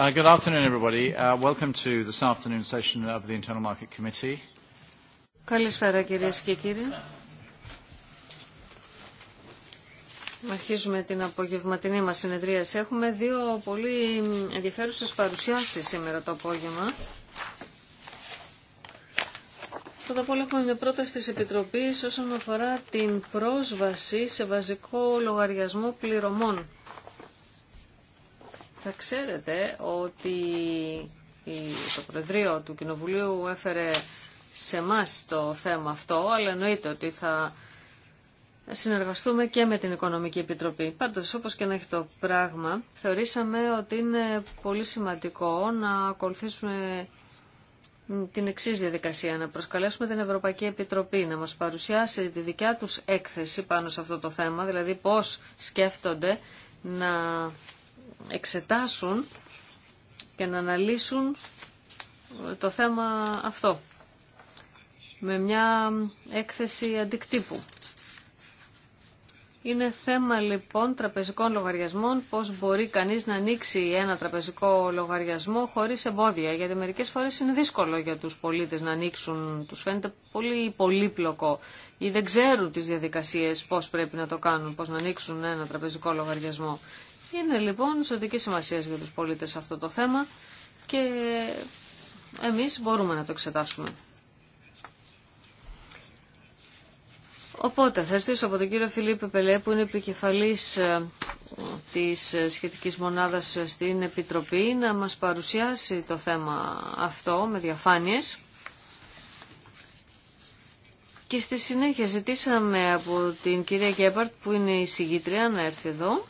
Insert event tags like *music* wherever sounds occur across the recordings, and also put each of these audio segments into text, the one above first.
Uh, good afternoon, everybody. Uh, welcome to this afternoon session of the Internal Market Committee. Καλησπέρα κυρίες και κύριοι. Αρχίζουμε την απογευματινή μας συνεδρίαση. Έχουμε δύο πολύ ενδιαφέρουσες παρουσιάσεις σήμερα το απόγευμα. Πρώτα απ' όλα έχουμε μια πρόταση της Επιτροπής όσον αφορά την πρόσβαση σε βασικό λογαριασμό πληρωμών θα ξέρετε ότι το Προεδρείο του Κοινοβουλίου έφερε σε εμά το θέμα αυτό, αλλά εννοείται ότι θα συνεργαστούμε και με την Οικονομική Επιτροπή. Πάντως, όπως και να έχει το πράγμα, θεωρήσαμε ότι είναι πολύ σημαντικό να ακολουθήσουμε την εξή διαδικασία, να προσκαλέσουμε την Ευρωπαϊκή Επιτροπή να μας παρουσιάσει τη δικιά τους έκθεση πάνω σε αυτό το θέμα, δηλαδή πώς σκέφτονται να εξετάσουν και να αναλύσουν το θέμα αυτό με μια έκθεση αντικτύπου. Είναι θέμα λοιπόν τραπεζικών λογαριασμών, πώς μπορεί κανείς να ανοίξει ένα τραπεζικό λογαριασμό χωρίς εμπόδια, γιατί μερικές φορές είναι δύσκολο για τους πολίτες να ανοίξουν, τους φαίνεται πολύ πολύπλοκο ή δεν ξέρουν τις διαδικασίες πώς πρέπει να το κάνουν, πώς να ανοίξουν ένα τραπεζικό λογαριασμό. Είναι λοιπόν σωτική σημασία για τους πολίτες αυτό το θέμα και εμείς μπορούμε να το εξετάσουμε. Οπότε θα στήσω από τον κύριο Φιλίπ Πελέ που είναι επικεφαλής ε, της σχετικής μονάδας στην Επιτροπή να μας παρουσιάσει το θέμα αυτό με διαφάνειες. Και στη συνέχεια ζητήσαμε από την κυρία Γκέμπαρτ που είναι η συγγήτρια να έρθει εδώ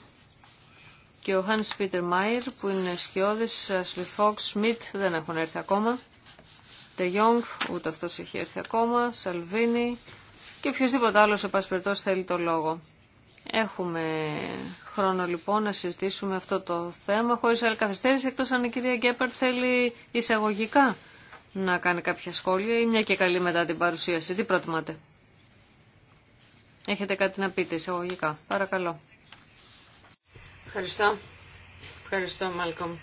και ο Hans Peter Μάιρ που είναι σκιώδης, Ashley Fox, Σμιτ δεν έχουν έρθει ακόμα. De Jong, ούτε αυτός έχει έρθει ακόμα, Σαλβίνη και οποιοδήποτε άλλο σε θέλει το λόγο. Έχουμε χρόνο λοιπόν να συζητήσουμε αυτό το θέμα χωρίς άλλη καθυστέρηση εκτός αν η κυρία Γκέπερ θέλει εισαγωγικά να κάνει κάποια σχόλια ή μια και καλή μετά την παρουσίαση. Τι προτιμάτε. Έχετε κάτι να πείτε εισαγωγικά. Παρακαλώ. Ευχαριστώ. Ευχαριστώ, Μάλκομ.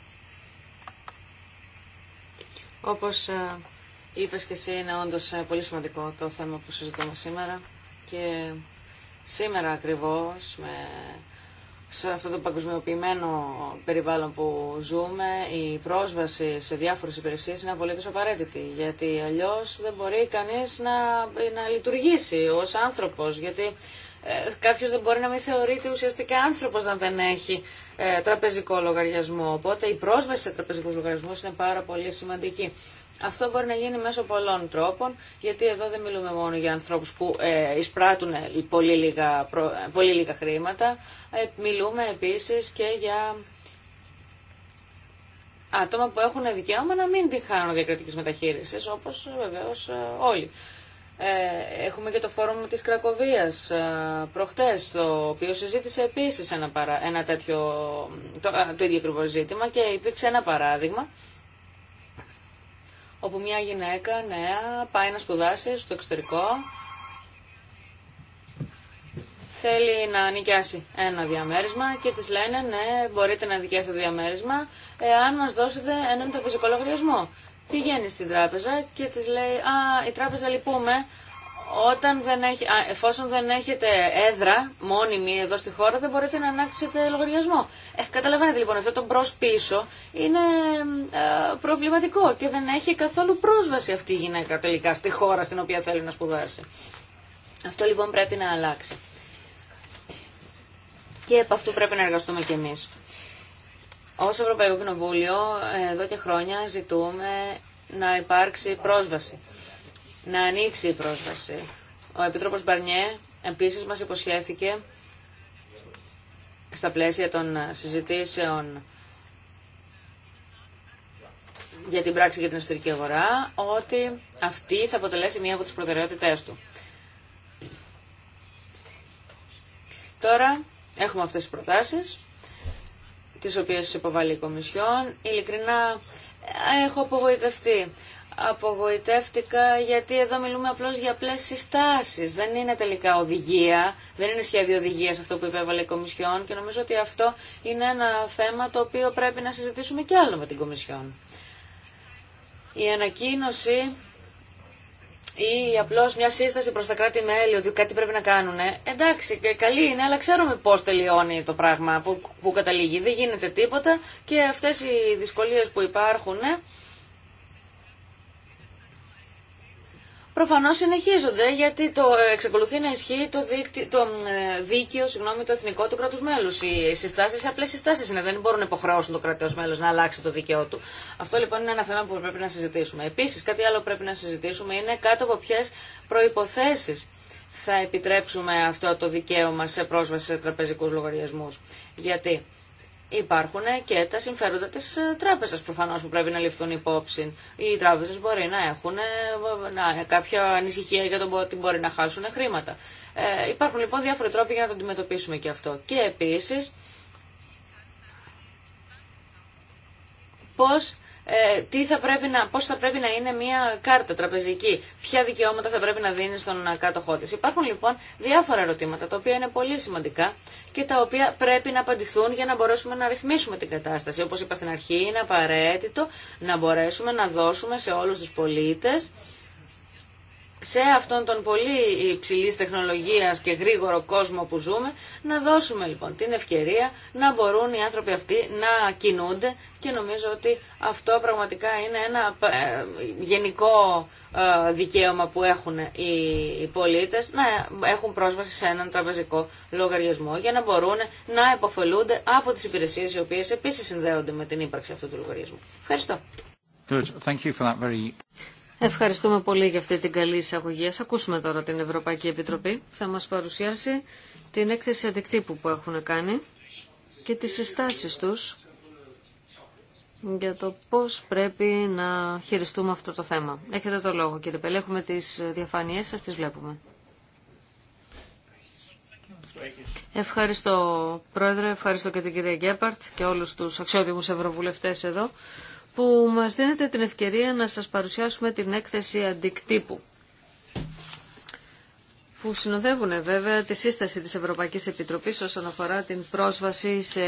Όπως ε, είπες και εσύ, είναι όντως ε, πολύ σημαντικό το θέμα που συζητούμε σήμερα και σήμερα ακριβώς με σε αυτό το παγκοσμιοποιημένο περιβάλλον που ζούμε, η πρόσβαση σε διάφορες υπηρεσίες είναι απολύτως απαραίτητη, γιατί αλλιώς δεν μπορεί κανείς να, να λειτουργήσει ως άνθρωπος, γιατί ε, κάποιος δεν μπορεί να μην θεωρείται ουσιαστικά άνθρωπος αν δεν έχει ε, τραπεζικό λογαριασμό. Οπότε η πρόσβαση σε τραπεζικούς λογαριασμούς είναι πάρα πολύ σημαντική. Αυτό μπορεί να γίνει μέσω πολλών τρόπων, γιατί εδώ δεν μιλούμε μόνο για ανθρώπους που ε, εισπράττουν πολύ λίγα, λίγα χρήματα. Μιλούμε επίσης και για άτομα που έχουν δικαίωμα να μην την χάνουν διακριτική μεταχείρισης όπω βεβαίω όλοι. Ε, έχουμε και το φόρουμ της Κρακοβίας ε, προχτές, το οποίο συζήτησε επίσης ένα, ένα τέτοιο, το, ίδιο ακριβώ ζήτημα και υπήρξε ένα παράδειγμα όπου μια γυναίκα νέα πάει να σπουδάσει στο εξωτερικό θέλει να νοικιάσει ένα διαμέρισμα και της λένε ναι μπορείτε να νοικιάσετε το διαμέρισμα εάν μας δώσετε έναν τραπεζικό λογαριασμό πηγαίνει στην τράπεζα και της λέει «Α, η τράπεζα λυπούμε, όταν δεν έχει, α, εφόσον δεν έχετε έδρα στη χώρα δεν μπορείτε να ανάξετε λογαριασμό». Ε, καταλαβαίνετε λοιπόν αυτό το μπρος πίσω είναι ε, προβληματικό και δεν έχει καθόλου πρόσβαση αυτή η γυναίκα τελικά στη χώρα στην οποία θέλει να σπουδάσει. Αυτό λοιπόν πρέπει να αλλάξει. Και από αυτού πρέπει να εργαστούμε κι εμείς. Ως Ευρωπαϊκό Κοινοβούλιο ε, εδώ και χρόνια ζητούμε να υπάρξει πρόσβαση, να ανοίξει η πρόσβαση. Ο Επίτροπος Μπαρνιέ επίσης μας υποσχέθηκε στα πλαίσια των συζητήσεων για την πράξη για την εσωτερική αγορά ότι αυτή θα αποτελέσει μία από τις προτεραιότητές του. Τώρα έχουμε αυτές τις προτάσεις τις οποίες υποβάλλει η Κομισιόν. Ειλικρινά έχω απογοητευτεί. Απογοητεύτηκα γιατί εδώ μιλούμε απλώς για απλές συστάσεις. Δεν είναι τελικά οδηγία, δεν είναι σχέδιο οδηγίας αυτό που υπέβαλε η Κομισιόν και νομίζω ότι αυτό είναι ένα θέμα το οποίο πρέπει να συζητήσουμε κι άλλο με την Κομισιόν. Η ανακοίνωση ή απλώ μια σύσταση προ τα κράτη-μέλη ότι κάτι πρέπει να κάνουν. Εντάξει, καλή είναι, αλλά ξέρουμε πώ τελειώνει το πράγμα, που, καταλήγει. Δεν γίνεται τίποτα και αυτές οι δυσκολίες που υπάρχουν προφανώς συνεχίζονται γιατί το ε, εξακολουθεί να ισχύει το, δίκαιο, το ε, δίκαιο συγγνώμη, το εθνικό του κρατου μέλους. Οι συστάσεις απλές συστάσεις είναι, δεν μπορούν να υποχρεώσουν το κράτος μέλο να αλλάξει το δίκαιό του. Αυτό λοιπόν είναι ένα θέμα που πρέπει να συζητήσουμε. Επίσης κάτι άλλο πρέπει να συζητήσουμε είναι κάτω από ποιε προποθέσει θα επιτρέψουμε αυτό το δικαίωμα σε πρόσβαση σε τραπεζικού λογαριασμού. Γιατί υπάρχουν και τα συμφέροντα της ε, τράπεζας προφανώς που πρέπει να ληφθούν υπόψη. Οι τράπεζες μπορεί να έχουν ε, να, κάποια ανησυχία για το ότι μπορεί να χάσουν χρήματα. Ε, υπάρχουν λοιπόν διάφοροι τρόποι για να το αντιμετωπίσουμε και αυτό. Και επίσης πώς ε, τι θα πρέπει να, πώς θα πρέπει να είναι μια κάρτα τραπεζική, ποια δικαιώματα θα πρέπει να δίνει στον κάτοχό της. Υπάρχουν λοιπόν διάφορα ερωτήματα τα οποία είναι πολύ σημαντικά και τα οποία πρέπει να απαντηθούν για να μπορέσουμε να ρυθμίσουμε την κατάσταση. Όπως είπα στην αρχή είναι απαραίτητο να μπορέσουμε να δώσουμε σε όλους τους πολίτες σε αυτόν τον πολύ υψηλή τεχνολογία και γρήγορο κόσμο που ζούμε, να δώσουμε λοιπόν την ευκαιρία να μπορούν οι άνθρωποι αυτοί να κινούνται και νομίζω ότι αυτό πραγματικά είναι ένα ε, γενικό ε, δικαίωμα που έχουν οι πολίτε να έχουν πρόσβαση σε έναν τραπεζικό λογαριασμό για να μπορούν να υποφελούνται από τις υπηρεσίε, οι οποίε επίση συνδέονται με την ύπαρξη αυτού του λογαριασμού. Ευχαριστώ. Good. Thank you for that very... Ευχαριστούμε πολύ για αυτή την καλή εισαγωγή. Ας ακούσουμε τώρα την Ευρωπαϊκή Επιτροπή. Θα μας παρουσιάσει την έκθεση αντικτύπου που έχουν κάνει και τις συστάσεις τους για το πώς πρέπει να χειριστούμε αυτό το θέμα. Έχετε το λόγο κύριε Πελέ, έχουμε τις διαφάνειές σας, τις βλέπουμε. Ευχαριστώ Πρόεδρε, ευχαριστώ και την κυρία Γκέπαρτ και όλους τους αξιότιμους ευρωβουλευτές εδώ που μας δίνετε την ευκαιρία να σας παρουσιάσουμε την έκθεση αντικτύπου που συνοδεύουν βέβαια τη σύσταση της Ευρωπαϊκής Επιτροπής όσον αφορά την πρόσβαση σε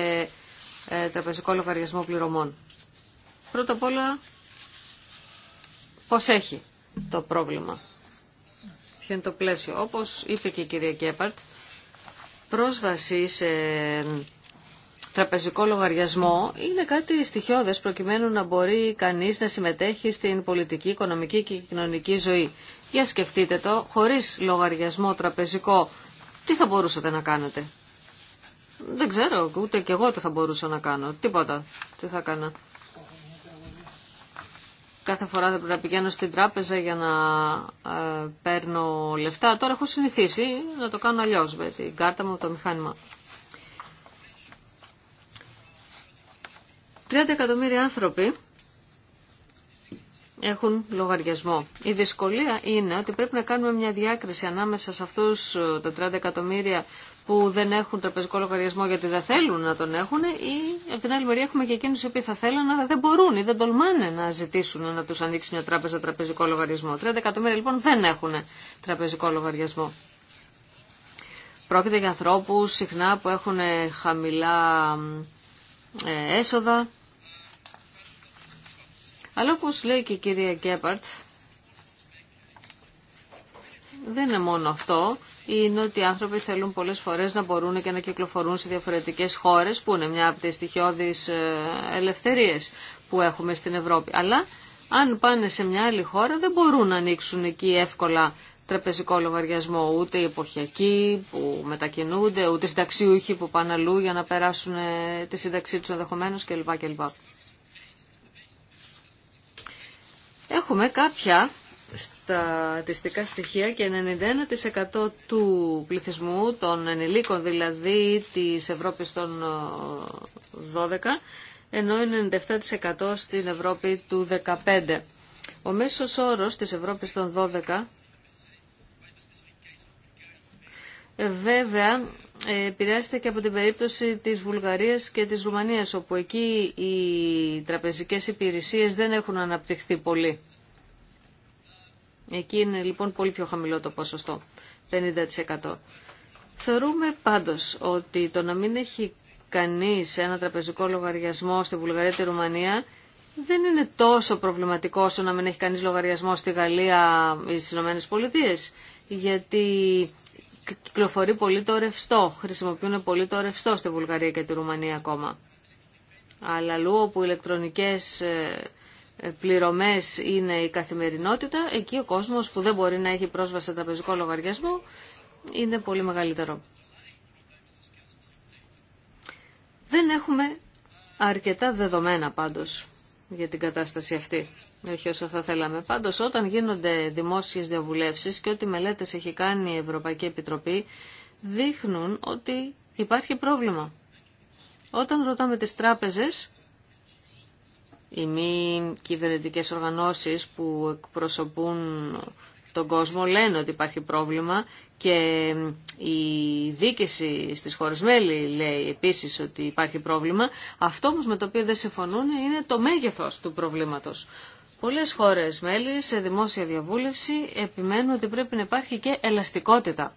ε, τραπεζικό λογαριασμό πληρωμών. Πρώτα απ' όλα, πώς έχει το πρόβλημα. Ποιο είναι το πλαίσιο. Όπως είπε και η κυρία Κέπαρτ, πρόσβαση σε τραπεζικό λογαριασμό είναι κάτι στοιχειώδες προκειμένου να μπορεί κανείς να συμμετέχει στην πολιτική, οικονομική και κοινωνική ζωή. Για σκεφτείτε το, χωρίς λογαριασμό τραπεζικό, τι θα μπορούσατε να κάνετε. Δεν ξέρω, ούτε κι εγώ τι θα μπορούσα να κάνω. Τίποτα. Τι θα κάνω; Κάθε φορά θα πρέπει να πηγαίνω στην τράπεζα για να ε, παίρνω λεφτά. Τώρα έχω συνηθίσει να το κάνω αλλιώ με την κάρτα μου, το μηχάνημα. 30 εκατομμύρια άνθρωποι έχουν λογαριασμό. Η δυσκολία είναι ότι πρέπει να κάνουμε μια διάκριση ανάμεσα σε αυτούς ε, τα 30 εκατομμύρια που δεν έχουν τραπεζικό λογαριασμό γιατί δεν θέλουν να τον έχουν ή από την άλλη μεριά έχουμε και εκείνου οι οποίοι θα θέλουν αλλά δεν μπορούν ή δεν τολμάνε να ζητήσουν να τους ανοίξει μια τράπεζα τραπεζικό λογαριασμό. 30 εκατομμύρια λοιπόν δεν έχουν τραπεζικό λογαριασμό. Πρόκειται για ανθρώπου συχνά που έχουν ε, χαμηλά ε, έσοδα, αλλά όπως λέει και η κυρία Γκέπαρτ, δεν είναι μόνο αυτό. Είναι ότι οι άνθρωποι θέλουν πολλές φορές να μπορούν και να κυκλοφορούν σε διαφορετικές χώρες, που είναι μια από τις στοιχειώδεις ε, ελευθερίες που έχουμε στην Ευρώπη. Αλλά αν πάνε σε μια άλλη χώρα δεν μπορούν να ανοίξουν εκεί εύκολα τραπεζικό λογαριασμό, ούτε οι εποχιακοί που μετακινούνται, ούτε συνταξιούχοι που πάνε αλλού για να περάσουν ε, τη σύνταξή τους ενδεχομένω κλπ. Έχουμε κάποια στατιστικά στοιχεία και 91% του πληθυσμού, των ενηλίκων δηλαδή της Ευρώπης των 12, ε, ενώ 97% στην Ευρώπη του 15. Ο μέσος όρος της Ευρώπης των 12 ε, Βέβαια, επηρεάζεται και από την περίπτωση της Βουλγαρίας και της Ρουμανίας, όπου εκεί οι τραπεζικές υπηρεσίες δεν έχουν αναπτυχθεί πολύ. Εκεί είναι λοιπόν πολύ πιο χαμηλό το ποσοστό, 50%. Θεωρούμε πάντως ότι το να μην έχει κανείς ένα τραπεζικό λογαριασμό στη Βουλγαρία και τη Ρουμανία δεν είναι τόσο προβληματικό όσο να μην έχει κανείς λογαριασμό στη Γαλλία ή στις Ηνωμένες γιατί κυκλοφορεί πολύ το ρευστό, χρησιμοποιούν πολύ το ρευστό στη Βουλγαρία και τη Ρουμανία ακόμα. Αλλά αλλού όπου ηλεκτρονικές ε, ε, πληρωμές είναι η καθημερινότητα, εκεί ο κόσμος που δεν μπορεί να έχει πρόσβαση σε τραπεζικό λογαριασμό είναι πολύ μεγαλύτερο. Δεν έχουμε αρκετά δεδομένα πάντως για την κατάσταση αυτή όχι όσο θα θέλαμε. Πάντω, όταν γίνονται δημόσιες διαβουλεύσεις και ό,τι μελέτες έχει κάνει η Ευρωπαϊκή Επιτροπή δείχνουν ότι υπάρχει πρόβλημα. Όταν ρωτάμε τις τράπεζες, οι μη κυβερνητικέ οργανώσεις που εκπροσωπούν τον κόσμο λένε ότι υπάρχει πρόβλημα και η δίκηση στις χώρες μέλη λέει επίσης ότι υπάρχει πρόβλημα. Αυτό όμως με το οποίο δεν συμφωνούν είναι το μέγεθος του προβλήματος. Πολλέ χώρε μέλη σε δημόσια διαβούλευση επιμένουν ότι πρέπει να υπάρχει και ελαστικότητα.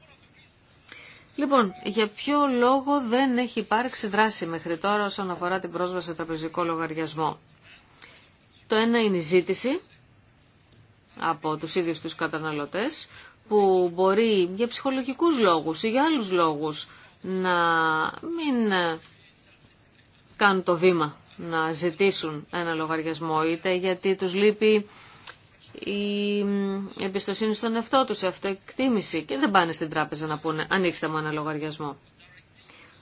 Λοιπόν, για ποιο λόγο δεν έχει υπάρξει δράση μέχρι τώρα όσον αφορά την πρόσβαση σε τραπεζικό λογαριασμό. Το ένα είναι η ζήτηση από τους ίδιους τους καταναλωτές που μπορεί για ψυχολογικούς λόγους ή για άλλους λόγους να μην κάνουν το βήμα να ζητήσουν ένα λογαριασμό, είτε γιατί τους λείπει η εμπιστοσύνη στον εαυτό τους, η αυτοεκτίμηση και δεν πάνε στην τράπεζα να πούνε ανοίξτε μου ένα λογαριασμό.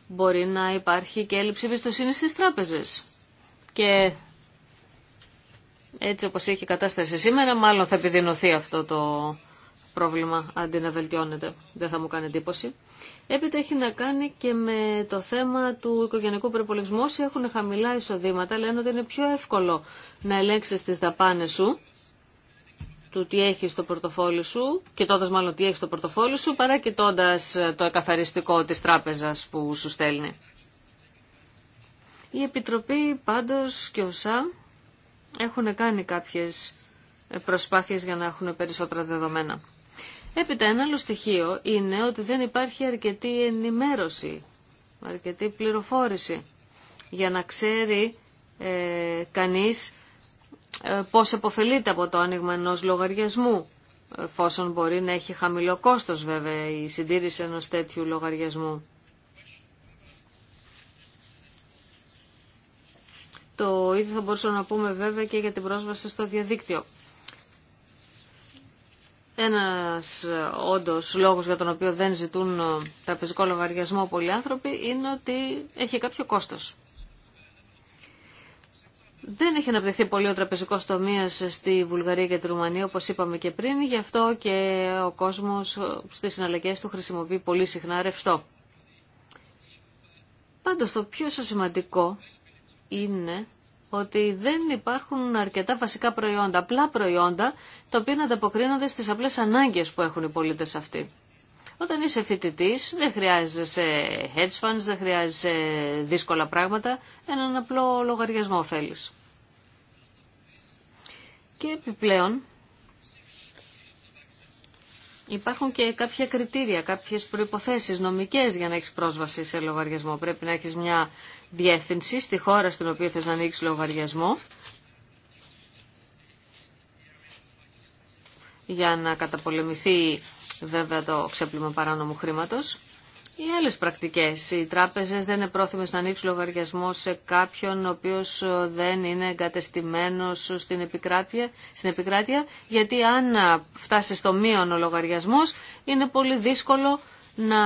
Μπορεί να υπάρχει και έλλειψη εμπιστοσύνη στις τράπεζες. Και έτσι όπως έχει κατάσταση σήμερα, μάλλον θα επιδεινωθεί αυτό το πρόβλημα αντί να βελτιώνεται. Δεν θα μου κάνει εντύπωση. Έπειτα έχει να κάνει και με το θέμα του οικογενειακού προπολογισμού. Όσοι έχουν χαμηλά εισοδήματα λένε ότι είναι πιο εύκολο να ελέγξεις τις δαπάνες σου του τι έχει στο πορτοφόλι σου, κοιτώντα μάλλον τι έχει στο πορτοφόλι σου, παρά κοιτώντα ε, το εκαθαριστικό τη τράπεζας που σου στέλνει. Η Επιτροπή πάντως και ο ΣΑ έχουν κάνει κάποιες ε, προσπάθειες για να έχουν περισσότερα δεδομένα. Έπειτα ένα άλλο στοιχείο είναι ότι δεν υπάρχει αρκετή ενημέρωση, αρκετή πληροφόρηση για να ξέρει ε, κανείς ε, πώς αποφελείται από το άνοιγμα ενός λογαριασμού εφόσον μπορεί να έχει χαμηλό κόστος βέβαια η συντήρηση ενός τέτοιου λογαριασμού. Το ίδιο θα μπορούσαμε να πούμε βέβαια και για την πρόσβαση στο διαδίκτυο. Ένας ε, όντως λόγος για τον οποίο δεν ζητούν ε, τραπεζικό λογαριασμό πολλοί άνθρωποι είναι ότι έχει κάποιο κόστος. Δεν έχει αναπτυχθεί πολύ ο τραπεζικό τομέα στη Βουλγαρία και τη Ρουμανία, όπω είπαμε και πριν, γι' αυτό και ο κόσμο ε, στι συναλλαγέ του χρησιμοποιεί πολύ συχνά ρευστό. Πάντω το πιο σημαντικό είναι ότι δεν υπάρχουν αρκετά βασικά προϊόντα, απλά προϊόντα, τα οποία να ανταποκρίνονται στις απλές ανάγκες που έχουν οι πολίτες αυτοί. Όταν είσαι φοιτητή, δεν χρειάζεσαι hedge funds, δεν χρειάζεσαι δύσκολα πράγματα, έναν απλό λογαριασμό θέλεις. Και επιπλέον, Υπάρχουν και κάποια κριτήρια, κάποιες προϋποθέσεις νομικές για να έχεις πρόσβαση σε λογαριασμό. Πρέπει να έχεις μια διεύθυνση στη χώρα στην οποία θες να ανοίξει λογαριασμό για να καταπολεμηθεί βέβαια το ξέπλυμα παράνομου χρήματος. ή άλλες πρακτικές, οι τράπεζες δεν είναι πρόθυμες να ανοίξουν λογαριασμό σε κάποιον ο οποίος δεν είναι εγκατεστημένος στην επικράτεια, στην επικράτεια γιατί αν φτάσει στο μείον ο λογαριασμός είναι πολύ δύσκολο να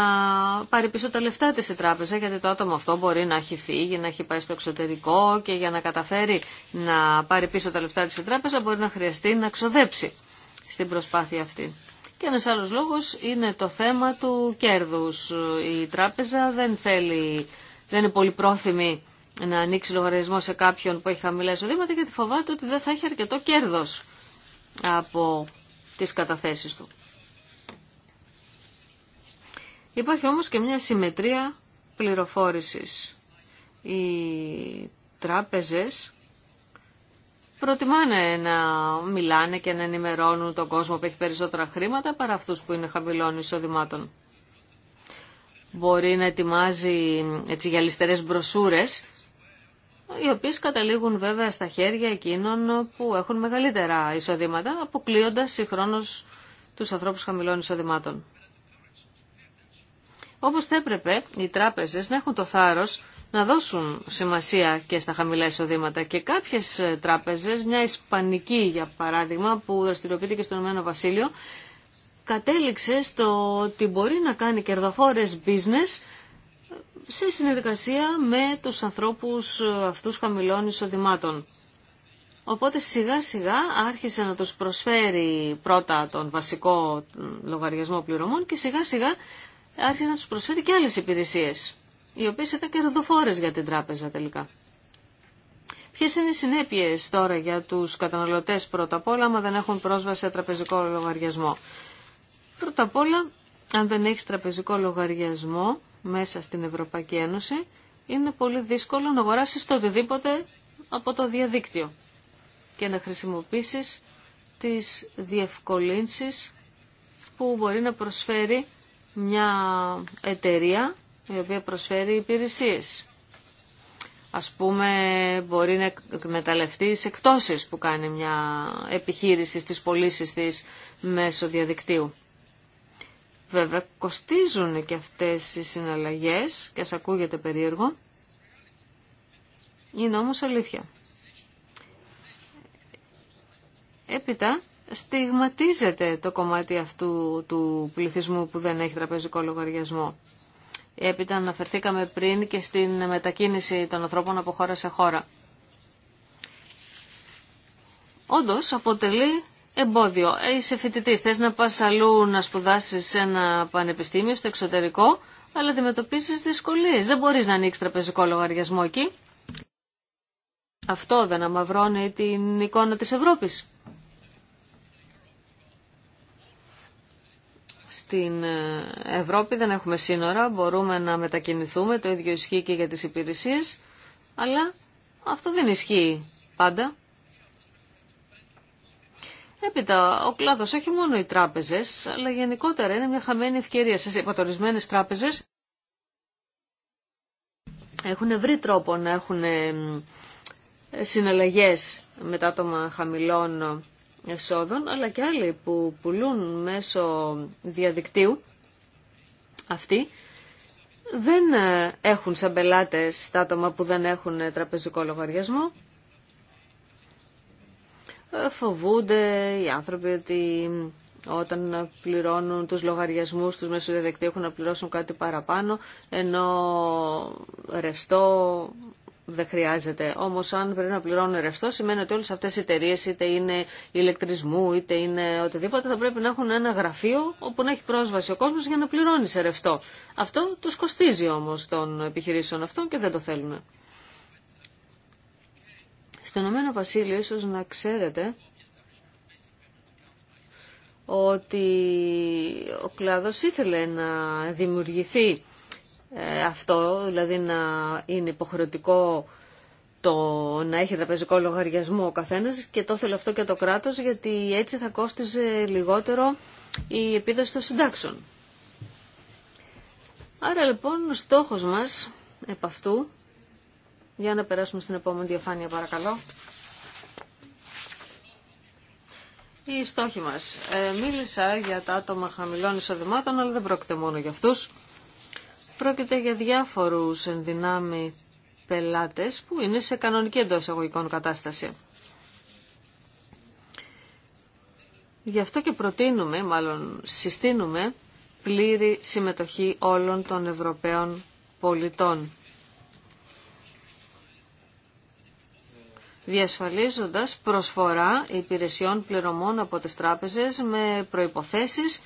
πάρει πίσω τα λεφτά της η τράπεζα γιατί το άτομο αυτό μπορεί να έχει φύγει, να έχει πάει στο εξωτερικό και για να καταφέρει να πάρει πίσω τα λεφτά της η τράπεζα μπορεί να χρειαστεί να ξοδέψει στην προσπάθεια αυτή. Και ένας άλλος λόγος είναι το θέμα του κέρδους. Η τράπεζα δεν θέλει, δεν είναι πολύ πρόθυμη να ανοίξει λογαριασμό σε κάποιον που έχει χαμηλά εισοδήματα γιατί φοβάται ότι δεν θα έχει αρκετό κέρδος από τις καταθέσεις του. Υπάρχει όμως και μια συμμετρία πληροφόρησης. Οι τράπεζες προτιμάνε να μιλάνε και να ενημερώνουν τον κόσμο που έχει περισσότερα χρήματα παρά αυτούς που είναι χαμηλών εισοδημάτων. Μπορεί να ετοιμάζει έτσι, για μπροσούρες, οι οποίες καταλήγουν βέβαια στα χέρια εκείνων που έχουν μεγαλύτερα εισοδήματα, αποκλείοντας συγχρόνως τους ανθρώπους χαμηλών εισοδημάτων. Όπως θα έπρεπε οι τράπεζες να έχουν το θάρρος να δώσουν σημασία και στα χαμηλά εισοδήματα. Και κάποιες τράπεζες, μια ισπανική για παράδειγμα που δραστηριοποιείται και στο Ηνωμένο Βασίλειο, κατέληξε στο ότι μπορεί να κάνει κερδοφόρες business σε συνεργασία με τους ανθρώπους αυτούς χαμηλών εισοδημάτων. Οπότε σιγά σιγά άρχισε να τους προσφέρει πρώτα τον βασικό λογαριασμό πληρωμών και σιγά σιγά άρχισε να τους προσφέρει και άλλες υπηρεσίες, οι οποίες ήταν κερδοφόρες για την τράπεζα τελικά. Ποιε είναι οι συνέπειε τώρα για του καταναλωτέ πρώτα απ' όλα, άμα δεν έχουν πρόσβαση σε τραπεζικό λογαριασμό. Πρώτα απ' όλα, αν δεν έχει τραπεζικό λογαριασμό μέσα στην Ευρωπαϊκή Ένωση, είναι πολύ δύσκολο να αγοράσει το οτιδήποτε από το διαδίκτυο και να χρησιμοποιήσει τι διευκολυνσει που μπορεί να προσφέρει μια εταιρεία η οποία προσφέρει υπηρεσίες. Ας πούμε μπορεί να εκμεταλλευτεί εκτόσεις που κάνει μια επιχείρηση στις πωλήσει της μέσω διαδικτύου. Βέβαια κοστίζουν και αυτές οι συναλλαγές και ας ακούγεται περίεργο. Είναι όμως αλήθεια. Έπειτα στιγματίζεται το κομμάτι αυτού του πληθυσμού που δεν έχει τραπεζικό λογαριασμό. Έπειτα αναφερθήκαμε πριν και στην μετακίνηση των ανθρώπων από χώρα σε χώρα. Όντω αποτελεί εμπόδιο. Ε, είσαι φοιτητή, Θε να πας αλλού να σπουδάσει σε ένα πανεπιστήμιο στο εξωτερικό, αλλά αντιμετωπίζει δυσκολίε. Δεν μπορεί να ανοίξει τραπεζικό λογαριασμό εκεί. Αυτό δεν αμαυρώνει την εικόνα της Ευρώπης. στην ε, Ευρώπη δεν έχουμε σύνορα, μπορούμε να μετακινηθούμε, το ίδιο ισχύει και για τις υπηρεσίες, αλλά αυτό δεν ισχύει πάντα. Έπειτα, ο κλάδος, όχι μόνο οι τράπεζες, αλλά γενικότερα είναι μια χαμένη ευκαιρία. Σας είπα, τράπεζες έχουν βρει τρόπο να έχουν ε, συναλλαγές με τα άτομα χαμηλών εσόδων, αλλά και άλλοι που πουλούν μέσω διαδικτύου αυτοί δεν ε, έχουν σαν πελάτες τα άτομα που δεν έχουν ε, τραπεζικό λογαριασμό. Ε, φοβούνται οι άνθρωποι ότι όταν πληρώνουν τους λογαριασμούς τους μέσω διαδικτύου έχουν να πληρώσουν κάτι παραπάνω, ενώ ρευστό δεν χρειάζεται. Όμως αν πρέπει να πληρώνουν ρευστό σημαίνει ότι όλες αυτές οι εταιρείε είτε είναι ηλεκτρισμού είτε είναι οτιδήποτε θα πρέπει να έχουν ένα γραφείο όπου να έχει πρόσβαση ο κόσμος για να πληρώνει σε ρευστό. Αυτό τους κοστίζει όμως των επιχειρήσεων αυτών και δεν το θέλουμε. Στον Ηνωμένο Βασίλειο ίσως να ξέρετε ότι ο κλάδος ήθελε να δημιουργηθεί ε, αυτό, δηλαδή να είναι υποχρεωτικό το να έχει τραπεζικό λογαριασμό ο καθένας και το θέλω αυτό και το κράτος γιατί έτσι θα κόστιζε λιγότερο η επίδοση των συντάξεων. Άρα λοιπόν ο στόχος μας επ' αυτού, για να περάσουμε στην επόμενη διαφάνεια παρακαλώ, οι στόχοι μας. Ε, μίλησα για τα άτομα χαμηλών εισοδημάτων, αλλά δεν πρόκειται μόνο για αυτούς. Πρόκειται για διάφορους ενδυνάμει πελάτες που είναι σε κανονική εντό εισαγωγικών κατάσταση. Γι' αυτό και προτείνουμε, μάλλον συστήνουμε, πλήρη συμμετοχή όλων των Ευρωπαίων πολιτών. Διασφαλίζοντας προσφορά υπηρεσιών πληρωμών από τις τράπεζες με προϋποθέσεις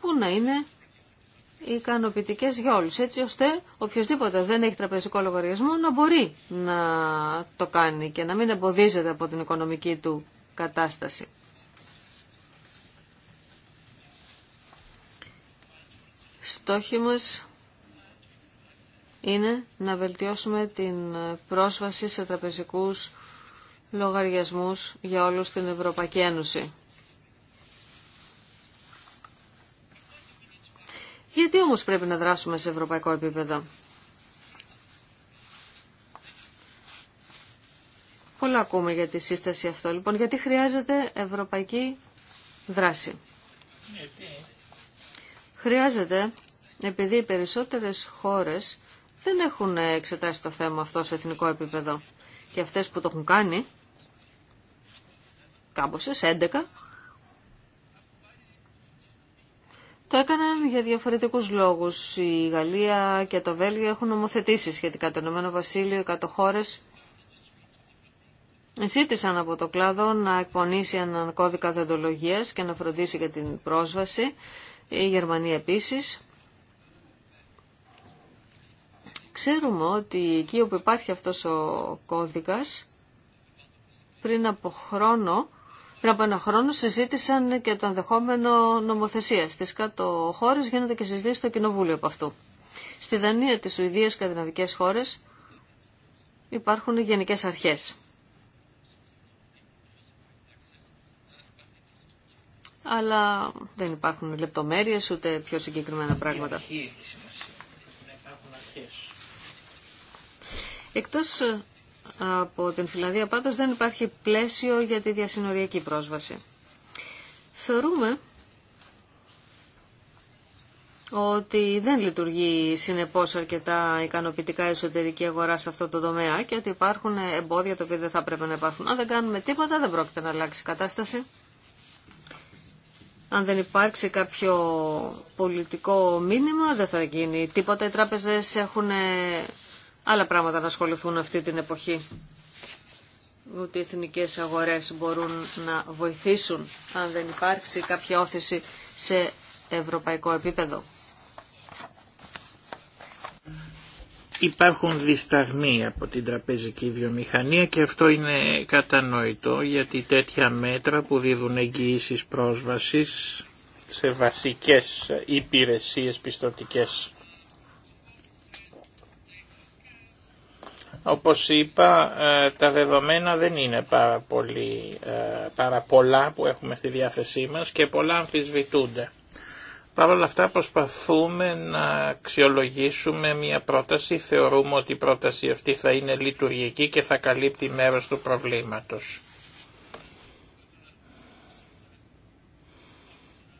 που να είναι ικανοποιητικέ για όλου. Έτσι ώστε οποιοδήποτε δεν έχει τραπεζικό λογαριασμό να μπορεί να το κάνει και να μην εμποδίζεται από την οικονομική του κατάσταση. Στόχοι μας είναι να βελτιώσουμε την πρόσβαση σε τραπεζικούς λογαριασμούς για όλους στην Ευρωπαϊκή Ένωση. Γιατί όμως πρέπει να δράσουμε σε ευρωπαϊκό επίπεδο. Πολλά ακούμε για τη σύσταση αυτό. Λοιπόν, γιατί χρειάζεται ευρωπαϊκή δράση. Χρειάζεται, επειδή οι περισσότερες χώρες δεν έχουν εξετάσει το θέμα αυτό σε εθνικό επίπεδο. Και αυτές που το έχουν κάνει, σε 11, Το έκαναν για διαφορετικούς λόγους. Η Γαλλία και το Βέλγιο έχουν νομοθετήσει σχετικά το Ηνωμένο Βασίλειο, οι χώρε. Ζήτησαν από το κλάδο να εκπονήσει έναν κώδικα δεντολογίας και να φροντίσει για την πρόσβαση. Η Γερμανία επίσης. Ξέρουμε ότι εκεί όπου υπάρχει αυτός ο κώδικας, πριν από χρόνο πριν από ένα χρόνο συζήτησαν και το ενδεχόμενο νομοθεσία. Στι κάτω χώρε γίνονται και συζητήσει στο Κοινοβούλιο από αυτού. Στη Δανία, τη Σουηδία και σκανδιναβικέ χώρε υπάρχουν γενικέ αρχέ. αλλά δεν υπάρχουν λεπτομέρειες ούτε πιο συγκεκριμένα πράγματα. Εκτός από την Φιλανδία πάντως δεν υπάρχει πλαίσιο για τη διασυνοριακή πρόσβαση. Θεωρούμε ότι δεν λειτουργεί συνεπώς αρκετά ικανοποιητικά η εσωτερική αγορά σε αυτό το τομέα και ότι υπάρχουν εμπόδια τα οποία δεν θα πρέπει να υπάρχουν. Αν δεν κάνουμε τίποτα δεν πρόκειται να αλλάξει η κατάσταση. Αν δεν υπάρξει κάποιο πολιτικό μήνυμα δεν θα γίνει τίποτα. Οι τράπεζες έχουν άλλα πράγματα να ασχοληθούν αυτή την εποχή. Ούτε οι εθνικές αγορές μπορούν να βοηθήσουν αν δεν υπάρξει κάποια όθηση σε ευρωπαϊκό επίπεδο. Υπάρχουν δισταγμοί από την τραπεζική βιομηχανία και αυτό είναι κατανοητό γιατί τέτοια μέτρα που δίδουν εγγυήσεις πρόσβασης σε βασικές υπηρεσίες πιστοτικές Όπως είπα, ε, τα δεδομένα δεν είναι ε, πάρα, πολλά που έχουμε στη διάθεσή μας και πολλά αμφισβητούνται. Παρ' όλα αυτά προσπαθούμε να αξιολογήσουμε μια πρόταση. Θεωρούμε ότι η πρόταση αυτή θα είναι λειτουργική και θα καλύπτει μέρος του προβλήματος.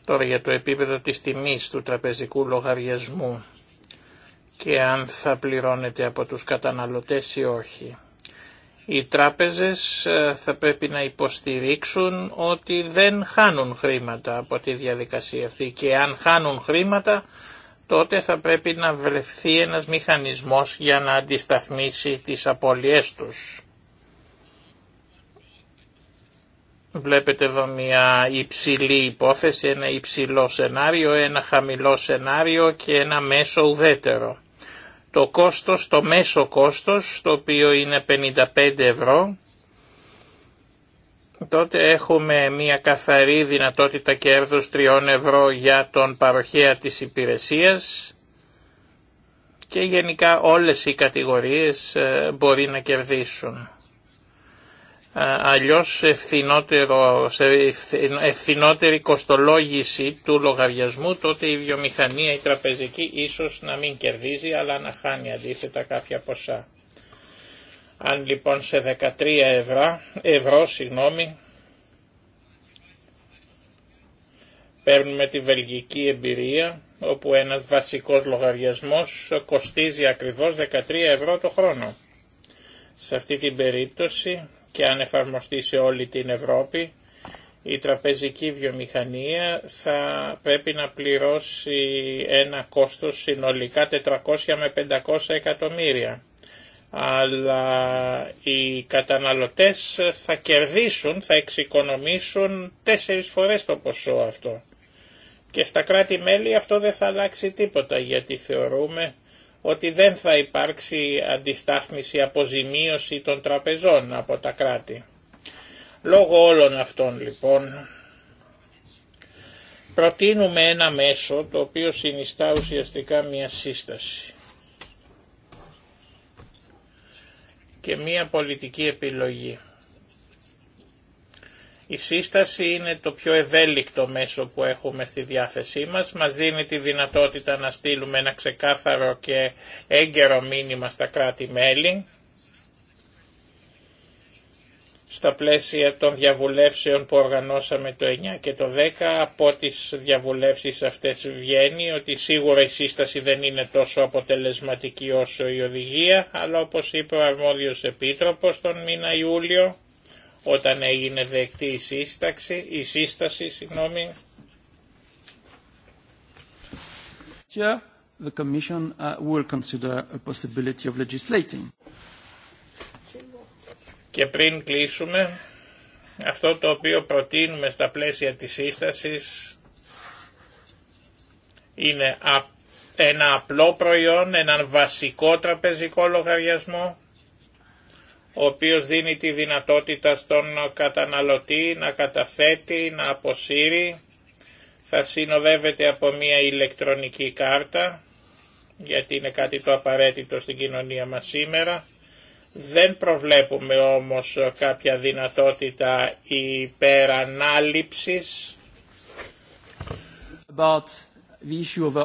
Τώρα για το επίπεδο της τιμής του τραπεζικού λογαριασμού και αν θα πληρώνεται από τους καταναλωτές ή όχι. Οι τράπεζες ε, θα πρέπει να υποστηρίξουν ότι δεν χάνουν χρήματα από τη διαδικασία αυτή και αν χάνουν χρήματα τότε θα πρέπει να βρεθεί ένας μηχανισμός για να αντισταθμίσει τις απώλειές τους. Βλέπετε εδώ μια υψηλή υπόθεση, ένα υψηλό σενάριο, ένα χαμηλό σενάριο και ένα μέσο ουδέτερο το κόστος, το μέσο κόστος, το οποίο είναι 55 ευρώ, τότε έχουμε μια καθαρή δυνατότητα κέρδους 3 ευρώ για τον παροχέα της υπηρεσίας και γενικά όλες οι κατηγορίες ε, μπορεί να κερδίσουν αλλιώς ευθυνότερο, σε ευθυνότερη κοστολόγηση του λογαριασμού, τότε η βιομηχανία, η τραπεζική ίσως να μην κερδίζει, αλλά να χάνει αντίθετα κάποια ποσά. Αν λοιπόν σε 13 ευρώ, ευρώ συγγνώμη, παίρνουμε τη βελγική εμπειρία, όπου ένας βασικός λογαριασμός κοστίζει ακριβώς 13 ευρώ το χρόνο. Σε αυτή την περίπτωση και αν εφαρμοστεί σε όλη την Ευρώπη, η τραπεζική βιομηχανία θα πρέπει να πληρώσει ένα κόστος συνολικά 400 με 500 εκατομμύρια. Αλλά οι καταναλωτές θα κερδίσουν, θα εξοικονομήσουν τέσσερις φορές το ποσό αυτό. Και στα κράτη-μέλη αυτό δεν θα αλλάξει τίποτα γιατί θεωρούμε ότι δεν θα υπάρξει αντιστάθμιση αποζημίωση των τραπεζών από τα κράτη. Λόγω όλων αυτών λοιπόν προτείνουμε ένα μέσο το οποίο συνιστά ουσιαστικά μια σύσταση και μια πολιτική επιλογή. Η σύσταση είναι το πιο ευέλικτο μέσο που έχουμε στη διάθεσή μας. Μας δίνει τη δυνατότητα να στείλουμε ένα ξεκάθαρο και έγκαιρο μήνυμα στα κράτη-μέλη στα πλαίσια των διαβουλεύσεων που οργανώσαμε το 9 και το 10 από τις διαβουλεύσεις αυτές βγαίνει ότι σίγουρα η σύσταση δεν είναι τόσο αποτελεσματική όσο η οδηγία αλλά όπως είπε ο αρμόδιος επίτροπος τον μήνα Ιούλιο όταν έγινε δεκτή η σύσταξη, η σύσταση, συγγνώμη. the Commission uh, will consider a possibility of legislating. Και πριν κλείσουμε, αυτό το οποίο προτείνουμε στα πλαίσια της σύστασης είναι ένα απλό προϊόν, έναν βασικό τραπεζικό λογαριασμό, ο οποίος δίνει τη δυνατότητα στον καταναλωτή να καταθέτει, να αποσύρει, θα συνοδεύεται από μια ηλεκτρονική κάρτα, γιατί είναι κάτι το απαραίτητο στην κοινωνία μας σήμερα. Δεν προβλέπουμε όμως κάποια δυνατότητα υπερανάληψης. About issue of,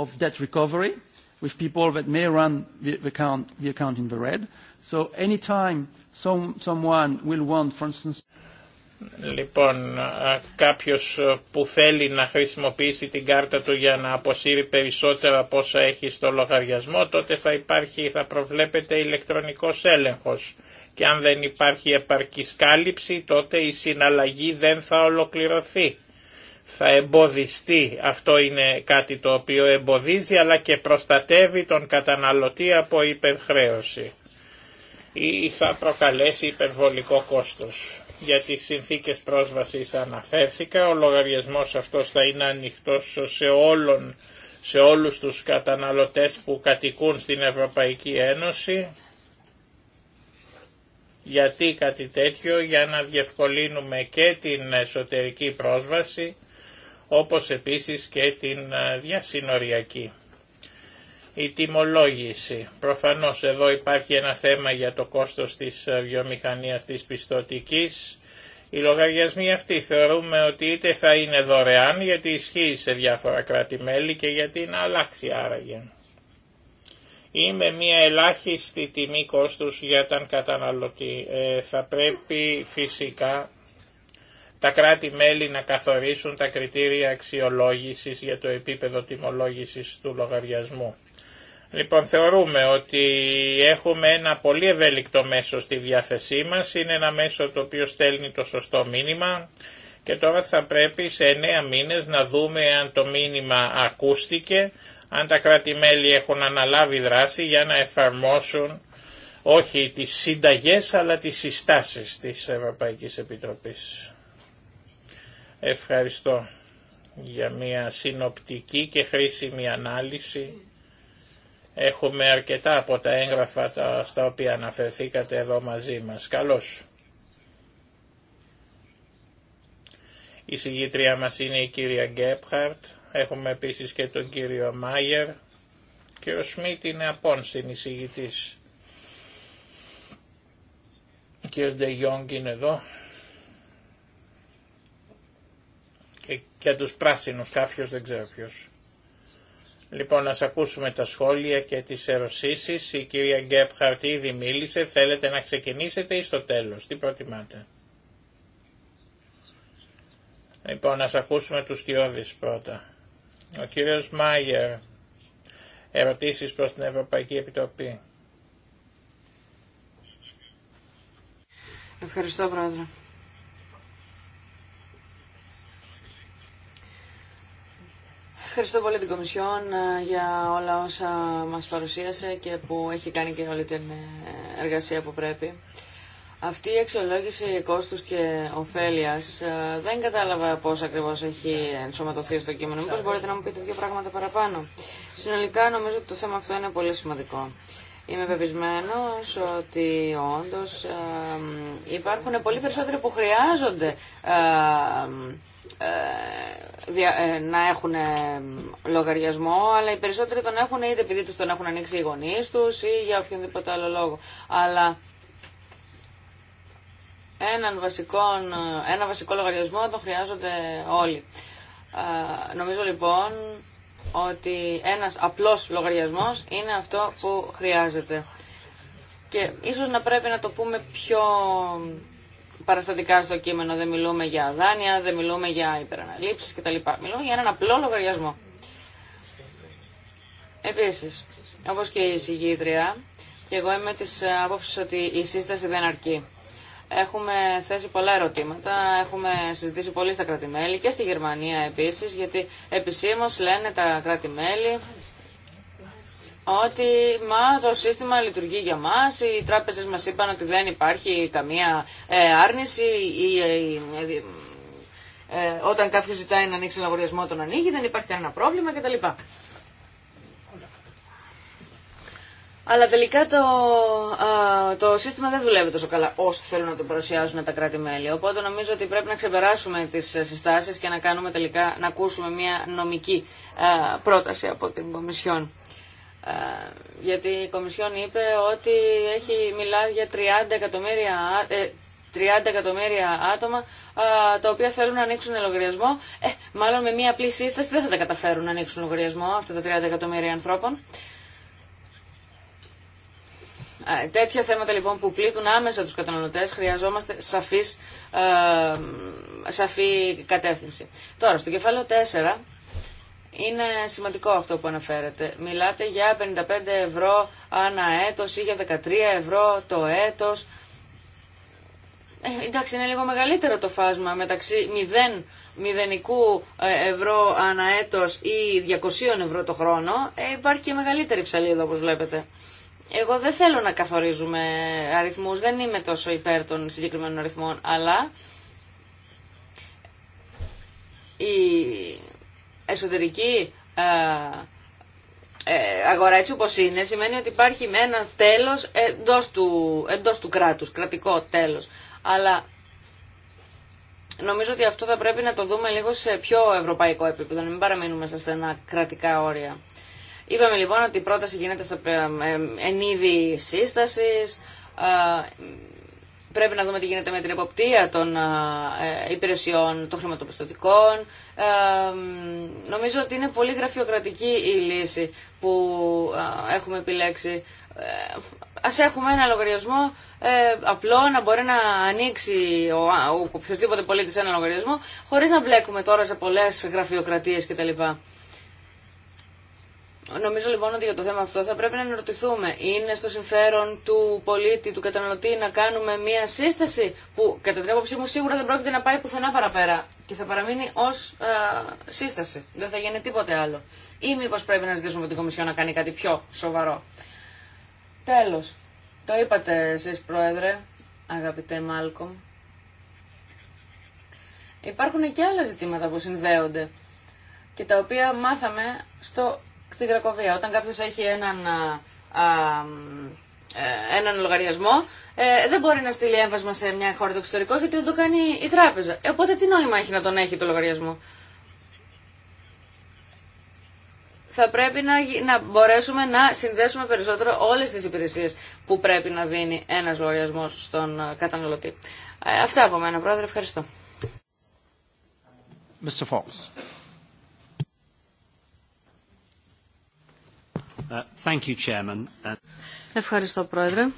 of debt recovery with people that may run the Λοιπόν, κάποιος που θέλει να χρησιμοποιήσει την κάρτα του για να αποσύρει περισσότερα από όσα έχει στο λογαριασμό, τότε θα υπάρχει, θα προβλέπεται ηλεκτρονικός έλεγχος. Και αν δεν υπάρχει επαρκής κάλυψη, τότε η συναλλαγή δεν θα ολοκληρωθεί. Θα εμποδιστεί. Αυτό είναι κάτι το οποίο εμποδίζει, αλλά και προστατεύει τον καταναλωτή από υπερχρέωση ή θα προκαλέσει υπερβολικό κόστος. Για τις συνθήκες πρόσβασης αναφέρθηκα, ο λογαριασμός αυτός θα είναι ανοιχτός σε, όλον σε όλους τους καταναλωτές που κατοικούν στην Ευρωπαϊκή Ένωση. Γιατί κάτι τέτοιο, για να διευκολύνουμε και την εσωτερική πρόσβαση, όπως επίσης και την ε, διασυνοριακή. Η τιμολόγηση. Προφανώς εδώ υπάρχει ένα θέμα για το κόστος της ε, βιομηχανίας της πιστοτικής. Οι λογαριασμοί αυτοί θεωρούμε ότι είτε θα είναι δωρεάν γιατί ισχύει σε διάφορα κράτη-μέλη και γιατί να αλλάξει άραγε. Ή με μια ελάχιστη τιμή κόστους για τον καταναλωτή. Ε, θα πρέπει φυσικά τα κράτη-μέλη να καθορίσουν τα κριτήρια αξιολόγησης για το επίπεδο τιμολόγησης του λογαριασμού. Λοιπόν, θεωρούμε ότι έχουμε ένα πολύ ευέλικτο μέσο στη διάθεσή μας, είναι ένα μέσο το οποίο στέλνει το σωστό μήνυμα και τώρα θα πρέπει σε εννέα μήνες να δούμε αν το μήνυμα ακούστηκε, αν τα κράτη-μέλη έχουν αναλάβει δράση για να εφαρμόσουν όχι τις συνταγές αλλά τις συστάσεις της Ευρωπαϊκής Επιτροπής. Ευχαριστώ για μια συνοπτική και χρήσιμη ανάλυση Έχουμε αρκετά από τα έγγραφα στα οποία αναφερθήκατε εδώ μαζί μας. Καλώς. Η συγγήτρια μας είναι η κυρία Γκέπχαρτ. Έχουμε επίσης και τον κύριο Μάιερ. Και ο Σμίτ είναι απόν συνεισηγητής. Ο κύριος Ντεγιόγκ είναι εδώ. Και του τους πράσινους κάποιος δεν ξέρω ποιος. Λοιπόν, να ακούσουμε τα σχόλια και τις ερωτήσεις. Η κυρία Γκέπχαρτ ήδη μίλησε. Θέλετε να ξεκινήσετε ή στο τέλος. Τι προτιμάτε. Λοιπόν, να ακούσουμε τους κοιόδης πρώτα. Ο κύριος Μάγερ, Ερωτήσεις προς την Ευρωπαϊκή Επιτροπή. Ευχαριστώ, Πρόεδρε. Ευχαριστώ πολύ την Κομισιόν ε, για όλα όσα μας παρουσίασε και που έχει κάνει και όλη την ε, εργασία που πρέπει. Αυτή η αξιολόγηση κόστους και ωφέλειας ε, δεν κατάλαβα πώς ακριβώς έχει ενσωματωθεί στο κείμενο. Μήπως μπορείτε να μου πείτε δύο πράγματα παραπάνω. Συνολικά νομίζω ότι το θέμα αυτό είναι πολύ σημαντικό. Είμαι πεπισμένο ότι όντως υπάρχουν πολύ περισσότεροι που χρειάζονται ε, ε, να έχουν ε, λογαριασμό, αλλά οι περισσότεροι τον έχουν είτε επειδή τους τον έχουν ανοίξει οι γονείς τους ή για οποιονδήποτε άλλο λόγο. Αλλά έναν βασικό, ένα βασικό λογαριασμό τον χρειάζονται όλοι. νομίζω λοιπόν ότι ένας απλός λογαριασμός είναι αυτό που χρειάζεται. Και ίσως να πρέπει να το πούμε πιο παραστατικά στο κείμενο, δεν μιλούμε για δάνεια, δεν μιλούμε για υπεραναλήψεις κτλ. Μιλούμε για έναν απλό λογαριασμό. Επίσης, όπως και η συγγήτρια, και εγώ είμαι της άποψης ότι η σύσταση δεν αρκεί. Έχουμε θέσει πολλά ερωτήματα, έχουμε συζητήσει πολύ στα κράτη-μέλη και στη Γερμανία επίσης, γιατί επισήμως λένε τα κράτη-μέλη ότι μα, το σύστημα λειτουργεί για μας, οι τράπεζες μας είπαν ότι δεν υπάρχει καμία ε, άρνηση, ή, ε, ε, ε, όταν κάποιος ζητάει να ανοίξει λογαριασμό τον ανοίγει, δεν υπάρχει κανένα πρόβλημα κτλ. Αλλά τελικά το, το σύστημα δεν δουλεύει τόσο καλά όσο θέλουν να το παρουσιάζουν τα κράτη-μέλη. Οπότε νομίζω ότι πρέπει να ξεπεράσουμε τις ε, συστάσεις και να κάνουμε τελικά να ακούσουμε μια νομική πρόταση από την Κομισιόν. Ε, γιατί η Κομισιόν είπε ότι έχει μιλάει για 30 ε, εκατομμύρια, άτομα ε, τα οποία θέλουν να ανοίξουν λογαριασμό. μάλλον με μία απλή σύσταση δεν θα τα καταφέρουν να ανοίξουν λογαριασμό αυτά τα 30 εκατομμύρια ανθρώπων. Τέτοια θέματα λοιπόν που πλήττουν άμεσα τους καταναλωτές χρειαζόμαστε σαφής, σαφή κατεύθυνση. Τώρα, στο κεφάλαιο 4 είναι σημαντικό αυτό που αναφέρετε. Μιλάτε για 55 ευρώ ανά έτος ή για 13 ευρώ το έτος. Ε, εντάξει, είναι λίγο μεγαλύτερο το φάσμα μεταξύ 0 μηδενικού ε, ευρώ ανά έτος ή 200 ευρώ το χρόνο. Ε, υπάρχει και μεγαλύτερη ψαλίδα όπως βλέπετε. Εγώ δεν θέλω να καθορίζουμε αριθμούς, δεν είμαι τόσο υπέρ των συγκεκριμένων αριθμών, αλλά η εσωτερική ε, ε, αγορά έτσι όπως είναι σημαίνει ότι υπάρχει ένα τέλος εντός του, εντός του κράτους, κρατικό τέλος. Αλλά νομίζω ότι αυτό θα πρέπει να το δούμε λίγο σε πιο ευρωπαϊκό επίπεδο, να μην παραμείνουμε στα στενά κρατικά όρια. Είπαμε λοιπόν ότι η πρόταση γίνεται στα ε, εν είδη σύστασης, Πρέπει να δούμε τι γίνεται με την εποπτεία των ε, υπηρεσιών των χρηματοπιστωτικών. Ε, νομίζω ότι είναι πολύ γραφειοκρατική η λύση που ε, έχουμε επιλέξει. Ας έχουμε ένα λογαριασμό απλό, να μπορεί να ανοίξει ο, ο οποιοδήποτε πολίτης ένα λογαριασμό, χωρίς να βλέπουμε τώρα σε πολλές γραφειοκρατίες κτλ. Νομίζω λοιπόν ότι για το θέμα αυτό θα πρέπει να ρωτηθούμε. Είναι στο συμφέρον του πολίτη, του καταναλωτή να κάνουμε μια σύσταση που κατά την άποψή μου σίγουρα δεν πρόκειται να πάει πουθενά παραπέρα και θα παραμείνει ω σύσταση. Δεν θα γίνει τίποτε άλλο. Ή μήπω πρέπει να ζητήσουμε από την Κομισιόν να κάνει κάτι πιο σοβαρό. Τέλο. Το είπατε εσεί, Πρόεδρε, αγαπητέ Μάλκομ. Υπάρχουν και άλλα ζητήματα που συνδέονται και τα οποία μάθαμε στο στη Κρακοβία. Όταν κάποιο έχει έναν, ε, έναν λογαριασμό, ε, δεν μπορεί να στείλει έμφασμα σε μια χώρα του εξωτερικό γιατί δεν το κάνει η τράπεζα. Ε, οπότε τι νόημα έχει να τον έχει το λογαριασμό. θα πρέπει να, να μπορέσουμε να συνδέσουμε περισσότερο όλες τις υπηρεσίες που πρέπει να δίνει ένας λογαριασμό στον καταναλωτή. Αυτά από μένα, Πρόεδρε. Ευχαριστώ. Mr. Fox. Ευχαριστώ, Πρόεδρε.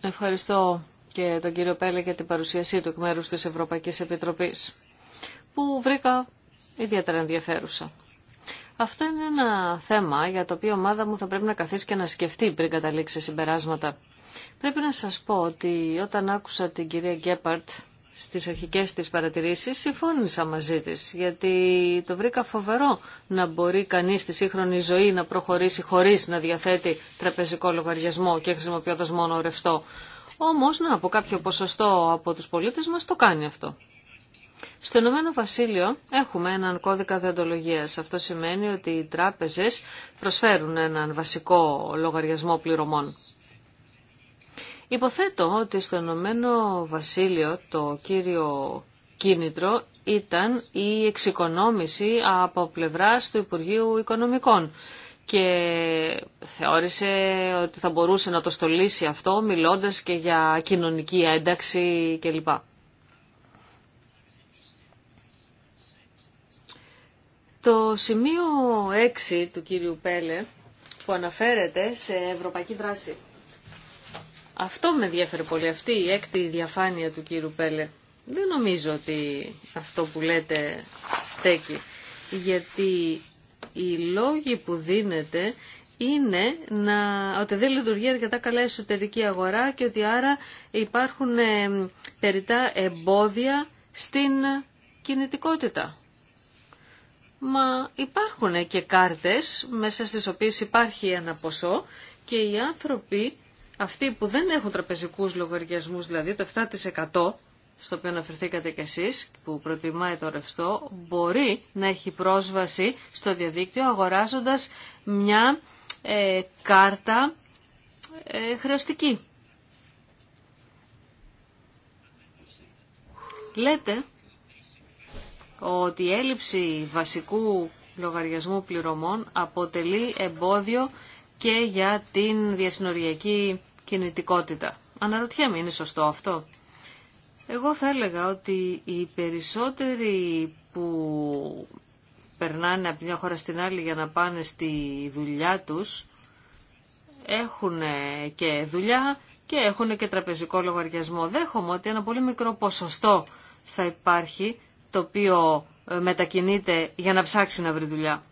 Ευχαριστώ και τον κύριο Πέλε για την παρουσίασή του εκ μέρους της Ευρωπαϊκής Επιτροπής, που βρήκα ιδιαίτερα ενδιαφέρουσα. Αυτό είναι ένα θέμα για το οποίο η ομάδα μου θα πρέπει να καθίσει και να σκεφτεί πριν καταλήξει συμπεράσματα. Πρέπει να σας πω ότι όταν άκουσα την κυρία Γκέπαρτ στις αρχικές της παρατηρήσεις συμφώνησα μαζί της, γιατί το βρήκα φοβερό να μπορεί κανείς στη σύγχρονη ζωή να προχωρήσει χωρίς να διαθέτει τραπεζικό λογαριασμό και χρησιμοποιώντα μόνο ρευστό. Όμως, να, από κάποιο ποσοστό από τους πολίτες μας το κάνει αυτό. Στο Ηνωμένο Βασίλειο έχουμε έναν κώδικα διοντολογίας. Αυτό σημαίνει ότι οι τράπεζες προσφέρουν έναν βασικό λογαριασμό πληρωμών. Υποθέτω ότι στο Ηνωμένο Βασίλειο το κύριο κίνητρο ήταν η εξοικονόμηση από πλευράς του Υπουργείου Οικονομικών και θεώρησε ότι θα μπορούσε να το στολίσει αυτό μιλώντας και για κοινωνική ένταξη κλπ. Το σημείο 6 του κύριου Πέλε που αναφέρεται σε ευρωπαϊκή δράση αυτό με ενδιαφέρει πολύ, αυτή η έκτη διαφάνεια του κύρου Πέλε. Δεν νομίζω ότι αυτό που λέτε στέκει, γιατί οι λόγοι που δίνεται είναι να, ότι δεν λειτουργεί αρκετά καλά η εσωτερική αγορά και ότι άρα υπάρχουν ε, περιτά εμπόδια στην κινητικότητα. Μα υπάρχουν και κάρτες μέσα στις οποίες υπάρχει ένα ποσό και οι άνθρωποι αυτοί που δεν έχουν τραπεζικούς λογαριασμούς, δηλαδή το 7% στο οποίο αναφερθήκατε κι εσείς, που προτιμάει το ρευστό, μπορεί να έχει πρόσβαση στο διαδίκτυο αγοράζοντας μια ε, κάρτα ε, χρεωστική. Λέτε ότι η έλλειψη βασικού λογαριασμού πληρωμών αποτελεί εμπόδιο και για την διασυνοριακή κινητικότητα. Αναρωτιέμαι, είναι σωστό αυτό. Εγώ θα έλεγα ότι οι περισσότεροι που περνάνε από μια χώρα στην άλλη για να πάνε στη δουλειά τους έχουν και δουλειά και έχουν και τραπεζικό λογαριασμό. Δέχομαι ότι ένα πολύ μικρό ποσοστό θα υπάρχει το οποίο ε, μετακινείται για να ψάξει να βρει δουλειά.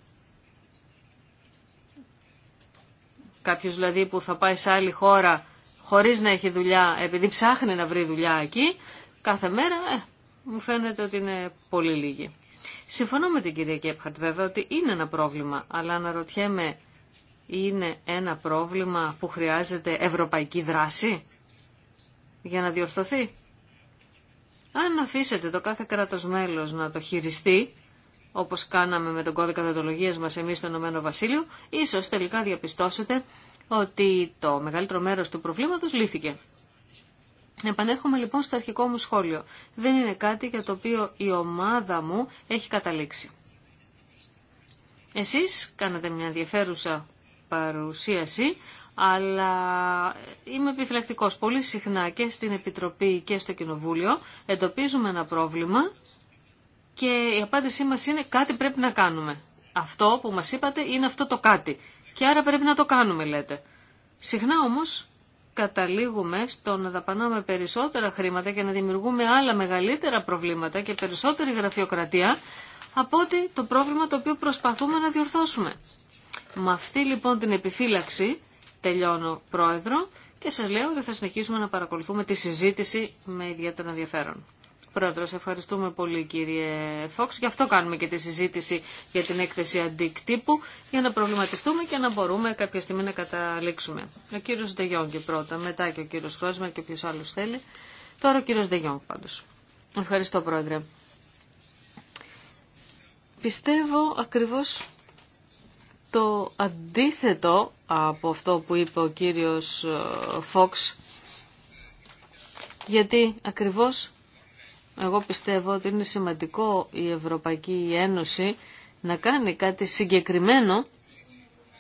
Κάποιος δηλαδή που θα πάει σε άλλη χώρα χωρίς να έχει δουλειά, επειδή ψάχνει να βρει δουλειά εκεί, κάθε μέρα ε, μου φαίνεται ότι είναι πολύ λίγοι. Συμφωνώ με την κυρία Κέπχαρτ βέβαια ότι είναι ένα πρόβλημα, αλλά αναρωτιέμαι είναι ένα πρόβλημα που χρειάζεται ευρωπαϊκή δράση για να διορθωθεί. Αν αφήσετε το κάθε κράτος μέλος να το χειριστεί, όπως κάναμε με τον κώδικα δεντολογίας μας εμείς στο Ηνωμένο Βασίλειο, ίσως τελικά διαπιστώσετε ότι το μεγαλύτερο μέρος του προβλήματος λύθηκε. Επανέρχομαι λοιπόν στο αρχικό μου σχόλιο. Δεν είναι κάτι για το οποίο η ομάδα μου έχει καταλήξει. Εσείς κάνατε μια ενδιαφέρουσα παρουσίαση, αλλά είμαι επιφυλακτικός πολύ συχνά και στην Επιτροπή και στο Κοινοβούλιο. Εντοπίζουμε ένα πρόβλημα και η απάντησή μας είναι κάτι πρέπει να κάνουμε. Αυτό που μας είπατε είναι αυτό το κάτι. Και άρα πρέπει να το κάνουμε λέτε. Συχνά όμως καταλήγουμε στο να δαπανάμε περισσότερα χρήματα και να δημιουργούμε άλλα μεγαλύτερα προβλήματα και περισσότερη γραφειοκρατία από ότι το πρόβλημα το οποίο προσπαθούμε να διορθώσουμε. Με αυτή λοιπόν την επιφύλαξη τελειώνω πρόεδρο και σας λέω ότι θα συνεχίσουμε να παρακολουθούμε τη συζήτηση με ιδιαίτερο ενδιαφέρον. Πρόεδρος, ευχαριστούμε πολύ κύριε Φόξ. Γι' αυτό κάνουμε και τη συζήτηση για την έκθεση αντικτύπου, για να προβληματιστούμε και να μπορούμε κάποια στιγμή να καταλήξουμε. Ο κύριος Ντεγιόγκη πρώτα, μετά και ο κύριος Χρόσμα και ποιος άλλος θέλει. Τώρα ο κύριος Ντεγιόγκ πάντως. Ευχαριστώ Πρόεδρε. Πιστεύω ακριβώ το αντίθετο από αυτό που είπε ο κύριος ε, Φόξ, γιατί ακριβώς εγώ πιστεύω ότι είναι σημαντικό η Ευρωπαϊκή Ένωση να κάνει κάτι συγκεκριμένο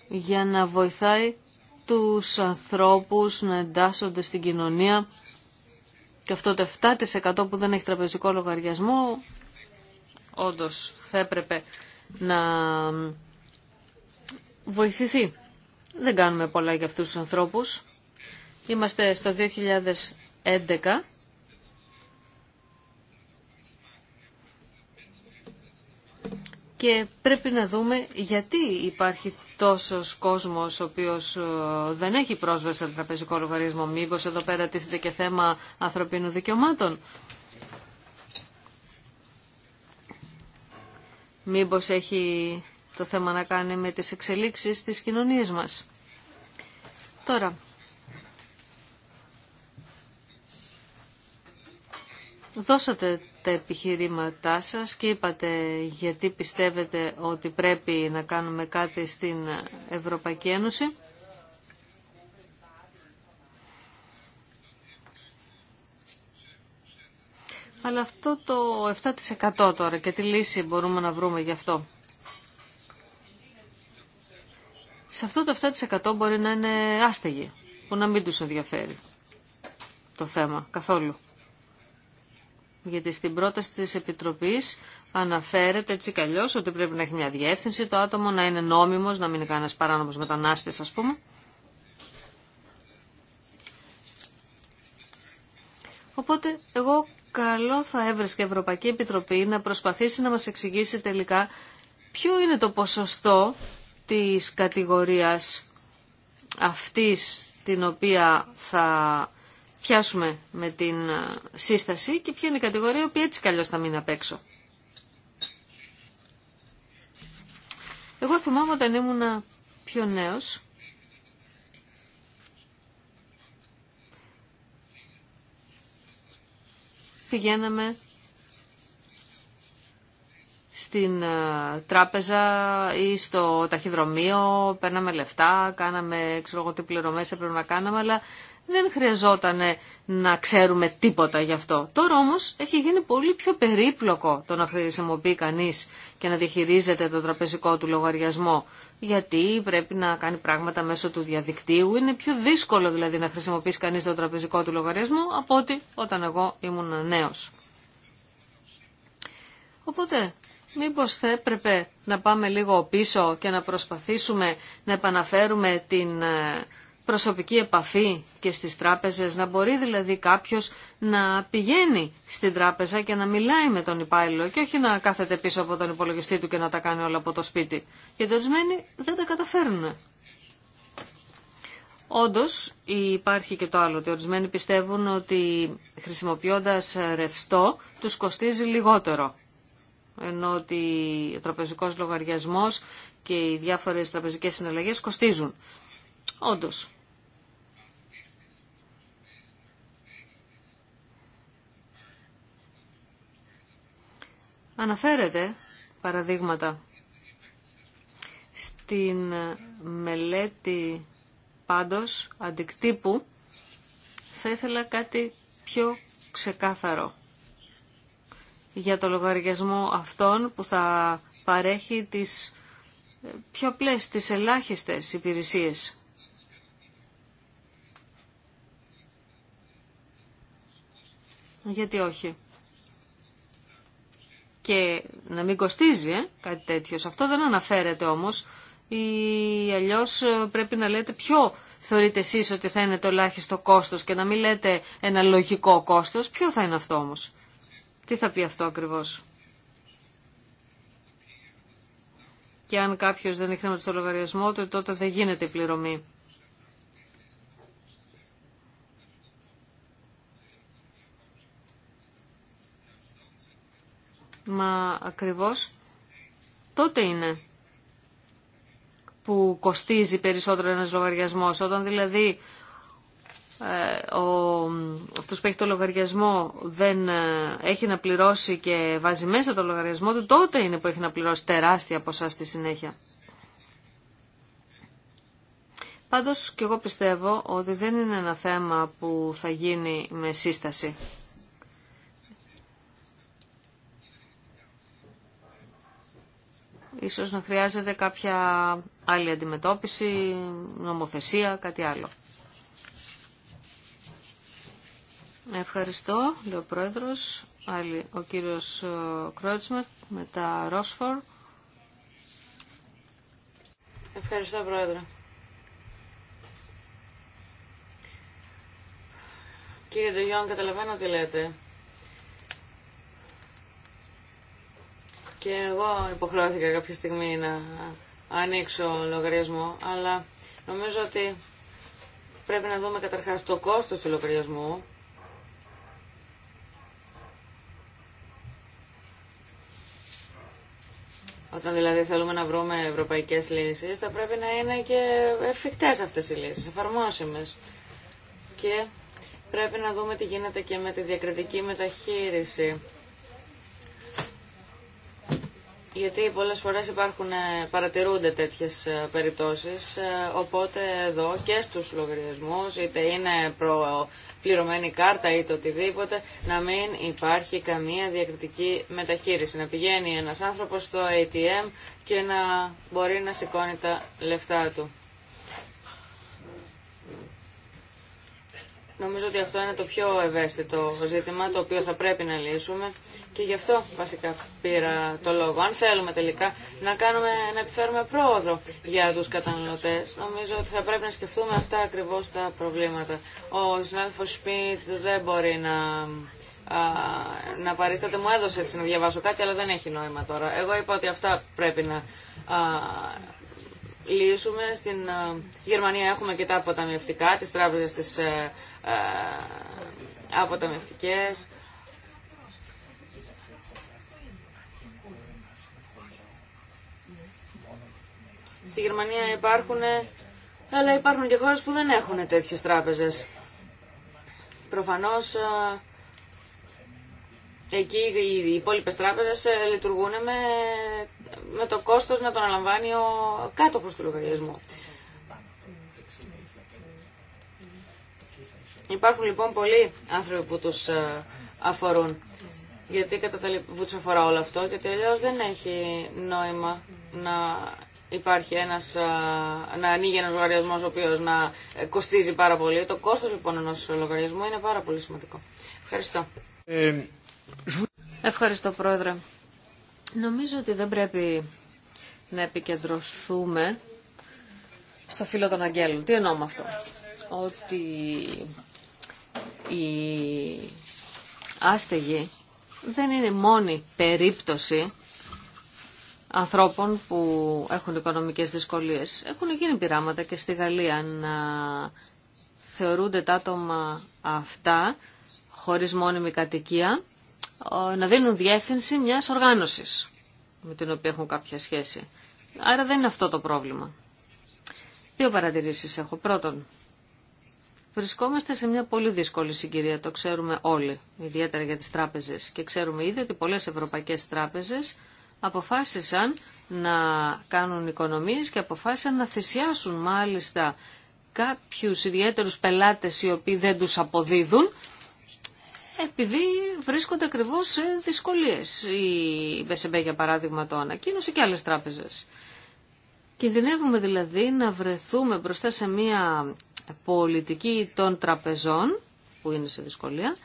για να βοηθάει τους ανθρώπους να εντάσσονται στην κοινωνία και αυτό το 7% που δεν έχει τραπεζικό λογαριασμό όντως θα έπρεπε να βοηθηθεί. Δεν κάνουμε πολλά για αυτούς τους ανθρώπους. Είμαστε στο 2011 και πρέπει να δούμε γιατί υπάρχει τόσος κόσμος ο οποίος ε, δεν έχει πρόσβαση σε τραπεζικό λογαριασμό. Μήπως εδώ πέρα τίθεται και θέμα ανθρωπίνου δικαιωμάτων. Μήπως έχει το θέμα να κάνει με τις εξελίξεις της κοινωνίας μας. Τώρα, δώσατε τα επιχειρήματά σας και είπατε γιατί πιστεύετε ότι πρέπει να κάνουμε κάτι στην Ευρωπαϊκή Ένωση. Αλλά αυτό το 7% τώρα και τη λύση μπορούμε να βρούμε γι' αυτό. Σε αυτό το 7% μπορεί να είναι άστεγοι, που να μην τους ενδιαφέρει το θέμα καθόλου γιατί στην πρόταση της Επιτροπής αναφέρεται έτσι κι ότι πρέπει να έχει μια διεύθυνση το άτομο, να είναι νόμιμος, να μην είναι κανένας παράνομος μετανάστης ας πούμε. Οπότε εγώ καλό θα έβρισκε η Ευρωπαϊκή Επιτροπή να προσπαθήσει να μας εξηγήσει τελικά ποιο είναι το ποσοστό της κατηγορίας αυτής την οποία θα πιάσουμε με την ε, σύσταση και ποια είναι η κατηγορία που έτσι καλώ θα μείνει απ' έξω. Εγώ θυμάμαι όταν ήμουν πιο νέος πηγαίναμε στην ε, τράπεζα ή στο ταχυδρομείο, παίρναμε λεφτά, κάναμε ξέρω εγώ τι πληρωμές έπρεπε να κάναμε, αλλά δεν χρειαζόταν να ξέρουμε τίποτα γι' αυτό. Τώρα όμως έχει γίνει πολύ πιο περίπλοκο το να χρησιμοποιεί κανείς και να διαχειρίζεται το τραπεζικό του λογαριασμό. Γιατί πρέπει να κάνει πράγματα μέσω του διαδικτύου. Είναι πιο δύσκολο δηλαδή να χρησιμοποιήσει κανείς το τραπεζικό του λογαριασμό από ότι όταν εγώ ήμουν νέος. Οπότε Μήπως θα έπρεπε να πάμε λίγο πίσω και να προσπαθήσουμε να επαναφέρουμε την ε, προσωπική επαφή και στις τράπεζες, να μπορεί δηλαδή κάποιος να πηγαίνει στην τράπεζα και να μιλάει με τον υπάλληλο και όχι να κάθεται πίσω από τον υπολογιστή του και να τα κάνει όλα από το σπίτι. Γιατί ορισμένοι δεν τα καταφέρνουν. Όντω, υπάρχει και το άλλο, ότι ορισμένοι πιστεύουν ότι χρησιμοποιώντα ρευστό τους κοστίζει λιγότερο. Ενώ ότι ο τραπεζικός λογαριασμός και οι διάφορες τραπεζικές συναλλαγές κοστίζουν. Όντως, Αναφέρεται παραδείγματα στην μελέτη πάντως αντικτύπου θα ήθελα κάτι πιο ξεκάθαρο για το λογαριασμό αυτών που θα παρέχει τις ε, πιο πλές, τις ελάχιστες υπηρεσίες. Γιατί όχι και να μην κοστίζει ε, κάτι τέτοιο. Σε αυτό δεν αναφέρεται όμως ή αλλιώς ε, πρέπει να λέτε ποιο θεωρείτε εσείς ότι θα είναι το ελάχιστο κόστος και να μην λέτε ένα λογικό κόστος. Ποιο θα είναι αυτό όμως. Τι θα πει αυτό ακριβώς. Και αν κάποιος δεν έχει χρήματα στο λογαριασμό του, τότε δεν γίνεται η πληρωμή. Μα ακριβώς τότε είναι που κοστίζει περισσότερο ένας λογαριασμός. Όταν δηλαδή ε, ο, αυτός που έχει το λογαριασμό δεν ε, έχει να πληρώσει και βάζει μέσα το λογαριασμό του, τότε είναι που έχει να πληρώσει τεράστια ποσά στη συνέχεια. Πάντως και εγώ πιστεύω ότι δεν είναι ένα θέμα που θα γίνει με σύσταση. Ίσως να χρειάζεται κάποια άλλη αντιμετώπιση, νομοθεσία, κάτι άλλο. Ευχαριστώ, λέει ο Πρόεδρος, άλλη, ο κύριος ε, Κρότσμερ, μετά Ρόσφορ. Ευχαριστώ, Πρόεδρε. Κύριε Ντεγιόν, καταλαβαίνω τι λέτε. Και εγώ υποχρεώθηκα κάποια στιγμή να ανοίξω λογαριασμό, αλλά νομίζω ότι πρέπει να δούμε καταρχάς το κόστος του λογαριασμού, Όταν δηλαδή θέλουμε να βρούμε ευρωπαϊκές λύσεις, θα πρέπει να είναι και εφικτές αυτές οι λύσεις, εφαρμόσιμες Και πρέπει να δούμε τι γίνεται και με τη διακριτική μεταχείριση γιατί πολλές φορές υπάρχουν, ε, παρατηρούνται τέτοιες ε, περιπτώσεις, ε, οπότε εδώ και στους λογαριασμούς, είτε είναι πληρωμένη κάρτα είτε οτιδήποτε, να μην υπάρχει καμία διακριτική μεταχείριση. Να πηγαίνει ένας άνθρωπος στο ATM και να μπορεί να σηκώνει τα λεφτά του. Νομίζω ότι αυτό είναι το πιο ευαίσθητο ζήτημα το οποίο θα πρέπει να λύσουμε και γι' αυτό βασικά πήρα το λόγο. Αν θέλουμε τελικά να, κάνουμε, να επιφέρουμε πρόοδο για τους καταναλωτές, νομίζω ότι θα πρέπει να σκεφτούμε αυτά ακριβώς τα προβλήματα. Ο συνάδελφος Σμιτ δεν μπορεί να να παρίσταται. Μου έδωσε έτσι να διαβάσω κάτι, αλλά δεν έχει νόημα τώρα. Εγώ είπα ότι αυτά πρέπει να α, λύσουμε. Στην Γερμανία έχουμε και τα αποταμιευτικά, τις τράπεζες της ε, ε, αποταμιευτικές. Στη Γερμανία υπάρχουν, αλλά υπάρχουν και χώρες που δεν έχουν τέτοιες τράπεζες. Προφανώς ε, εκεί οι υπόλοιπε τράπεζε λειτουργούν με, με το κόστος να τον αναλαμβάνει ο κάτοχος του λογαριασμού. Υπάρχουν λοιπόν πολλοί άνθρωποι που τους ε, αφορούν. Γιατί κατά τα λοιπά που τους αφορά όλο αυτό, γιατί αλλιώ δεν έχει νόημα να υπάρχει ένας, ε, να ανοίγει ένας λογαριασμός ο οποίος να ε, κοστίζει πάρα πολύ. Το κόστος λοιπόν ενός λογαριασμού είναι πάρα πολύ σημαντικό. Ευχαριστώ. Ευχαριστώ Πρόεδρε. Νομίζω ότι δεν πρέπει να επικεντρωθούμε στο φύλλο των αγγέλων. Τι εννοώ με αυτό. Ότι οι άστεγοι δεν είναι μόνη περίπτωση ανθρώπων που έχουν οικονομικές δυσκολίες. Έχουν γίνει πειράματα και στη Γαλλία να θεωρούνται τα άτομα αυτά χωρίς μόνιμη κατοικία να δίνουν διεύθυνση μιας οργάνωσης με την οποία έχουν κάποια σχέση. Άρα δεν είναι αυτό το πρόβλημα. Δύο παρατηρήσεις έχω. Πρώτον, Βρισκόμαστε σε μια πολύ δύσκολη συγκυρία, το ξέρουμε όλοι, ιδιαίτερα για τις τράπεζες. Και ξέρουμε ήδη ότι πολλές ευρωπαϊκές τράπεζες αποφάσισαν να κάνουν οικονομίες και αποφάσισαν να θυσιάσουν μάλιστα κάποιους ιδιαίτερους πελάτες οι οποίοι δεν τους αποδίδουν επειδή βρίσκονται ακριβώ σε δυσκολίε. Η Μπεσεμπέ για παράδειγμα, το ανακοίνωσε και άλλε τράπεζε. Κινδυνεύουμε δηλαδή να βρεθούμε μπροστά σε μια πολιτική των τραπεζών, που είναι σε δυσκολία,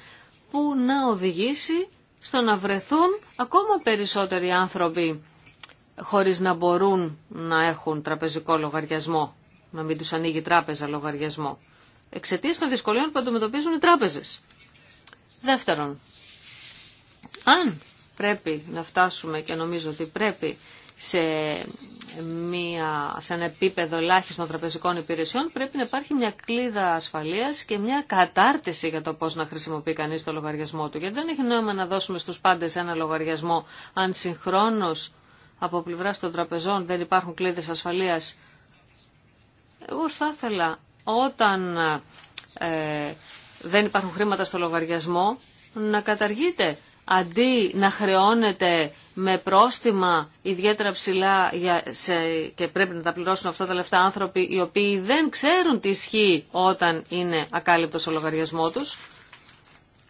που να οδηγήσει στο να βρεθούν ακόμα περισσότεροι άνθρωποι χωρίς να μπορούν να έχουν τραπεζικό λογαριασμό, να μην τους ανοίγει τράπεζα λογαριασμό, εξαιτίας των δυσκολίων που αντιμετωπίζουν οι τράπεζες. Δεύτερον, αν πρέπει να φτάσουμε και νομίζω ότι πρέπει σε, μια, σε ένα επίπεδο ελάχιστον τραπεζικών υπηρεσιών, πρέπει να υπάρχει μια κλίδα ασφαλείας και μια κατάρτιση για το πώς να χρησιμοποιεί κανεί το λογαριασμό του. Γιατί δεν έχει νόημα να δώσουμε στους πάντες ένα λογαριασμό, αν συγχρόνω από πλευρά των τραπεζών δεν υπάρχουν κλίδε ασφαλείας. Εγώ θα ήθελα όταν ε, δεν υπάρχουν χρήματα στο λογαριασμό να καταργείται αντί να χρεώνεται με πρόστιμα ιδιαίτερα ψηλά για, σε, και πρέπει να τα πληρώσουν αυτά τα λεφτά άνθρωποι οι οποίοι δεν ξέρουν τι ισχύει όταν είναι ακάλυπτος ο λογαριασμό τους.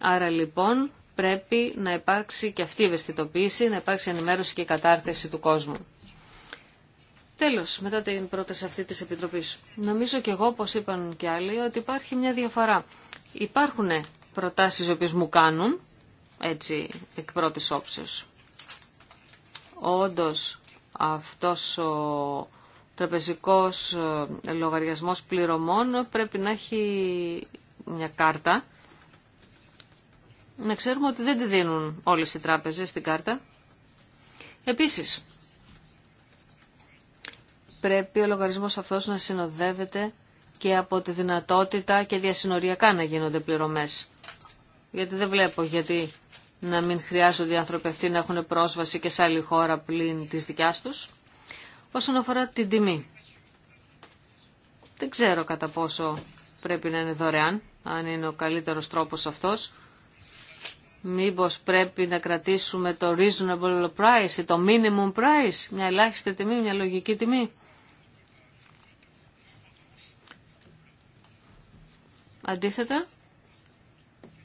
Άρα λοιπόν πρέπει να υπάρξει και αυτή η ευαισθητοποίηση, να υπάρξει ενημέρωση και κατάρτιση του κόσμου. Τέλος, μετά την πρόταση αυτή της Επιτροπής, νομίζω και εγώ, όπως είπαν και άλλοι, ότι υπάρχει μια διαφορά. Υπάρχουν προτάσεις οι οποίες μου κάνουν, έτσι εκ πρώτης όψεως όντως αυτός ο τραπεζικός ε, λογαριασμός πληρωμών πρέπει να έχει μια κάρτα. Να ξέρουμε ότι δεν τη δίνουν όλες οι τράπεζες την κάρτα. Επίσης, πρέπει ο λογαριασμός αυτός να συνοδεύεται και από τη δυνατότητα και διασυνοριακά να γίνονται πληρωμές. Γιατί δεν βλέπω γιατί να μην χρειάζονται οι άνθρωποι αυτοί να έχουν πρόσβαση και σε άλλη χώρα πλην της δικιάς τους. Όσον αφορά την τιμή, δεν ξέρω κατά πόσο πρέπει να είναι δωρεάν, αν είναι ο καλύτερος τρόπος αυτός. Μήπως πρέπει να κρατήσουμε το reasonable price ή το minimum price, μια ελάχιστη τιμή, μια λογική τιμή. Αντίθετα,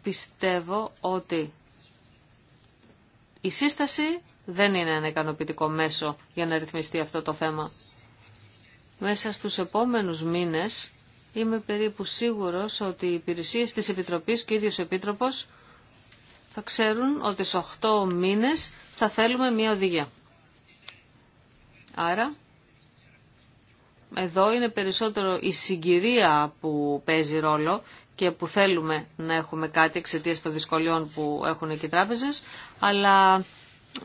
πιστεύω ότι η σύσταση δεν είναι ένα ικανοποιητικό μέσο για να ρυθμιστεί αυτό το θέμα. Μέσα στους επόμενους μήνες είμαι περίπου σίγουρος ότι οι υπηρεσίες της Επιτροπής και ο ίδιος ο Επίτροπος θα ξέρουν ότι σε 8 μήνες θα θέλουμε μία οδηγία. Άρα, εδώ είναι περισσότερο η συγκυρία που παίζει ρόλο και που θέλουμε να έχουμε κάτι εξαιτία των δυσκολιών που έχουν εκεί οι τράπεζες, αλλά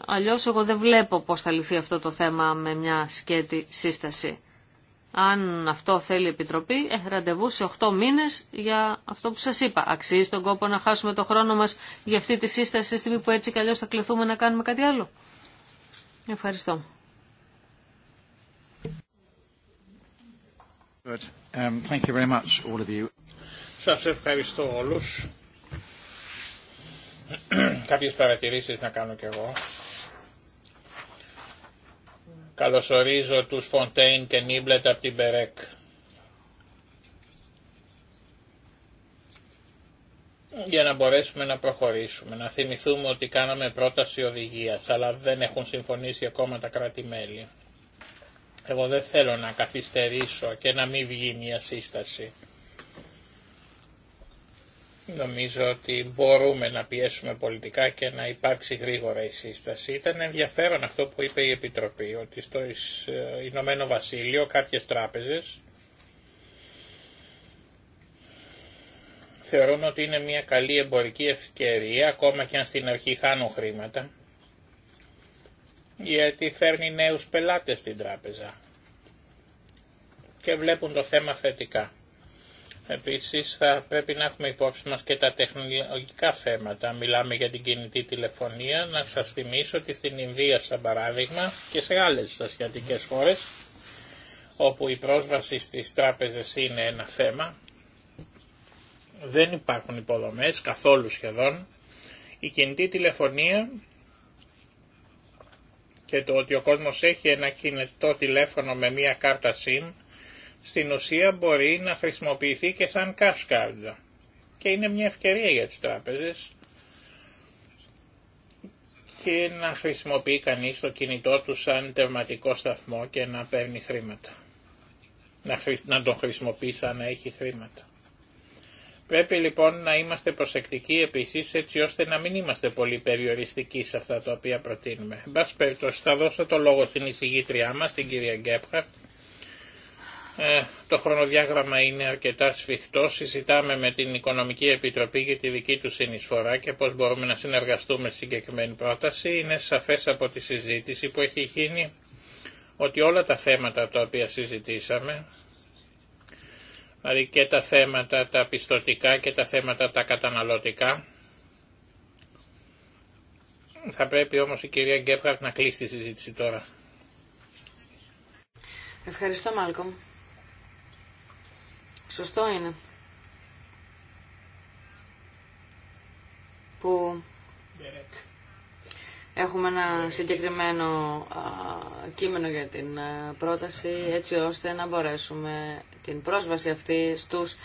αλλιώς εγώ δεν βλέπω πώς θα λυθεί αυτό το θέμα με μια σκέτη σύσταση. Αν αυτό θέλει η Επιτροπή, ε, ραντεβού σε 8 μήνες για αυτό που σας είπα. Αξίζει τον κόπο να χάσουμε το χρόνο μας για αυτή τη σύσταση στη στιγμή που έτσι κι θα κληθούμε να κάνουμε κάτι άλλο. Ευχαριστώ. Um, thank you very much, all of you. Σας ευχαριστώ όλους. Κάποιες παρατηρήσεις να κάνω κι εγώ. Καλωσορίζω τους Φοντέιν και Νίμπλετ από την Περέκ. για να μπορέσουμε να προχωρήσουμε. Να θυμηθούμε ότι κάναμε πρόταση οδηγίας, αλλά δεν έχουν συμφωνήσει ακόμα τα κράτη-μέλη. Εγώ δεν θέλω να καθυστερήσω και να μην βγει μια σύσταση. Νομίζω ότι μπορούμε να πιέσουμε πολιτικά και να υπάρξει γρήγορα η σύσταση. Ήταν ενδιαφέρον αυτό που είπε η Επιτροπή, ότι στο ε, Ηνωμένο Βασίλειο κάποιες τράπεζες θεωρούν ότι είναι μια καλή εμπορική ευκαιρία, ακόμα και αν στην αρχή χάνουν χρήματα, γιατί φέρνει νέους πελάτες στην τράπεζα και βλέπουν το θέμα θετικά. Επίσης θα πρέπει να έχουμε υπόψη μας και τα τεχνολογικά θέματα. Μιλάμε για την κινητή τηλεφωνία. Να σας θυμίσω ότι στην Ινδία σαν παράδειγμα και σε άλλες ασιατικές χώρες όπου η πρόσβαση στις τράπεζες είναι ένα θέμα. Δεν υπάρχουν υποδομές καθόλου σχεδόν. Η κινητή τηλεφωνία και το ότι ο κόσμος έχει ένα κινητό τηλέφωνο με μία κάρτα SIM στην ουσία μπορεί να χρησιμοποιηθεί και σαν cash card και είναι μια ευκαιρία για τις τράπεζες και να χρησιμοποιεί κανείς το κινητό του σαν τερματικό σταθμό και να παίρνει χρήματα. Να, τον χρησιμοποιεί σαν να έχει χρήματα. Πρέπει λοιπόν να είμαστε προσεκτικοί επίσης έτσι ώστε να μην είμαστε πολύ περιοριστικοί σε αυτά τα οποία προτείνουμε. Μπας περιπτώσει θα δώσω το λόγο στην εισηγήτριά μας, την κυρία Γκέπχαρτ, ε, το χρονοδιάγραμμα είναι αρκετά σφιχτό. Συζητάμε με την Οικονομική Επιτροπή για τη δική του συνεισφορά και πώς μπορούμε να συνεργαστούμε στη συγκεκριμένη πρόταση. Είναι σαφές από τη συζήτηση που έχει γίνει ότι όλα τα θέματα τα οποία συζητήσαμε, δηλαδή και τα θέματα τα πιστοτικά και τα θέματα τα καταναλωτικά, θα πρέπει όμως η κυρία Γκέφχαρτ να κλείσει τη συζήτηση τώρα. Ευχαριστώ Μάλκομ. Σωστό είναι. Που Έχουμε ένα συγκεκριμένο κείμενο για την πρόταση έτσι ώστε να μπορέσουμε την πρόσβαση αυτή στους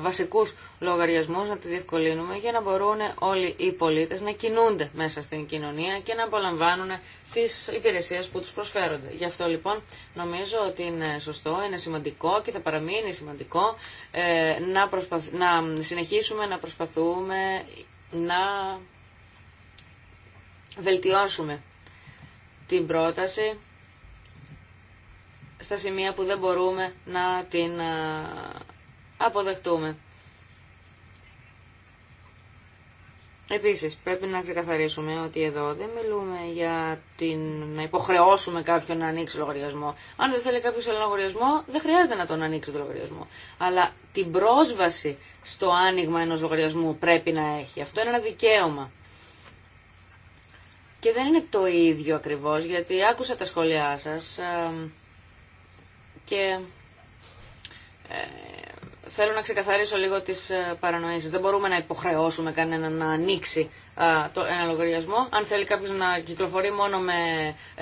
βασικούς λογαριασμούς να τη διευκολύνουμε για να μπορούν όλοι οι πολίτες να κινούνται μέσα στην κοινωνία και να απολαμβάνουν τις υπηρεσίες που τους προσφέρονται. Γι' αυτό λοιπόν νομίζω ότι είναι σωστό, είναι σημαντικό και θα παραμείνει σημαντικό ε, να, να συνεχίσουμε να προσπαθούμε να βελτιώσουμε την πρόταση στα σημεία που δεν μπορούμε να την ε, αποδεχτούμε. Επίσης, πρέπει να ξεκαθαρίσουμε ότι εδώ δεν μιλούμε για την... να υποχρεώσουμε κάποιον να ανοίξει λογαριασμό. Αν δεν θέλει κάποιος ένα λογαριασμό, δεν χρειάζεται να τον ανοίξει το λογαριασμό. Αλλά την πρόσβαση στο άνοιγμα ενός λογαριασμού πρέπει να έχει. Αυτό είναι ένα δικαίωμα. Και δεν είναι το ίδιο ακριβώς, γιατί άκουσα τα σχόλιά σας ε, και ε, θέλω να ξεκαθαρίσω λίγο τις ε, παρανοήσεις. Δεν μπορούμε να υποχρεώσουμε κανέναν να ανοίξει ένα λογαριασμό. Αν θέλει κάποιος να κυκλοφορεί μόνο με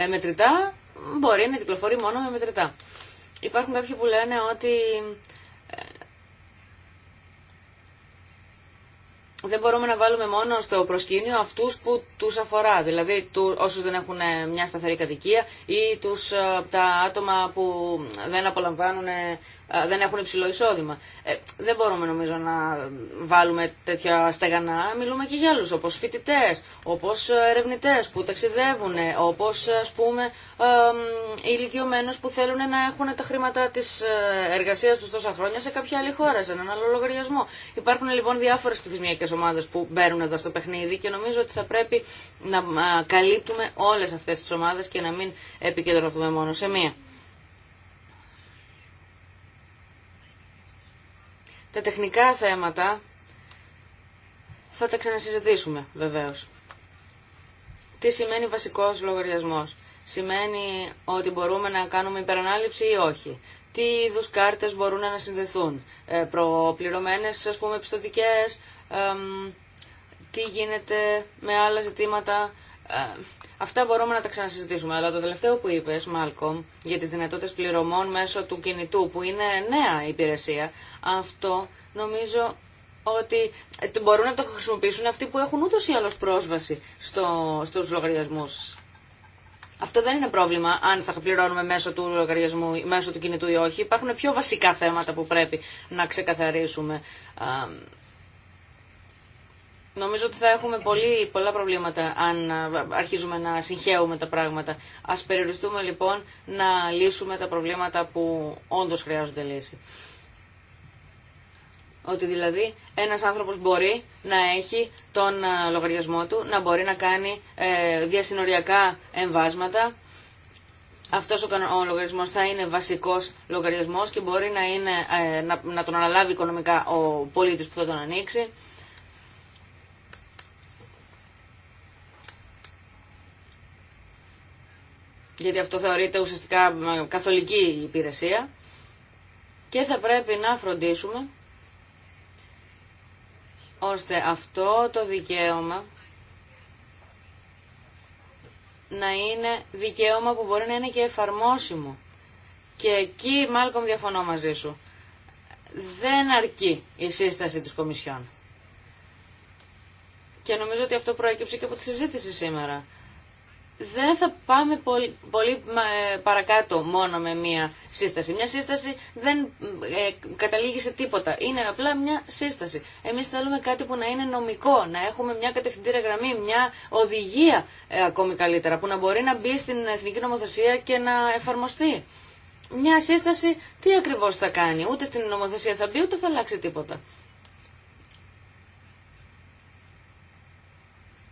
μετρητά, μπορεί να κυκλοφορεί μόνο με μετρητά. Υπάρχουν κάποιοι που λένε ότι δεν μπορούμε να βάλουμε μόνο στο προσκήνιο αυτούς που τους αφορά, δηλαδή όσου όσους δεν έχουν ε, μια σταθερή κατοικία ή τους, ε, τα άτομα που δεν απολαμβάνουν ε, ε, δεν έχουν υψηλό εισόδημα. Ε, δεν μπορούμε νομίζω να βάλουμε τέτοια στεγανά. Μιλούμε και για άλλους, όπως φοιτητέ, όπως ε, ερευνητέ που ταξιδεύουν, όπως ας πούμε ε, ηλικιωμένους που θέλουν να έχουν τα χρήματα της εργασίας τους τόσα χρόνια σε κάποια άλλη χώρα, σε έναν άλλο λογαριασμό. Υπάρχουν λοιπόν διάφορες πληθυσμιακές ομάδες που μπαίνουν εδώ στο παιχνίδι και νομίζω ότι θα πρέπει να καλύπτουμε όλες αυτές τις ομάδες και να μην επικεντρωθούμε μόνο σε μία. Τα τεχνικά θέματα θα τα ξανασυζητήσουμε βεβαίως. Τι σημαίνει βασικός λογαριασμός. Σημαίνει ότι μπορούμε να κάνουμε υπερανάληψη ή όχι. Τι είδου κάρτες μπορούν να συνδεθούν. Ε, προπληρωμένες ας πούμε πιστοτικές. τι γίνεται με άλλα ζητήματα. Ε, Αυτά μπορούμε να τα ξανασυζητήσουμε. Αλλά το τελευταίο που είπε, Μάλκομ, για τι δυνατότητε πληρωμών μέσω του κινητού, που είναι νέα υπηρεσία, αυτό νομίζω ότι ε, μπορούν να το χρησιμοποιήσουν αυτοί που έχουν ούτω ή άλλω πρόσβαση στο, στου λογαριασμού. Αυτό δεν είναι πρόβλημα αν θα πληρώνουμε μέσω του λογαριασμού, μέσω του κινητού ή όχι. Υπάρχουν πιο βασικά θέματα που πρέπει να ξεκαθαρίσουμε. Νομίζω ότι θα έχουμε πολύ, πολλά προβλήματα αν αρχίζουμε να συγχαίουμε τα πράγματα. Ας περιοριστούμε λοιπόν να λύσουμε τα προβλήματα που όντως χρειάζονται λύση. Ότι δηλαδή ένας άνθρωπος μπορεί να έχει τον λογαριασμό του, να μπορεί να κάνει ε, διασυνοριακά εμβάσματα. Αυτός ο λογαριασμός θα είναι βασικός λογαριασμός και μπορεί να, είναι, ε, να τον αναλάβει οικονομικά ο πολίτης που θα τον ανοίξει. γιατί αυτό θεωρείται ουσιαστικά ε, καθολική υπηρεσία και θα πρέπει να φροντίσουμε ώστε αυτό το δικαίωμα να είναι δικαίωμα που μπορεί να είναι και εφαρμόσιμο. Και εκεί, Μάλκομ, διαφωνώ μαζί σου. Δεν αρκεί η σύσταση της Κομισιόν. Και νομίζω ότι αυτό προέκυψε και από τη συζήτηση σήμερα δεν θα πάμε πολύ, ε, παρακάτω μόνο με μία σύσταση. Μια σύσταση δεν ε, καταλήγει σε τίποτα. Είναι απλά μια σύσταση. Εμείς θέλουμε κάτι που να είναι νομικό, να έχουμε μια κατευθυντήρια γραμμή, μια οδηγία ε, ακόμη καλύτερα, που να μπορεί να μπει στην εθνική νομοθεσία και να εφαρμοστεί. Μια σύσταση τι ακριβώς θα κάνει. Ούτε στην νομοθεσία θα μπει, ούτε θα αλλάξει τίποτα.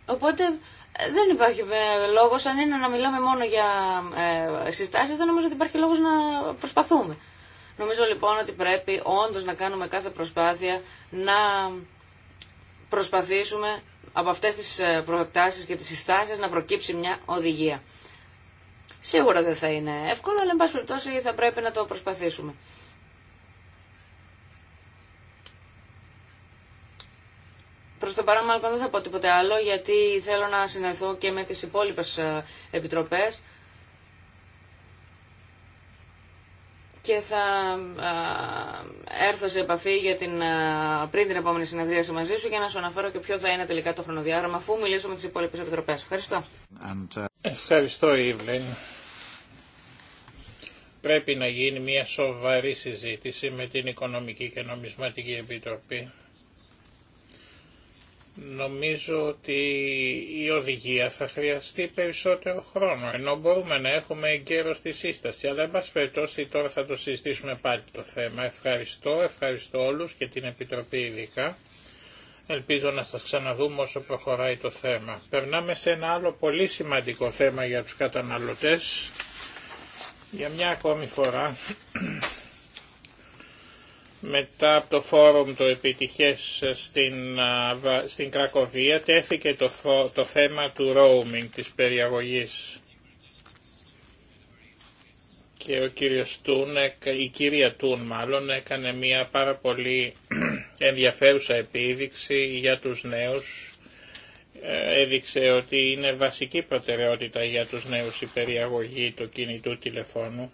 Οπότε ε, δεν υπάρχει ε, λόγος, αν είναι να μιλάμε μόνο για ε, συστάσεις, δεν νομίζω ότι υπάρχει λόγος να προσπαθούμε. Νομίζω λοιπόν ότι πρέπει όντως να κάνουμε κάθε προσπάθεια να προσπαθήσουμε από αυτές τις ε, προτάσει και τις συστάσεις να προκύψει μια οδηγία. Σίγουρα δεν θα είναι εύκολο, αλλά εν πάση περιπτώσει θα πρέπει να το προσπαθήσουμε. Προς το παρόν μάλλον δεν θα πω τίποτε άλλο γιατί θέλω να συνεχθώ και με τις υπόλοιπες ε, επιτροπές και θα ε, έρθω σε επαφή για την, ε, πριν την επόμενη συνεδρίαση μαζί σου για να σου αναφέρω και ποιο θα είναι τελικά το χρονοδιάγραμμα αφού μιλήσω με τις υπόλοιπες επιτροπές. Ευχαριστώ. Ευχαριστώ Ιβλέν. Πρέπει να γίνει μια σοβαρή συζήτηση με την Οικονομική και Νομισματική Επιτροπή Νομίζω ότι η οδηγία θα χρειαστεί περισσότερο χρόνο, ενώ μπορούμε να έχουμε εγκαίρο τη σύσταση. Αλλά, εν τώρα θα το συζητήσουμε πάλι το θέμα. Ευχαριστώ, ευχαριστώ όλους και την Επιτροπή ειδικά. Ελπίζω να σας ξαναδούμε όσο προχωράει το θέμα. Περνάμε σε ένα άλλο πολύ σημαντικό θέμα για τους καταναλωτές. Για μια ακόμη φορά μετά από το φόρουμ το επιτυχές στην, στην Κρακοβία τέθηκε το, το θέμα του roaming της περιαγωγής και ο κύριος Τούν, η κυρία Τούν μάλλον έκανε μια πάρα πολύ *clears throat* ενδιαφέρουσα επίδειξη για τους νέους ε, έδειξε ότι είναι βασική προτεραιότητα για τους νέους η περιαγωγή του κινητού τηλεφώνου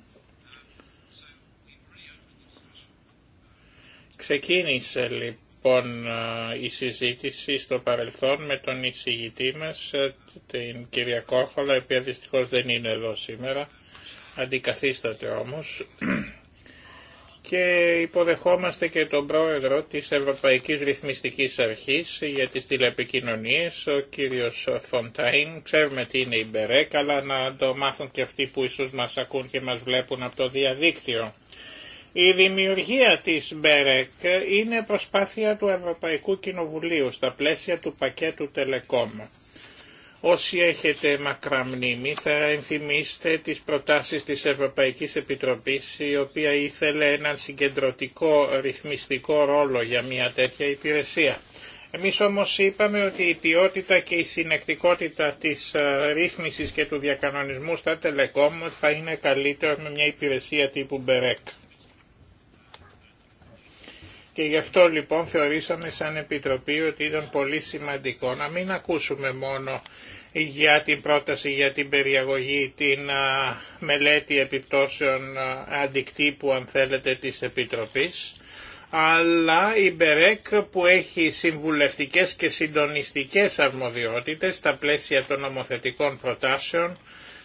Ξεκίνησε λοιπόν η συζήτηση στο παρελθόν με τον εισηγητή μας, ε, την κυρία Κόρχολα, η οποία δυστυχώς δεν είναι εδώ σήμερα, αντικαθίσταται όμως και υποδεχόμαστε και τον πρόεδρο της Ευρωπαϊκής Ρυθμιστικής Αρχής για τις τηλεπικοινωνίες, ο κύριος Φοντάιν. Ξέρουμε τι είναι η Μπερέκ, αλλά να το μάθουν και αυτοί που ίσως μας ακούν και μας βλέπουν από το διαδίκτυο. Η δημιουργία της Μπέρεκ είναι προσπάθεια του Ευρωπαϊκού Κοινοβουλίου στα πλαίσια του πακέτου Τελεκόμ. Όσοι έχετε μακρά μνήμη θα ενθυμίστε τις προτάσεις της Ευρωπαϊκής Επιτροπής η οποία ήθελε έναν συγκεντρωτικό ρυθμιστικό ρόλο για μια τέτοια υπηρεσία. Εμείς όμως είπαμε ότι η ποιότητα και η συνεκτικότητα της ε, ρύθμισης και του διακανονισμού στα Τελεκόμ θα είναι καλύτερο με μια υπηρεσία τύπου Μπερέκ. Και γι' αυτό λοιπόν θεωρήσαμε σαν Επιτροπή ότι ήταν πολύ σημαντικό να μην ακούσουμε μόνο για την πρόταση για την περιαγωγή, την μελέτη επιπτώσεων α, αντικτύπου αν θέλετε της Επιτροπής, αλλά η Μπερέκ που έχει συμβουλευτικές και συντονιστικές αρμοδιότητες στα πλαίσια των νομοθετικών προτάσεων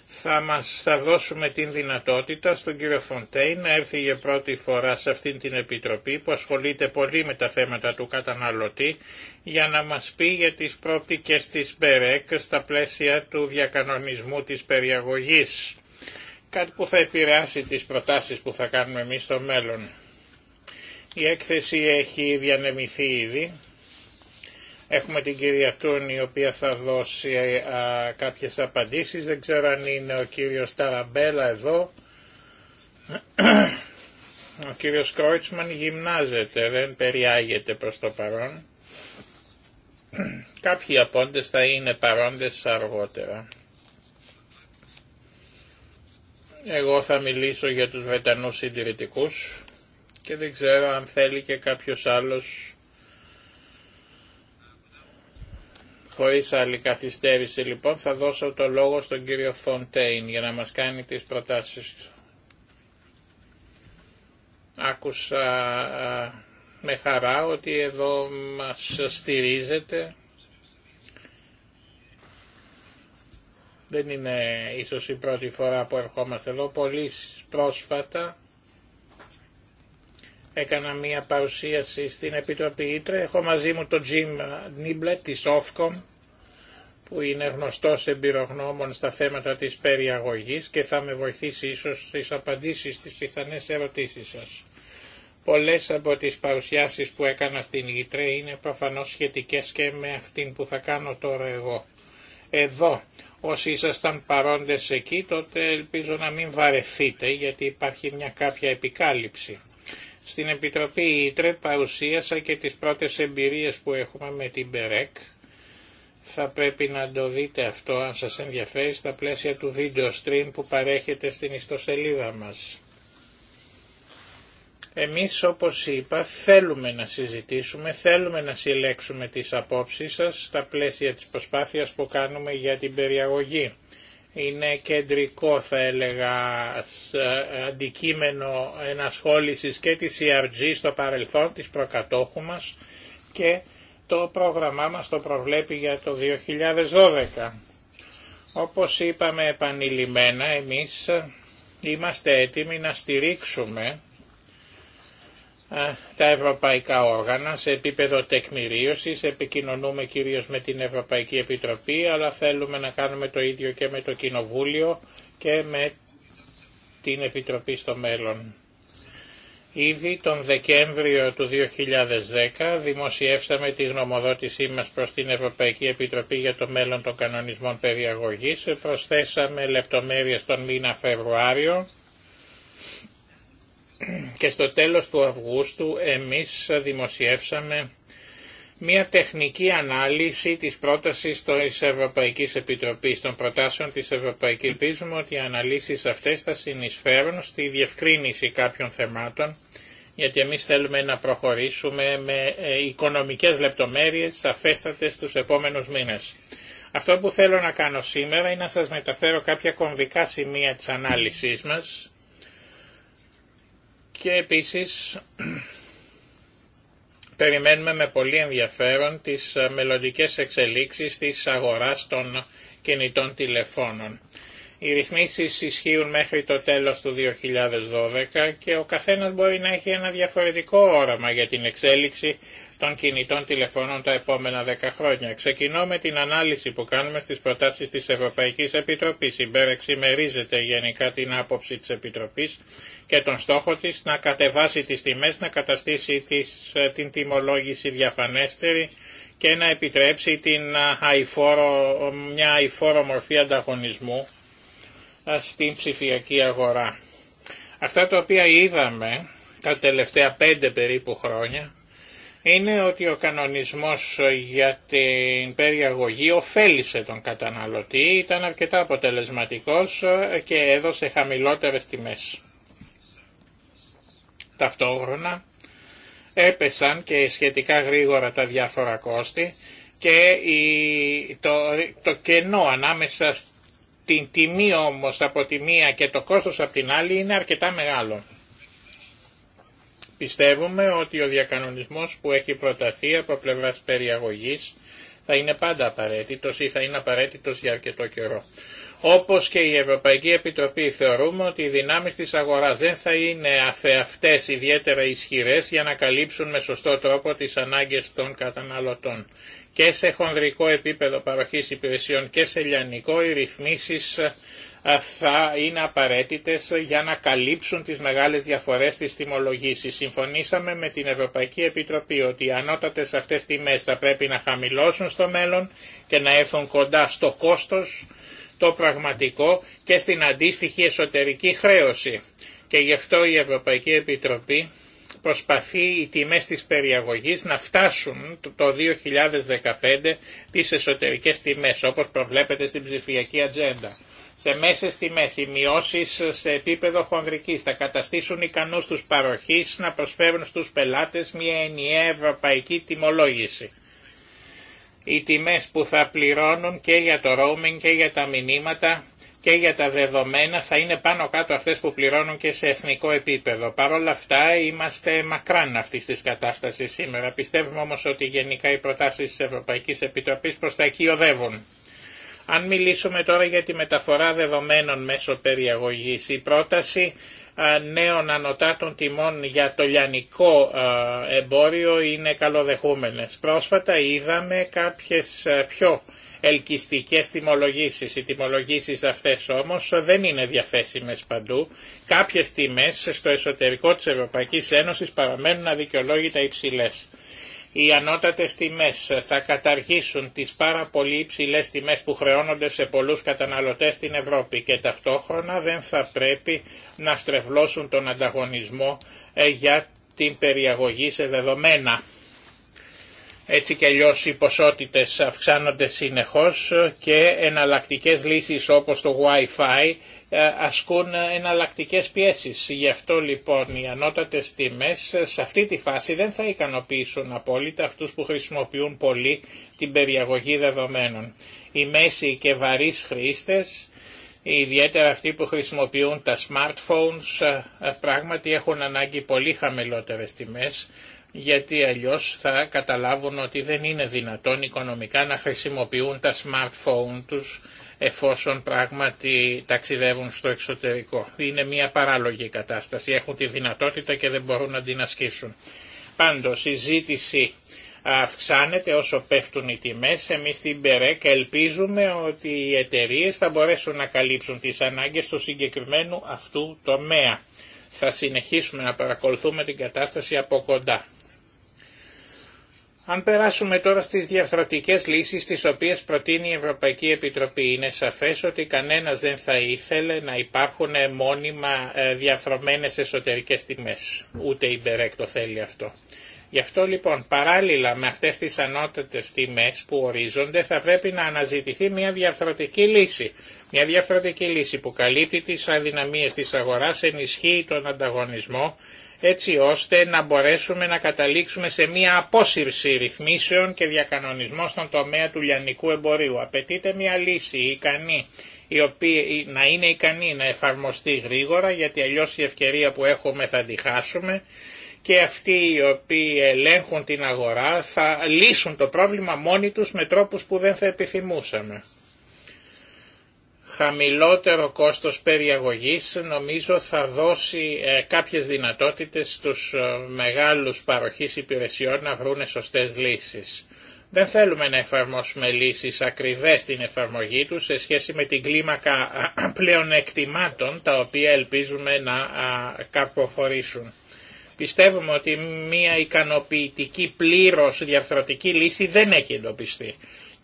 θα μας θα δώσουμε την δυνατότητα στον κύριο Φοντέιν να έρθει για πρώτη φορά σε αυτήν την Επιτροπή που ασχολείται πολύ με τα θέματα του καταναλωτή για να μας πει για τις πρόπτικες της ΜΠΕΡΕΚ στα πλαίσια του διακανονισμού της περιαγωγής. Κάτι που θα επηρεάσει τις προτάσεις που θα κάνουμε εμείς στο μέλλον. Η έκθεση έχει διανεμηθεί ήδη Έχουμε την κυρία Τούν η οποία θα δώσει ε, α, κάποιες απαντήσεις. Δεν ξέρω αν είναι ο κύριος Ταραμπέλα εδώ. Ο κύριος Κρόιτσμαν γυμνάζεται, δεν περιάγεται προς το παρόν. Κάποιοι απόντες θα είναι παρόντες αργότερα. Εγώ θα μιλήσω για τους Βρετανούς συντηρητικούς και δεν ξέρω αν θέλει και κάποιος άλλος Χωρίς άλλη καθυστέρηση λοιπόν θα δώσω το λόγο στον κύριο Φοντέιν για να μας κάνει τις προτάσεις του. Άκουσα με χαρά ότι εδώ μας στηρίζεται. Δεν είναι ίσως η πρώτη φορά που ερχόμαστε εδώ. Πολύ πρόσφατα έκανα μία παρουσίαση στην Επιτροπή Ήτρε. Έχω μαζί μου τον Τζιμ Νίμπλε της Ofcom που είναι γνωστός εμπειρογνώμων στα θέματα της περιαγωγής και θα με βοηθήσει ίσως στις απαντήσεις στις πιθανές ερωτήσεις σας. Πολλές από τις παρουσιάσεις που έκανα στην Ήτρε είναι προφανώς σχετικές και με αυτήν που θα κάνω τώρα εγώ. Εδώ, όσοι ήσασταν παρόντες εκεί, τότε ελπίζω να μην βαρεθείτε γιατί υπάρχει μια κάποια επικάλυψη. Στην Επιτροπή Ήτρε παρουσίασα και τις πρώτες εμπειρίες που έχουμε με την ΠΕΡΕΚ Θα πρέπει να το δείτε αυτό αν σας ενδιαφέρει στα πλαίσια του βίντεο stream που παρέχεται στην ιστοσελίδα μας. Εμείς όπως είπα θέλουμε να συζητήσουμε, θέλουμε να συλλέξουμε τις απόψεις σας στα πλαίσια της προσπάθειας που κάνουμε για την περιαγωγή είναι κεντρικό θα έλεγα ε, αντικείμενο ενασχόλησης και της ERG στο παρελθόν της προκατόχου μας και το πρόγραμμά μας το προβλέπει για το 2012. Όπως είπαμε επανειλημμένα εμείς είμαστε έτοιμοι να στηρίξουμε τα ευρωπαϊκά όργανα σε επίπεδο τεκμηρίωσης. Επικοινωνούμε κυρίως με την Ευρωπαϊκή Επιτροπή, αλλά θέλουμε να κάνουμε το ίδιο και με το Κοινοβούλιο και με την Επιτροπή στο μέλλον. Ήδη τον Δεκέμβριο του 2010 δημοσιεύσαμε τη γνωμοδότησή μας προς την Ευρωπαϊκή Επιτροπή για το μέλλον των κανονισμών περιαγωγής. Προσθέσαμε λεπτομέρειες τον μήνα Φεβρουάριο και στο τέλος του Αυγούστου εμείς δημοσιεύσαμε μια τεχνική ανάλυση της πρότασης της Ευρωπαϊκής Επιτροπής, των προτάσεων της Ευρωπαϊκής. Ελπίζουμε ότι οι αναλύσεις αυτές θα συνεισφέρουν στη διευκρίνηση κάποιων θεμάτων, γιατί εμείς θέλουμε να προχωρήσουμε με ε, οικονομικές λεπτομέρειες σαφέστατες τους επόμενους μήνες. Αυτό που θέλω να κάνω σήμερα είναι να σας μεταφέρω κάποια κομβικά σημεία της ανάλυσης μας, και επίσης περιμένουμε με πολύ ενδιαφέρον τις μελλοντικές εξελίξεις της αγοράς των κινητών τηλεφώνων. Οι ρυθμίσεις ισχύουν μέχρι το τέλος του 2012 και ο καθένας μπορεί να έχει ένα διαφορετικό όραμα για την εξέλιξη των κινητών τηλεφώνων τα επόμενα 10 χρόνια. Ξεκινώ με την ανάλυση που κάνουμε στις προτάσεις της Ευρωπαϊκής Επιτροπής. Η Μπέρ εξημερίζεται γενικά την άποψη της Επιτροπής και τον στόχο της να κατεβάσει τις τιμές, να καταστήσει τις, ε, την τιμολόγηση διαφανέστερη και να επιτρέψει την ε, μια αηφόρο μορφή ανταγωνισμού στην ψηφιακή αγορά. Αυτά τα οποία είδαμε τα τελευταία πέντε περίπου χρόνια είναι ότι ο κανονισμός για την περιαγωγή ωφέλησε τον καταναλωτή, ήταν αρκετά αποτελεσματικός και έδωσε χαμηλότερες τιμές. Ταυτόχρονα έπεσαν και σχετικά γρήγορα τα διάφορα κόστη και το, το κενό ανάμεσα την τιμή όμως από τη μία και το κόστος από την άλλη είναι αρκετά μεγάλο. Πιστεύουμε ότι ο διακανονισμός που έχει προταθεί από πλευράς περιαγωγής θα είναι πάντα απαραίτητος ή θα είναι απαραίτητος για αρκετό καιρό. Όπως και η Ευρωπαϊκή Επιτροπή θεωρούμε ότι οι δυνάμεις της αγοράς δεν θα είναι αφεαυτές ιδιαίτερα ισχυρές για να καλύψουν με σωστό τρόπο τις ανάγκες των καταναλωτών και σε χονδρικό επίπεδο παροχής υπηρεσιών και σε λιανικό οι ρυθμίσεις ε, θα είναι απαραίτητες για να καλύψουν τις μεγάλες διαφορές της τιμολογήσης. Συμφωνήσαμε με την Ευρωπαϊκή Επιτροπή ότι οι ανώτατες αυτές τιμές θα πρέπει να χαμηλώσουν στο μέλλον και να έρθουν κοντά στο κόστος, το πραγματικό και στην αντίστοιχη εσωτερική χρέωση. Και γι' αυτό η Ευρωπαϊκή Επιτροπή προσπαθεί οι τιμές της περιαγωγής να φτάσουν το 2015 τις εσωτερικές τιμές όπως προβλέπεται στην ψηφιακή ατζέντα. Σε μέσες τιμές οι μειώσεις σε επίπεδο χονδρικής θα καταστήσουν ικανούς τους παροχής να προσφέρουν στους πελάτες μια ενιαία ευρωπαϊκή τιμολόγηση. Οι τιμές που θα πληρώνουν και για το roaming και για τα μηνύματα και για τα δεδομένα θα είναι πάνω κάτω αυτές που πληρώνουν και σε εθνικό επίπεδο. Παρ' όλα αυτά είμαστε μακράν αυτή τη κατάσταση σήμερα. Πιστεύουμε όμως ότι γενικά οι προτάσεις της Ευρωπαϊκής Επιτροπής προς τα εκεί οδεύουν. Αν μιλήσουμε τώρα για τη μεταφορά δεδομένων μέσω περιαγωγής, η πρόταση νέων ανωτάτων τιμών για το λιανικό εμπόριο είναι καλοδεχούμενες. Πρόσφατα είδαμε κάποιες πιο ελκυστικές τιμολογήσεις. Οι τιμολογήσεις αυτές όμως δεν είναι διαθέσιμες παντού. Κάποιες τιμές στο εσωτερικό της Ευρωπαϊκής Ένωσης παραμένουν αδικαιολόγητα υψηλές. Οι ανώτατες τιμές θα καταργήσουν τις πάρα πολύ υψηλές τιμές που χρεώνονται σε πολλούς καταναλωτές στην Ευρώπη και ταυτόχρονα δεν θα πρέπει να στρεβλώσουν τον ανταγωνισμό ε, για την περιαγωγή σε δεδομένα. Έτσι και αλλιώ οι ποσότητες αυξάνονται συνεχώς και εναλλακτικές λύσεις όπως το Wi-Fi ε, ασκούν εναλλακτικέ πιέσει. Γι' αυτό λοιπόν οι ανώτατε τιμέ. σε αυτή τη φάση δεν θα ικανοποιήσουν απόλυτα αυτού που χρησιμοποιούν πολύ την περιαγωγή δεδομένων. Οι μέση και βαρύ χρήστε ιδιαίτερα αυτοί που χρησιμοποιούν τα smartphones, ε, ε, πράγματι έχουν ανάγκη πολύ χαμηλότερε τιμέ γιατί αλλιώς θα καταλάβουν ότι δεν είναι δυνατόν οικονομικά να χρησιμοποιούν τα smartphone τους εφόσον πράγματι ταξιδεύουν στο εξωτερικό. Είναι μια παράλογη κατάσταση. Έχουν τη δυνατότητα και δεν μπορούν να την ασκήσουν. Πάντως η ζήτηση αυξάνεται όσο πέφτουν οι τιμές. Εμείς στην ΠΕΡΕΚ ελπίζουμε ότι οι εταιρείε θα μπορέσουν να καλύψουν τις ανάγκες του συγκεκριμένου αυτού τομέα. Θα συνεχίσουμε να παρακολουθούμε την κατάσταση από κοντά. Αν περάσουμε τώρα στις διαφορετικές λύσεις τις οποίες προτείνει η Ευρωπαϊκή Επιτροπή, είναι σαφές ότι κανένας δεν θα ήθελε να υπάρχουν μόνιμα ε, διαφθρωμένες εσωτερικές τιμές. Ούτε η Μπερέκ το θέλει αυτό. Γι' αυτό λοιπόν παράλληλα με αυτές τις ανώτατες τιμές που ορίζονται θα πρέπει να αναζητηθεί μια διαφορετική λύση. Μια διαφορετική λύση που καλύπτει τις αδυναμίες της αγοράς, ενισχύει τον ανταγωνισμό έτσι ώστε να μπορέσουμε να καταλήξουμε σε μία απόσυρση ρυθμίσεων και διακανονισμό στον τομέα του λιανικού εμπορίου. Απαιτείται μία λύση ικανή, η οποία να είναι ικανή να εφαρμοστεί γρήγορα, γιατί αλλιώς η ευκαιρία που έχουμε θα τη χάσουμε και αυτοί οι οποίοι ελέγχουν την αγορά θα λύσουν το πρόβλημα μόνοι τους με τρόπους που δεν θα επιθυμούσαμε χαμηλότερο κόστος περιαγωγής νομίζω θα δώσει ε, κάποιες δυνατότητες στους ε, μεγάλους παροχής υπηρεσιών να βρουν σωστές λύσεις. Δεν θέλουμε να εφαρμόσουμε λύσεις ακριβές στην εφαρμογή τους σε σχέση με την κλίμακα ε, πλέον εκτιμάτων τα οποία ελπίζουμε να καρποφορήσουν. Πιστεύουμε ότι μια ικανοποιητική πλήρως διαφθορτική λύση δεν έχει εντοπιστεί.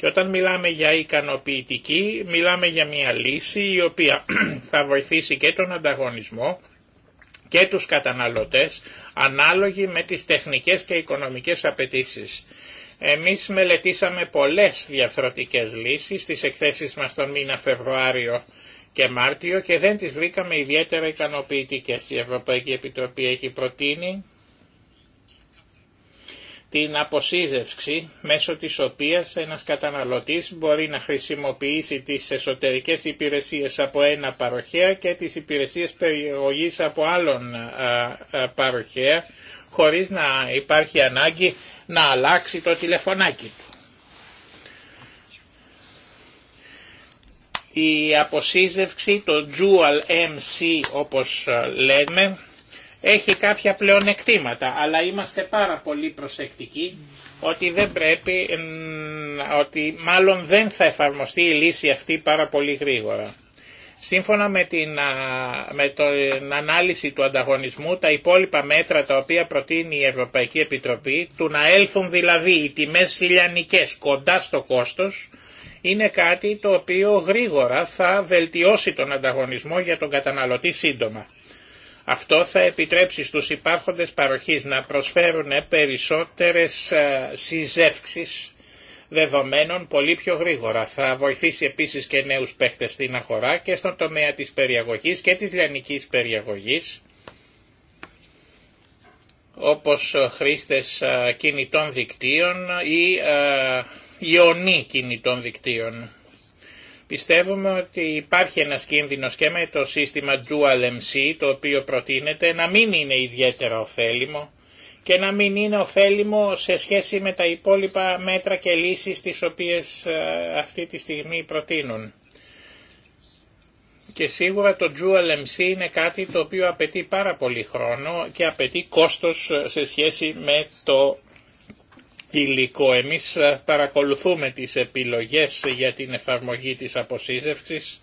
Και όταν μιλάμε για ικανοποιητική, μιλάμε για μια λύση η οποία *clears throat* θα βοηθήσει και τον ανταγωνισμό και τους καταναλωτές ανάλογη με τις τεχνικές και οικονομικές απαιτήσεις. Εμείς μελετήσαμε πολλές διαφορετικές λύσεις στις εκθέσεις μας τον μήνα Φεβρουάριο και Μάρτιο και δεν τις βρήκαμε ιδιαίτερα ικανοποιητικές. Η Ευρωπαϊκή Επιτροπή έχει προτείνει την αποσύζευξη μέσω της οποίας ένας καταναλωτής μπορεί να χρησιμοποιήσει τις εσωτερικές υπηρεσίες από ένα παροχέα και τις υπηρεσίες περιογής από άλλον παροχέα χωρίς να υπάρχει ανάγκη να αλλάξει το τηλεφωνάκι του. Η αποσύζευξη, το dual MC όπως λέμε, έχει κάποια πλεονεκτήματα, αλλά είμαστε πάρα πολύ προσεκτικοί ότι δεν πρέπει, ότι μάλλον δεν θα εφαρμοστεί η λύση αυτή πάρα πολύ γρήγορα. Σύμφωνα με την, με την ανάλυση του ανταγωνισμού, τα υπόλοιπα μέτρα τα οποία προτείνει η Ευρωπαϊκή Επιτροπή, του να έλθουν δηλαδή οι τιμές ηλιανικές κοντά στο κόστος, είναι κάτι το οποίο γρήγορα θα βελτιώσει τον ανταγωνισμό για τον καταναλωτή σύντομα. Αυτό θα επιτρέψει στους υπάρχοντες παροχείς να προσφέρουν περισσότερες ε, συζεύξεις δεδομένων πολύ πιο γρήγορα. Θα βοηθήσει επίσης και νέους παίχτες στην αγορά και στον τομέα της περιαγωγής και της λιανικής περιαγωγής όπως χρήστες ε, κινητών δικτύων ή ε, ιονί κινητών δικτύων. Πιστεύουμε ότι υπάρχει ένα κίνδυνος και με το σύστημα Dual MC, το οποίο προτείνεται να μην είναι ιδιαίτερα ωφέλιμο και να μην είναι ωφέλιμο σε σχέση με τα υπόλοιπα μέτρα και λύσεις τις οποίες ε, αυτή τη στιγμή προτείνουν. Και σίγουρα το Dual MC είναι κάτι το οποίο απαιτεί πάρα πολύ χρόνο και απαιτεί κόστος ε, σε σχέση με το υλικό. Εμείς ε, παρακολουθούμε τις επιλογές για την εφαρμογή της αποσύζευσης.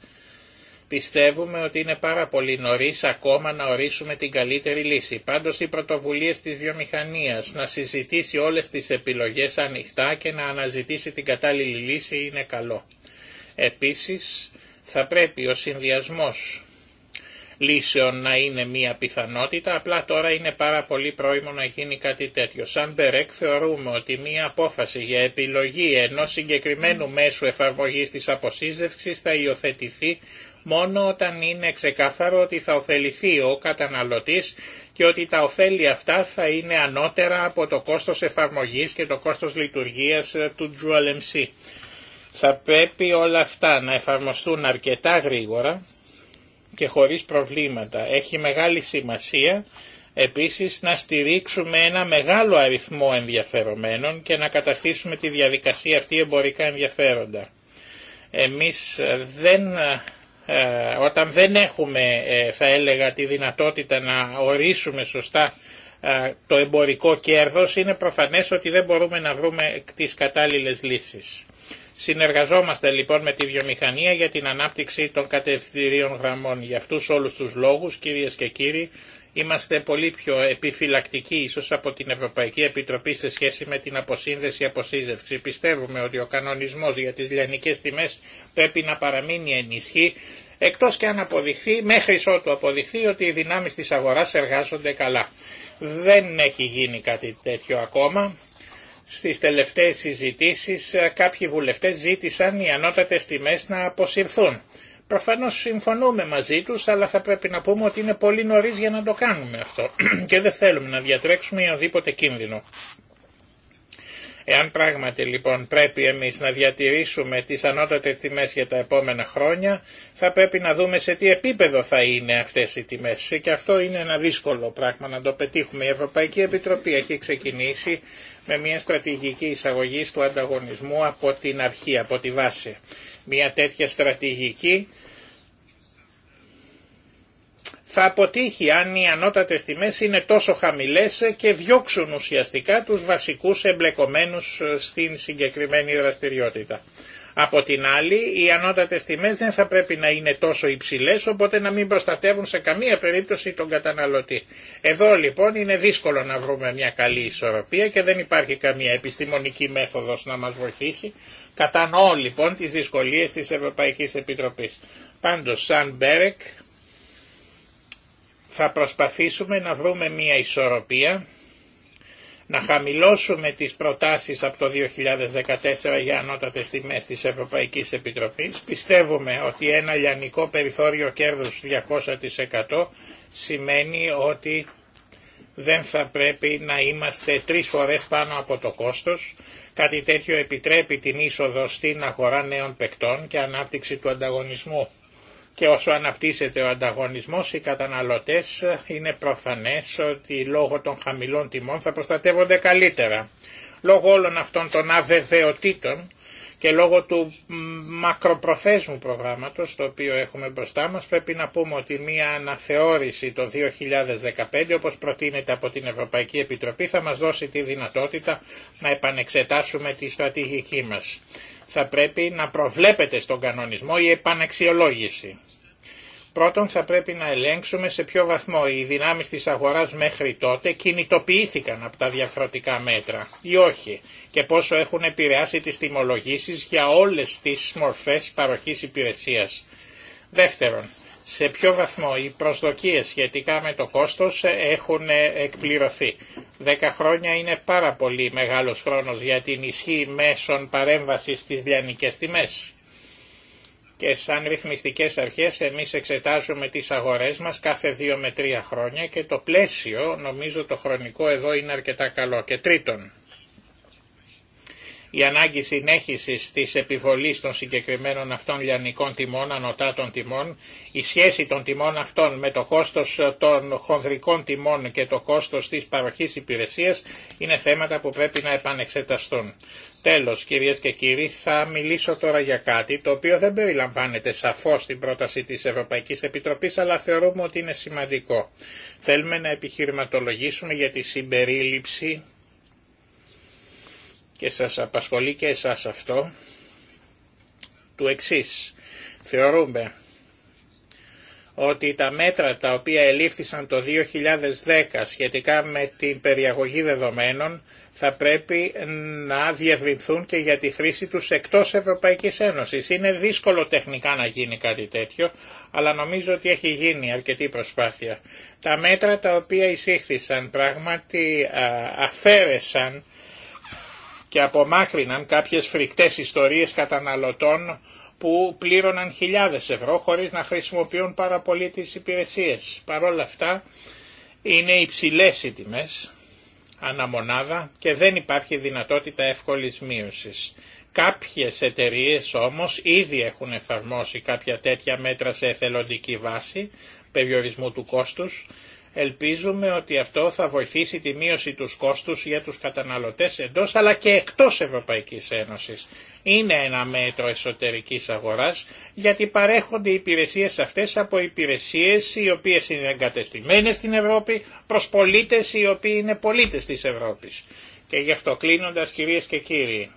Πιστεύουμε ότι είναι πάρα πολύ νωρίς ακόμα να ορίσουμε την καλύτερη λύση. Πάντως οι πρωτοβουλίες της βιομηχανίας να συζητήσει όλες τις επιλογές ανοιχτά και να αναζητήσει την κατάλληλη λύση είναι καλό. Επίσης θα πρέπει ο συνδυασμός λύσεων να είναι μία πιθανότητα, απλά τώρα είναι πάρα πολύ πρόημο να γίνει κάτι τέτοιο. Σαν Μπερέκ θεωρούμε ότι μία απόφαση για επιλογή ενός συγκεκριμένου μέσου εφαρμογής της αποσύζευξης θα υιοθετηθεί μόνο όταν είναι ξεκάθαρο ότι θα ωφεληθεί ο καταναλωτής και ότι τα ωφέλη αυτά θα είναι ανώτερα από το κόστος εφαρμογής και το κόστος λειτουργίας ε, του MC. Θα πρέπει όλα αυτά να εφαρμοστούν αρκετά γρήγορα και χωρίς προβλήματα. Έχει μεγάλη σημασία επίσης να στηρίξουμε ένα μεγάλο αριθμό ενδιαφερομένων και να καταστήσουμε τη διαδικασία αυτή εμπορικά ενδιαφέροντα. Εμείς δεν, ε, όταν δεν έχουμε ε, θα έλεγα τη δυνατότητα να ορίσουμε σωστά ε, το εμπορικό κέρδος είναι προφανές ότι δεν μπορούμε να βρούμε τις κατάλληλες λύσεις. Συνεργαζόμαστε λοιπόν με τη βιομηχανία για την ανάπτυξη των κατευθυντηρίων γραμμών. Για αυτούς όλους τους λόγους, κυρίες και κύριοι, είμαστε πολύ πιο επιφυλακτικοί ίσως από την Ευρωπαϊκή Επιτροπή σε σχέση με την αποσύνδεση αποσύζευξη. Πιστεύουμε ότι ο κανονισμός για τις λιανικές τιμές πρέπει να παραμείνει ενισχύ, εκτός και αν αποδειχθεί, μέχρι ότου αποδειχθεί ότι οι δυνάμεις της αγοράς εργάζονται καλά. Δεν έχει γίνει κάτι τέτοιο ακόμα στις τελευταίες συζητήσεις ε, κάποιοι βουλευτές ζήτησαν οι ανώτατες τιμές να αποσυρθούν. Προφανώς συμφωνούμε μαζί τους, αλλά θα πρέπει να πούμε ότι είναι πολύ νωρίς για να το κάνουμε αυτό *clears throat* και δεν θέλουμε να διατρέξουμε οδήποτε κίνδυνο. Εάν πράγματι λοιπόν πρέπει εμείς να διατηρήσουμε τις ανώτατες τιμές για τα επόμενα χρόνια, θα πρέπει να δούμε σε τι επίπεδο θα είναι αυτές οι τιμές. Και αυτό είναι ένα δύσκολο πράγμα να το πετύχουμε. Η Ευρωπαϊκή Επιτροπή έχει ξεκινήσει με μια στρατηγική εισαγωγή του ανταγωνισμού από την αρχή, από τη βάση. Μια τέτοια στρατηγική θα αποτύχει αν οι ανώτατες τιμές είναι τόσο χαμηλές και διώξουν ουσιαστικά τους βασικούς εμπλεκομένους ε, στην συγκεκριμένη δραστηριότητα. Από την άλλη, οι ανώτατες τιμές δεν θα πρέπει να είναι τόσο υψηλές, οπότε να μην προστατεύουν σε καμία περίπτωση τον καταναλωτή. Εδώ λοιπόν είναι δύσκολο να βρούμε μια καλή ισορροπία και δεν υπάρχει καμία επιστημονική μέθοδος να μας βοηθήσει. Κατανοώ λοιπόν τις δυσκολίες της Ευρωπαϊκής Επιτροπής. Πάντως, σαν Μπέρεκ, θα προσπαθήσουμε να βρούμε μία ισορροπία, να χαμηλώσουμε τις προτάσεις από το 2014 για ανώτατες τιμές της Ευρωπαϊκής Επιτροπής. Πιστεύουμε ότι ένα λιανικό περιθώριο κέρδους 200% σημαίνει ότι δεν θα πρέπει να είμαστε τρεις φορές πάνω από το κόστος. Κάτι τέτοιο επιτρέπει την είσοδο στην αγορά νέων παικτών και ανάπτυξη του ανταγωνισμού και όσο αναπτύσσεται ο ανταγωνισμός οι καταναλωτές είναι προφανές ότι λόγω των χαμηλών τιμών θα προστατεύονται καλύτερα. Λόγω όλων αυτών των αβεβαιοτήτων και λόγω του μακροπροθέσμου προγράμματος το οποίο έχουμε μπροστά μας πρέπει να πούμε ότι μια αναθεώρηση το 2015 όπως προτείνεται από την Ευρωπαϊκή Επιτροπή θα μας δώσει τη δυνατότητα να επανεξετάσουμε τη στρατηγική μας θα πρέπει να προβλέπεται στον κανονισμό η επαναξιολόγηση. Πρώτον θα πρέπει να ελέγξουμε σε ποιο βαθμό οι δυνάμεις της αγοράς μέχρι τότε κινητοποιήθηκαν από τα διαφορετικά μέτρα ή όχι και πόσο έχουν επηρεάσει τις τιμολογήσεις για όλες τις μορφές παροχής υπηρεσίας. Δεύτερον, σε ποιο βαθμό οι προσδοκίες σχετικά με το κόστος έχουν εκπληρωθεί. Δέκα χρόνια είναι πάρα πολύ μεγάλος χρόνος για την ισχύ μέσων παρέμβασης στις λιανικές τιμές. Και σαν ρυθμιστικές αρχές εμείς εξετάζουμε τις αγορές μας κάθε δύο με τρία χρόνια και το πλαίσιο, νομίζω το χρονικό εδώ είναι αρκετά καλό. Και τρίτον, η ανάγκη συνέχισης της επιβολής των συγκεκριμένων αυτών λιανικών τιμών, ανωτάτων τιμών, η σχέση των τιμών αυτών με το κόστος των χονδρικών τιμών και το κόστος της παροχής υπηρεσίας είναι θέματα που πρέπει να επανεξεταστούν. Τέλος, κυρίες και κύριοι, θα μιλήσω τώρα για κάτι το οποίο δεν περιλαμβάνεται σαφώς στην πρόταση της Ευρωπαϊκής Επιτροπής, αλλά θεωρούμε ότι είναι σημαντικό. Θέλουμε να επιχειρηματολογήσουμε για τη συμπερίληψη και σας απασχολεί και εσάς αυτό, του εξής. Θεωρούμε ότι τα μέτρα τα οποία ελήφθησαν το 2010 σχετικά με την περιαγωγή δεδομένων θα πρέπει να διευρυνθούν και για τη χρήση τους εκτός Ευρωπαϊκής Ένωσης. Είναι δύσκολο τεχνικά να γίνει κάτι τέτοιο, αλλά νομίζω ότι έχει γίνει αρκετή προσπάθεια. Τα μέτρα τα οποία εισήχθησαν πράγματι αφαίρεσαν και απομάκρυναν κάποιες φρικτές ιστορίες καταναλωτών που πλήρωναν χιλιάδες ευρώ χωρίς να χρησιμοποιούν πάρα πολύ τις υπηρεσίες. Παρ' αυτά είναι υψηλές οι τιμές αναμονάδα και δεν υπάρχει δυνατότητα εύκολης μείωσης. Κάποιες εταιρείες όμως ήδη έχουν εφαρμόσει κάποια τέτοια μέτρα σε εθελοντική βάση περιορισμού του κόστους Ελπίζουμε ότι αυτό θα βοηθήσει τη μείωση τους κόστους για τους καταναλωτές εντός αλλά και εκτός Ευρωπαϊκής Ένωσης. Είναι ένα μέτρο εσωτερικής αγοράς γιατί παρέχονται οι υπηρεσίες αυτές από υπηρεσίες οι οποίες είναι εγκατεστημένες στην Ευρώπη προς πολίτες οι οποίοι είναι πολίτες της Ευρώπης. Και γι' αυτό κλείνοντας κυρίες και κύριοι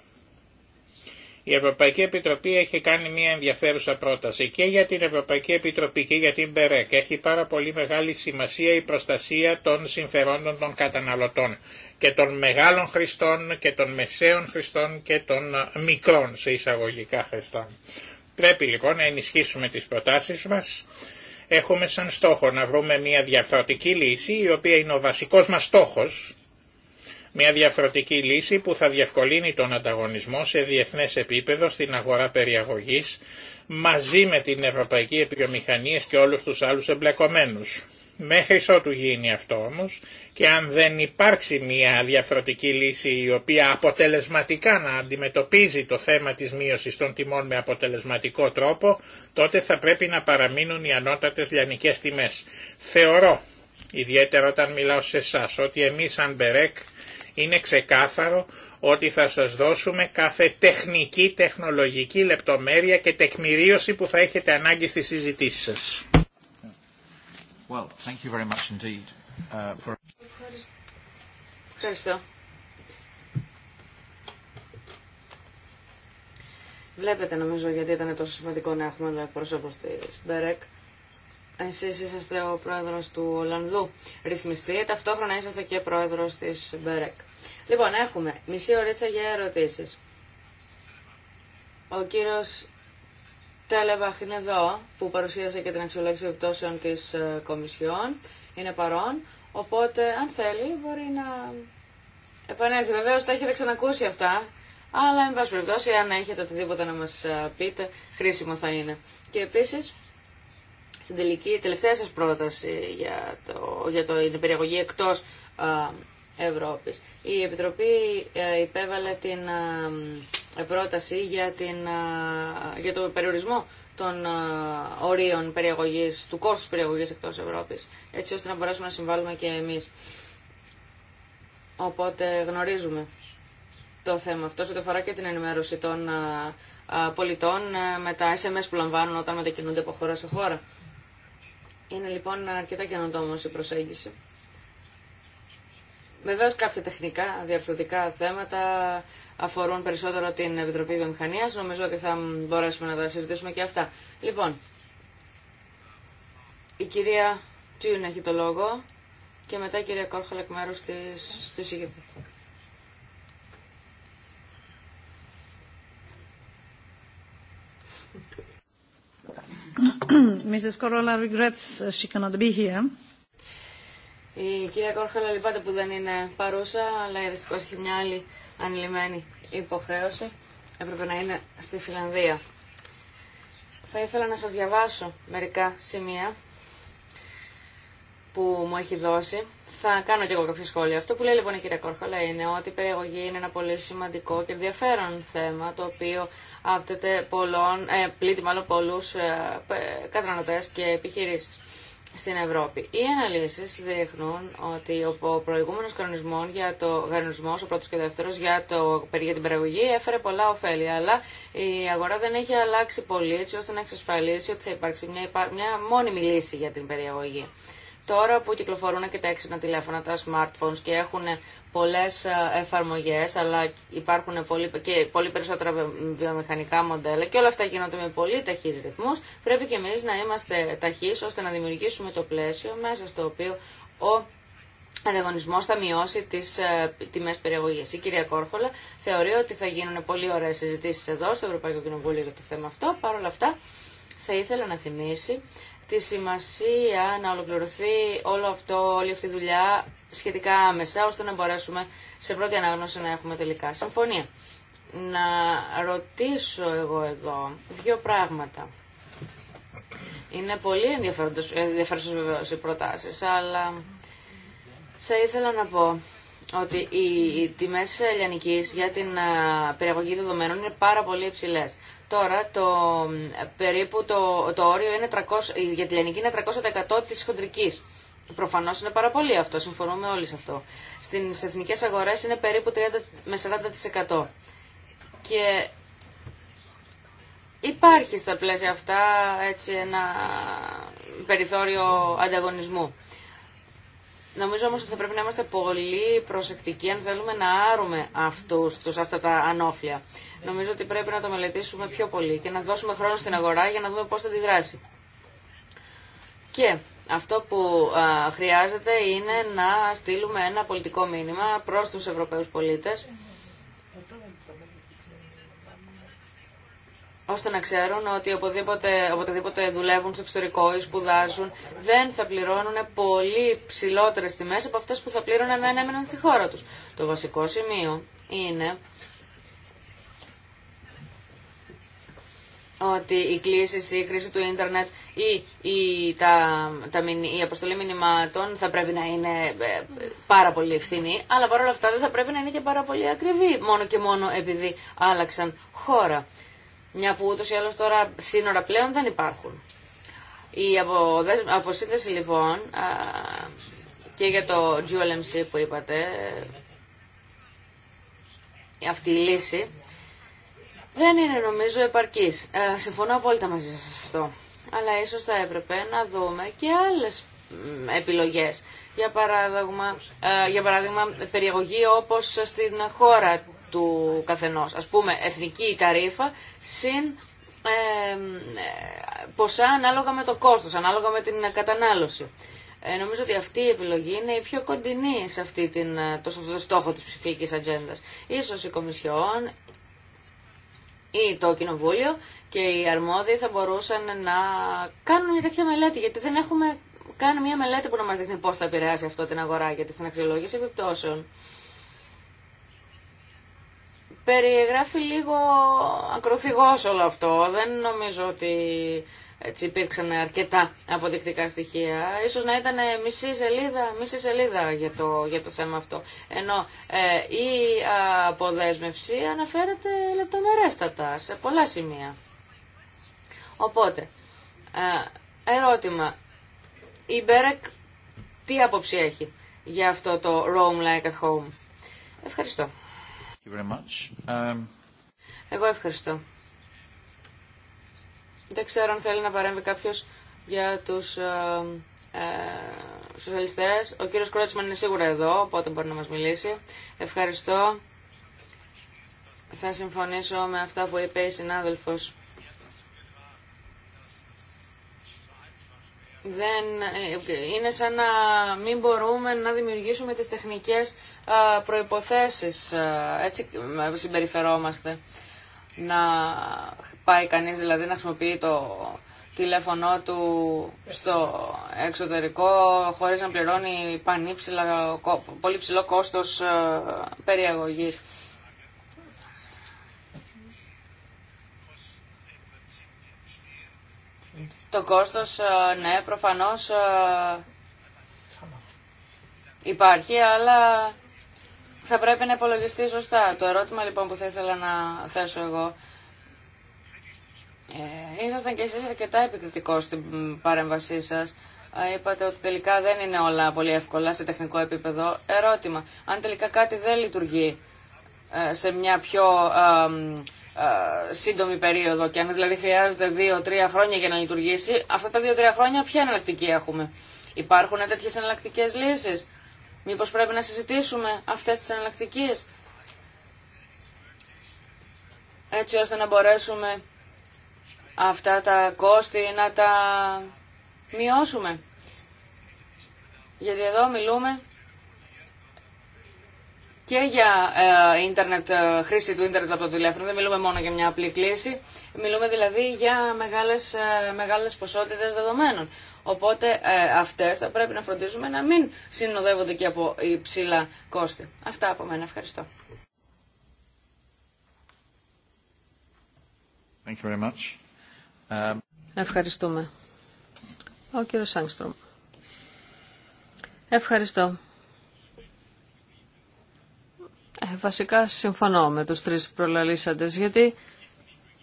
η Ευρωπαϊκή Επιτροπή έχει κάνει μια ενδιαφέρουσα πρόταση και για την Ευρωπαϊκή Επιτροπή και για την ΠΕΡΕΚ. Έχει πάρα πολύ μεγάλη σημασία η προστασία των συμφερόντων των καταναλωτών και των μεγάλων χρηστών και των μεσαίων χρηστών και των ε, μικρών σε εισαγωγικά χρηστών. Πρέπει λοιπόν να ενισχύσουμε τις προτάσεις μας. Έχουμε σαν στόχο να βρούμε μια διαφθορτική λύση η οποία είναι ο βασικός μας στόχος μια διαφορετική λύση που θα διευκολύνει τον ανταγωνισμό σε διεθνές επίπεδο στην αγορά περιαγωγής μαζί με την Ευρωπαϊκή Επιομηχανία και όλους τους άλλους εμπλεκομένους. Μέχρι ότου γίνει αυτό όμως και αν δεν υπάρξει μια διαφορετική λύση η οποία αποτελεσματικά να αντιμετωπίζει το θέμα της μείωσης των τιμών με αποτελεσματικό τρόπο, τότε θα πρέπει να παραμείνουν οι ανώτατες λιανικές τιμές. Θεωρώ, ιδιαίτερα όταν μιλάω σε εσά, ότι εμείς σαν Μπερέκ είναι ξεκάθαρο ότι θα σας δώσουμε κάθε τεχνική, τεχνολογική λεπτομέρεια και τεκμηρίωση που θα έχετε ανάγκη στις συζητήσεις σας. Well, thank you very much indeed, uh, for... Ευχαριστώ. Βλέπετε νομίζω γιατί ήταν τόσο σημαντικό να έχουμε εδώ εκπρόσωπο της Μπερέκ. Εσείς είσαστε ο πρόεδρος του Ολλανδού ρυθμιστή, ταυτόχρονα είσαστε και πρόεδρος της Μπερέκ. Λοιπόν, έχουμε μισή ωρίτσα για ερωτήσεις. Ο κύριος Τέλεβαχ είναι εδώ, που παρουσίασε και την αξιολόγηση επιπτώσεων της ε, Κομισιόν, είναι παρόν, οπότε αν θέλει μπορεί να επανέλθει. Βεβαίως τα έχετε ξανακούσει αυτά, αλλά εν πάση περιπτώσει αν έχετε οτιδήποτε να μας ε, πείτε, χρήσιμο θα είναι. Και επίσης, στην τελική, τελευταία σας πρόταση για, το, για το, την περιαγωγή εκτός α, Ευρώπης. Η Επιτροπή ε, υπέβαλε την πρόταση για, την, για το περιορισμό των ορίων περιαγωγής, του κόστου περιαγωγής εκτός Ευρώπης, έτσι ώστε να μπορέσουμε να συμβάλλουμε και εμείς. Οπότε γνωρίζουμε το θέμα αυτό, σε αφορά και την ενημέρωση των πολιτών ε, με τα SMS που λαμβάνουν όταν μετακινούνται από χώρα σε χώρα. Είναι λοιπόν αρκετά καινοτόμο η προσέγγιση. Βεβαίω κάποια τεχνικά, διαρθρωτικά θέματα αφορούν περισσότερο την Επιτροπή βιομηχανία, Νομίζω ότι θα μπορέσουμε να τα συζητήσουμε και αυτά. Λοιπόν, η κυρία Τιούν έχει το λόγο και μετά η κυρία Κόρχαλεκ εκ μέρου της, του Mrs. Corolla regrets uh, she cannot be here. Η κυρία Κόρχολα λυπάται που δεν είναι παρούσα, αλλά δυστυχώ έχει μια άλλη ανηλυμένη υποχρέωση. Έπρεπε να είναι στη Φιλανδία. Θα ήθελα να σας διαβάσω μερικά σημεία που μου έχει δώσει θα κάνω και εγώ κάποια σχόλια. Αυτό που λέει λοιπόν η κυρία Κόρχολα είναι ότι η περιεγωγή είναι ένα πολύ σημαντικό και ενδιαφέρον θέμα το οποίο άπτεται πολλών, ε, πλήττει μάλλον πολλούς ε, καταναλωτές και επιχειρήσεις στην Ευρώπη. Οι αναλύσει δείχνουν ότι ο προηγούμενο κανονισμό, για το κανονισμό, ο πρώτο και δεύτερο, για, το, για την παραγωγή έφερε πολλά ωφέλη. Αλλά η αγορά δεν έχει αλλάξει πολύ έτσι ώστε να εξασφαλίσει ότι θα υπάρξει μια, μια μόνιμη λύση για την περιαγωγή. Τώρα που κυκλοφορούν και τα έξυπνα τηλέφωνα, τα smartphones και έχουν πολλές ε, εφαρμογές αλλά υπάρχουν πολύ, και πολύ περισσότερα βιομηχανικά μοντέλα και όλα αυτά γίνονται με πολύ ταχύς ρυθμούς, πρέπει και εμείς να είμαστε ταχύς ώστε να δημιουργήσουμε το πλαίσιο μέσα στο οποίο ο ανταγωνισμό θα μειώσει τι ε, τιμέ περιεγωγή. Η κυρία Κόρχολα θεωρεί ότι θα γίνουν πολύ ωραίε συζητήσει εδώ στο Ευρωπαϊκό Κοινοβούλιο για το θέμα αυτό. Παρ' όλα αυτά, θα ήθελα να θυμίσει τη σημασία να ολοκληρωθεί όλο αυτό, όλη αυτή η δουλειά σχετικά άμεσα, ώστε να μπορέσουμε σε πρώτη ανάγνωση να έχουμε τελικά συμφωνία. Να ρωτήσω εγώ εδώ δύο πράγματα. Είναι πολύ βεβαίω οι προτάσεις, αλλά θα ήθελα να πω ότι οι τιμές ελληνικής για την ε, πυραγωγή δεδομένων είναι πάρα πολύ υψηλές. Τώρα το περίπου το, το όριο είναι 300, για τη Λενική είναι 300% της χοντρικής. Προφανώς είναι πάρα πολύ αυτό, συμφωνούμε όλοι σε αυτό. Στις εθνικές αγορές είναι περίπου 30 με 40%. Και υπάρχει στα πλαίσια αυτά έτσι ένα περιθώριο ανταγωνισμού. Νομίζω όμως ότι θα πρέπει να είμαστε πολύ προσεκτικοί αν θέλουμε να άρουμε αυτούς, τους, αυτά τα ανώφλια. Νομίζω ότι πρέπει να το μελετήσουμε πιο πολύ και να δώσουμε χρόνο στην αγορά για να δούμε πώς θα αντιδράσει. Και αυτό που χρειάζεται είναι να στείλουμε ένα πολιτικό μήνυμα προς τους Ευρωπαίους πολίτες ώστε να ξέρουν ότι οποτεδήποτε δουλεύουν σε εξωτερικό ή σπουδάζουν δεν θα πληρώνουν πολύ ψηλότερες τιμές από αυτές που θα πλήρωνε να έμεναν στη χώρα τους. Το βασικό σημείο είναι ότι η κλίση, η κρίση του ίντερνετ ή η, τα, τα, η αποστολή μηνυμάτων θα πρέπει να είναι ε, πάρα πολύ ευθυνή, αλλά παρόλα αυτά δεν θα πρέπει να είναι και πάρα πολύ ακριβή, μόνο και μόνο επειδή άλλαξαν χώρα. Μια που ούτως ή άλλως τώρα σύνορα πλέον δεν υπάρχουν. Η αποσύνδεση λοιπόν και για το GLMC που είπατε, ε, αυτή η λύση δεν είναι νομίζω επαρκή. Ε, συμφωνώ απόλυτα μαζί σα αυτό. Αλλά ίσως θα έπρεπε να δούμε και άλλες επιλογές. Για παράδειγμα, ε, για παράδειγμα περιεγωγή όπως στην χώρα του καθενός. Ας πούμε εθνική ταρίφα συν ε, ε, ποσά ανάλογα με το κόστος, ανάλογα με την κατανάλωση. Ε, νομίζω ότι αυτή η επιλογή είναι η πιο κοντινή σε αυτή ε, το, στόχο της ψηφιακή ατζέντα. Ίσως η Κομισιόν ή το Κοινοβούλιο και οι αρμόδιοι θα μπορούσαν να κάνουν μια τέτοια μελέτη, γιατί δεν έχουμε κάνει μια μελέτη που να μας δείχνει πώς θα επηρεάσει αυτό την αγορά, γιατί στην αξιολόγηση επιπτώσεων περιγράφει λίγο ακροθυγός όλο αυτό. Δεν νομίζω ότι έτσι υπήρξαν αρκετά αποδεικτικά στοιχεία. Ίσως να ήταν μισή σελίδα, μισή σελίδα για το, για το θέμα αυτό. Ενώ ε, η αποδέσμευση αναφέρεται λεπτομερέστατα σε πολλά σημεία. Οπότε, ε, ερώτημα. Η Μπέρεκ τι άποψη έχει για αυτό το Rome Like at Home. Ευχαριστώ. Um, Εγώ ευχαριστώ. Δεν ξέρω αν θέλει να παρέμβει κάποιο για του ε, ε Ο κύριο Κρότσμαν είναι σίγουρα εδώ, οπότε μπορεί να μα μιλήσει. Ευχαριστώ. Θα συμφωνήσω με αυτά που είπε η συνάδελφο. Δεν, ε, είναι σαν να μην μπορούμε να δημιουργήσουμε τις τεχνικές ε, προϋποθέσεις. Έτσι συμπεριφερόμαστε να πάει κανείς δηλαδή να χρησιμοποιεί το τηλέφωνο του στο εξωτερικό χωρίς να πληρώνει πανύψηλα, πολύ ψηλό κόστος ε, περιαγωγής. Το κόστος, ε, ναι, προφανώς ε, υπάρχει, αλλά θα πρέπει να υπολογιστεί σωστά. Το ερώτημα λοιπόν που θα ήθελα να θέσω εγώ. Ε, ήσασταν και εσείς αρκετά επικριτικό στην παρέμβασή σας. Ε, είπατε ότι τελικά δεν είναι όλα πολύ εύκολα σε τεχνικό επίπεδο. Ερώτημα, αν τελικά κάτι δεν λειτουργεί ε, σε μια πιο ε, σύντομη περίοδο και αν δηλαδή χρειάζεται δύο-τρία χρόνια για να λειτουργήσει, αυτά τα δύο-τρία χρόνια ποια εναλλακτική έχουμε. Υπάρχουν τέτοιες εναλλακτικέ λύσεις. Μήπως πρέπει να συζητήσουμε αυτές τις εναλλακτικέ έτσι ώστε να μπορέσουμε αυτά τα κόστη να τα μειώσουμε. Γιατί εδώ μιλούμε και για ε, ίντερνετ, ε, χρήση του ίντερνετ από το τηλέφωνο, δεν μιλούμε μόνο για μια απλή κλίση, μιλούμε δηλαδή για μεγάλες, ε, μεγάλες ποσότητες δεδομένων. Οπότε ε, αυτέ θα πρέπει να φροντίζουμε να μην συνοδεύονται και από υψηλά κόστη. Αυτά από μένα. Ευχαριστώ. Thank you very much. Um, Ευχαριστούμε. Ο κύριο Σάγκστρομ. Ευχαριστώ. Ε, βασικά συμφωνώ με τους τρεις προλαλήσαντες γιατί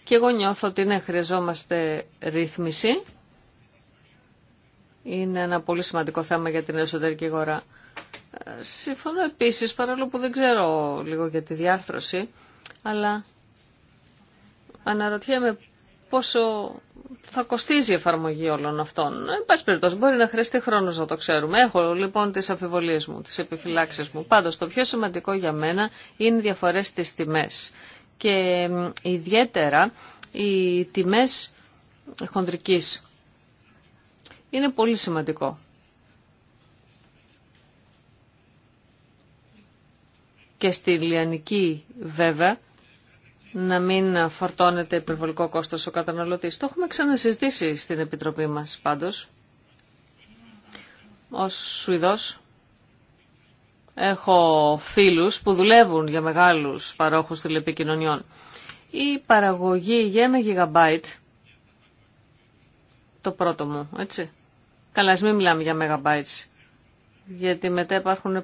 και εγώ νιώθω ότι ναι, χρειαζόμαστε ρύθμιση είναι ένα πολύ σημαντικό θέμα για την εσωτερική αγορά. Ε, συμφωνώ επίσης, παρόλο που δεν ξέρω λίγο για τη διάρθρωση, αλλά αναρωτιέμαι πόσο θα κοστίζει η εφαρμογή όλων αυτών. Ε, εν πάση περιπτώσει, μπορεί να χρειαστεί χρόνο να το ξέρουμε. Έχω λοιπόν τι αφιβολίε μου, τι επιφυλάξει μου. Πάντω, το πιο σημαντικό για μένα είναι οι διαφορέ στι τιμέ. Και ιδιαίτερα οι τιμέ χονδρική είναι πολύ σημαντικό. Και στη Λιανική βέβαια να μην φορτώνεται υπερβολικό κόστος ο καταναλωτής. Το έχουμε ξανασυζητήσει στην Επιτροπή μας πάντως. Ως Σουηδός έχω φίλους που δουλεύουν για μεγάλους παρόχους τηλεπικοινωνιών. Η παραγωγή για ένα γιγαμπάιτ, το πρώτο μου, έτσι, Καλά, μην μιλάμε για megabytes, γιατί μετά υπάρχουν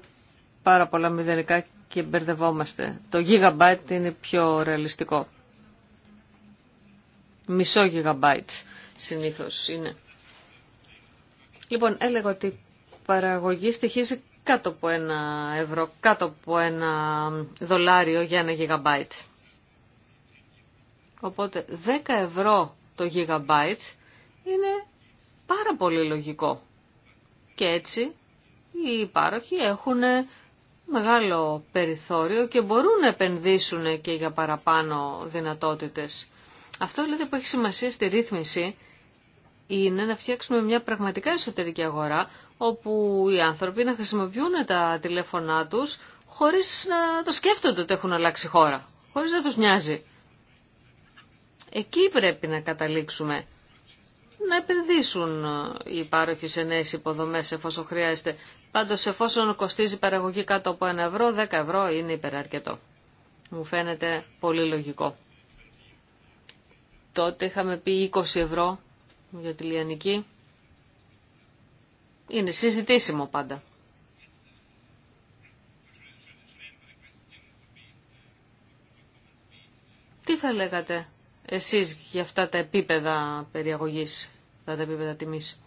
πάρα πολλά μηδενικά και μπερδευόμαστε. Το gigabyte είναι πιο ρεαλιστικό. Μισό gigabyte συνήθως είναι. Λοιπόν, έλεγα ότι η παραγωγή στοιχίζει κάτω από ένα ευρώ, κάτω από ένα δολάριο για ένα gigabyte. Οπότε 10 ευρώ το gigabyte είναι πάρα πολύ λογικό. Και έτσι οι υπάροχοι έχουν μεγάλο περιθώριο και μπορούν να επενδύσουν και για παραπάνω δυνατότητες. Αυτό δηλαδή που έχει σημασία στη ρύθμιση είναι να φτιάξουμε μια πραγματικά εσωτερική αγορά όπου οι άνθρωποι να χρησιμοποιούν τα τηλέφωνά τους χωρίς να το σκέφτονται ότι έχουν αλλάξει χώρα, χωρίς να τους νοιάζει. Εκεί πρέπει να καταλήξουμε να επενδύσουν ε, οι πάροχοι σε νέες υποδομές εφόσον χρειάζεται. Πάντως εφόσον κοστίζει η παραγωγή κάτω από 1 ευρώ, 10 ευρώ είναι υπεραρκετό. Μου φαίνεται πολύ λογικό. Τότε είχαμε πει 20 ευρώ για τη Λιανική. Είναι συζητήσιμο πάντα. Τι θα λέγατε εσείς για αυτά τα επίπεδα περιαγωγής, αυτά τα επίπεδα τιμής.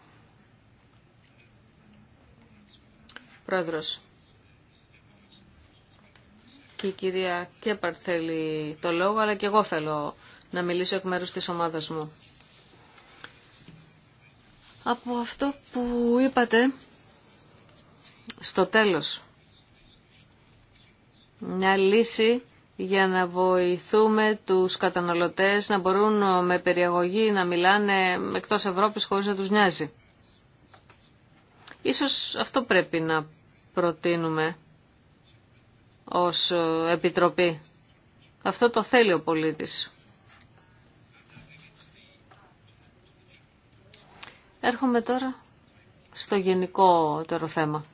Πρόεδρος. Και η κυρία Κέπαρτ θέλει το λόγο, αλλά και εγώ θέλω να μιλήσω εκ μέρους της ομάδας μου. Από αυτό που είπατε στο τέλος, μια λύση για να βοηθούμε τους καταναλωτές να μπορούν με περιαγωγή να μιλάνε εκτός Ευρώπης χωρίς να τους νοιάζει. Ίσως αυτό πρέπει να προτείνουμε ως Επιτροπή. Αυτό το θέλει ο πολίτης. Έρχομαι τώρα στο γενικότερο θέμα.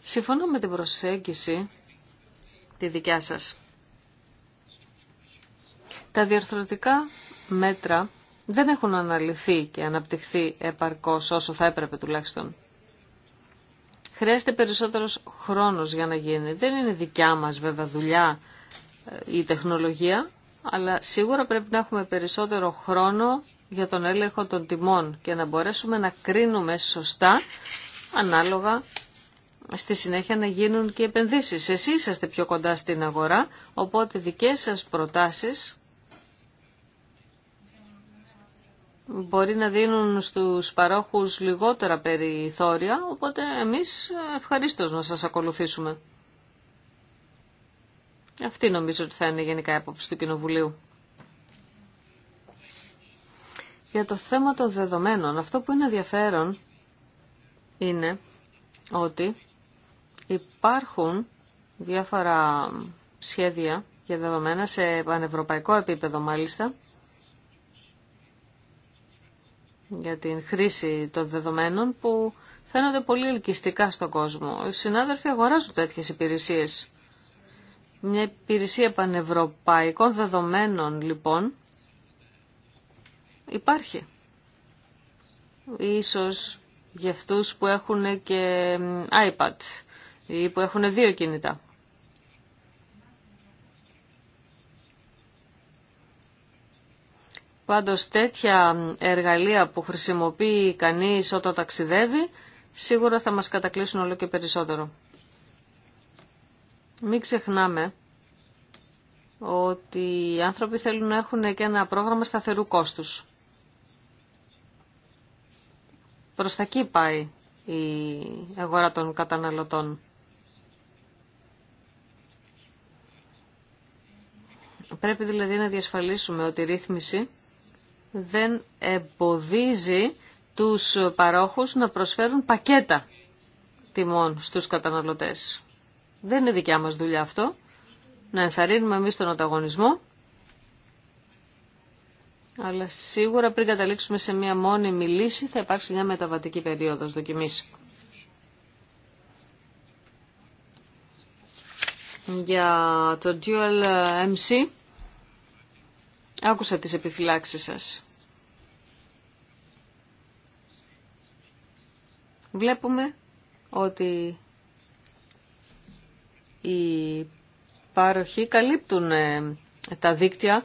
Συμφωνώ με την προσέγγιση τη δικιά σας. Τα διαρθρωτικά μέτρα δεν έχουν αναλυθεί και αναπτυχθεί επαρκώς όσο θα έπρεπε τουλάχιστον. Χρειάζεται περισσότερος χρόνος για να γίνει. Δεν είναι δικιά μας βέβαια δουλειά ε, η τεχνολογία, αλλά σίγουρα πρέπει να έχουμε περισσότερο χρόνο για τον έλεγχο των τιμών και να μπορέσουμε να κρίνουμε σωστά ανάλογα στη συνέχεια να γίνουν και επενδύσεις. Εσείς είσαστε πιο κοντά στην αγορά, οπότε δικές σας προτάσεις μπορεί να δίνουν στους παρόχους λιγότερα περιθώρια, οπότε εμείς ευχαρίστως να σας ακολουθήσουμε. Αυτή νομίζω ότι θα είναι γενικά η του Κοινοβουλίου. Για το θέμα των δεδομένων, αυτό που είναι ενδιαφέρον είναι ότι Υπάρχουν διάφορα σχέδια για δεδομένα σε πανευρωπαϊκό επίπεδο μάλιστα για την χρήση των δεδομένων που φαίνονται πολύ ελκυστικά στον κόσμο. Οι συνάδελφοι αγοράζουν τέτοιες υπηρεσίες. Μια υπηρεσία πανευρωπαϊκών δεδομένων λοιπόν υπάρχει. Ίσως για αυτούς που έχουν και iPad ή που έχουν δύο κινητά. Πάντως τέτοια εργαλεία που χρησιμοποιεί κανείς όταν ταξιδεύει, σίγουρα θα μας κατακλείσουν όλο και περισσότερο. Μην ξεχνάμε ότι οι άνθρωποι θέλουν να έχουν και ένα πρόγραμμα σταθερού κόστους. Προς τα εκεί πάει η αγορά των καταναλωτών. Πρέπει δηλαδή να διασφαλίσουμε ότι η ρύθμιση δεν εμποδίζει τους παρόχους να προσφέρουν πακέτα τιμών στους καταναλωτές. Δεν είναι δικιά μας δουλειά αυτό. Να ενθαρρύνουμε εμείς τον ανταγωνισμό. Αλλά σίγουρα πριν καταλήξουμε σε μία μόνιμη λύση θα υπάρξει μια μεταβατική περίοδος δοκιμής. για το Dual MC. Άκουσα τις επιφυλάξεις σας. Βλέπουμε ότι οι πάροχοι καλύπτουν ε, τα δίκτυα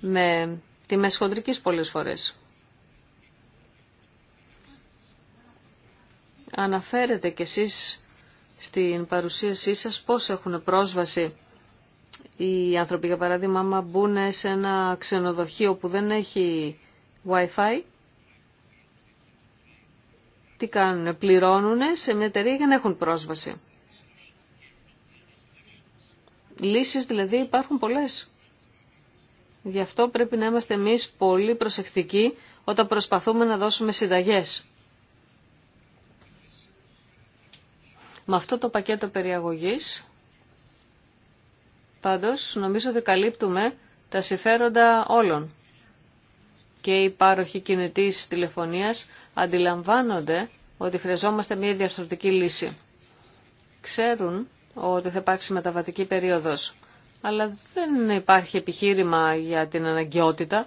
με τιμές χοντρικής πολλές φορές. Αναφέρετε κι εσείς στην παρουσίασή σας πώς έχουν πρόσβαση οι άνθρωποι, για παράδειγμα, άμα μπουν σε ένα ξενοδοχείο που δεν έχει Wi-Fi, τι κάνουν, πληρώνουν σε μια εταιρεία για να έχουν πρόσβαση. Λύσεις δηλαδή υπάρχουν πολλές. Γι' αυτό πρέπει να είμαστε εμείς πολύ προσεκτικοί όταν προσπαθούμε να δώσουμε συνταγές. Με αυτό το πακέτο περιαγωγής, πάντως, νομίζω ότι καλύπτουμε τα συμφέροντα όλων. Και οι πάροχοι κινητής τηλεφωνίας αντιλαμβάνονται ότι χρειαζόμαστε μια διαρθρωτική λύση. Ξέρουν ότι θα υπάρξει μεταβατική περίοδος, αλλά δεν υπάρχει επιχείρημα για την αναγκαιότητα,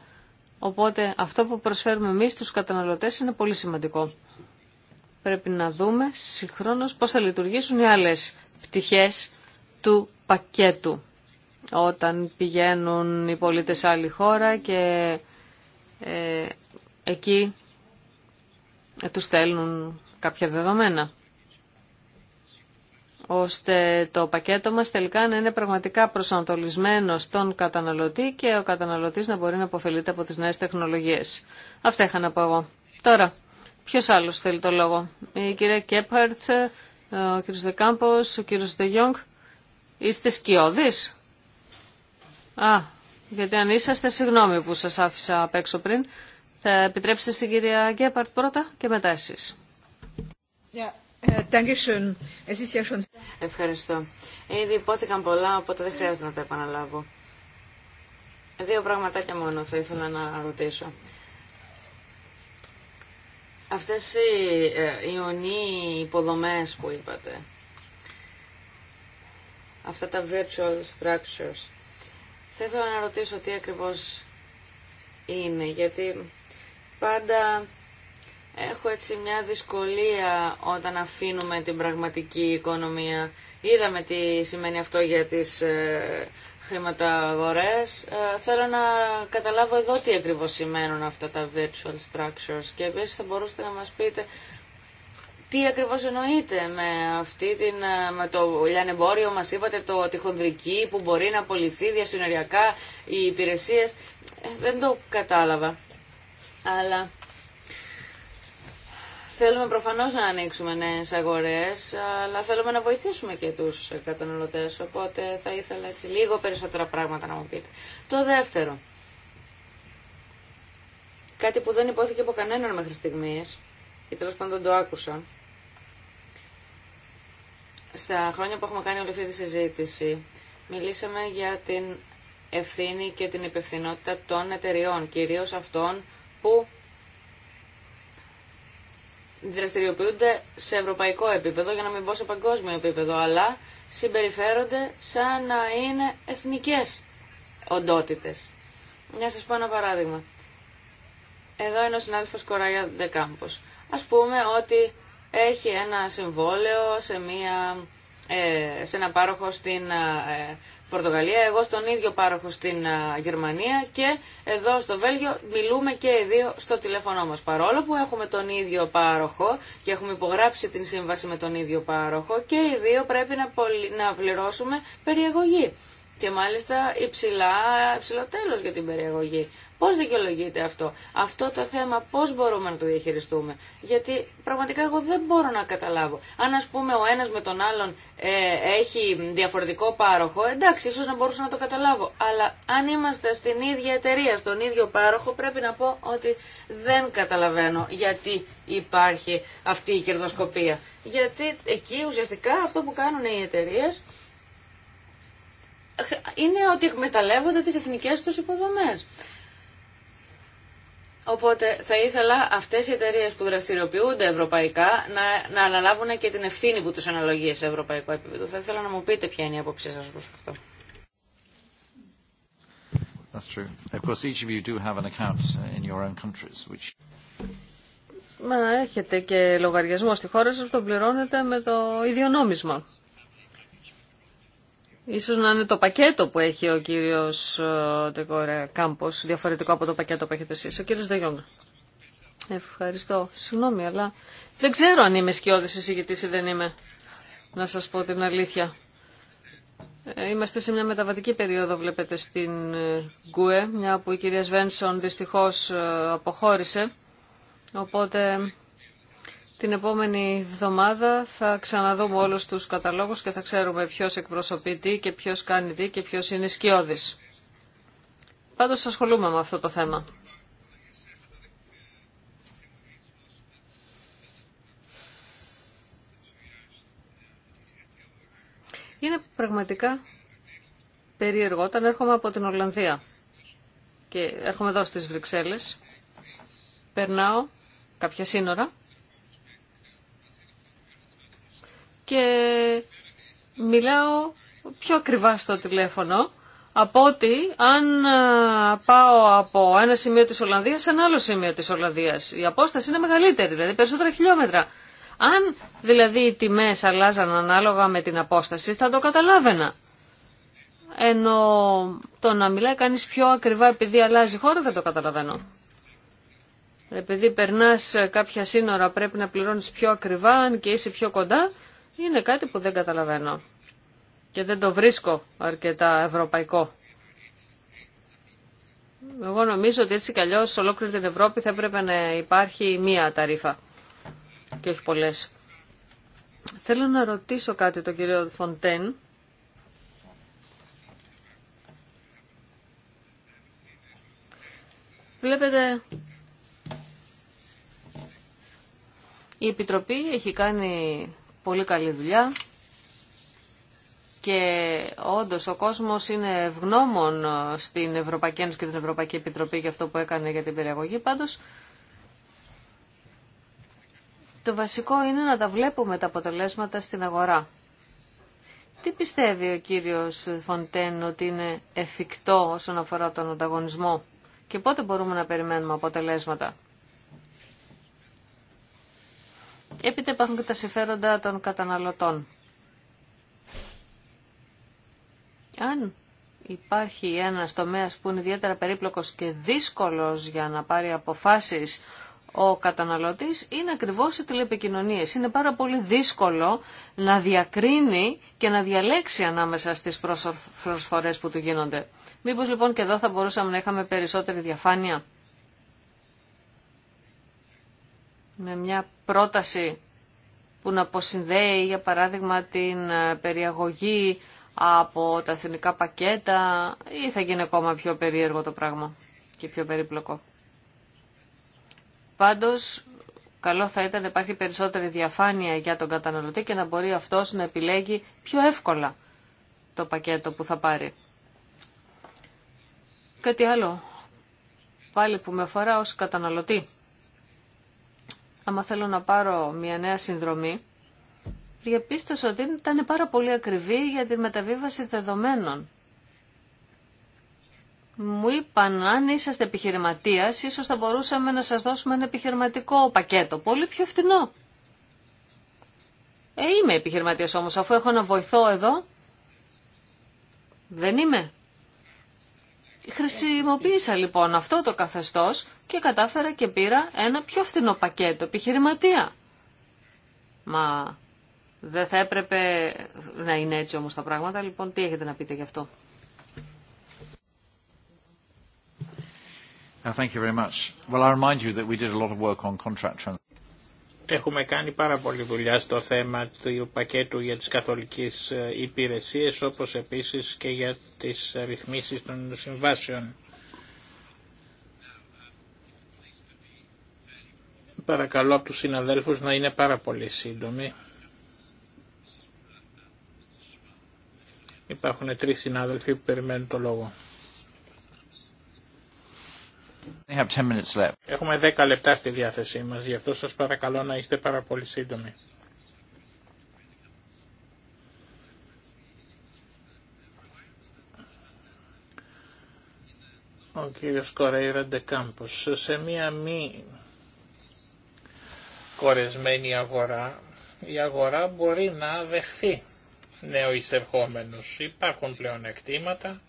οπότε αυτό που προσφέρουμε εμείς στους καταναλωτές είναι πολύ σημαντικό πρέπει να δούμε συγχρόνως πώς θα λειτουργήσουν οι άλλες πτυχές του πακέτου όταν πηγαίνουν οι πολίτες σε άλλη χώρα και ε, εκεί ε, τους στέλνουν κάποια δεδομένα ώστε το πακέτο μας τελικά να είναι πραγματικά προσανατολισμένο στον καταναλωτή και ο καταναλωτής να μπορεί να αποφελείται από τις νέες τεχνολογίες. Αυτά είχα να πω εγώ. Τώρα, Ποιος άλλος θέλει το λόγο. Η κυρία Κέπαρτ, ο κύριος Δεκάμπος, ο κύριος Δεγιόγκ. Είστε σκιώδης. Α, γιατί αν είσαστε, συγγνώμη που σας άφησα απ' έξω πριν. Θα επιτρέψετε στην κυρία Γκέπαρτ πρώτα και μετά εσείς. Ε, Ευχαριστώ. Ήδη υπόθηκαν πολλά, οπότε δεν χρειάζεται να τα επαναλάβω. Δύο πραγματάκια μόνο θα ήθελα να ρωτήσω. Αυτές οι ε, ιονοί υποδομές που είπατε, αυτά τα virtual structures, θα ήθελα να ρωτήσω τι ακριβώς είναι, γιατί πάντα έχω έτσι μια δυσκολία όταν αφήνουμε την πραγματική οικονομία. Είδαμε τι σημαίνει αυτό για τις ε, χρηματαγορές. Ε, θέλω να καταλάβω εδώ τι ακριβώς σημαίνουν αυτά τα virtual structures και επίσης θα μπορούσατε να μας πείτε τι ακριβώς εννοείτε με, αυτή την, ε, με το λιανεμπόριο, μας είπατε το τυχονδρική που μπορεί να απολυθεί διασυνοριακά οι υπηρεσίες. Ε, δεν το κατάλαβα. Αλλά Θέλουμε προφανώς να ανοίξουμε νέες αγορές, αλλά θέλουμε να βοηθήσουμε και τους καταναλωτές, οπότε θα ήθελα έτσι λίγο περισσότερα πράγματα να μου πείτε. Το δεύτερο, κάτι που δεν υπόθηκε από κανέναν μέχρι στιγμής, ή τέλος πάντων το άκουσα, στα χρόνια που έχουμε κάνει όλη αυτή τη συζήτηση, μιλήσαμε για την ευθύνη και την υπευθυνότητα των εταιριών, κυρίως αυτών που δραστηριοποιούνται σε ευρωπαϊκό επίπεδο, για να μην πω σε παγκόσμιο επίπεδο, αλλά συμπεριφέρονται σαν να είναι εθνικές οντότητες. Να σας πω ένα παράδειγμα. Εδώ είναι ο συνάδελφος Κοράγια Δεκάμπος. Ας πούμε ότι έχει ένα συμβόλαιο σε μία ε, σε ένα πάροχο στην ε, Πορτογαλία, εγώ στον ίδιο πάροχο στην ε, Γερμανία και εδώ στο Βέλγιο μιλούμε και οι δύο στο τηλέφωνό μας. Παρόλο που έχουμε τον ίδιο πάροχο και έχουμε υπογράψει την σύμβαση με τον ίδιο πάροχο και οι δύο πρέπει να πληρώσουμε περιεγωγή και μάλιστα υψηλά, υψηλό τέλο για την περιαγωγή. Πώ δικαιολογείται αυτό, αυτό το θέμα πώ μπορούμε να το διαχειριστούμε. Γιατί πραγματικά εγώ δεν μπορώ να καταλάβω. Αν α πούμε ο ένα με τον άλλον ε, έχει διαφορετικό πάροχο, εντάξει, ίσω να μπορούσα να το καταλάβω. Αλλά αν είμαστε στην ίδια εταιρεία, στον ίδιο πάροχο, πρέπει να πω ότι δεν καταλαβαίνω γιατί υπάρχει αυτή η κερδοσκοπία. Γιατί εκεί ουσιαστικά αυτό που κάνουν οι εταιρείε είναι ότι εκμεταλλεύονται τις εθνικές τους υποδομές. Οπότε θα ήθελα αυτές οι εταιρείε που δραστηριοποιούνται ευρωπαϊκά να, να αναλάβουν και την ευθύνη που τους αναλογεί σε ευρωπαϊκό επίπεδο. Θα ήθελα να μου πείτε ποια είναι η απόψη σας προς αυτό. That's true. Of course, you do have an uh, in your own countries, which... Μα έχετε και λογαριασμό στη χώρα σας που τον πληρώνετε με το ίδιο νόμισμα. Ίσως να είναι το πακέτο που έχει ο κύριος Κάμπο, ε, ε, Κάμπος, διαφορετικό από το πακέτο που έχετε εσείς. Ο κύριος Δεγιόγκα. Ευχαριστώ. Συγγνώμη, αλλά δεν ξέρω αν είμαι σκιώδης εισηγητής ή δεν είμαι. Να σας πω την αλήθεια. Ε, είμαστε σε μια μεταβατική περίοδο, βλέπετε, στην ΚΟΕ, μια που η κυρία Σβένσον δυστυχώς αποχώρησε. Οπότε την επόμενη εβδομάδα θα ξαναδούμε όλους τους καταλόγους και θα ξέρουμε ποιος εκπροσωπεί τι και ποιος κάνει τι και ποιος είναι σκιώδης. Πάντως ασχολούμαι με αυτό το θέμα. Είναι πραγματικά περίεργο όταν έρχομαι από την Ολλανδία και έρχομαι εδώ στις Βρυξέλλες, περνάω κάποια σύνορα και μιλάω πιο ακριβά στο τηλέφωνο από ότι αν πάω από ένα σημείο της Ολλανδίας σε ένα άλλο σημείο της Ολλανδίας. Η απόσταση είναι μεγαλύτερη, δηλαδή περισσότερα χιλιόμετρα. Αν δηλαδή οι τιμές αλλάζαν ανάλογα με την απόσταση θα το καταλάβαινα. Ενώ το να μιλάει κανείς πιο ακριβά επειδή αλλάζει χώρα δεν το καταλαβαίνω. Επειδή περνάς κάποια σύνορα πρέπει να πληρώνεις πιο ακριβά αν και είσαι πιο κοντά είναι κάτι που δεν καταλαβαίνω και δεν το βρίσκω αρκετά ευρωπαϊκό. Εγώ νομίζω ότι έτσι κι αλλιώς σε ολόκληρη την Ευρώπη θα έπρεπε να υπάρχει μία ταρίφα και όχι πολλές. Θέλω να ρωτήσω κάτι τον κύριο Φοντέν. Βλέπετε, η Επιτροπή έχει κάνει πολύ καλή δουλειά και όντως ο κόσμος είναι ευγνώμων ε, στην Ευρωπαϊκή Ένωση και την Ευρωπαϊκή Επιτροπή για αυτό που έκανε για την περιαγωγή. Πάντως το βασικό είναι να τα βλέπουμε τα αποτελέσματα στην αγορά. Τι πιστεύει ο κύριος Φοντέν ότι είναι εφικτό όσον αφορά τον ανταγωνισμό και πότε μπορούμε να περιμένουμε αποτελέσματα. Έπειτα υπάρχουν και τα συμφέροντα των καταναλωτών. Αν υπάρχει ένα τομέα που είναι ιδιαίτερα περίπλοκος και δύσκολος για να πάρει αποφάσεις ο καταναλωτής, είναι ακριβώς οι τηλεπικοινωνίες. Είναι πάρα πολύ δύσκολο να διακρίνει και να διαλέξει ανάμεσα στις προσφορές που του γίνονται. Μήπως λοιπόν και εδώ θα μπορούσαμε να είχαμε περισσότερη διαφάνεια. με μια πρόταση που να αποσυνδέει για παράδειγμα την ε, περιαγωγή από τα εθνικά πακέτα ή θα γίνει ακόμα πιο περίεργο το πράγμα και πιο περίπλοκο. Πάντως, καλό θα ήταν να υπάρχει περισσότερη διαφάνεια για τον καταναλωτή και να μπορεί αυτός να επιλέγει πιο εύκολα το πακέτο που θα πάρει. Κάτι άλλο, πάλι που με αφορά ως καταναλωτή άμα θέλω να πάρω μια νέα συνδρομή, διαπίστωσα ότι ήταν πάρα πολύ ακριβή για τη μεταβίβαση δεδομένων. Μου είπαν, αν είσαστε επιχειρηματίας, ίσως θα μπορούσαμε να σας δώσουμε ένα επιχειρηματικό πακέτο, πολύ πιο φτηνό. Ε, είμαι επιχειρηματίας όμως, αφού έχω να βοηθώ εδώ. Δεν είμαι. Χρησιμοποίησα λοιπόν αυτό το καθεστώς και κατάφερα και πήρα ένα πιο φθηνό πακέτο επιχειρηματία. Μα δεν θα έπρεπε να είναι έτσι όμως τα πράγματα, λοιπόν τι έχετε να πείτε γι' αυτό. Thank you very much. Well, I remind you that we did a lot of work on contract Έχουμε κάνει πάρα πολλή δουλειά στο θέμα του πακέτου για τις καθολικές ε, υπηρεσίες, όπως επίσης και για τις ρυθμίσεις των συμβάσεων. Παρακαλώ από τους συναδέλφους να είναι πάρα πολύ σύντομοι. Υπάρχουν τρεις συνάδελφοι που περιμένουν το λόγο. Έχουμε 10 λεπτά στη διάθεσή μας, γι' αυτό σας παρακαλώ να είστε πάρα πολύ σύντομοι. ο κύριος Κορέιρα Ντεκάμπος σε μία μη κορεσμένη αγορά η αγορά μπορεί να δεχθεί εισερχόμενος. Υπάρχουν πλέον εκτήματα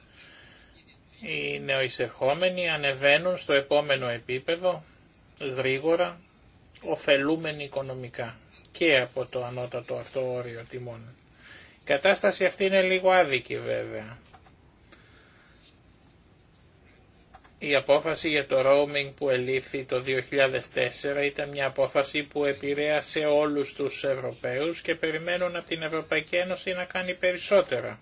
οι νεοεισερχόμενοι ανεβαίνουν στο επόμενο επίπεδο γρήγορα, ωφελούμενοι οικονομικά και από το ανώτατο αυτό όριο τιμών. Η κατάσταση αυτή είναι λίγο άδικη βέβαια. Η απόφαση για το roaming που ελήφθη το 2004 ήταν μια απόφαση που επηρέασε όλους τους Ευρωπαίους και περιμένουν από την Ευρωπαϊκή Ένωση να κάνει περισσότερα.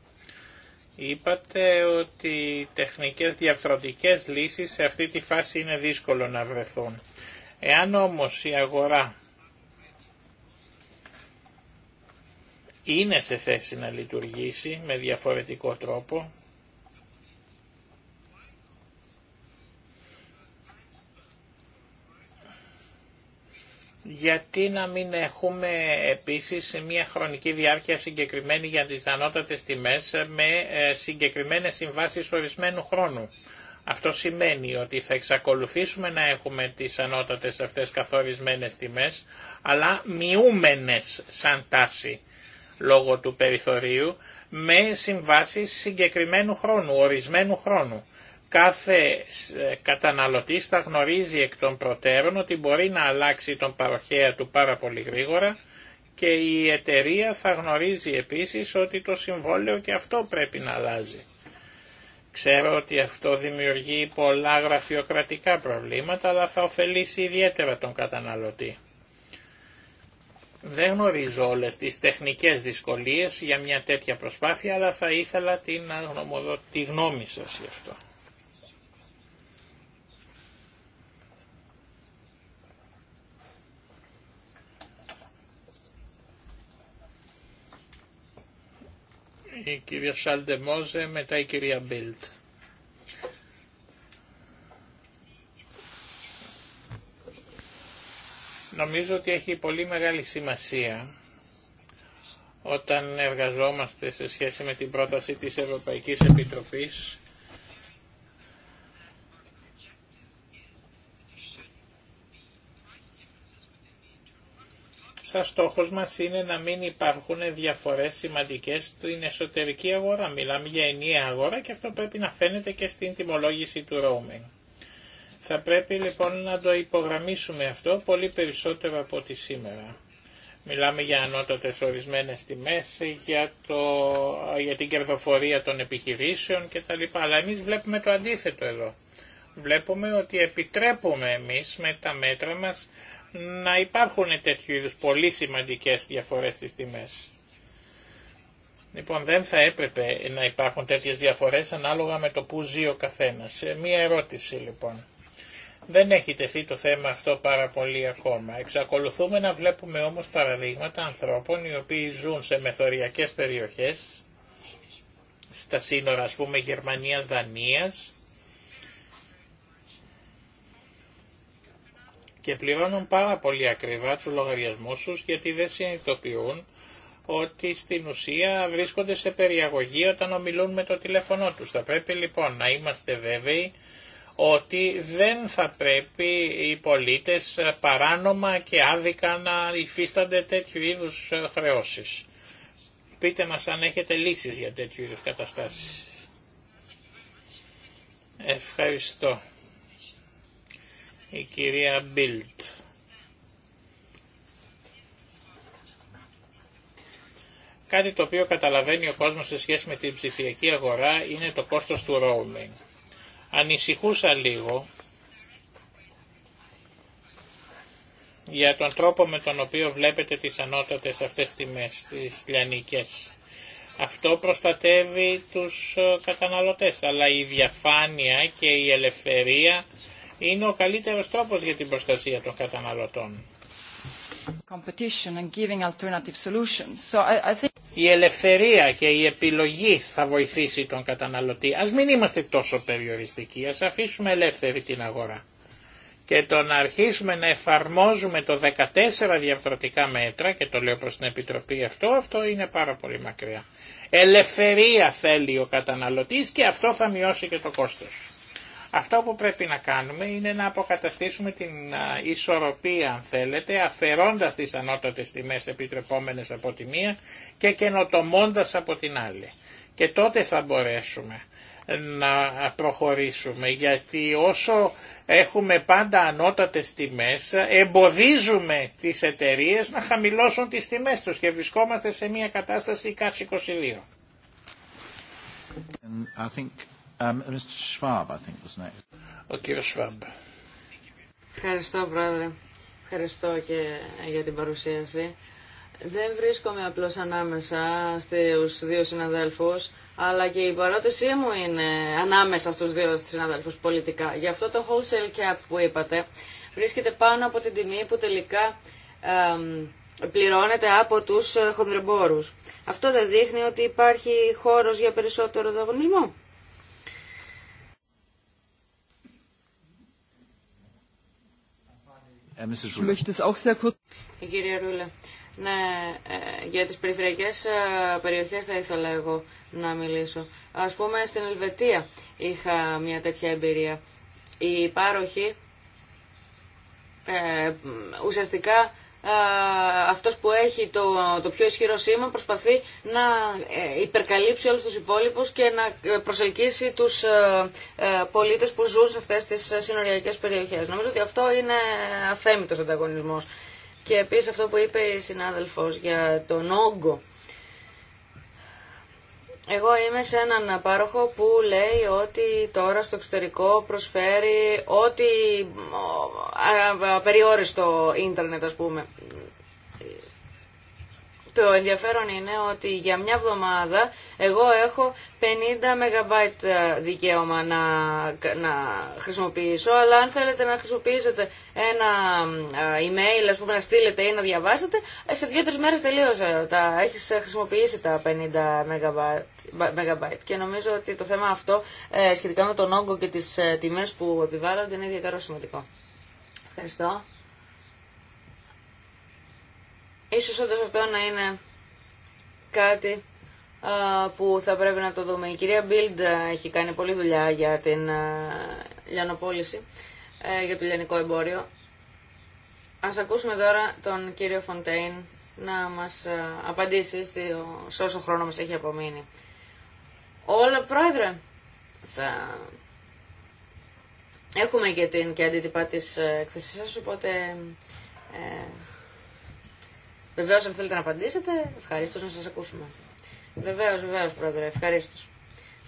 Είπατε ότι τεχνικές διαφορετικές λύσεις σε αυτή τη φάση είναι δύσκολο να βρεθούν. Εάν όμως η αγορά είναι σε θέση να λειτουργήσει με διαφορετικό τρόπο, γιατί να μην έχουμε επίσης μια χρονική διάρκεια συγκεκριμένη για τις ανώτατες τιμές με ε, συγκεκριμένες συμβάσεις ορισμένου χρόνου. Αυτό σημαίνει ότι θα εξακολουθήσουμε να έχουμε τις ανώτατες αυτές καθορισμένες τιμές, αλλά μειούμενες σαν τάση λόγω του περιθωρίου, με συμβάσεις συγκεκριμένου χρόνου, ορισμένου χρόνου κάθε ε, καταναλωτής θα γνωρίζει εκ των προτέρων ότι μπορεί να αλλάξει τον παροχέα του πάρα πολύ γρήγορα και η εταιρεία θα γνωρίζει επίσης ότι το συμβόλαιο και αυτό πρέπει να αλλάζει. Ξέρω ότι αυτό δημιουργεί πολλά γραφειοκρατικά προβλήματα, αλλά θα ωφελήσει ιδιαίτερα τον καταναλωτή. Δεν γνωρίζω όλες τις τεχνικές δυσκολίες για μια τέτοια προσπάθεια, αλλά θα ήθελα την τη γνώμη σας γι' αυτό. η κυρία Σάλντε Μόζε, μετά η κυρία Μπίλτ. Νομίζω ότι έχει πολύ μεγάλη σημασία όταν εργαζόμαστε σε σχέση με την πρόταση της Ευρωπαϊκής Επιτροπής Σαν στόχος μας είναι να μην υπάρχουν διαφορές σημαντικές στην εσωτερική αγορά. Μιλάμε για ενιαία αγορά και αυτό πρέπει να φαίνεται και στην τιμολόγηση του roaming. Θα πρέπει λοιπόν να το υπογραμμίσουμε αυτό πολύ περισσότερο από ό,τι σήμερα. Μιλάμε για ανώτατες ορισμένες τιμές, για, το, για την κερδοφορία των επιχειρήσεων κτλ. Αλλά εμείς βλέπουμε το αντίθετο εδώ. Βλέπουμε ότι επιτρέπουμε εμείς με τα μέτρα μας να υπάρχουν τέτοιου είδους πολύ σημαντικές διαφορές στις τιμές. Λοιπόν, δεν θα έπρεπε να υπάρχουν τέτοιες διαφορές ανάλογα με το που ζει ο καθένας. Ε, μία ερώτηση λοιπόν. Δεν έχει τεθεί το θέμα αυτό πάρα πολύ ακόμα. Εξακολουθούμε να βλέπουμε όμως παραδείγματα ανθρώπων οι οποίοι ζουν σε μεθοριακές περιοχές, στα σύνορα ας πούμε Γερμανίας-Δανίας, και πληρώνουν πάρα πολύ ακριβά τους λογαριασμούς τους γιατί δεν συνειδητοποιούν ότι στην ουσία βρίσκονται σε περιαγωγή όταν ομιλούν με το τηλέφωνό τους. Θα πρέπει λοιπόν να είμαστε βέβαιοι ότι δεν θα πρέπει οι πολίτες παράνομα και άδικα να υφίστανται τέτοιου είδους χρεώσεις. Πείτε μας αν έχετε λύσεις για τέτοιου είδους καταστάσεις. Ευχαριστώ η κυρία Μπίλτ. Κάτι το οποίο καταλαβαίνει ο κόσμος σε σχέση με την ψηφιακή αγορά είναι το κόστος του roaming. Ανησυχούσα λίγο για τον τρόπο με τον οποίο βλέπετε τις ανώτατες αυτές τιμές, τις λιανικές. Αυτό προστατεύει τους καταναλωτές, αλλά η διαφάνεια και η ελευθερία είναι ο καλύτερος τρόπος για την προστασία των καταναλωτών. Η ελευθερία και η επιλογή θα βοηθήσει τον καταναλωτή. Ας μην είμαστε τόσο περιοριστικοί, ας αφήσουμε ελεύθερη την αγορά. Και το να αρχίσουμε να εφαρμόζουμε το 14 διαφορετικά μέτρα, και το λέω προς την Επιτροπή αυτό, αυτό είναι πάρα πολύ μακριά. Ελευθερία θέλει ο καταναλωτής και αυτό θα μειώσει και το κόστος. Αυτό που πρέπει να κάνουμε είναι να αποκαταστήσουμε την ισορροπία αν θέλετε, αφαιρώντας τις ανώτατες τιμές επιτρεπόμενες από τη μία και καινοτομώντα από την άλλη. Και τότε θα μπορέσουμε να προχωρήσουμε γιατί όσο έχουμε πάντα ανώτατες τιμές εμποδίζουμε τις εταιρείες να χαμηλώσουν τις τιμές τους και βρισκόμαστε σε μια κατάσταση κάτσι 22. Um, Mr. Ευχαριστώ, Πρόεδρε. Ευχαριστώ και για την παρουσίαση. Δεν βρίσκομαι απλώς ανάμεσα στους δύο συναδέλφους, αλλά και η παρότησή μου είναι ανάμεσα στους δύο συναδέλφους πολιτικά. Γι' αυτό το wholesale cap που είπατε βρίσκεται πάνω από την τιμή που τελικά πληρώνεται από τους ε, χονδρεμπόρους. Αυτό δεν δείχνει ότι υπάρχει χώρος για περισσότερο ανταγωνισμό. Ε, Η κυρία Ναι, ε, για τις περιφερειακές ε, περιοχές θα ήθελα εγώ να μιλήσω. Ας πούμε στην Ελβετία είχα μια τέτοια εμπειρία. Η πάροχοι ε, ουσιαστικά αυτός που έχει το, το πιο ισχυρό σήμα προσπαθεί να ε, υπερκαλύψει όλους τους υπόλοιπους και να ε, προσελκύσει τους ε, πολίτες που ζουν σε αυτές τις συνοριακές περιοχές. Νομίζω ότι αυτό είναι αφέμητο ανταγωνισμός. Και επίσης αυτό που είπε η συνάδελφος για τον όγκο εγώ είμαι σε έναν πάροχο που λέει ότι τώρα στο εξωτερικό προσφέρει ό,τι απεριόριστο ίντερνετ ας πούμε. Το ενδιαφέρον είναι ότι για μια εβδομάδα εγώ έχω 50 MB ε, δικαίωμα να, να χρησιμοποιήσω, αλλά αν θέλετε να χρησιμοποιήσετε ένα ε, email, ας πούμε, να στείλετε ή να διαβάσετε, ε, σε δύο-τρεις μέρες τελείωσε. Τα, έχεις χρησιμοποιήσει τα 50 MB, και νομίζω ότι το θέμα αυτό σχετικά με τον όγκο και τις τιμές που επιβάλλονται είναι ιδιαίτερα σημαντικό. Ευχαριστώ. Ίσως όντως αυτό να είναι κάτι που θα πρέπει να το δούμε. Η κυρία Μπίλντ έχει κάνει πολλή δουλειά για την λιανοπόληση, ε, για το λιανικό εμπόριο. Ας ακούσουμε τώρα τον κύριο Φοντέιν να μας απαντήσει σε όσο χρόνο μας έχει απομείνει. Όλα, πρόεδρε, θα... Έχουμε και την και αντίτυπα της ε, εκθεσής σας, οπότε ε, Βεβαίω, αν θέλετε να απαντήσετε, ευχαρίστω να σα ακούσουμε. Βεβαίω, βεβαίω, πρόεδρε, ευχαρίστω.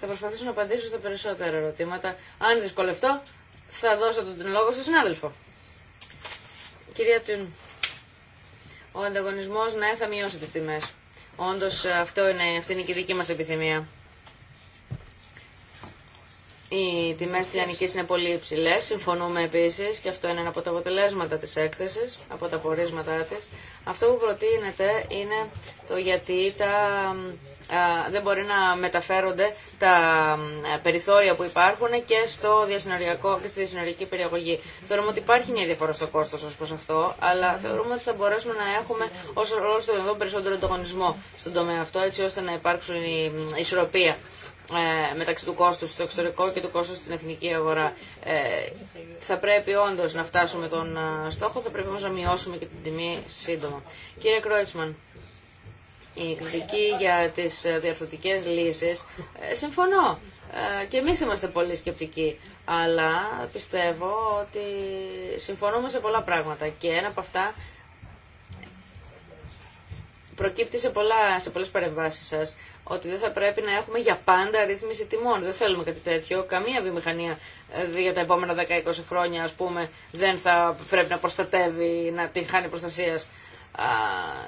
Θα προσπαθήσω να απαντήσω στα περισσότερα ερωτήματα. Αν δυσκολευτώ, θα δώσω τον λόγο στον συνάδελφο. Κυρία του, ο ανταγωνισμό, ναι, θα μειώσει τι τιμέ. Όντω, αυτό είναι, αυτή είναι και η δική μα επιθυμία οι τιμέ τη Λιανική είναι πολύ υψηλέ. συμφωνούμε επίση, και αυτό είναι ένα από τα αποτελέσματα τη έκθεση από τα πορίσματά τη. Αυτό που προτείνεται είναι το γιατί τα, δεν μπορεί να μεταφέρονται τα περιθώρια που υπάρχουν και, στο και στη διασυνοριακή περιαγωγή. Θεωρούμε ότι υπάρχει μια διαφορά στο κόστο ω προ αυτό, αλλά θεωρούμε ότι θα μπορέσουμε να έχουμε όσο όλο το περισσότερο ανταγωνισμό στον τομέα αυτό, έτσι ώστε να υπάρξουν η ισορροπία ε, μεταξύ του κόστου στο εξωτερικό και του κόστου στην εθνική αγορά. Ε, θα πρέπει όντω να φτάσουμε τον ε, στόχο, θα πρέπει όμω να μειώσουμε και την τιμή σύντομα. Κύριε Κρόιτσμαν, η κριτική για τις διαρθρωτικές λύσεις, συμφωνώ. Και εμείς είμαστε πολύ σκεπτικοί, αλλά πιστεύω ότι συμφωνούμε σε πολλά πράγματα και ένα από αυτά προκύπτει σε, πολλά, σε πολλές παρεμβάσεις σας ότι δεν θα πρέπει να έχουμε για πάντα ρύθμιση τιμών. Δεν θέλουμε κάτι τέτοιο. Καμία βιομηχανία ε, για τα επόμενα 10-20 χρόνια, ας πούμε, δεν θα πρέπει να προστατεύει, να την χάνει προστασία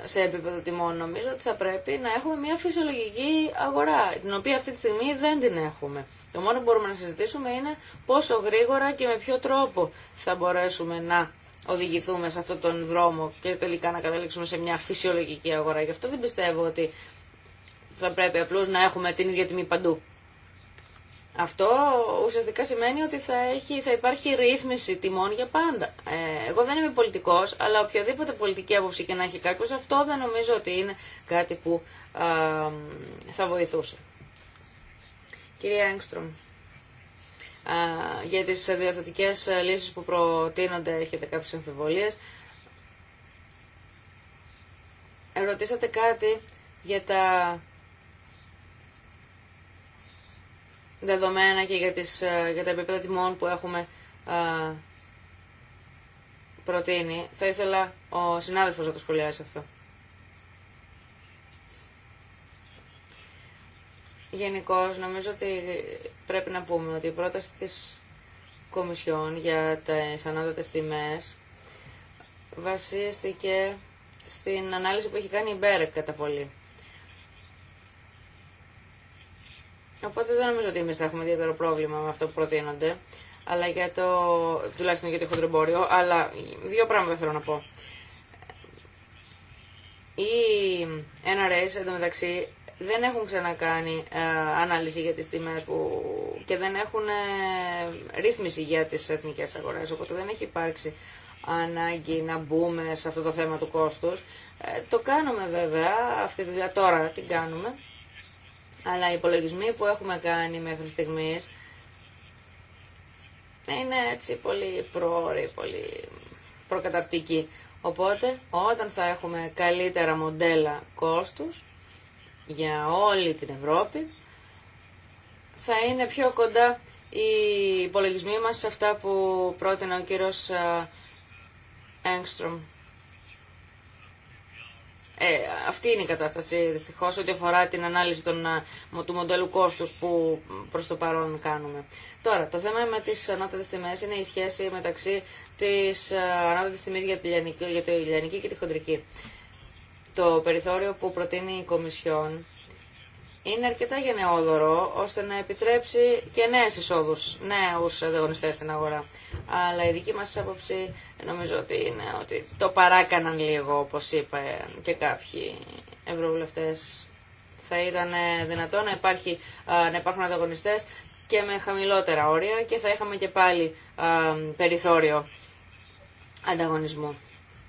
σε επίπεδο τιμών. Νομίζω ότι θα πρέπει να έχουμε μια φυσιολογική αγορά, την οποία αυτή τη στιγμή δεν την έχουμε. Το μόνο που μπορούμε να συζητήσουμε είναι πόσο γρήγορα και με ποιο τρόπο θα μπορέσουμε να οδηγηθούμε σε αυτόν τον δρόμο και τελικά να καταλήξουμε σε μια φυσιολογική αγορά. Γι' αυτό δεν πιστεύω ότι θα πρέπει απλώς να έχουμε την ίδια τιμή παντού. Αυτό ουσιαστικά σημαίνει ότι θα, έχει, θα υπάρχει ρύθμιση τιμών για πάντα. Ε, εγώ δεν είμαι πολιτικός, αλλά οποιαδήποτε πολιτική άποψη και να έχει κάποιος, αυτό δεν νομίζω ότι είναι κάτι που θα βοηθούσε. Κυρία Έγκστρομ, για τις διορθωτικές λύσεις που προτείνονται έχετε κάποιες αμφιβολίες. Ερωτήσατε κάτι για τα δεδομένα και για, τις, ε, για τα επίπεδα τιμών που έχουμε ε, προτείνει. Θα ήθελα ο συνάδελφος να το σχολιάσει αυτό. Γενικώ, νομίζω ότι πρέπει να πούμε ότι η πρόταση της Κομισιόν για τις ανώτατες τιμές βασίστηκε στην ανάλυση που έχει κάνει η Μπέρεκ κατά πολύ. Οπότε δεν νομίζω ότι εμεί θα έχουμε ιδιαίτερο πρόβλημα με αυτό που προτείνονται. Αλλά για το, τουλάχιστον για το χοντρεμπόριο. Αλλά δύο πράγματα θέλω να πω. Οι NRS εντωμεταξύ δεν έχουν ξανακάνει ε, ανάλυση για τις τιμές που... και δεν έχουν ε, ρύθμιση για τις εθνικές αγορές, οπότε δεν έχει υπάρξει ανάγκη να μπούμε σε αυτό το θέμα του κόστους. Ε, το κάνουμε βέβαια, αυτή τη δουλειά τώρα την κάνουμε, αλλά οι υπολογισμοί που έχουμε κάνει μέχρι στιγμή είναι έτσι πολύ πρόωροι, πολύ προκαταρτικοί. Οπότε όταν θα έχουμε καλύτερα μοντέλα κόστους για όλη την Ευρώπη θα είναι πιο κοντά οι υπολογισμοί μας σε αυτά που πρότεινε ο κύριος Έγκστρομ. Ε, ε, αυτή είναι η κατάσταση δυστυχώ ό,τι αφορά την ανάλυση των, ε, του μοντέλου κόστου που προ το παρόν κάνουμε. Τώρα, το θέμα με τι ανώτατε τιμέ είναι η σχέση μεταξύ ε, τη ανώτατη τιμή για, για τη λιανική και τη χοντρική. Το περιθώριο που προτείνει η Κομισιόν είναι αρκετά γενναιόδωρο ώστε να επιτρέψει και νέε εισόδου, νέου ανταγωνιστέ στην αγορά. Αλλά η δική μα άποψη νομίζω ότι είναι ότι το παράκαναν λίγο, όπω είπα και κάποιοι ευρωβουλευτέ. Θα ήταν δυνατό να, υπάρχει, να υπάρχουν ανταγωνιστέ και με χαμηλότερα όρια και θα είχαμε και πάλι περιθώριο ανταγωνισμού.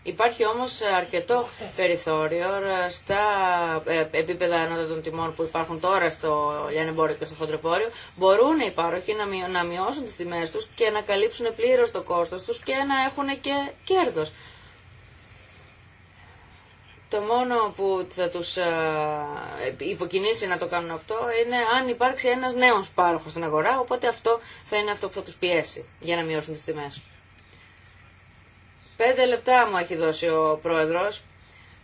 Υπάρχει όμω αρκετό περιθώριο στα ε, επίπεδα ανώτατων τιμών που υπάρχουν τώρα στο λιανεμπόριο και στο χοντρεπόριο. Μπορούν οι πάροχοι να μειώσουν τις τιμές τους και να καλύψουν πλήρω το κόστο του και να έχουν και κέρδο. Το μόνο που θα τους ε, υποκινήσει να το κάνουν αυτό είναι αν υπάρξει ένας νέος πάροχος στην αγορά, οπότε αυτό θα είναι αυτό που θα τους πιέσει για να μειώσουν τις τιμές. Πέντε λεπτά μου έχει δώσει ο πρόεδρος.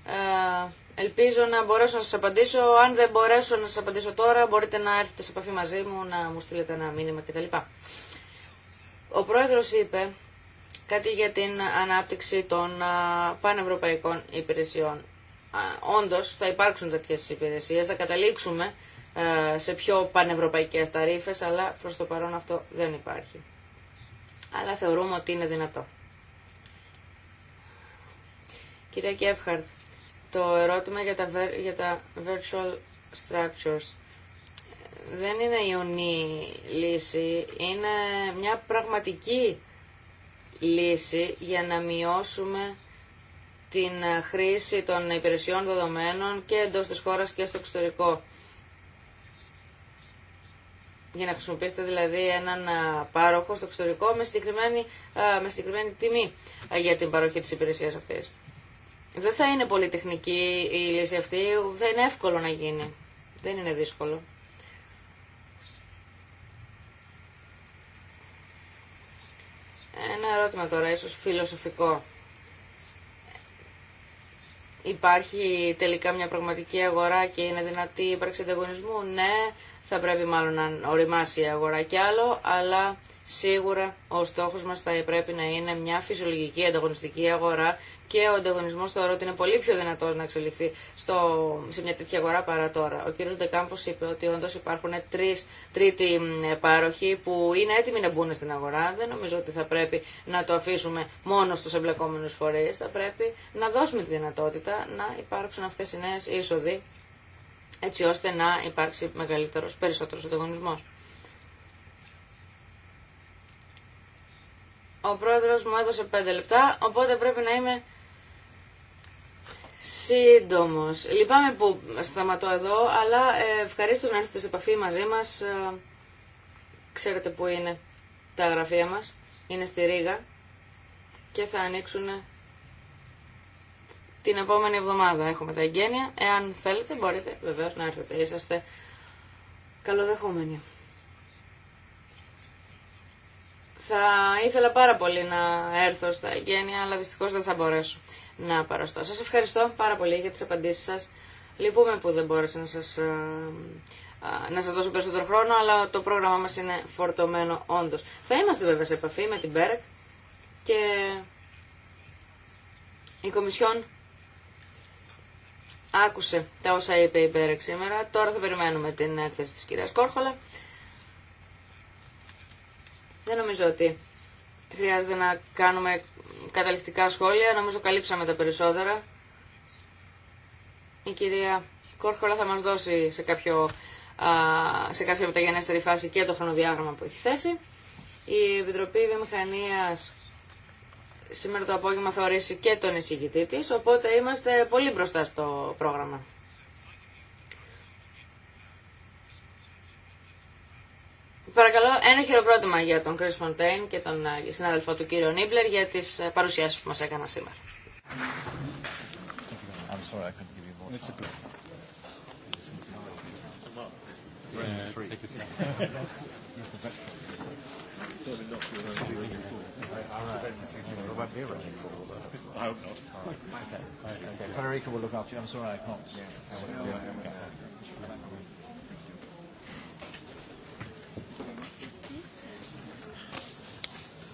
Ε, ελπίζω να μπορέσω να σας απαντήσω. Αν δεν μπορέσω να σας απαντήσω τώρα, μπορείτε να έρθετε σε επαφή μαζί μου, να μου στείλετε ένα μήνυμα κτλ. Ο πρόεδρος είπε κάτι για την ανάπτυξη των ε, πανευρωπαϊκών υπηρεσιών. Όντω, θα υπάρξουν τέτοιε υπηρεσίε, θα καταλήξουμε ε, σε πιο πανευρωπαϊκές ταρίφες, αλλά προς το παρόν αυτό δεν υπάρχει. Αλλά θεωρούμε ότι είναι δυνατό. Κύριε Κέφχαρτ, το ερώτημα για τα, για τα virtual structures δεν είναι ιονή λύση, είναι μια πραγματική λύση για να μειώσουμε την χρήση των υπηρεσιών δεδομένων και εντός της χώρας και στο εξωτερικό. Για να χρησιμοποιήσετε δηλαδή έναν πάροχο στο εξωτερικό με συγκεκριμένη, με συγκεκριμένη τιμή για την παροχή της υπηρεσίας αυτής. Δεν θα είναι πολύ τεχνική η λύση αυτή, Δεν είναι εύκολο να γίνει. Δεν είναι δύσκολο. Ένα ερώτημα τώρα, ίσως φιλοσοφικό. Υπάρχει τελικά μια πραγματική αγορά και είναι δυνατή η ύπαρξη ανταγωνισμού. Ναι, θα πρέπει μάλλον να οριμάσει η αγορά κι άλλο, αλλά Σίγουρα ο στόχο μα θα πρέπει να είναι μια φυσιολογική ανταγωνιστική αγορά και ο ανταγωνισμό θεωρώ ότι είναι πολύ πιο δυνατό να εξελιχθεί στο, σε μια τέτοια αγορά παρά τώρα. Ο κ. Ντεκάμπο είπε ότι όντω υπάρχουν τρει τρίτη πάροχοι που είναι έτοιμοι να μπουν στην αγορά. Δεν νομίζω ότι θα πρέπει να το αφήσουμε μόνο στου εμπλεκόμενου φορεί. Θα πρέπει να δώσουμε τη δυνατότητα να υπάρξουν αυτέ οι νέε είσοδοι έτσι ώστε να υπάρξει μεγαλύτερος, περισσότερο ανταγωνισμός. Ο πρόεδρος μου έδωσε 5 λεπτά, οπότε πρέπει να είμαι σύντομος. Λυπάμαι που σταματώ εδώ, αλλά ε, ευχαρίστω να έρθετε σε επαφή μαζί μας. Ε, ξέρετε που είναι τα γραφεία μας. Είναι στη Ρήγα και θα ανοίξουν την επόμενη εβδομάδα. Έχουμε τα εγγένεια. Εάν θέλετε μπορείτε βεβαίως να έρθετε. Είσαστε καλοδεχόμενοι. Θα ήθελα πάρα πολύ να έρθω στα εγγένεια, αλλά δυστυχώ δεν θα μπορέσω να παραστώ. Σας ευχαριστώ πάρα πολύ για τις απαντήσεις σας. Λυπούμε που δεν μπόρεσα να σα ε, ε, να σας δώσω περισσότερο χρόνο, αλλά το πρόγραμμά μας είναι φορτωμένο όντως. Θα είμαστε βέβαια σε επαφή με την ΠΕΡΕΚ και η Κομισιόν άκουσε τα όσα είπε η ΠΕΡΕΚ σήμερα. Τώρα θα περιμένουμε την έκθεση της κυρίας Κόρχολα. Δεν νομίζω ότι χρειάζεται να κάνουμε καταληκτικά σχόλια. Νομίζω καλύψαμε τα περισσότερα. Η κυρία Κόρχολα θα μας δώσει σε, κάποιο, σε κάποια μεταγενέστερη φάση και το χρονοδιάγραμμα που έχει θέσει. Η Επιτροπή Βιομηχανίας σήμερα το απόγευμα θα ορίσει και τον εισηγητή της, οπότε είμαστε πολύ μπροστά στο πρόγραμμα. Παρακαλώ ένα χειροκρότημα για τον Κρίς Φοντέιν και τον ε, συνάδελφο του κύριο Νίμπλερ για τις ε, παρουσιάσεις που μας έκανα σήμερα. Federica will look after you. I'm sorry I can't.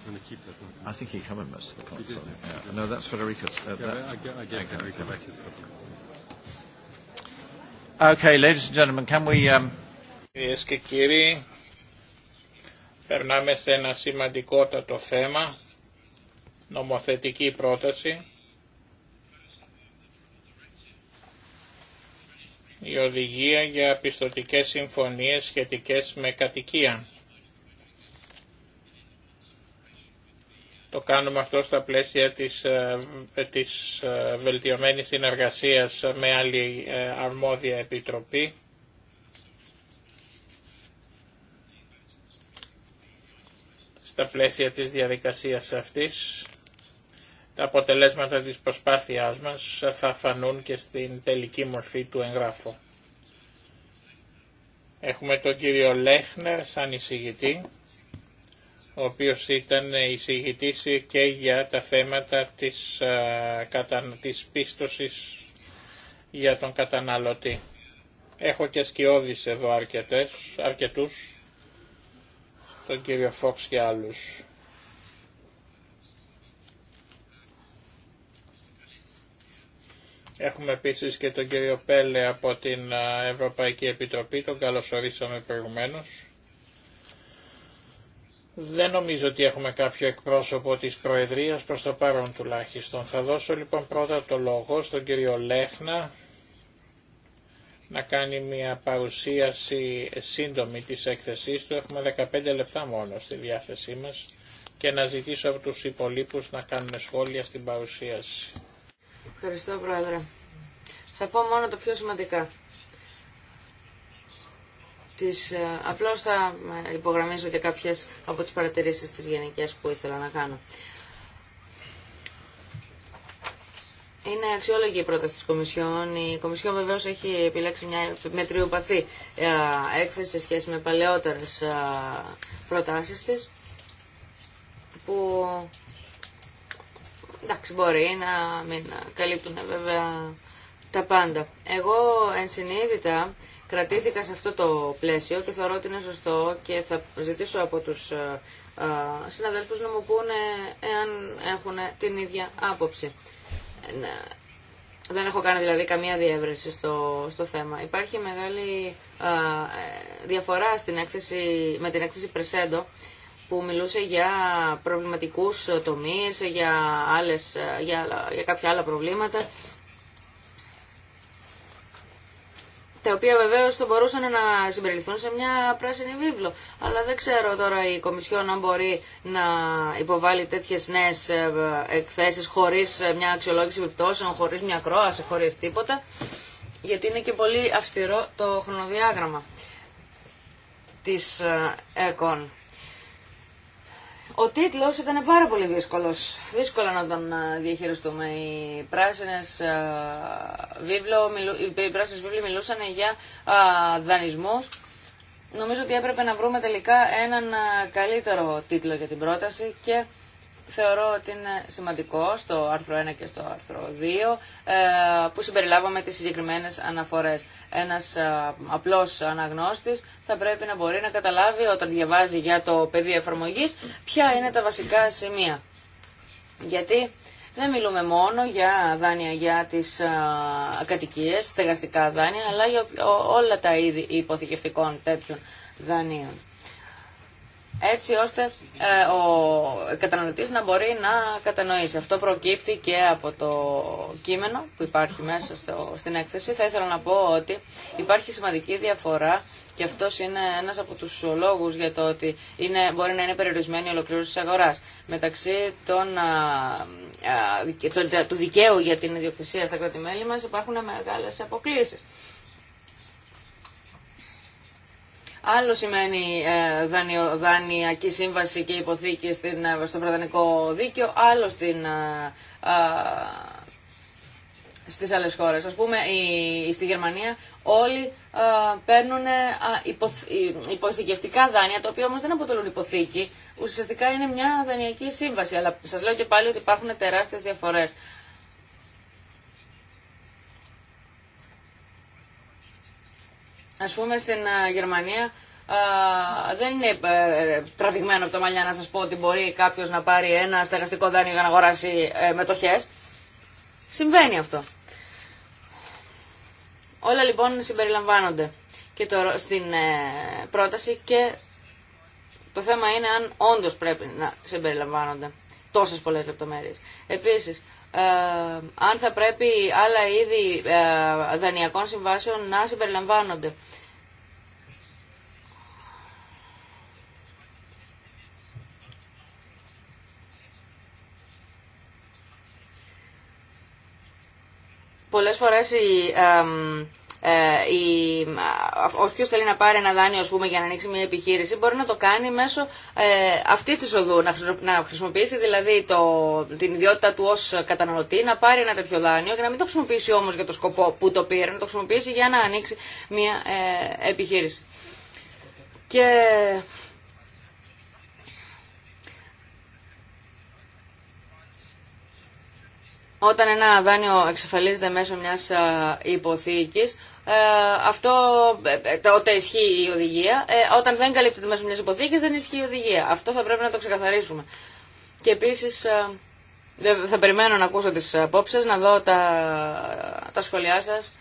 going to keep that. I think he covered most of the points. Yeah. No, that's Federica's. Uh, yeah, I, I gave Federica back his Okay, ladies and gentlemen, can we... Um... και κύριοι, περνάμε σε ένα σημαντικότατο θέμα, νομοθετική πρόταση. Η οδηγία για πιστοτικές συμφωνίες σχετικές με κατοικία. Το κάνουμε αυτό στα πλαίσια της, ε, της ε, βελτιωμένης συνεργασίας με άλλη ε, αρμόδια επιτροπή. Στα πλαίσια της διαδικασίας αυτής, τα αποτελέσματα της προσπάθειάς μας θα φανούν και στην τελική μορφή του εγγράφου. Έχουμε τον κύριο Λέχνερ σαν εισηγητή ο οποίος ήταν εισηγητής και για τα θέματα της, της πίστοσης για τον καταναλωτή. Έχω και σκιώδεις εδώ αρκετές, αρκετούς, τον κύριο Φόξ και άλλους. Έχουμε επίσης και τον κύριο Πέλε από την Ευρωπαϊκή Επιτροπή, τον καλωσορίσαμε προηγουμένως. Δεν νομίζω ότι έχουμε κάποιο εκπρόσωπο της Προεδρίας προς το παρόν τουλάχιστον. Θα δώσω λοιπόν πρώτα το λόγο στον κύριο Λέχνα να κάνει μια παρουσίαση σύντομη της έκθεσής του. Έχουμε 15 λεπτά μόνο στη διάθεσή μας και να ζητήσω από τους υπολείπους να κάνουν σχόλια στην παρουσίαση. Ευχαριστώ Πρόεδρε. Θα πω μόνο το πιο σημαντικά. Τις, ε, απλώς θα ε, υπογραμμίζω και κάποιες από τις παρατηρήσεις της γενικές που ήθελα να κάνω. Είναι αξιόλογη η πρόταση της Κομισιόν. Η Κομισιόν βεβαίως έχει επιλέξει μια μετριοπαθή ε, έκθεση σε σχέση με παλαιότερες προτάσεις της που εντάξει μπορεί να μην καλύπτουν βέβαια τα πάντα. Εγώ ενσυνείδητα κρατήθηκα σε αυτό το πλαίσιο και θεωρώ ότι είναι σωστό και θα ζητήσω από τους ε, ε, συναδέλφους να μου πούνε εάν έχουν την ίδια άποψη. Ναι. Δεν έχω κάνει δηλαδή καμία διεύρυνση στο, θέμα. Υπάρχει μεγάλη ε, διαφορά στην έκθεση, με την έκθεση Πρεσέντο που μιλούσε για προβληματικούς τομείς, για, άλλες, για, για κάποια άλλα προβλήματα τα οποία βεβαίως θα μπορούσαν να συμπεριληφθούν σε μια πράσινη βίβλο. Αλλά δεν ξέρω τώρα η Κομισιόν αν μπορεί να υποβάλει τέτοιες νέες ε, εκθέσεις χωρίς ε, μια αξιολόγηση επιπτώσεων, χωρίς μια κρόαση, χωρίς τίποτα, γιατί είναι και πολύ αυστηρό το χρονοδιάγραμμα της ε, ΕΚΟΝ. Ο τίτλος ήταν πάρα πολύ δύσκολος. Δύσκολο να τον ε, διαχειριστούμε. Οι πράσινες, ε, οι πράσινες βίβλοι μιλούσαν για ε, δανεισμούς. Νομίζω ότι έπρεπε να βρούμε τελικά έναν καλύτερο τίτλο για την πρόταση και θεωρώ ότι είναι σημαντικό στο άρθρο 1 και στο άρθρο 2 ε, που συμπεριλάβαμε τις συγκεκριμένες αναφορές. Ένας ε, απλός αναγνώστης θα πρέπει να μπορεί να καταλάβει όταν διαβάζει για το πεδίο εφαρμογής ποια είναι τα βασικά σημεία. Γιατί δεν μιλούμε μόνο για δάνεια για τις ε, κατοικίες, στεγαστικά δάνεια, αλλά για όλα τα είδη υποθηκευτικών τέτοιων δανείων έτσι ώστε ε, ο καταναλωτής να μπορεί να κατανοήσει. Αυτό προκύπτει και από το κείμενο που υπάρχει μέσα στο, στην έκθεση. Θα ήθελα να πω ότι υπάρχει σημαντική διαφορά και αυτό είναι ένα από του λόγου για το ότι είναι, μπορεί να είναι περιορισμένη η ολοκλήρωση τη αγορά. Μεταξύ των, του δικαίου για την ιδιοκτησία στα κράτη-μέλη μα υπάρχουν μεγάλε αποκλήσει. Άλλο σημαίνει ε, δανειακή σύμβαση και υποθήκη στην, ε, στο Βρετανικό δίκαιο, άλλο στην, ε, ε, στις άλλες χώρες. Ας πούμε, η, στη Γερμανία όλοι παίρνουν α, υποθ, υποθηκευτικά δάνεια, τα οποία όμως δεν αποτελούν υποθήκη. Ουσιαστικά είναι μια δανειακή σύμβαση, αλλά σας λέω και πάλι ότι υπάρχουν τεράστιες διαφορές. ας πούμε στην ε, Γερμανία ε, δεν είναι ε, τραβηγμένο από το μαλλιά να σας πω ότι μπορεί κάποιος να πάρει ένα στεγαστικό δάνειο για να αγοράσει μετοχές. Συμβαίνει αυτό. Όλα λοιπόν συμπεριλαμβάνονται και το, στην πρόταση και το θέμα είναι αν όντως πρέπει να συμπεριλαμβάνονται τόσες πολλές λεπτομέρειες. Επίσης, ε, αν θα πρέπει άλλα είδη ε, δανειακών συμβάσεων να συμπεριλαμβάνονται. Πολλές φορές οι ε, η, όποιο θέλει να πάρει ένα δάνειο πούμε, για να ανοίξει μια επιχείρηση μπορεί να το κάνει μέσω ε, αυτή τη οδού. Να, χρησιμοποιήσει δηλαδή το, την ιδιότητα του ω καταναλωτή να πάρει ένα τέτοιο δάνειο και να μην το χρησιμοποιήσει όμω για το σκοπό που το πήρε, να το χρησιμοποιήσει για να ανοίξει μια ε, επιχείρηση. Και όταν ένα δάνειο εξαφαλίζεται μέσω μιας υποθήκης, ε, αυτό ε, ε, τότε ισχύει η οδηγία. όταν δεν καλύπτεται μέσω μιας υποθήκης δεν ισχύει η οδηγία. Αυτό θα πρέπει να το ξεκαθαρίσουμε. Και επίσης θα περιμένω να ακούσω τις απόψεις, να δω τα, τα σχόλιά σας.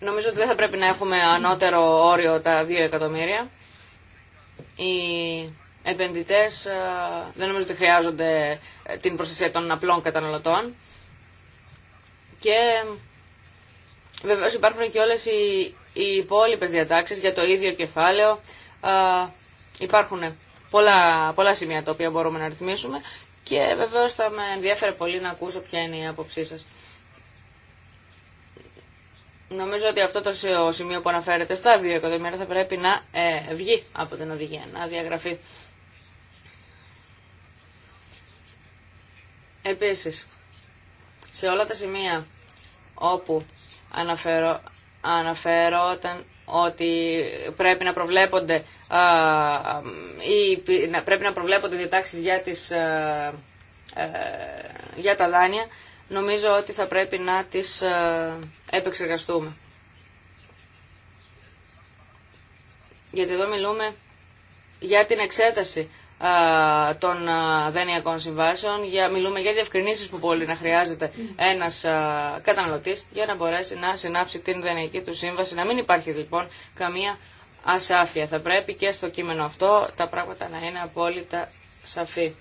Νομίζω ότι δεν θα πρέπει να έχουμε ανώτερο όριο τα 2 εκατομμύρια επενδυτές ε, δεν νομίζω ότι χρειάζονται ε, την προστασία των απλών καταναλωτών. Και βεβαίω υπάρχουν και όλε οι, οι υπόλοιπες διατάξεις για το ίδιο κεφάλαιο. Ε, υπάρχουν πολλά, πολλά σημεία τα οποία μπορούμε να ρυθμίσουμε και βεβαίω θα με ενδιαφέρε πολύ να ακούσω ποια είναι η άποψή σας. Νομίζω ότι αυτό το σημείο που αναφέρεται στα δύο εκατομμύρια θα πρέπει να ε, βγει από την οδηγία, να διαγραφεί. Επίσης, σε όλα τα σημεία όπου αναφέρω, ότι πρέπει να προβλέπονται, α, ή, να, πρέπει να προβλέπονται διατάξεις για, τις, ε, για τα δάνεια, νομίζω ότι θα πρέπει να τις επεξεργαστούμε. Γιατί εδώ μιλούμε για την εξέταση των δανειακών συμβάσεων. Για, μιλούμε για διευκρινήσεις που μπορεί να χρειάζεται ένας καταναλωτής για να μπορέσει να συνάψει την δανειακή του σύμβαση. Να μην υπάρχει λοιπόν καμία ασάφεια. Θα πρέπει και στο κείμενο αυτό τα πράγματα να είναι απόλυτα σαφή.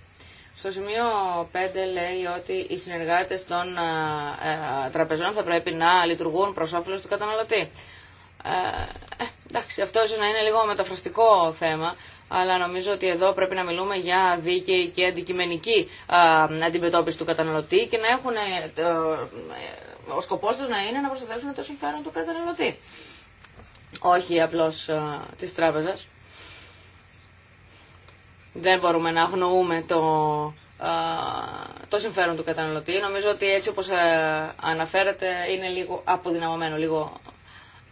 Στο σημείο 5 λέει ότι οι συνεργάτες των ε, τραπεζών θα πρέπει να λειτουργούν προς όφελος του καταναλωτή. Ε, ε εντάξει, αυτό ίσως να είναι λίγο μεταφραστικό θέμα, αλλά νομίζω ότι εδώ πρέπει να μιλούμε για δίκαιη και αντικειμενική αντιμετώπιση του καταναλωτή και να έχουν, ε, ε, ο σκοπός τους να είναι να προστατεύσουν το συμφέρον του καταναλωτή. Όχι απλώς της τράπεζας. Δεν μπορούμε να αγνοούμε το, το συμφέρον του καταναλωτή. Νομίζω ότι έτσι όπως ε, αναφέρεται είναι λίγο αποδυναμωμένο, λίγο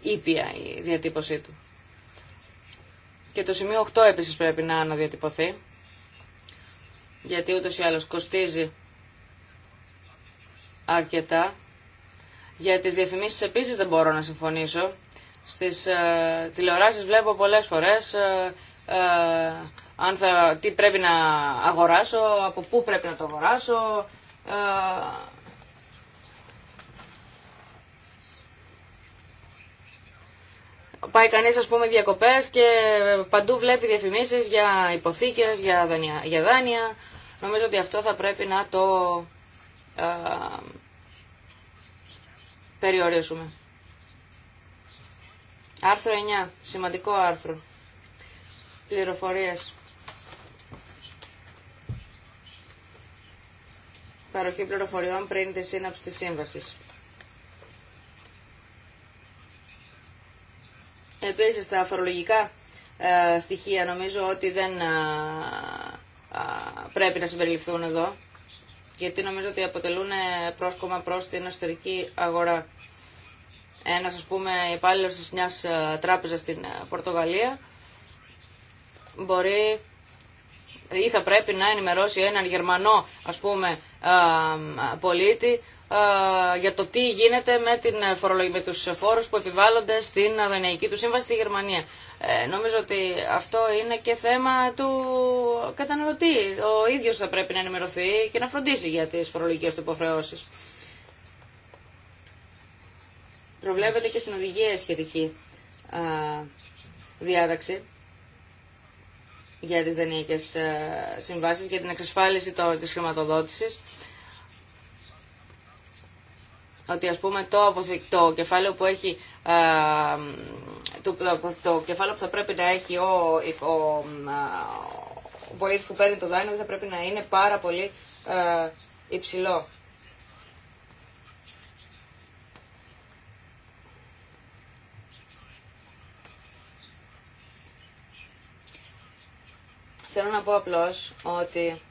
ήπια η διατύπωσή του. Και το σημείο 8 επίσης πρέπει να αναδιατυπωθεί, γιατί ούτως ή άλλως κοστίζει αρκετά. Για τις διαφημίσεις επίσης δεν μπορώ να συμφωνήσω. Στις ε, βλέπω πολλές φορές ε, ε, αν θα, τι πρέπει να αγοράσω, από πού πρέπει να το αγοράσω, ε, πάει κανείς ας πούμε διακοπές και παντού βλέπει διαφημίσεις για υποθήκες, για δάνεια. Για δάνεια. Νομίζω ότι αυτό θα πρέπει να το α, περιορίσουμε. Άρθρο 9. Σημαντικό άρθρο. Πληροφορίες. Παροχή πληροφοριών πριν τη σύναψη της σύμβασης. Επίσης τα φορολογικά ε, στοιχεία νομίζω ότι δεν ε, ε, πρέπει να συμπεριληφθούν εδώ γιατί νομίζω ότι αποτελούν πρόσκομα προς την εσωτερική αγορά. Ένα ας πούμε υπάλληλο της μιας τράπεζας στην Πορτογαλία μπορεί ή θα πρέπει να ενημερώσει έναν Γερμανό ας πούμε πολίτη για το τι γίνεται με, την με τους φόρους που επιβάλλονται στην δανειακή του σύμβαση στη Γερμανία. Ε, νομίζω ότι αυτό είναι και θέμα του καταναλωτή. Ο ίδιος θα πρέπει να ενημερωθεί και να φροντίσει για τις φορολογικές του υποχρεώσεις. Προβλέπεται και στην οδηγία σχετική α, διάταξη για τις δανειακές ε, συμβάσεις, για την εξασφάλιση το, της χρηματοδότησης ότι ας πούμε το, το κεφάλαιο που έχει το, το, το, κεφάλαιο που θα πρέπει να έχει ο, ο, ο πολίτης που παίρνει το δάνειο θα πρέπει να είναι πάρα πολύ υψηλό. Θέλω να πω απλώς ότι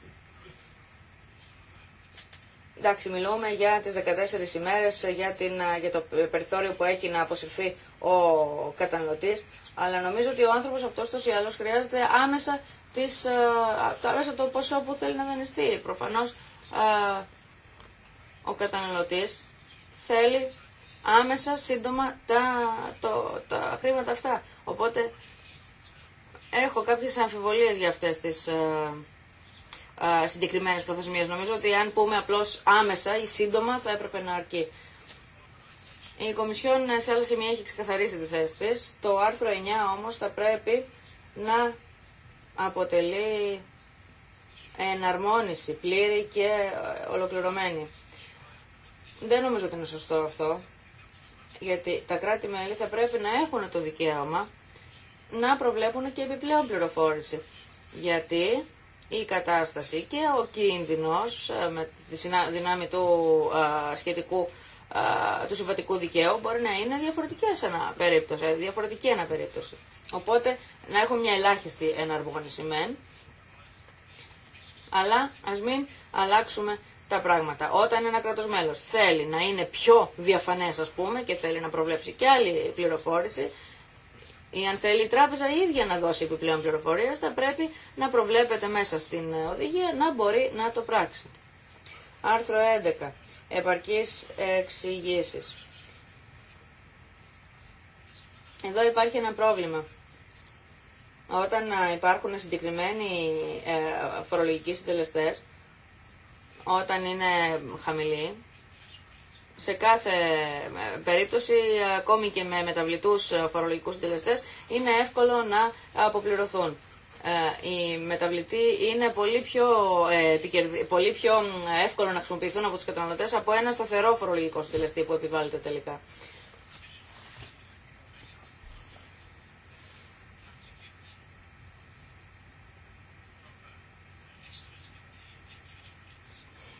Εντάξει, μιλούμε για τις 14 ημέρες, για, για το περιθώριο που έχει να αποσυρθεί ο καταναλωτή, αλλά νομίζω ότι ο άνθρωπος αυτός ή χρειάζεται άμεσα, τις, άμεσα το ποσό που θέλει να δανειστεί. Προφανώς ο καταναλωτή θέλει άμεσα, σύντομα, τα, το, τα χρήματα αυτά. Οπότε έχω κάποιες αμφιβολίες για αυτές τις συγκεκριμένε προθεσμίε. Νομίζω ότι αν πούμε απλώ άμεσα ή σύντομα θα έπρεπε να αρκεί. Η Κομισιόν ε, σε άλλα σημεία έχει ξεκαθαρίσει τη θέση τη. Το άρθρο 9 όμω θα πρέπει να αποτελεί εναρμόνιση πλήρη και ε, ολοκληρωμένη. Δεν νομίζω ότι είναι σωστό αυτό, γιατί τα κράτη-μέλη θα πρέπει να έχουν το δικαίωμα να προβλέπουν και επιπλέον πληροφόρηση. Γιατί η κατάσταση και ο κίνδυνος ε, με τη δύναμη του ε, σχετικού ε, του συμβατικού δικαίου μπορεί να είναι διαφορετική ένα περίπτωση, διαφορετική ένα περίπτωση. Οπότε να έχουμε μια ελάχιστη εναρμόνιση μεν, αλλά ας μην αλλάξουμε τα πράγματα. Όταν ένα κράτος μέλος θέλει να είναι πιο διαφανές ας πούμε και θέλει να προβλέψει και άλλη πληροφόρηση, ή αν θέλει η τράπεζα η ίδια να δώσει επιπλέον πληροφορίες, θα πρέπει να προβλέπεται μέσα στην οδηγία να μπορεί να το πράξει. Άρθρο 11. Επαρκείς εξηγήσει. Εδώ υπάρχει ένα πρόβλημα. Όταν υπάρχουν συγκεκριμένοι ε, φορολογικοί συντελεστές, όταν είναι χαμηλοί, σε κάθε ε, περίπτωση, ακόμη και με μεταβλητούς ε, φορολογικούς συντελεστές, είναι εύκολο να αποπληρωθούν. Ε, οι μεταβλητοί είναι πολύ πιο, πολύ πιο εύκολο να χρησιμοποιηθούν από τους καταναλωτές από ένα σταθερό φορολογικό συντελεστή που επιβάλλεται τελικά.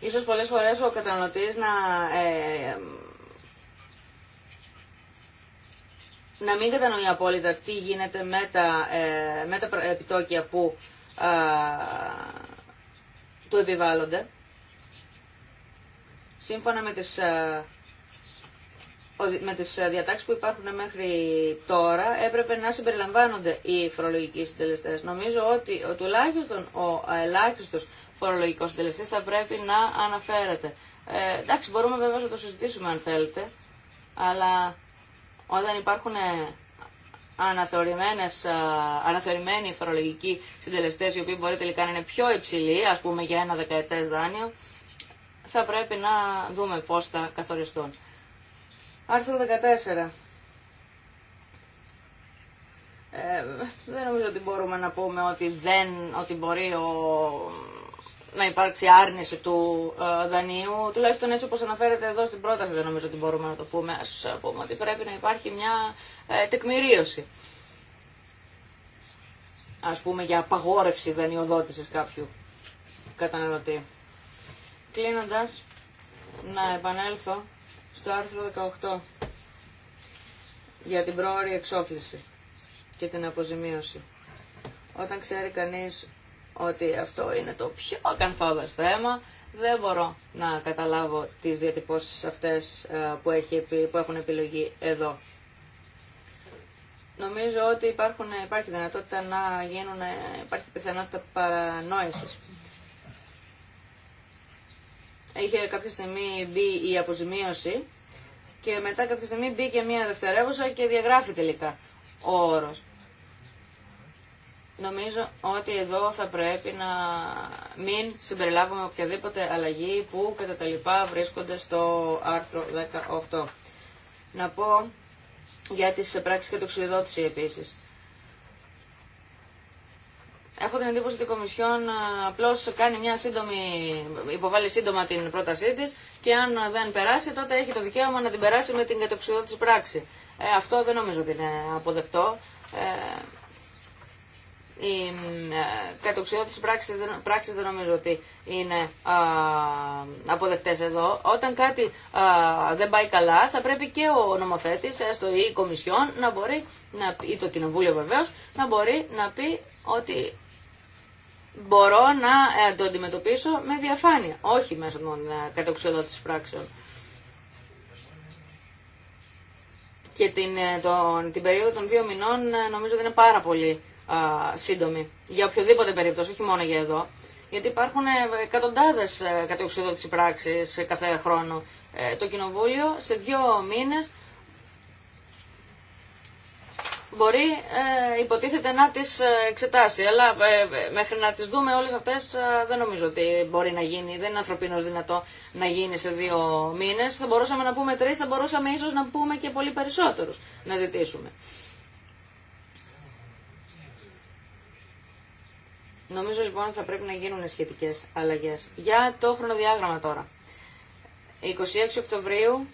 Ίσως πολλές φορές ο καταναλωτής να, ε, να μην κατανοεί απόλυτα τι γίνεται με τα, ε, επιτόκια που ε, του επιβάλλονται. Σύμφωνα με τις ε, με τις διατάξεις που υπάρχουν μέχρι τώρα έπρεπε να συμπεριλαμβάνονται οι φορολογικοί συντελεστές. Νομίζω ότι τουλάχιστον ο ελάχιστος Φορολογικό συντελεστή θα πρέπει να αναφέρεται. Ε, εντάξει, μπορούμε βέβαια να το συζητήσουμε αν θέλετε, αλλά όταν υπάρχουν ε, αναθεωρημένες, αναθεωρημένοι φορολογικοί συντελεστές, οι οποίοι μπορεί τελικά να είναι πιο υψηλοί, ας πούμε για ένα δεκαετές δάνειο, θα πρέπει να δούμε πώς θα καθοριστούν. Άρθρο 14. Ε, δεν νομίζω ότι μπορούμε να πούμε ότι, δεν, ότι μπορεί ο να υπάρξει άρνηση του ε, δανείου, τουλάχιστον έτσι όπως αναφέρεται εδώ στην πρόταση, δεν νομίζω ότι μπορούμε να το πούμε, ας ε, πούμε ότι πρέπει να υπάρχει μια ε, τεκμηρίωση. Ας πούμε για απαγόρευση δανειοδότησης κάποιου καταναλωτή. Κλείνοντας, να επανέλθω στο άρθρο 18 για την πρόορη εξόφληση και την αποζημίωση. Όταν ξέρει κανείς ότι αυτό είναι το πιο ακαθόδες θέμα. Δεν μπορώ να καταλάβω τις διατυπώσεις αυτές ε, που, έχει, που έχουν επιλογή εδώ. Νομίζω ότι υπάρχουν, υπάρχει δυνατότητα να γίνουν, ε, υπάρχει πιθανότητα παρανόησης. Είχε κάποια στιγμή μπει η αποζημίωση και μετά κάποια στιγμή μπήκε μια δευτερεύουσα και διαγράφει τελικά ο όρος. Νομίζω ότι εδώ θα πρέπει να μην συμπεριλάβουμε οποιαδήποτε αλλαγή που κατά τα λοιπά βρίσκονται στο άρθρο 18. Να πω για τις πράξεις και το επίσης. Έχω την εντύπωση ότι η Κομισιόν ε, απλώ κάνει μια σύντομη, υποβάλλει σύντομα την πρότασή τη και αν δεν περάσει, τότε έχει το δικαίωμα να την περάσει με την κατεξουδότηση πράξη. Ε, αυτό δεν νομίζω ότι είναι αποδεκτό. Ε, η ε, της πράξης, δεν νομίζω ότι είναι α, αποδεκτές εδώ. Όταν κάτι δεν πάει καλά θα πρέπει και ο νομοθέτης, ε, η Κομισιόν, να μπορεί, να, ή το Κοινοβούλιο βεβαίως, να μπορεί να πει ότι μπορώ να ε, το αντιμετωπίσω με διαφάνεια, όχι μέσω των κατοξιότητας πράξεων. Και την, την περίοδο των δύο μηνών νομίζω ότι είναι πάρα πολύ σύντομη. Για οποιοδήποτε περίπτωση, όχι μόνο για εδώ. Γιατί υπάρχουν ε, εκατοντάδε ε, κατεξοδότηση πράξη ε, κάθε χρόνο. Το Κοινοβούλιο σε δύο μήνε μπορεί ε, υποτίθεται να τις εξετάσει, αλλά μέχρι να τις δούμε όλες αυτές δεν νομίζω ότι μπορεί να γίνει, δεν είναι ανθρωπίνως δυνατό να γίνει σε δύο μήνες. Θα μπορούσαμε να πούμε τρεις, θα μπορούσαμε ίσως να πούμε και πολύ περισσότερους να ζητήσουμε. Νομίζω λοιπόν ότι θα πρέπει να γίνουν σχετικέ αλλαγέ. Για το χρονοδιάγραμμα τώρα. 26 Οκτωβρίου,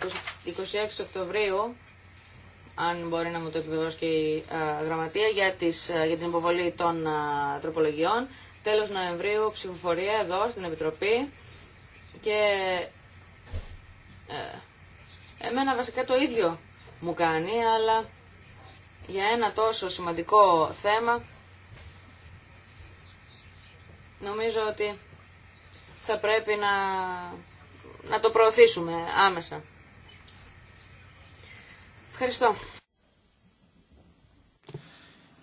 26 Οκτωβρίου, αν μπορεί να μου το επιβεβαιώσει και η γραμματεία, για, τις, για την υποβολή των τροπολογιών. Τέλος Νοεμβρίου ψηφοφορία εδώ στην Επιτροπή και ε, εμένα βασικά το ίδιο μου κάνει, αλλά για ένα τόσο σημαντικό θέμα Νομίζω ότι θα πρέπει να, να το προωθήσουμε άμεσα. Ευχαριστώ.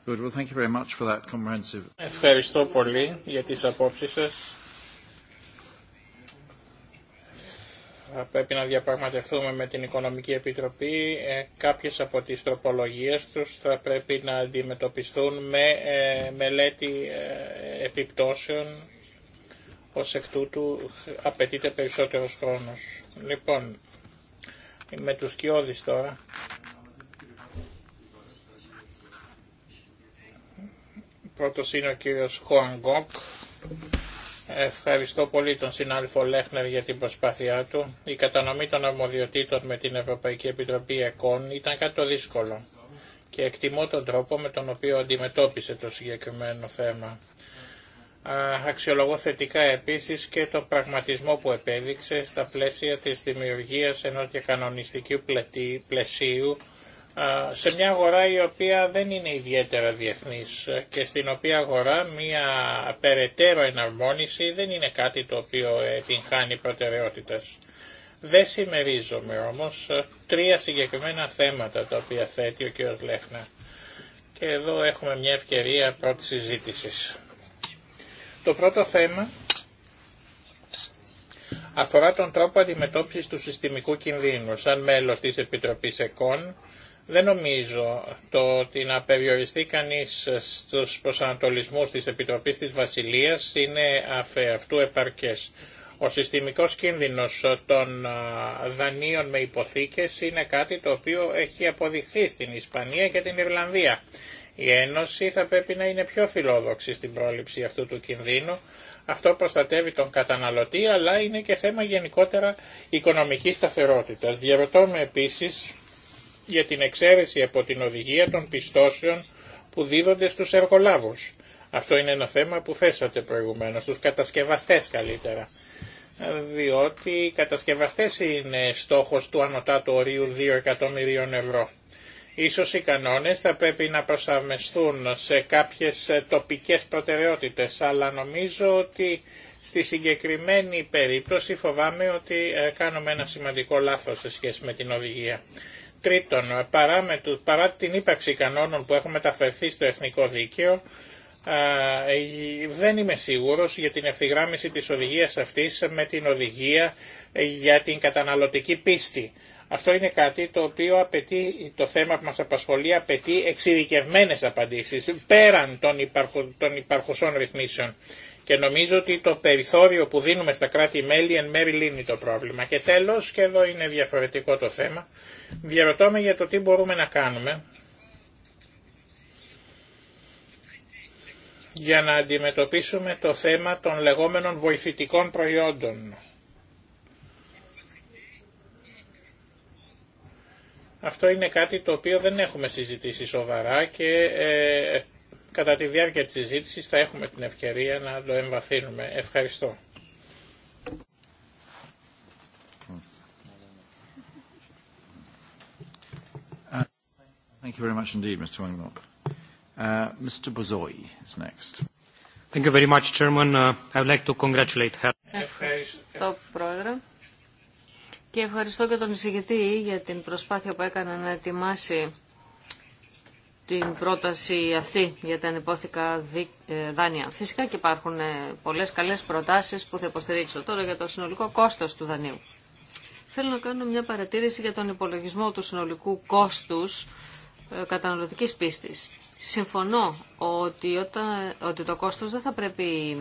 Good. Well, thank you very much for that comprehensive... Ευχαριστώ πολύ για τις απόψεις σας. θα πρέπει να διαπραγματευτούμε με την Οικονομική Επιτροπή. Ε, κάποιες από τις τροπολογίες τους θα πρέπει να αντιμετωπιστούν με ε, μελέτη ε, επιπτώσεων. Ως εκ τούτου απαιτείται περισσότερος χρόνος. Λοιπόν, με τους κοιόδης τώρα. Πρώτος είναι ο κύριος Χουανγκόκ. Ευχαριστώ πολύ τον συνάδελφο Λέχνερ για την προσπάθειά του. Η κατανομή των αρμοδιοτήτων με την Ευρωπαϊκή Επιτροπή ΕΚΟΝ ήταν κάτι δύσκολο και εκτιμώ τον τρόπο με τον οποίο αντιμετώπισε το συγκεκριμένο θέμα. Αξιολογώ θετικά επίσης και τον πραγματισμό που επέδειξε στα πλαίσια της δημιουργίας ενός διακανονιστικού πλαισίου σε μια αγορά η οποία δεν είναι ιδιαίτερα διεθνής και στην οποία αγορά μια περαιτέρω εναρμόνιση δεν είναι κάτι το οποίο ε, την χάνει προτεραιότητας. Δεν συμμερίζομαι όμως ε, τρία συγκεκριμένα θέματα τα οποία θέτει ο κ. Λέχνα. Και εδώ έχουμε μια ευκαιρία πρώτη συζήτηση. Το πρώτο θέμα αφορά τον τρόπο αντιμετώπισης του συστημικού κινδύνου. Σαν μέλος της Επιτροπής ΕΚΟΝ δεν νομίζω το ότι να περιοριστεί κανείς στους προσανατολισμούς της Επιτροπής της Βασιλείας είναι αυτού επαρκές. Ο συστημικός κίνδυνος των δανείων με υποθήκες είναι κάτι το οποίο έχει αποδειχθεί στην Ισπανία και την Ιρλανδία. Η Ένωση θα πρέπει να είναι πιο φιλόδοξη στην πρόληψη αυτού του κινδύνου. Αυτό προστατεύει τον καταναλωτή αλλά είναι και θέμα γενικότερα οικονομικής σταθερότητας. Διαρωτώ με για την εξαίρεση από την οδηγία των πιστώσεων που δίδονται στους εργολάβους. Αυτό είναι ένα θέμα που θέσατε προηγουμένως, στους κατασκευαστές καλύτερα. Διότι οι κατασκευαστές είναι στόχος του ανωτάτου ορίου 2 εκατομμυρίων ευρώ. Ίσως οι κανόνες θα πρέπει να προσαρμεστούν σε κάποιες τοπικές προτεραιότητες, αλλά νομίζω ότι στη συγκεκριμένη περίπτωση φοβάμαι ότι ε, κάνουμε ένα σημαντικό λάθος σε σχέση με την οδηγία. Τρίτον, παρά την ύπαρξη κανόνων που έχουν μεταφερθεί στο εθνικό δίκαιο, ε, δεν είμαι σίγουρος για την ευθυγράμμιση της οδηγίας αυτής με την οδηγία ε, για την καταναλωτική πίστη. Αυτό είναι κάτι το οποίο απαιτεί, το θέμα που μας απασχολεί απαιτεί εξειδικευμένες απαντήσεις πέραν των, των υπαρχουσών ρυθμίσεων. Και νομίζω ότι το περιθώριο που δίνουμε στα κράτη-μέλη εν μέρη λύνει το πρόβλημα. Και τέλος, και εδώ είναι διαφορετικό το θέμα, διαρωτώμε για το τι μπορούμε να κάνουμε για να αντιμετωπίσουμε το θέμα των λεγόμενων βοηθητικών προϊόντων. Αυτό είναι κάτι το οποίο δεν έχουμε συζητήσει σοβαρά και ε, Κατά τη διάρκεια της συζήτηση θα έχουμε την ευκαιρία να το εμβαθύνουμε. Ευχαριστώ. Uh, thank you very much indeed, Mr. Uh, Mr. Bozoi is next. Thank you very much, Chairman. Uh, I would like to congratulate her. Ευχαριστώ, Πρόεδρε. Και ευχαριστώ και τον εισηγητή για την προσπάθεια που έκανε να ετοιμάσει την πρόταση αυτή για τα ανεπόθηκα ε, δάνεια. Φυσικά και υπάρχουν ε, πολλές καλές προτάσεις που θα υποστηρίξω τώρα για το συνολικό κόστος του δανείου. Θέλω να κάνω μια παρατήρηση για τον υπολογισμό του συνολικού κόστους ε, καταναλωτικής πίστης. Συμφωνώ ότι, όταν, ότι το κόστος δεν θα πρέπει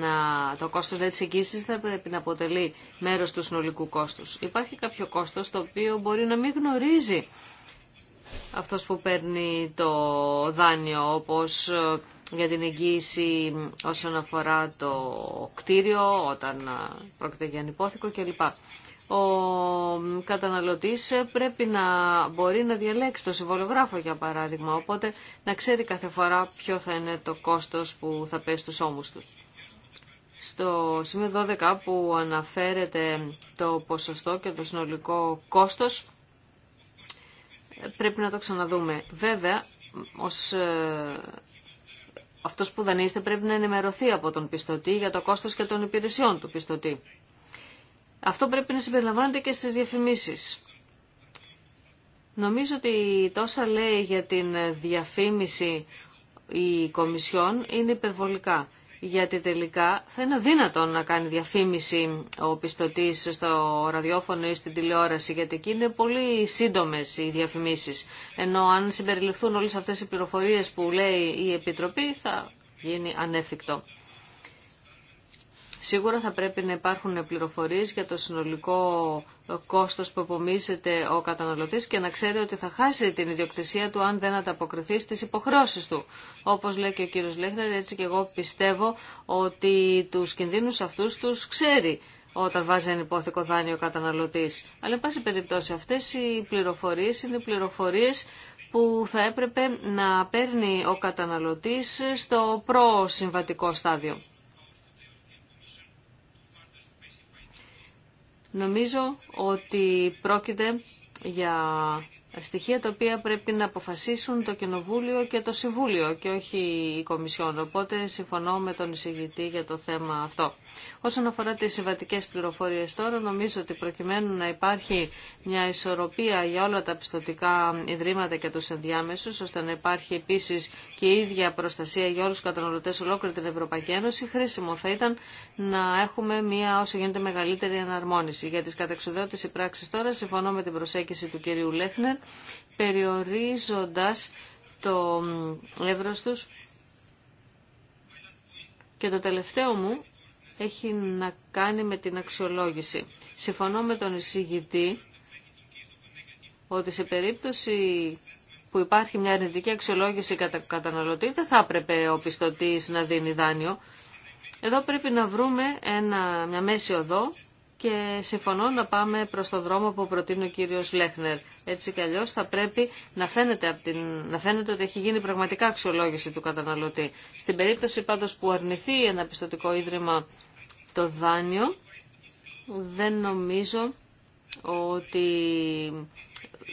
να, το κόστος της δεν θα πρέπει να αποτελεί μέρος του συνολικού κόστους. Υπάρχει κάποιο κόστος το οποίο μπορεί να μην γνωρίζει αυτός που παίρνει το δάνειο, όπως ε, για την εγγύηση όσον αφορά το κτίριο, όταν ε, πρόκειται για ανυπόθηκο κλπ. Ο καταναλωτής πρέπει να μπορεί να διαλέξει το συμβολογράφο για παράδειγμα, οπότε να ξέρει κάθε φορά ποιο θα είναι το κόστος που θα πέσει στους ώμους του. Στο σημείο 12 που αναφέρεται το ποσοστό και το συνολικό κόστος, πρέπει να το ξαναδούμε. Βέβαια, ως ε, αυτός που δανείστε πρέπει να ενημερωθεί από τον πιστωτή για το κόστος και των υπηρεσιών του πιστωτή. Αυτό πρέπει να συμπεριλαμβάνεται και στις διαφημίσεις. Νομίζω ότι τόσα λέει για την διαφήμιση η Κομισιόν είναι υπερβολικά γιατί τελικά θα είναι αδύνατο να κάνει διαφήμιση ο πιστωτής στο ραδιόφωνο ή στην τηλεόραση, γιατί εκεί είναι πολύ σύντομες οι διαφημίσεις. Ενώ αν συμπεριληφθούν όλες αυτές οι πληροφορίες που λέει η Επιτροπή θα γίνει ανέφικτο. Σίγουρα θα πρέπει να υπάρχουν πληροφορίες για το συνολικό κόστος που επομίζεται ο καταναλωτής και να ξέρει ότι θα χάσει την ιδιοκτησία του αν δεν ανταποκριθεί στις υποχρεώσεις του. Όπως λέει και ο κύριος Λέχνερ, έτσι και εγώ πιστεύω ότι τους κινδύνους αυτούς τους ξέρει όταν βάζει ένα υπόθηκο δάνειο ο καταναλωτής. Αλλά, εν πάση περιπτώσει, αυτές οι πληροφορίες είναι πληροφορίες που θα έπρεπε να παίρνει ο καταναλωτής στο προσυμβατικό στάδιο. Νομίζω ότι πρόκειται για στοιχεία τα οποία πρέπει να αποφασίσουν το Κοινοβούλιο και το Συμβούλιο και όχι η Κομισιόν. Οπότε συμφωνώ με τον εισηγητή για το θέμα αυτό. Όσον αφορά τις συμβατικές πληροφορίες τώρα, νομίζω ότι προκειμένου να υπάρχει μια ισορροπία για όλα τα πιστοτικά ιδρύματα και τους ενδιάμεσους, ώστε να υπάρχει επίσης και η ίδια προστασία για όλους τους καταναλωτές ολόκληρη την Ευρωπαϊκή Ένωση, χρήσιμο θα ήταν να έχουμε μια όσο γίνεται μεγαλύτερη εναρμόνιση. Για τις κατεξουδότητες πράξεις τώρα, συμφωνώ με την προσέγγιση του κυρίου Λέχνερ, περιορίζοντας το εύρος τους. Και το τελευταίο μου έχει να κάνει με την αξιολόγηση. Συμφωνώ με τον εισηγητή ότι σε περίπτωση που υπάρχει μια αρνητική αξιολόγηση κατά καταναλωτή, δεν θα έπρεπε ο πιστωτής να δίνει δάνειο. Εδώ πρέπει να βρούμε ένα, μια μέση οδό και συμφωνώ να πάμε προς το δρόμο που προτείνει ο κύριος Λέχνερ. Έτσι κι αλλιώς θα πρέπει να φαίνεται, από την... να φαίνεται ότι έχει γίνει πραγματικά αξιολόγηση του καταναλωτή. Στην περίπτωση πάντως που αρνηθεί ένα πιστοτικό ίδρυμα το δάνειο, δεν νομίζω ότι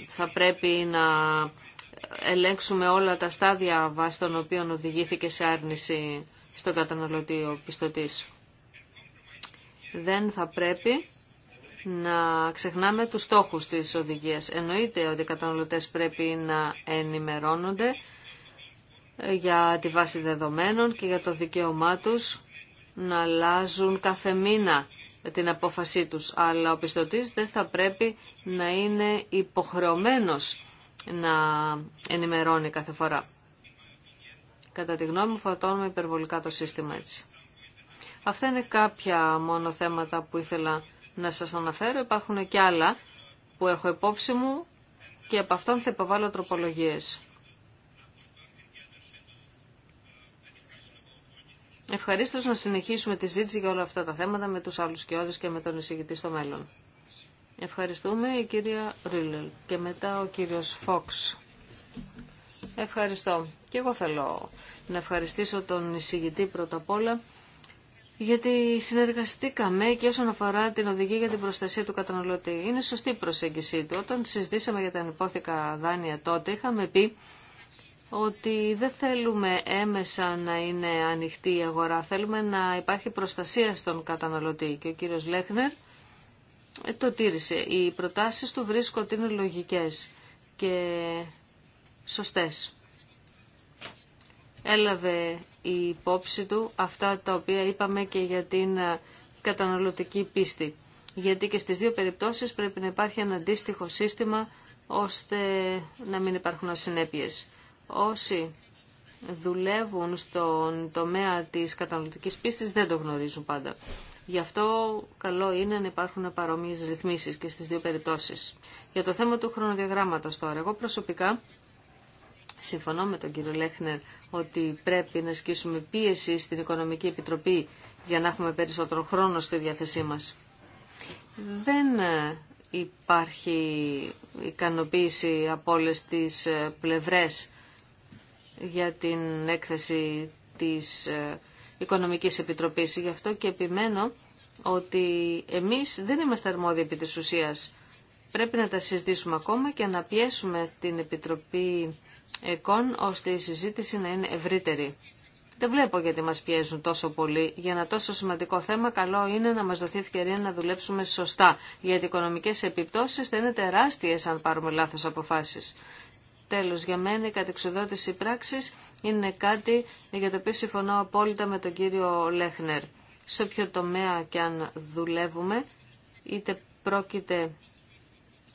θα πρέπει να ελέγξουμε όλα τα στάδια βάσει των οποίων οδηγήθηκε σε άρνηση στον καταναλωτή ο πιστοτής δεν θα πρέπει να ξεχνάμε τους στόχους της οδηγίας. Εννοείται ότι οι καταναλωτές πρέπει να ενημερώνονται για τη βάση δεδομένων και για το δικαίωμά τους να αλλάζουν κάθε μήνα την απόφασή τους. Αλλά ο πιστωτής δεν θα πρέπει να είναι υποχρεωμένος να ενημερώνει κάθε φορά. Κατά τη γνώμη μου φωτώνουμε υπερβολικά το σύστημα έτσι. Αυτά είναι κάποια μόνο θέματα που ήθελα να σας αναφέρω. Υπάρχουν και άλλα που έχω υπόψη μου και από αυτόν θα υποβάλω τροπολογίες. Ευχαρίστως να συνεχίσουμε τη ζήτηση για όλα αυτά τα θέματα με τους άλλους κοιόδες και με τον εισηγητή στο μέλλον. Ευχαριστούμε η κυρία Ρίλελ και μετά ο κύριος Φόξ. Ευχαριστώ. Και εγώ θέλω να ευχαριστήσω τον εισηγητή πρώτα απ' όλα γιατί συνεργαστήκαμε και όσον αφορά την οδηγία για την προστασία του καταναλωτή. Είναι σωστή η προσέγγιση του. Όταν συζητήσαμε για τα ανυπόθηκα δάνεια τότε, είχαμε πει ότι δεν θέλουμε έμεσα να είναι ανοιχτή η αγορά. Θέλουμε να υπάρχει προστασία στον καταναλωτή. Και ο κύριος Λέχνερ ε, το τήρησε. Οι προτάσεις του βρίσκω ότι είναι λογικές και σωστές. Έλαβε υπόψη του αυτά τα οποία είπαμε και για την ε, καταναλωτική πίστη. Γιατί και στις δύο περιπτώσεις πρέπει να υπάρχει ένα αντίστοιχο σύστημα ώστε να μην υπάρχουν ασυνέπειες. Όσοι δουλεύουν στον τομέα της καταναλωτικής πίστης δεν το γνωρίζουν πάντα. Γι' αυτό καλό είναι να υπάρχουν παρόμοιες ρυθμίσεις και στις δύο περιπτώσεις. Για το θέμα του χρονοδιαγράμματος τώρα, εγώ προσωπικά Συμφωνώ με τον κύριο Λέχνερ ότι πρέπει να ασκήσουμε πίεση στην Οικονομική Επιτροπή για να έχουμε περισσότερο χρόνο στη διάθεσή μας. Δεν ε, υπάρχει ικανοποίηση από όλε τις ε, πλευρές για την έκθεση της ε, Οικονομικής Επιτροπής. Γι' αυτό και επιμένω ότι εμείς δεν είμαστε αρμόδιοι επί της ουσίας. Πρέπει να τα συζητήσουμε ακόμα και να πιέσουμε την Επιτροπή ΕΚΟΝ ώστε η συζήτηση να είναι ευρύτερη. Δεν βλέπω γιατί μας πιέζουν τόσο πολύ. Για ένα τόσο σημαντικό θέμα καλό είναι να μας δοθεί ευκαιρία να δουλέψουμε σωστά, γιατί οι οικονομικές επιπτώσεις θα είναι τεράστιες αν πάρουμε λάθος αποφάσεις. Τέλος, για μένα η κατεξοδότηση πράξης είναι κάτι για το οποίο συμφωνώ απόλυτα με τον κύριο Λέχνερ. Σε όποιο τομέα και αν δουλεύουμε, είτε πρόκειται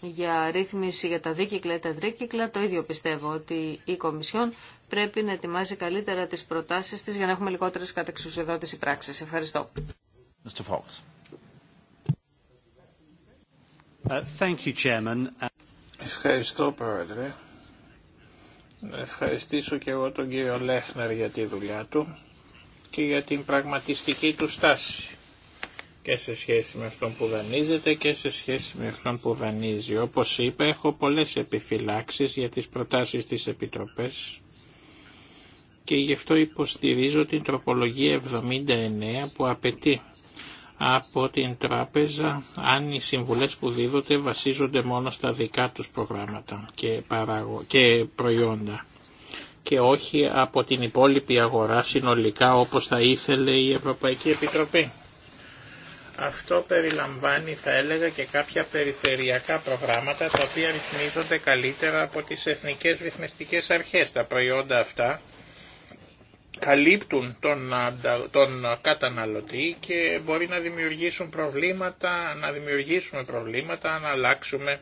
για ρύθμιση για τα δίκυκλα ή τα τρίκυκλα, το ίδιο πιστεύω ότι η Κομισιόν πρέπει να ετοιμάζει καλύτερα τις προτάσεις της για να έχουμε λιγότερες κατεξουσιοδότηση πράξεις. Ευχαριστώ. Mr. Fox. Uh, thank you, Chairman. Ευχαριστώ, Πρόεδρε. Να ευχαριστήσω και εγώ τον κύριο Λέχναρ για τη δουλειά του και για την πραγματιστική του στάση και σε σχέση με αυτόν που δανείζεται και σε σχέση με αυτόν που δανείζει. Όπως είπα έχω πολλές επιφυλάξεις για τις προτάσεις της Επιτροπής και γι' αυτό υποστηρίζω την τροπολογία 79 που απαιτεί από την τράπεζα αν οι συμβουλές που δίδονται βασίζονται μόνο στα δικά τους προγράμματα και, παράγω, και προϊόντα και όχι από την υπόλοιπη αγορά συνολικά όπως θα ήθελε η Ευρωπαϊκή Επιτροπή. Αυτό περιλαμβάνει θα έλεγα και κάποια περιφερειακά προγράμματα τα οποία ρυθμίζονται καλύτερα από τις εθνικές ρυθμιστικές αρχές. Τα προϊόντα αυτά καλύπτουν τον, τον καταναλωτή και μπορεί να δημιουργήσουν προβλήματα, να δημιουργήσουμε προβλήματα, να αλλάξουμε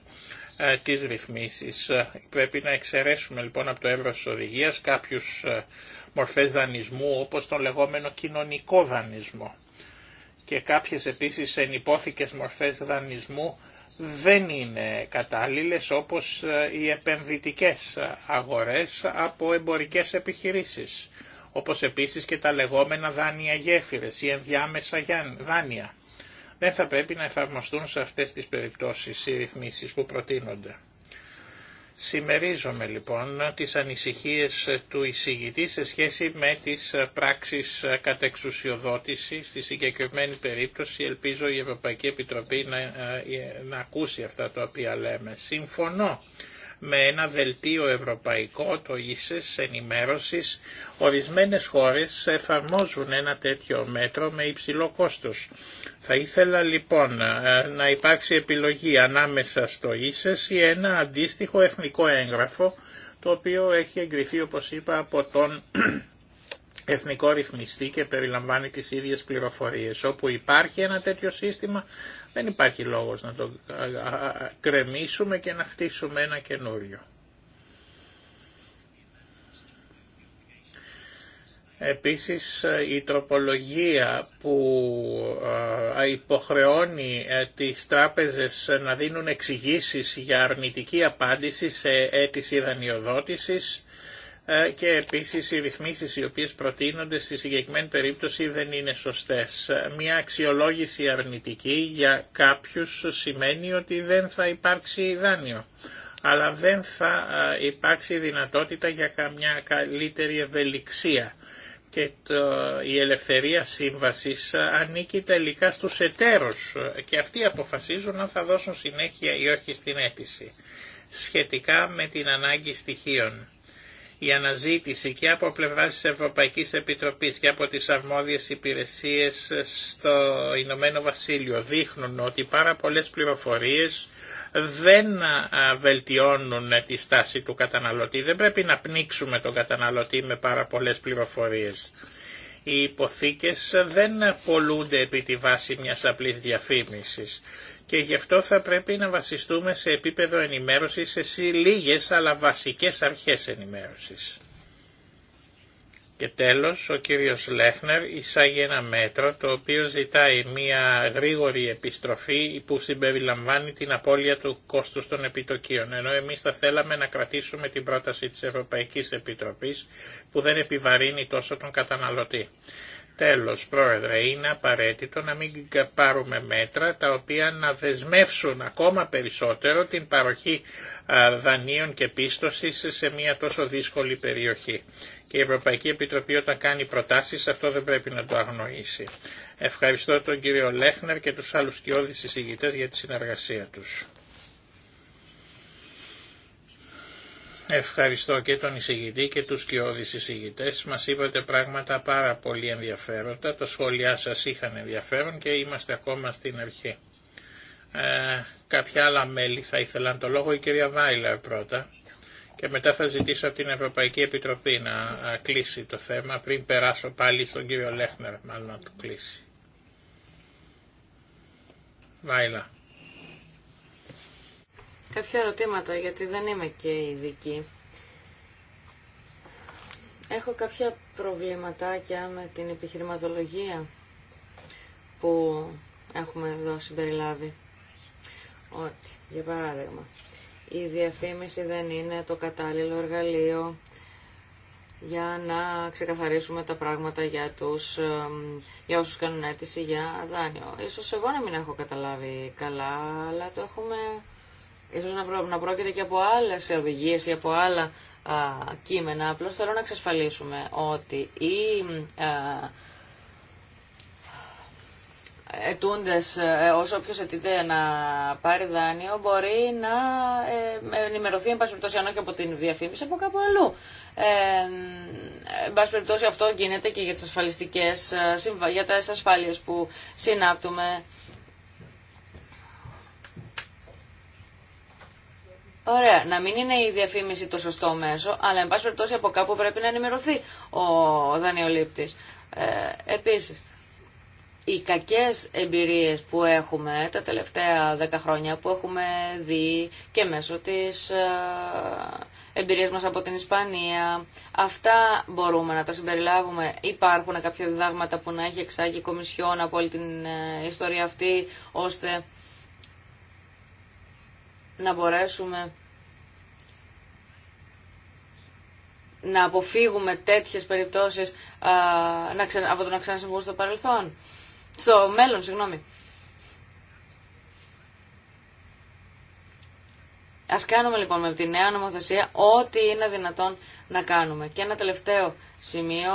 ε, τις ρυθμίσεις. Ε, πρέπει να εξαιρέσουμε λοιπόν από το της οδηγίας κάποιους ε, μορφές δανεισμού όπως τον λεγόμενο κοινωνικό δανεισμό και κάποιες επίσης ενυπόθηκες μορφές δανεισμού δεν είναι κατάλληλες όπως ε, οι επενδυτικές αγορές από εμπορικές επιχειρήσεις, όπως επίσης και τα λεγόμενα δάνεια γέφυρες ή ενδιάμεσα δάνεια. Δεν θα πρέπει να εφαρμοστούν σε αυτές τις περιπτώσεις οι ρυθμίσεις που προτείνονται. Σημερίζομαι λοιπόν τις ανησυχίες του εισηγητή σε σχέση με τις πράξεις κατεξουσιοδότηση. Στη συγκεκριμένη περίπτωση ελπίζω η Ευρωπαϊκή Επιτροπή να, ε, να ακούσει αυτά τα οποία λέμε. Συμφωνώ με ένα δελτίο ευρωπαϊκό το ίσες ενημέρωσης. Ορισμένες χώρες εφαρμόζουν ένα τέτοιο μέτρο με υψηλό κόστος. Θα ήθελα λοιπόν ε, να υπάρξει επιλογή ανάμεσα στο ίσες ή ένα αντίστοιχο εθνικό έγγραφο το οποίο έχει εγκριθεί όπως είπα από τον εθνικό ρυθμιστή και περιλαμβάνει τις ίδιες πληροφορίες. Όπου υπάρχει ένα τέτοιο σύστημα δεν υπάρχει λόγος να το κρεμίσουμε και να χτίσουμε ένα καινούριο. Επίσης η τροπολογία που υποχρεώνει ε, τις τράπεζες να δίνουν εξηγήσει για αρνητική απάντηση σε αίτηση δανειοδότησης ε, και επίσης οι ρυθμίσεις οι οποίες προτείνονται στη συγκεκριμένη περίπτωση δεν είναι σωστές. Ε, μια αξιολόγηση αρνητική για κάποιους σημαίνει ότι δεν θα υπάρξει δάνειο, αλλά δεν θα ε, υπάρξει δυνατότητα για καμιά καλύτερη ευελιξία και η ελευθερία σύμβασης ανήκει τελικά στους εταίρους και αυτοί αποφασίζουν αν θα δώσουν συνέχεια ή όχι στην αίτηση σχετικά με την ανάγκη στοιχείων η αναζήτηση και από πλευρά της Ευρωπαϊκής Επιτροπής και από τις αρμόδιες υπηρεσίες στο Ηνωμένο Βασίλειο δείχνουν ότι πάρα πολλές πληροφορίες δεν βελτιώνουν ε, τη στάση του καταναλωτή. Δεν πρέπει να πνίξουμε τον καταναλωτή με πάρα πολλές πληροφορίες. Οι υποθήκες δεν πολλούνται επί τη βάση μιας απλής διαφήμισης και γι' αυτό θα πρέπει να βασιστούμε σε επίπεδο ενημέρωσης, σε λίγες αλλά βασικές αρχές ενημέρωσης. Και τέλος, ο κύριος Λέχνερ εισάγει ένα μέτρο το οποίο ζητάει μια γρήγορη επιστροφή που συμπεριλαμβάνει την απώλεια του κόστους των επιτοκίων, ενώ εμείς θα θέλαμε να κρατήσουμε την πρόταση της Ευρωπαϊκής Επιτροπής που δεν επιβαρύνει τόσο τον καταναλωτή. Τέλος, Πρόεδρε, είναι απαραίτητο να μην πάρουμε μέτρα τα οποία να δεσμεύσουν ακόμα περισσότερο την παροχή δανείων και πίστοσης σε μια τόσο δύσκολη περιοχή. Και η Ευρωπαϊκή Επιτροπή όταν κάνει προτάσεις αυτό δεν πρέπει να το αγνοήσει. Ευχαριστώ τον κύριο Λέχνερ και τους άλλους κοιόδης εισηγητές για τη συνεργασία τους. Ευχαριστώ και τον εισηγητή και τους κοιόδης εισηγητές. Μας είπατε πράγματα πάρα πολύ ενδιαφέροντα. Τα σχόλιά σας είχαν ενδιαφέρον και είμαστε ακόμα στην αρχή. Ε, κάποια άλλα μέλη θα ήθελαν το λόγο, η κυρία Βάιλερ πρώτα. Και μετά θα ζητήσω από την Ευρωπαϊκή Επιτροπή να κλείσει το θέμα πριν περάσω πάλι στον κύριο Λέχνερ μάλλον να το κλείσει. Βάιλα κάποια ερωτήματα, γιατί δεν είμαι και ειδική. Έχω κάποια προβληματάκια με την επιχειρηματολογία που έχουμε εδώ συμπεριλάβει. Ότι, για παράδειγμα, η διαφήμιση δεν είναι το κατάλληλο εργαλείο για να ξεκαθαρίσουμε τα πράγματα για, τους, για όσους κάνουν αίτηση για δάνειο. Ίσως εγώ να μην έχω καταλάβει καλά, αλλά το έχουμε ίσως να, πρόκειται και από άλλες οδηγίες ή από άλλα κείμενα. Απλώς θέλω να εξασφαλίσουμε ότι οι ετούντε ε, όσο όποιος αιτείται να πάρει δάνειο, μπορεί να ε, ενημερωθεί, εν πάση περιπτώσει, αν όχι από την διαφήμιση, από κάπου αλλού. Ε, εν πάση περιπτώσει, αυτό γίνεται και για τις ασφαλιστικές, ε, για τα ασφάλειες που συνάπτουμε Ωραία, να μην είναι η διαφήμιση το σωστό μέσο, αλλά εν πάση περιπτώσει από κάπου πρέπει να ενημερωθεί ο δανειολήπτη. Ε, επίσης, οι κακέ εμπειρίε που έχουμε τα τελευταία δέκα χρόνια που έχουμε δει και μέσω της ε, εμπειρία μα από την Ισπανία, αυτά μπορούμε να τα συμπεριλάβουμε. Υπάρχουν κάποια διδάγματα που να έχει εξάγει η Κομισιόν από όλη την ε, ιστορία αυτή, ώστε να μπορέσουμε να αποφύγουμε τέτοιες περιπτώσεις από το να ξανασυμβούν στο παρελθόν. Στο μέλλον, συγγνώμη. Α κάνουμε λοιπόν με τη νέα νομοθεσία ό,τι είναι δυνατόν να κάνουμε. Και ένα τελευταίο σημείο,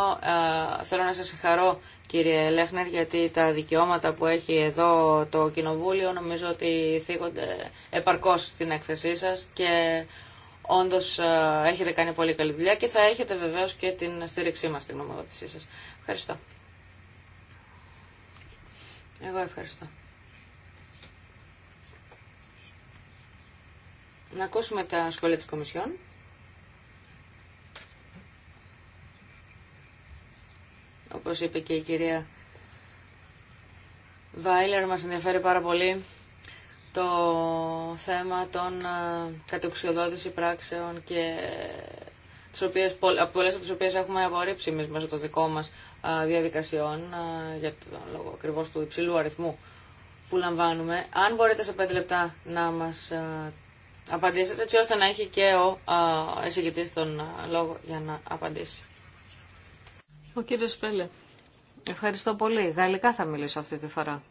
ε, θέλω να σα συγχαρώ κύριε Λέχνερ, γιατί τα δικαιώματα που έχει εδώ το Κοινοβούλιο νομίζω ότι θίγονται επαρκώς στην έκθεσή σας και όντως ε, έχετε κάνει πολύ καλή δουλειά και θα έχετε βεβαίω και την στήριξή μα στην νομοθεσία σα. Ευχαριστώ. Εγώ ευχαριστώ. Να ακούσουμε τα σχόλια της Κομισιόν. Όπως είπε και η κυρία Βάιλερ, μας ενδιαφέρει πάρα πολύ το θέμα των κατεξιοδότηση πράξεων και τις οποίες, πολλές από τις οποίες έχουμε απορρίψει εμείς μέσω των δικών μας διαδικασιών για τον λόγο ακριβώς του υψηλού αριθμού που λαμβάνουμε. Αν μπορείτε σε πέντε λεπτά να μας απαντήσετε, έτσι ώστε να έχει και ο εισηγητής τον λόγο για να απαντήσει. Ο κύριος Πέλε, ευχαριστώ πολύ. Γαλλικά θα μιλήσω αυτή τη φορά.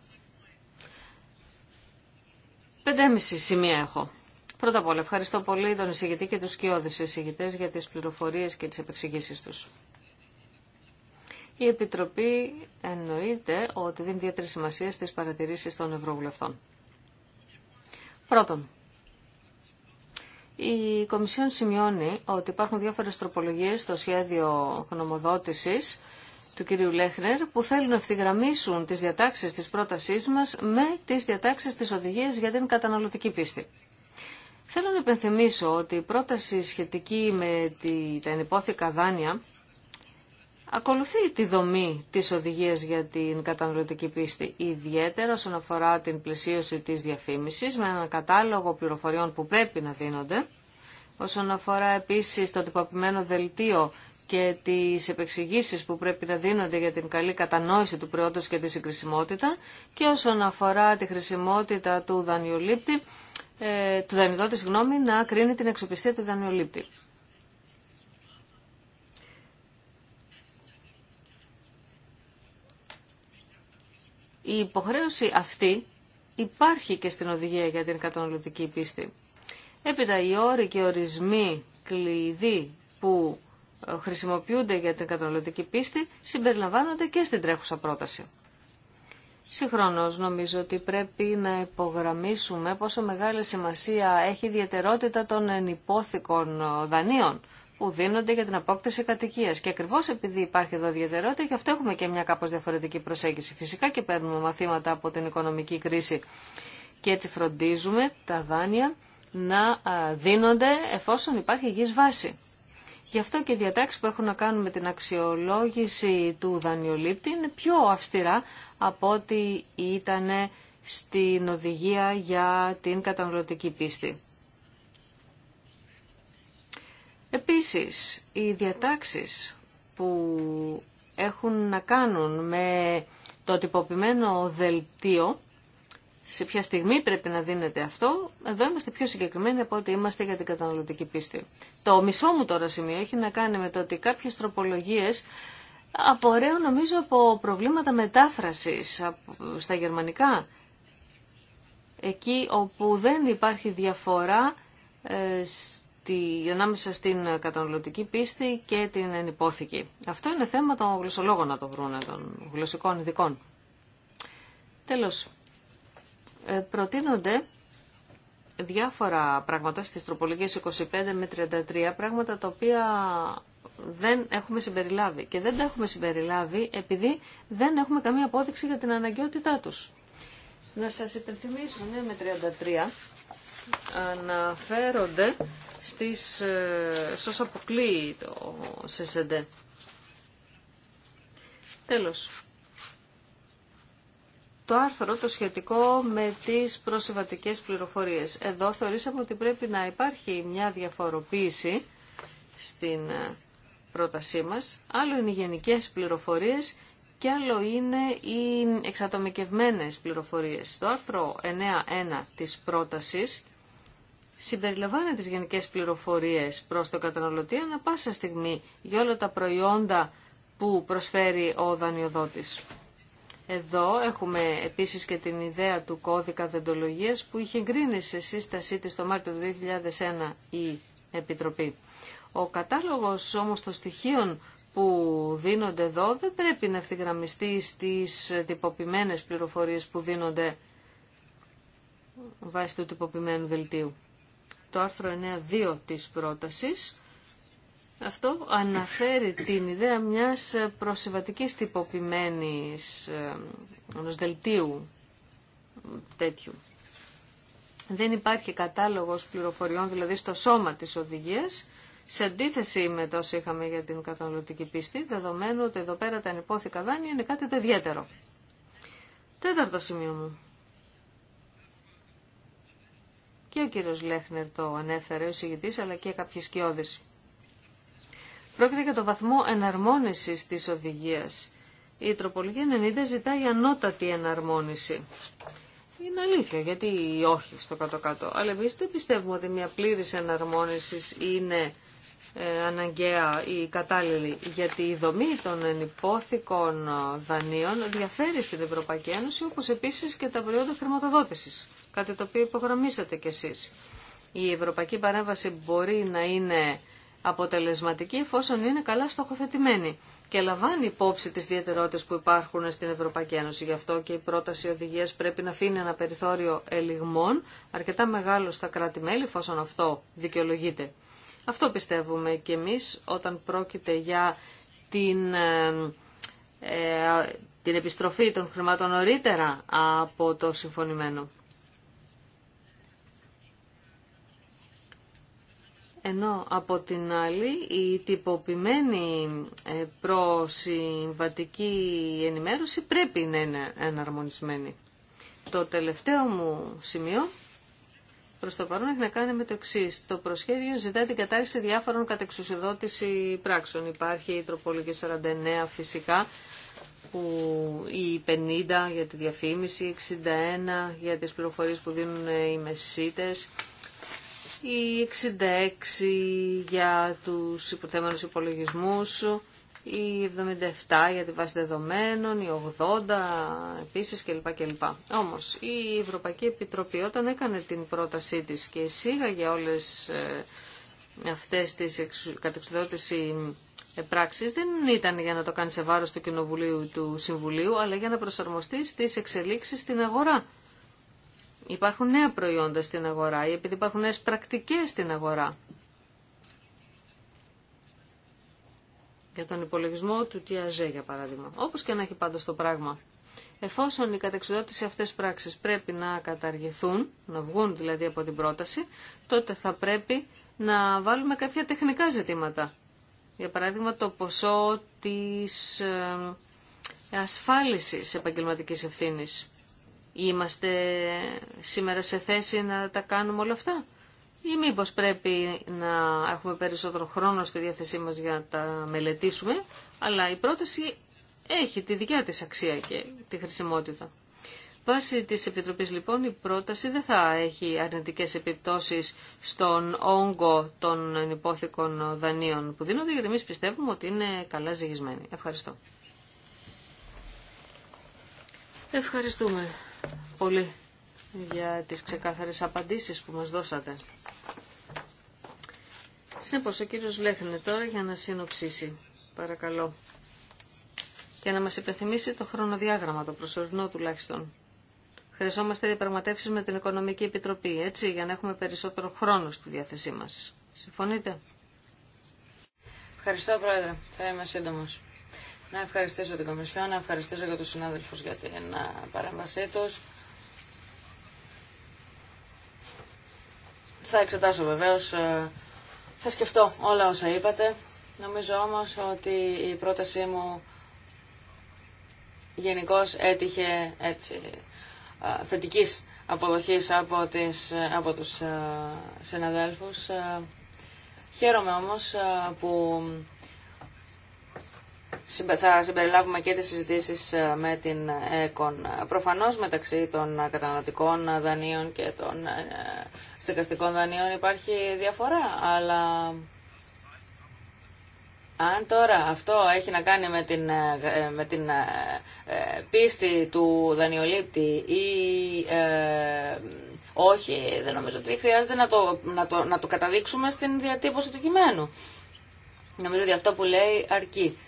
Πεντέμιση σημεία έχω. Πρώτα απ' όλα, ευχαριστώ πολύ τον εισηγητή και τους σκιώδεις εισηγητές για τις πληροφορίες και τις επεξηγήσεις τους. Η Επιτροπή εννοείται ότι δίνει ιδιαίτερη σημασία στις παρατηρήσεις των Ευρωβουλευτών. Πρώτον, η Κομισιόν σημειώνει ότι υπάρχουν διάφορες τροπολογίες στο σχέδιο γνωμοδότησης του κυρίου Λέχνερ που θέλουν να ευθυγραμμίσουν τις διατάξεις της πρότασής μας με τις διατάξεις της οδηγίας για την καταναλωτική πίστη. Θέλω να υπενθυμίσω ότι η πρόταση σχετική με τα ενυπόθηκα δάνεια ακολουθεί τη δομή της οδηγίας για την καταναλωτική πίστη, ιδιαίτερα όσον αφορά την πλαισίωση της διαφήμισης με έναν κατάλογο πληροφοριών που πρέπει να δίνονται, όσον αφορά επίσης το τυποποιημένο δελτίο και τις επεξηγήσεις που πρέπει να δίνονται για την καλή κατανόηση του προϊόντος και τη συγκρισιμότητα και όσον αφορά τη χρησιμότητα του δανειολήπτη, ε, του δανειδότη, συγγνώμη, να κρίνει την εξοπιστία του δανειολήπτη. Η υποχρέωση αυτή υπάρχει και στην οδηγία για την καταναλωτική πίστη. Έπειτα οι όροι και ορισμοί κλειδί που ε, χρησιμοποιούνται για την καταναλωτική πίστη συμπεριλαμβάνονται και στην τρέχουσα πρόταση. Συγχρόνως νομίζω ότι πρέπει να υπογραμμίσουμε πόσο μεγάλη σημασία έχει η ιδιαιτερότητα των ενυπόθηκων δανείων που δίνονται για την απόκτηση κατοικία. Και ακριβώ επειδή υπάρχει εδώ ιδιαιτερότητα, γι' αυτό έχουμε και μια κάπω διαφορετική προσέγγιση. Φυσικά και παίρνουμε μαθήματα από την οικονομική κρίση. Και έτσι φροντίζουμε τα δάνεια να δίνονται εφόσον υπάρχει υγιής βάση. Γι' αυτό και οι διατάξεις που έχουν να κάνουν με την αξιολόγηση του δανειολήπτη είναι πιο αυστηρά από ό,τι ήταν στην οδηγία για την καταναλωτική πίστη. Επίσης, οι διατάξεις που έχουν να κάνουν με το τυποποιημένο δελτίο, σε ποια στιγμή πρέπει να δίνεται αυτό, εδώ είμαστε πιο συγκεκριμένοι από ότι είμαστε για την καταναλωτική πίστη. Το μισό μου τώρα σημείο έχει να κάνει με το ότι κάποιες τροπολογίες απορρέουν νομίζω από προβλήματα μετάφρασης στα γερμανικά, εκεί όπου δεν υπάρχει διαφορά ε, τη, ανάμεσα στην καταναλωτική πίστη και την ενυπόθηκη. Αυτό είναι θέμα των γλωσσολόγων να το βρουν, των γλωσσικών ειδικών. Τέλος, ε, προτείνονται διάφορα πράγματα στις τροπολογίες 25 με 33, πράγματα τα οποία δεν έχουμε συμπεριλάβει. Και δεν τα έχουμε συμπεριλάβει επειδή δεν έχουμε καμία απόδειξη για την αναγκαιότητά τους. Να σας υπενθυμίσω, ναι, με 33 αναφέρονται στις, ε, αποκλείει το CSD. Τέλος. Το άρθρο το σχετικό με τις προσεβατικές πληροφορίες. Εδώ θεωρήσαμε ότι πρέπει να υπάρχει μια διαφοροποίηση στην ε, πρότασή μας. Άλλο είναι οι γενικές πληροφορίες και άλλο είναι οι εξατομικευμένες πληροφορίες. Το άρθρο 9.1 της πρότασης συμπεριλαμβάνει τις γενικές πληροφορίες προς το καταναλωτή ανά πάσα στιγμή για όλα τα προϊόντα που προσφέρει ο δανειοδότης. Εδώ έχουμε επίσης και την ιδέα του κώδικα δεντολογίας που είχε εγκρίνει σε σύστασή της το Μάρτιο του 2001 η Επιτροπή. Ο κατάλογος όμως των στοιχείων που δίνονται εδώ δεν πρέπει να ευθυγραμμιστεί στις τυποποιημένες πληροφορίες που δίνονται βάσει του τυποποιημένου δελτίου το άρθρο 9.2 της πρότασης. Αυτό αναφέρει την ιδέα μιας προσεβατικής τυποποιημένης ε, ενός δελτίου τέτοιου. Δεν υπάρχει κατάλογος πληροφοριών, δηλαδή στο σώμα της οδηγίας, σε αντίθεση με το όσο είχαμε για την καταναλωτική πίστη, δεδομένου ότι εδώ πέρα τα ανυπόθηκα δάνεια είναι κάτι το ιδιαίτερο. Τέταρτο σημείο μου. Και ο κύριος Λέχνερ το ανέφερε ο συγητής, αλλά και κάποιοι σκιώδεις. Πρόκειται για το βαθμό εναρμόνισης της οδηγίας. Η τροπολογία 90 ζητάει ανώτατη εναρμόνιση. Είναι αλήθεια, γιατί όχι στο κάτω-κάτω. Αλλά εμεί δεν πιστεύουμε ότι μια πλήρης εναρμόνιση είναι ε, αναγκαία ή κατάλληλη, γιατί η δομή των ενυπόθηκων ε, δανείων διαφέρει στην Ευρωπαϊκή Ένωση, όπως επίσης και τα προϊόντα χρηματοδότησης κάτι το οποίο υπογραμμίσατε κι εσείς. Η ευρωπαϊκή παρέμβαση μπορεί να είναι αποτελεσματική εφόσον είναι καλά στοχοθετημένη και λαμβάνει υπόψη τις ιδιαιτερότητες που υπάρχουν στην Ευρωπαϊκή Ένωση. Γι' αυτό και η πρόταση οδηγίας πρέπει να αφήνει ένα περιθώριο ελιγμών αρκετά μεγάλο στα κράτη-μέλη εφόσον αυτό δικαιολογείται. Αυτό πιστεύουμε και εμείς όταν πρόκειται για την, ε, ε την επιστροφή των χρημάτων νωρίτερα από το συμφωνημένο. ενώ από την άλλη η τυποποιημένη ε, προσυμβατική ενημέρωση πρέπει να είναι εναρμονισμένη. Το τελευταίο μου σημείο προς το παρόν έχει να κάνει με το εξή. Το προσχέδιο ζητά την κατάρριξη διάφορων κατεξουσιοδότηση πράξεων. Υπάρχει η τροπολογία 49 φυσικά, που η 50 για τη διαφήμιση, 61 για τις πληροφορίες που δίνουν οι μεσίτες, η 66 για τους υποθέμενους υπολογισμούς, η 77 για τη βάση δεδομένων, η 80 επίσης κλπ. κλπ. Όμως η Ευρωπαϊκή Επιτροπή όταν έκανε την πρότασή της και εισήγαγε όλες ε, αυτές τις κατεξουδότηση ε, πράξεις δεν ήταν για να το κάνει σε βάρος του Κοινοβουλίου του Συμβουλίου αλλά για να προσαρμοστεί στις εξελίξεις στην αγορά. Υπάρχουν νέα προϊόντα στην αγορά ή επειδή υπάρχουν νέες πρακτικές στην αγορά. Για τον υπολογισμό του ΤΙΑΖΕ, για παράδειγμα. Όπως και να έχει πάντα το πράγμα. Εφόσον οι σε αυτές πράξεις πρέπει να καταργηθούν, να βγουν δηλαδή από την πρόταση, τότε θα πρέπει να βάλουμε κάποια τεχνικά ζητήματα. Για παράδειγμα το ποσό της ε, ασφάλισης επαγγελματικής ευθύνης. Είμαστε σήμερα σε θέση να τα κάνουμε όλα αυτά ή μήπως πρέπει να έχουμε περισσότερο χρόνο στη διάθεσή μας για να τα μελετήσουμε, αλλά η πρόταση έχει τη δικιά της αξία και τη χρησιμότητα. Βάσει της Επιτροπής λοιπόν η πρόταση δεν θα έχει αρνητικές επιπτώσεις στον όγκο των υπόθηκων δανείων που δίνονται γιατί εμείς πιστεύουμε ότι είναι καλά ζυγισμένοι. Ευχαριστώ. Ευχαριστούμε πολύ για τις ξεκάθαρες απαντήσεις που μας δώσατε. Συνεπώς, ο κύριος Λέχνε τώρα για να συνοψίσει. Παρακαλώ. Και να μας υπενθυμίσει το χρονοδιάγραμμα, το προσωρινό τουλάχιστον. Χρειαζόμαστε διαπραγματεύσεις με την Οικονομική Επιτροπή, έτσι, για να έχουμε περισσότερο χρόνο στη διάθεσή μας. Συμφωνείτε? Ευχαριστώ, Πρόεδρε. Θα είμαι σύντομος. Να ευχαριστήσω την Κομισιόν, να ευχαριστήσω και τους συνάδελφους για την παρέμβασή τους. Θα εξετάσω βεβαίως, θα σκεφτώ όλα όσα είπατε. Νομίζω όμως ότι η πρότασή μου γενικώ έτυχε έτσι θετικής αποδοχής από, τις, από τους συναδέλφους. Χαίρομαι όμως που θα συμπεριλάβουμε και τις συζητήσεις ε, με την ΕΚΟΝ. Προφανώς μεταξύ των καταναλωτικών δανείων και των ε, στεκαστικών δανείων υπάρχει διαφορά, αλλά αν τώρα αυτό έχει να κάνει με την, ε, με την πίστη του δανειολήπτη ή όχι, δεν νομίζω ότι χρειάζεται να το, να, το, να το καταδείξουμε στην διατύπωση του κειμένου. Νομίζω ότι αυτό που λέει αρκεί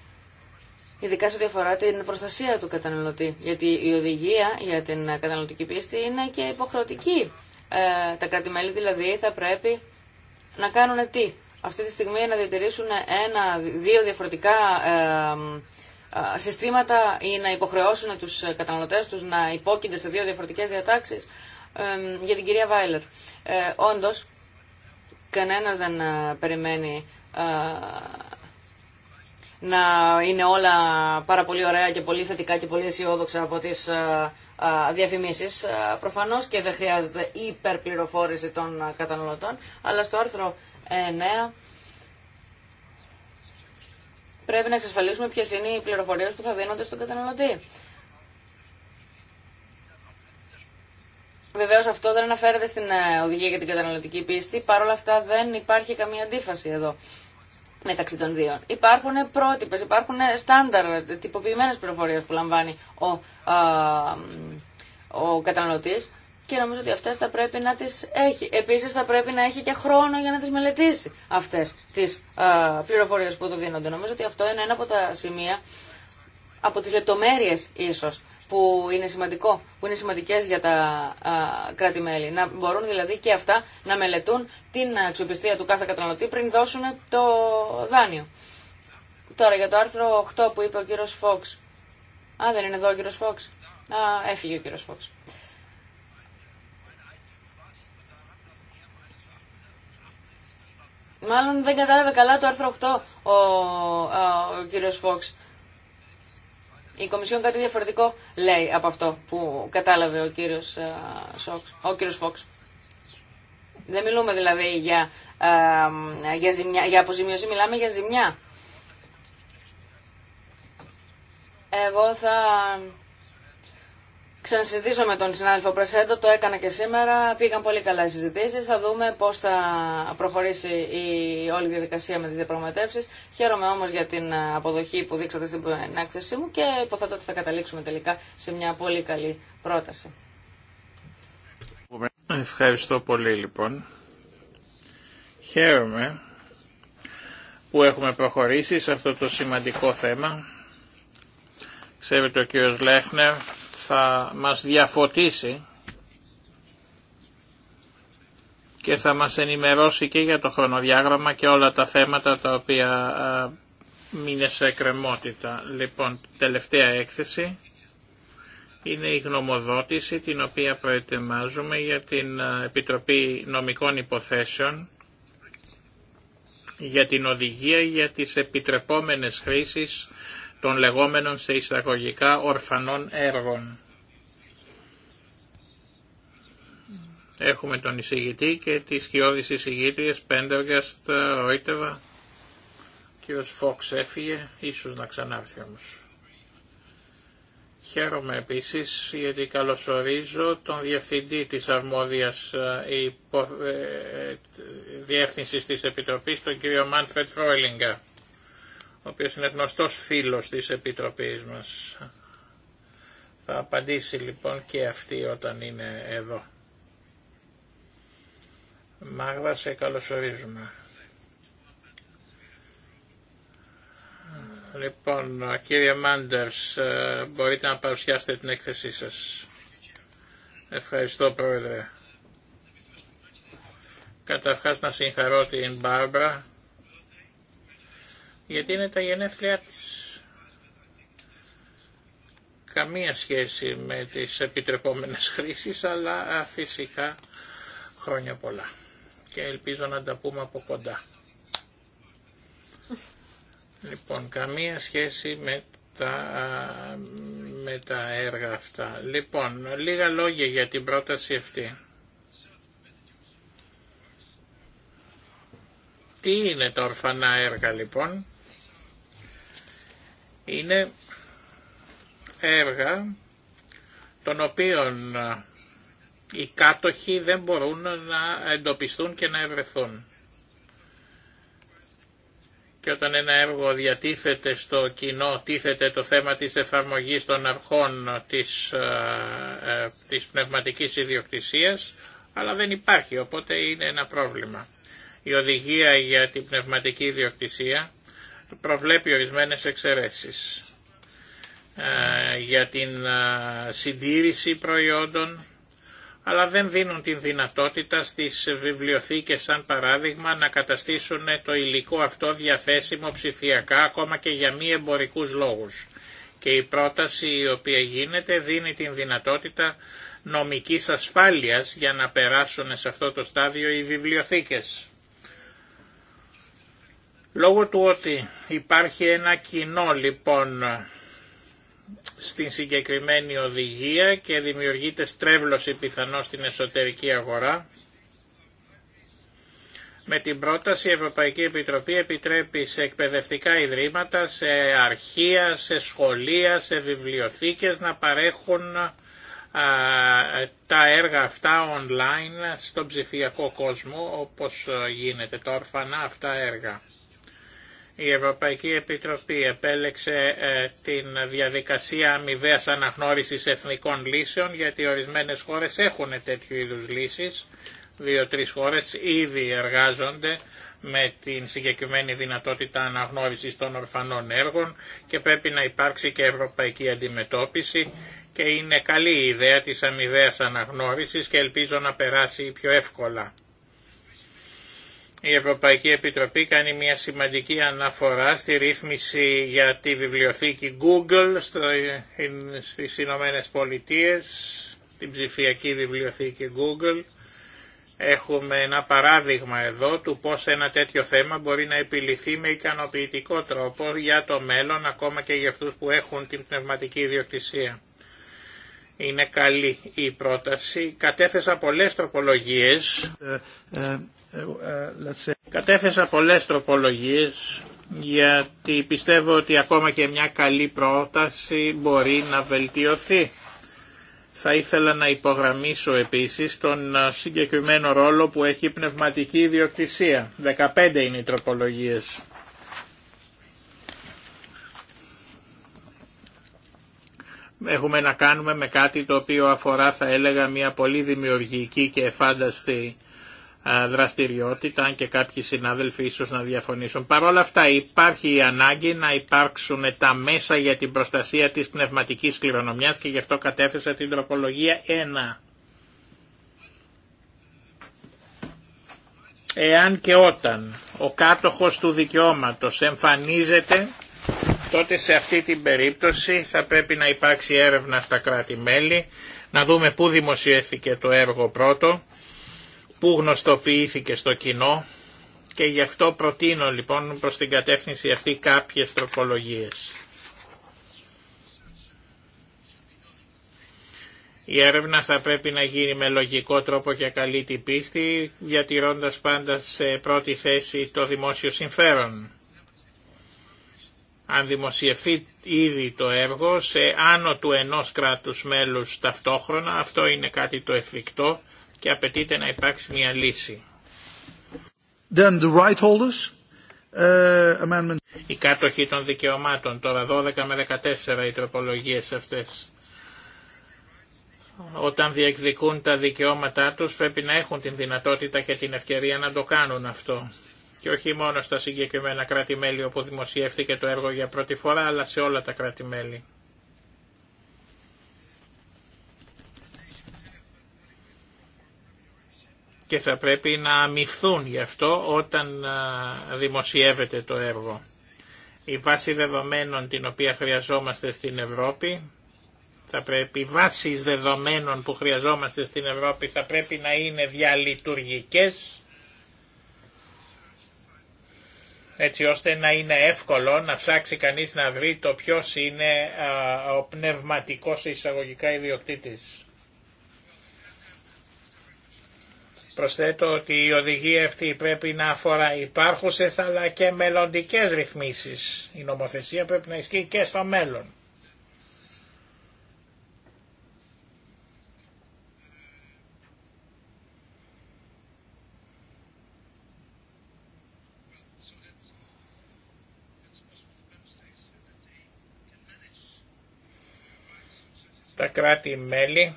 ειδικά σε ό,τι αφορά την προστασία του καταναλωτή. Γιατί η οδηγία για την καταναλωτική πίστη είναι και υποχρεωτική. Ε, τα κρατημέλη δηλαδή θα πρέπει να κάνουν τι. Αυτή τη στιγμή να διατηρήσουν ένα, δύο διαφορετικά ε, ε συστήματα ή να υποχρεώσουν τους καταναλωτές τους να υπόκεινται σε δύο διαφορετικές διατάξεις. Ε, για την κυρία Βάιλερ. Ε, όντως, κανένας δεν ε, περιμένει να είναι όλα πάρα πολύ ωραία και πολύ θετικά και πολύ αισιόδοξα από τις ε, ε, διαφημίσεις. Ε, προφανώς και δεν χρειάζεται υπερπληροφόρηση των καταναλωτών, αλλά στο άρθρο 9 πρέπει να εξασφαλίσουμε ποιες είναι οι πληροφορίες που θα δίνονται στον καταναλωτή. Βεβαίω αυτό δεν αναφέρεται στην οδηγία για την καταναλωτική πίστη, παρόλα αυτά δεν υπάρχει καμία αντίφαση εδώ μεταξύ των δύο. Υπάρχουν πρότυπες, υπάρχουν στάνταρ, τυποποιημένες πληροφορίες που λαμβάνει ο, α, ο καταναλωτής και νομίζω ότι αυτές θα πρέπει να τις έχει. Επίσης θα πρέπει να έχει και χρόνο για να τις μελετήσει αυτές τις α, πληροφορίες που του δίνονται. Νομίζω ότι αυτό είναι ένα από τα σημεία, από τις λεπτομέρειες ίσως, που είναι, σημαντικό, που είναι σημαντικές για τα κράτη-μέλη. Να μπορούν δηλαδή και αυτά να μελετούν την αξιοπιστία του κάθε καταναλωτή πριν δώσουν το δάνειο. Τώρα για το άρθρο 8 που είπε ο κύριος Φόξ. Α, δεν είναι εδώ ο κύριος Φόξ. Α, έφυγε ο κύριος Φόξ. Μάλλον δεν κατάλαβε καλά το άρθρο 8 ο, ο, ο κύριος Φόξ. Η Κομισιόν κάτι διαφορετικό λέει από αυτό που κατάλαβε ο κύριος, ε, ο κύριος Φόξ. Δεν μιλούμε δηλαδή για, ε, για, ζημιά, για αποζημίωση, μιλάμε για ζημιά. Εγώ θα Ξανασυζητήσω με τον συνάδελφο Πρεσέντο, το έκανα και σήμερα. Πήγαν πολύ καλά οι συζητήσει. Θα δούμε πώ θα προχωρήσει η όλη διαδικασία με τι διαπραγματεύσει. Χαίρομαι όμω για την αποδοχή που δείξατε στην έκθεσή μου και υποθέτω ότι θα καταλήξουμε τελικά σε μια πολύ καλή πρόταση. Ευχαριστώ πολύ λοιπόν. Χαίρομαι που έχουμε προχωρήσει σε αυτό το σημαντικό θέμα. Ξέρετε ο κύριος Λέχνερ θα μας διαφωτίσει και θα μας ενημερώσει και για το χρονοδιάγραμμα και όλα τα θέματα τα οποία μείνε σε εκκρεμότητα. Λοιπόν, τελευταία έκθεση είναι η γνωμοδότηση την οποία προετοιμάζουμε για την Επιτροπή Νομικών Υποθέσεων για την οδηγία για τις επιτρεπόμενες χρήσεις των λεγόμενων σε εισαγωγικά ορφανών έργων. Έχουμε τον εισηγητή και τις σκιώδεις εισηγήτριες Πέντεργαστ, Ρόιτεβα. Κύριος Φόξ έφυγε, ίσως να ξανάρθει όμως. Χαίρομαι επίσης γιατί καλωσορίζω τον Διευθυντή της Αρμόδιας ε, υπο... Ε, ε, διεύθυνσης της Επιτροπής, τον κύριο Μάνφρετ Φρόιλιγκα ο οποίος είναι γνωστός φίλος της Επιτροπής μας. Θα απαντήσει λοιπόν και αυτή όταν είναι εδώ. Μάγδα, σε καλωσορίζουμε. Λοιπόν, κύριε Μάντερς, μπορείτε να παρουσιάσετε την έκθεσή σας. Ευχαριστώ, Πρόεδρε. Καταρχάς να συγχαρώ την Μπάρμπρα γιατί είναι τα γενέθλιά της. Καμία σχέση με τις επιτρεπόμενες χρήσεις, αλλά φυσικά χρόνια πολλά. Και ελπίζω να τα πούμε από κοντά. Λοιπόν, καμία σχέση με τα, με τα έργα αυτά. Λοιπόν, λίγα λόγια για την πρόταση αυτή. Τι είναι τα ορφανά έργα λοιπόν είναι έργα των οποίων ε, οι κάτοχοι δεν μπορούν να εντοπιστούν και να ευρεθούν. Και όταν ένα έργο διατίθεται στο κοινό, τίθεται το θέμα της εφαρμογής των αρχών της, ε, ε, της πνευματικής ιδιοκτησίας, αλλά δεν υπάρχει, οπότε είναι ένα πρόβλημα. Η οδηγία για την πνευματική ιδιοκτησία προβλέπει ορισμένες εξαιρέσεις ε, για την ε, συντήρηση προϊόντων, αλλά δεν δίνουν την δυνατότητα στις βιβλιοθήκες σαν παράδειγμα να καταστήσουν ε, το υλικό αυτό διαθέσιμο ψηφιακά ακόμα και για μη εμπορικούς λόγους. Και η πρόταση η οποία γίνεται δίνει την δυνατότητα νομικής ασφάλειας για να περάσουν σε αυτό το στάδιο οι βιβλιοθήκες. Λόγω του ότι υπάρχει ένα κοινό λοιπόν στην συγκεκριμένη οδηγία και δημιουργείται στρέβλωση πιθανώς στην εσωτερική αγορά, με την πρόταση η Ευρωπαϊκή Επιτροπή επιτρέπει σε εκπαιδευτικά ιδρύματα, σε αρχεία, σε σχολεία, σε βιβλιοθήκες να παρέχουν τα έργα αυτά online στον ψηφιακό κόσμο όπως γίνεται τα ορφανά αυτά έργα. Η Ευρωπαϊκή Επιτροπή επέλεξε ε, την διαδικασία αμοιβαία αναγνώρισης εθνικών λύσεων γιατί ορισμένες χώρες έχουν τέτοιου είδους λύσεις. Δύο-τρεις χώρες ήδη εργάζονται με την συγκεκριμένη δυνατότητα αναγνώρισης των ορφανών έργων και πρέπει να υπάρξει και ευρωπαϊκή αντιμετώπιση και είναι καλή η ιδέα της αμοιβαία αναγνώρισης και ελπίζω να περάσει πιο εύκολα η Ευρωπαϊκή Επιτροπή κάνει μια σημαντική αναφορά στη ρύθμιση για τη βιβλιοθήκη Google στις Ηνωμένε Πολιτείε, την ψηφιακή βιβλιοθήκη Google. Έχουμε ένα παράδειγμα εδώ του πώς ένα τέτοιο θέμα μπορεί να επιληθεί με ικανοποιητικό τρόπο για το μέλλον ακόμα και για αυτούς που έχουν την πνευματική ιδιοκτησία. Είναι καλή η πρόταση. Κατέθεσα πολλές τροπολογίες. Ε, ε, Κατέθεσα πολλές τροπολογίες γιατί πιστεύω ότι ακόμα και μια καλή πρόταση μπορεί να βελτιωθεί. Θα ήθελα να υπογραμμίσω επίσης τον συγκεκριμένο ρόλο που έχει η πνευματική ιδιοκτησία. 15 είναι οι τροπολογίες. Έχουμε να κάνουμε με κάτι το οποίο αφορά θα έλεγα μια πολύ δημιουργική και εφάνταστη δραστηριότητα, αν και κάποιοι συνάδελφοι ίσως να διαφωνήσουν. Παρ' όλα αυτά υπάρχει η ανάγκη να υπάρξουν τα μέσα για την προστασία της πνευματικής κληρονομιάς και γι' αυτό κατέθεσα την τροπολογία 1. Εάν και όταν ο κάτοχος του δικαιώματος εμφανίζεται, τότε σε αυτή την περίπτωση θα πρέπει να υπάρξει έρευνα στα κράτη-μέλη, να δούμε πού δημοσιεύθηκε το έργο πρώτο, που γνωστοποιήθηκε στο κοινό και γι' αυτό προτείνω λοιπόν προς την κατεύθυνση αυτή κάποιες τροπολογίες. Η έρευνα θα πρέπει να γίνει με λογικό τρόπο και καλή την πίστη, διατηρώντας πάντα σε πρώτη θέση το δημόσιο συμφέρον. Αν δημοσιευθεί ήδη το έργο σε άνω του ενός κράτους μέλους ταυτόχρονα, αυτό είναι κάτι το εφικτό και απαιτείται να υπάρξει μια λύση. Then the right holders, uh, amendment. Οι κάτοχοι των δικαιωμάτων, τώρα 12 με 14 οι τροπολογίες αυτές. Όταν διεκδικούν τα δικαιώματά τους πρέπει να έχουν την δυνατότητα και την ευκαιρία να το κάνουν αυτό. Και όχι μόνο στα συγκεκριμένα κράτη-μέλη όπου δημοσιεύτηκε το έργο για πρώτη φορά, αλλά σε όλα τα κράτη-μέλη. και θα πρέπει να αμυφθούν γι' αυτό όταν δημοσιεύεται το έργο. Η βάση δεδομένων την οποία χρειαζόμαστε στην Ευρώπη θα πρέπει, βάσεις δεδομένων που χρειαζόμαστε στην Ευρώπη θα πρέπει να είναι διαλειτουργικές έτσι ώστε να είναι εύκολο να ψάξει κανείς να βρει το ποιος είναι ο πνευματικός εισαγωγικά ιδιοκτήτης. Προσθέτω ότι η οδηγία αυτή πρέπει να αφορά υπάρχουσες αλλά και μελλοντικές ρυθμίσεις. Η νομοθεσία πρέπει να ισχύει και στο μέλλον. τα κράτη-μέλη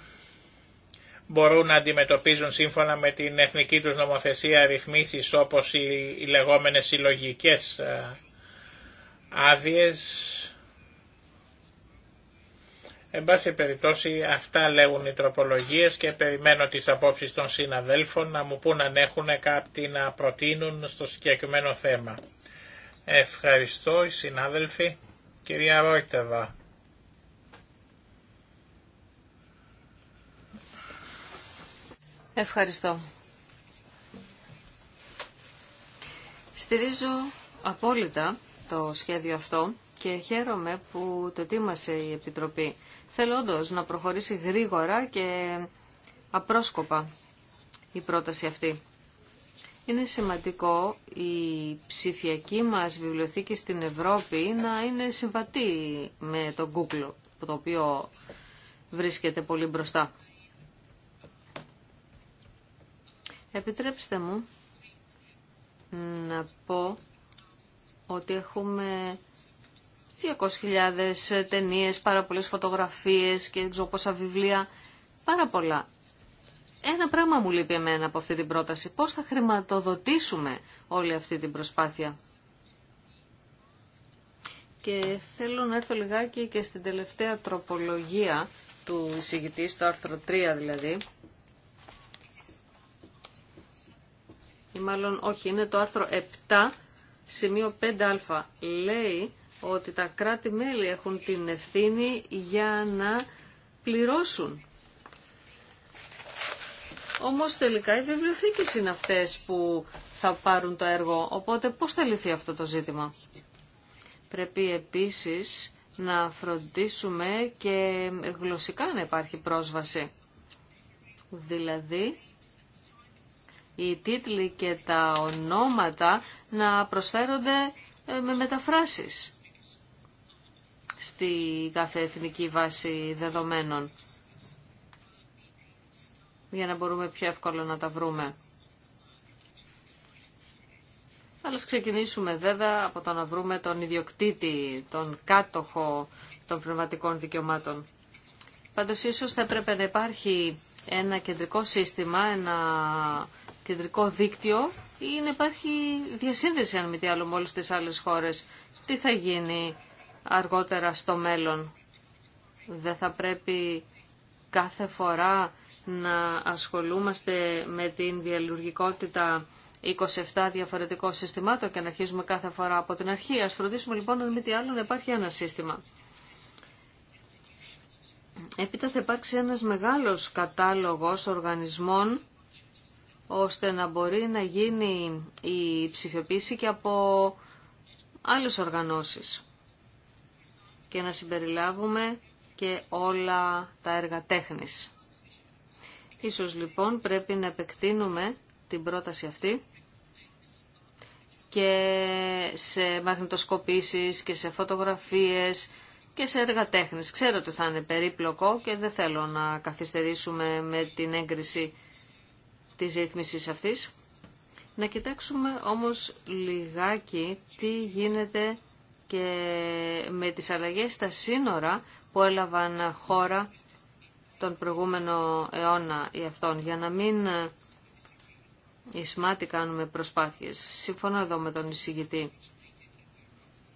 μπορούν να αντιμετωπίζουν σύμφωνα με την εθνική τους νομοθεσία ρυθμίσεις όπως οι λεγόμενες συλλογικέ ε, άδειε. Εν πάση περιπτώσει αυτά λέγουν οι τροπολογίες και περιμένω τις απόψεις των συναδέλφων να μου πούν αν έχουν κάτι να προτείνουν στο συγκεκριμένο θέμα. Ευχαριστώ οι συνάδελφοι. Κυρία Ρόιτεβα. Ευχαριστώ. Στηρίζω απόλυτα το σχέδιο αυτό και χαίρομαι που το ετοίμασε η Επιτροπή. Θέλω όντω να προχωρήσει γρήγορα και απρόσκοπα η πρόταση αυτή. Είναι σημαντικό η ψηφιακή μας βιβλιοθήκη στην Ευρώπη να είναι συμβατή με το Google, το οποίο βρίσκεται πολύ μπροστά. Επιτρέψτε μου να πω ότι έχουμε 200.000 ταινίες, πάρα πολλές φωτογραφίες και ξέρω πόσα βιβλία, πάρα πολλά. Ένα πράγμα μου λείπει εμένα από αυτή την πρόταση. Πώς θα χρηματοδοτήσουμε όλη αυτή την προσπάθεια. Και θέλω να έρθω λιγάκι και στην τελευταία τροπολογία του εισηγητή, στο άρθρο 3 δηλαδή, ή μάλλον όχι, είναι το άρθρο 7, σημείο 5α. Λέει ότι τα κράτη-μέλη έχουν την ευθύνη για να πληρώσουν. Όμως τελικά οι βιβλιοθήκες είναι αυτές που θα πάρουν το έργο, οπότε πώς θα λυθεί αυτό το ζήτημα. Πρέπει επίσης να φροντίσουμε και γλωσσικά να υπάρχει πρόσβαση. Δηλαδή, οι τίτλοι και τα ονόματα να προσφέρονται ε, με μεταφράσεις στη κάθε εθνική βάση δεδομένων για να μπορούμε πιο εύκολα να τα βρούμε. Αλλά ξεκινήσουμε βέβαια από το να βρούμε τον ιδιοκτήτη, τον κάτοχο των πνευματικών δικαιωμάτων. Πάντως ίσως θα έπρεπε να υπάρχει ένα κεντρικό σύστημα, ένα κεντρικό δίκτυο ή να υπάρχει διασύνδεση αν μη τι άλλο με όλες τις άλλες χώρες. Τι θα γίνει αργότερα στο μέλλον. Δεν θα πρέπει κάθε φορά να ασχολούμαστε με την διαλουργικότητα 27 διαφορετικών συστημάτων και να αρχίζουμε κάθε φορά από την αρχή. Ας φροντίσουμε λοιπόν αν μη τι άλλο να υπάρχει ένα σύστημα. Έπειτα θα υπάρξει ένας μεγάλος κατάλογος οργανισμών ώστε να μπορεί να γίνει η ψηφιοποίηση και από άλλες οργανώσεις και να συμπεριλάβουμε και όλα τα έργα τέχνης. Ίσως λοιπόν πρέπει να επεκτείνουμε την πρόταση αυτή και σε μαγνητοσκοπήσεις και σε φωτογραφίες και σε έργα τέχνης. Ξέρω ότι θα είναι περίπλοκο και δεν θέλω να καθυστερήσουμε με την έγκριση της ρύθμισης αυτής. Να κοιτάξουμε όμως λιγάκι τι γίνεται και με τις αλλαγές στα σύνορα που έλαβαν χώρα τον προηγούμενο αιώνα ή αυτόν, για να μην εισμάτι κάνουμε προσπάθειες. Συμφωνώ εδώ με τον εισηγητή.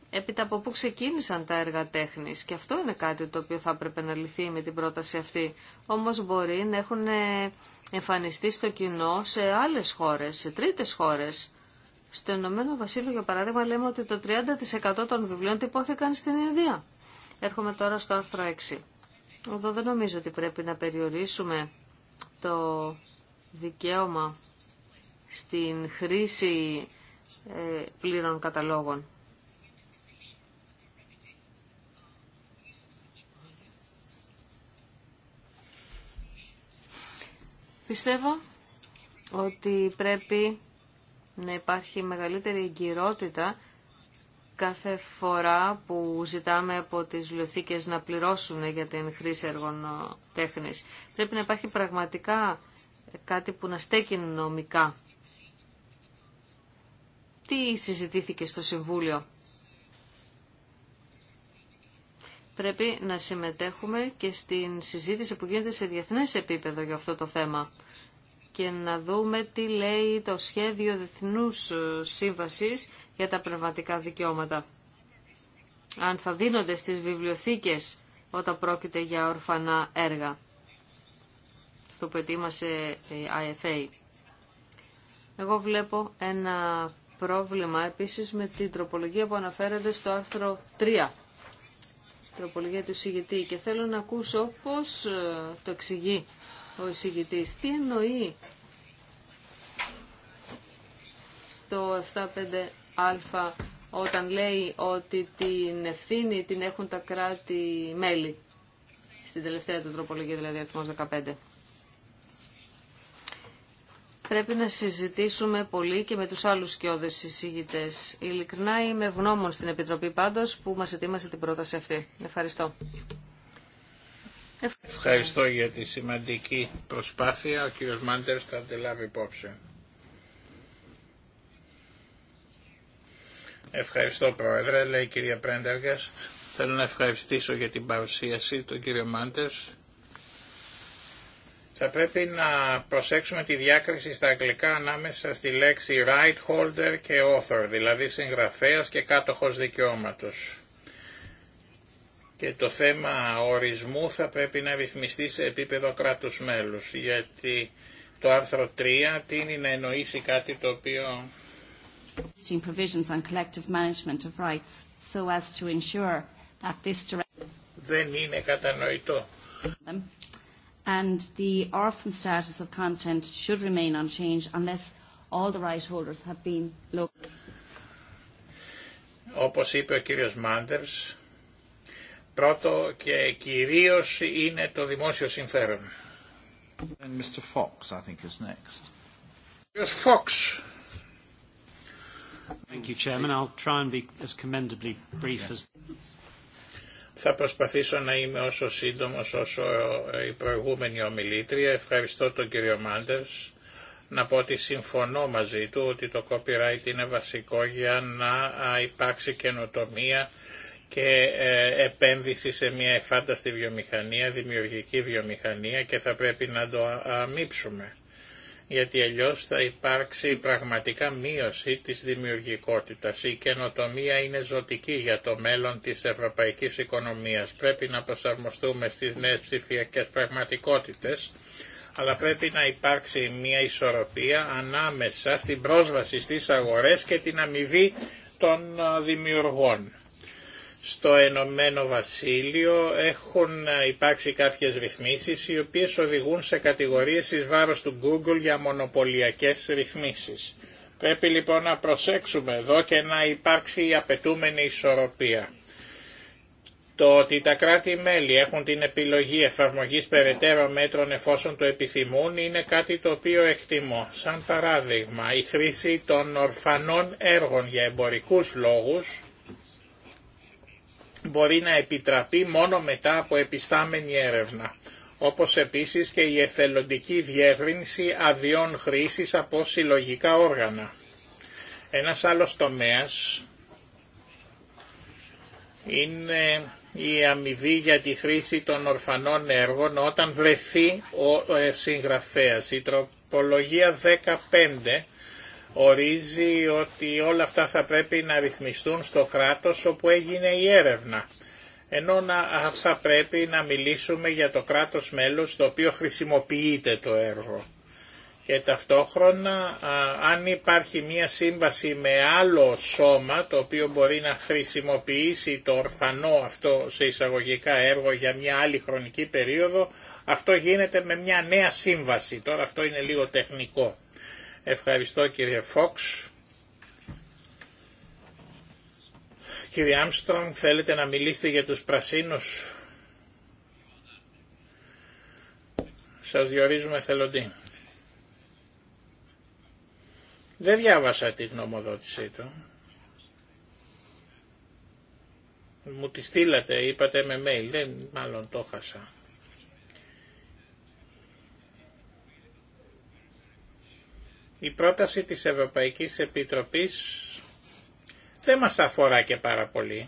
Έπειτα από πού ξεκίνησαν τα έργα τέχνης και αυτό είναι κάτι το οποίο θα έπρεπε να λυθεί με την πρόταση αυτή. Όμως μπορεί να έχουν εμφανιστεί στο κοινό σε άλλες χώρες, σε τρίτες χώρες. Στο Ηνωμένο Βασίλειο, για παράδειγμα, λέμε ότι το 30% των βιβλίων τυπώθηκαν στην Ινδία. Έρχομαι τώρα στο άρθρο 6. Εδώ δεν νομίζω ότι πρέπει να περιορίσουμε το δικαίωμα στην χρήση ε, πλήρων καταλόγων. Πιστεύω ότι πρέπει να υπάρχει μεγαλύτερη εγκυρότητα κάθε φορά που ζητάμε από τις βιβλιοθήκες να πληρώσουν για την χρήση έργων τέχνης. Πρέπει να υπάρχει πραγματικά κάτι που να στέκει νομικά. Τι συζητήθηκε στο Συμβούλιο. πρέπει να συμμετέχουμε και στην συζήτηση που γίνεται σε διεθνές επίπεδο για αυτό το θέμα και να δούμε τι λέει το σχέδιο διεθνούς ε, σύμβασης για τα πνευματικά δικαιώματα. Αν θα δίνονται στις βιβλιοθήκες όταν πρόκειται για ορφανά έργα. Στο που ετοίμασε η IFA. Εγώ βλέπω ένα πρόβλημα επίσης με την τροπολογία που αναφέρεται στο άρθρο 3 τροπολογία του εισηγητή και θέλω να ακούσω πώς ε, το εξηγεί ο εισηγητή. Τι εννοεί στο 75α όταν λέει ότι την ευθύνη την έχουν τα κράτη-μέλη. Στην τελευταία του τροπολογία, δηλαδή αριθμός 15 πρέπει να συζητήσουμε πολύ και με τους άλλους σκιώδες συζητητέ. Ειλικρινά είμαι ευγνώμων στην Επιτροπή πάντως που μας ετοίμασε την πρόταση αυτή. Ευχαριστώ. Ευχαριστώ, για τη σημαντική προσπάθεια. Ο κύριος Μάντερ θα αντιλάβει λάβει υπόψη. Ευχαριστώ Πρόεδρε, λέει η κυρία Πρέντεργαστ. Θέλω να ευχαριστήσω για την παρουσίαση τον κύριο Μάντερς θα πρέπει να προσέξουμε τη διάκριση στα αγγλικά ανάμεσα στη λέξη right holder και author, δηλαδή συγγραφέας και κάτοχος δικαιώματος. Και το θέμα ορισμού θα πρέπει να ρυθμιστεί σε επίπεδο κράτους μέλους, γιατί το άρθρο 3 τίνει να εννοήσει κάτι το οποίο... δεν είναι κατανοητό and the orphan status of content should remain unchanged unless all the right holders have been located. Όπως είπε ο κύριος Μάντερς, πρώτο και κυρίως είναι το δημόσιο συμφέρον. And Mr. Fox, I think, is next. Κύριος Fox. Thank you, Chairman. I'll try and be as commendably brief as... Θα προσπαθήσω να είμαι όσο σύντομος όσο ε, η προηγούμενη ομιλήτρια. Ευχαριστώ τον κύριο Μάντερς. Να πω ότι συμφωνώ μαζί του ότι το copyright είναι βασικό για να υπάρξει καινοτομία και ε, επένδυση σε μια εφάνταστη βιομηχανία, δημιουργική βιομηχανία και θα πρέπει να το αμύψουμε γιατί αλλιώς θα υπάρξει πραγματικά μείωση της δημιουργικότητας. Η καινοτομία είναι ζωτική για το μέλλον της ευρωπαϊκής οικονομίας. Πρέπει να προσαρμοστούμε στις νέες ψηφιακές πραγματικότητες, αλλά πρέπει να υπάρξει μια ισορροπία ανάμεσα στην πρόσβαση στις αγορές και την αμοιβή των δημιουργών στο Ενωμένο Βασίλειο έχουν υπάρξει κάποιες ρυθμίσεις οι οποίες οδηγούν σε κατηγορίες εις βάρος του Google για μονοπωλιακές ρυθμίσεις. Πρέπει λοιπόν να προσέξουμε εδώ και να υπάρξει η απαιτούμενη ισορροπία. Το ότι τα κράτη-μέλη έχουν την επιλογή εφαρμογής περαιτέρω μέτρων εφόσον το επιθυμούν είναι κάτι το οποίο εκτιμώ. Σαν παράδειγμα, η χρήση των ορφανών έργων για εμπορικούς λόγους μπορεί να επιτραπεί μόνο μετά από επιστάμενη έρευνα, όπως επίσης και η εθελοντική διεύρυνση αδειών χρήσης από συλλογικά όργανα. Ένας άλλος τομέας είναι η αμοιβή για τη χρήση των ορφανών έργων όταν βρεθεί ο ε, συγγραφέας. Η τροπολογία 15 ορίζει ότι όλα αυτά θα πρέπει να ρυθμιστούν στο κράτος όπου έγινε η έρευνα. Ενώ να, θα πρέπει να μιλήσουμε για το κράτος μέλος το οποίο χρησιμοποιείται το έργο. Και ταυτόχρονα αν υπάρχει μία σύμβαση με άλλο σώμα το οποίο μπορεί να χρησιμοποιήσει το ορφανό αυτό σε εισαγωγικά έργο για μια άλλη χρονική περίοδο, αυτό γίνεται με μια νέα σύμβαση. Τώρα αυτό είναι λίγο τεχνικό. Ευχαριστώ κύριε Φόξ. Κύριε Άμστρομ, θέλετε να μιλήσετε για τους πρασίνους. Σας διορίζουμε θελοντή. Δεν διάβασα τη γνωμοδότησή του. Μου τη στείλατε, είπατε με mail, δεν μάλλον το χάσα. Η πρόταση της Ευρωπαϊκής Επιτροπής δεν μας αφορά και πάρα πολύ.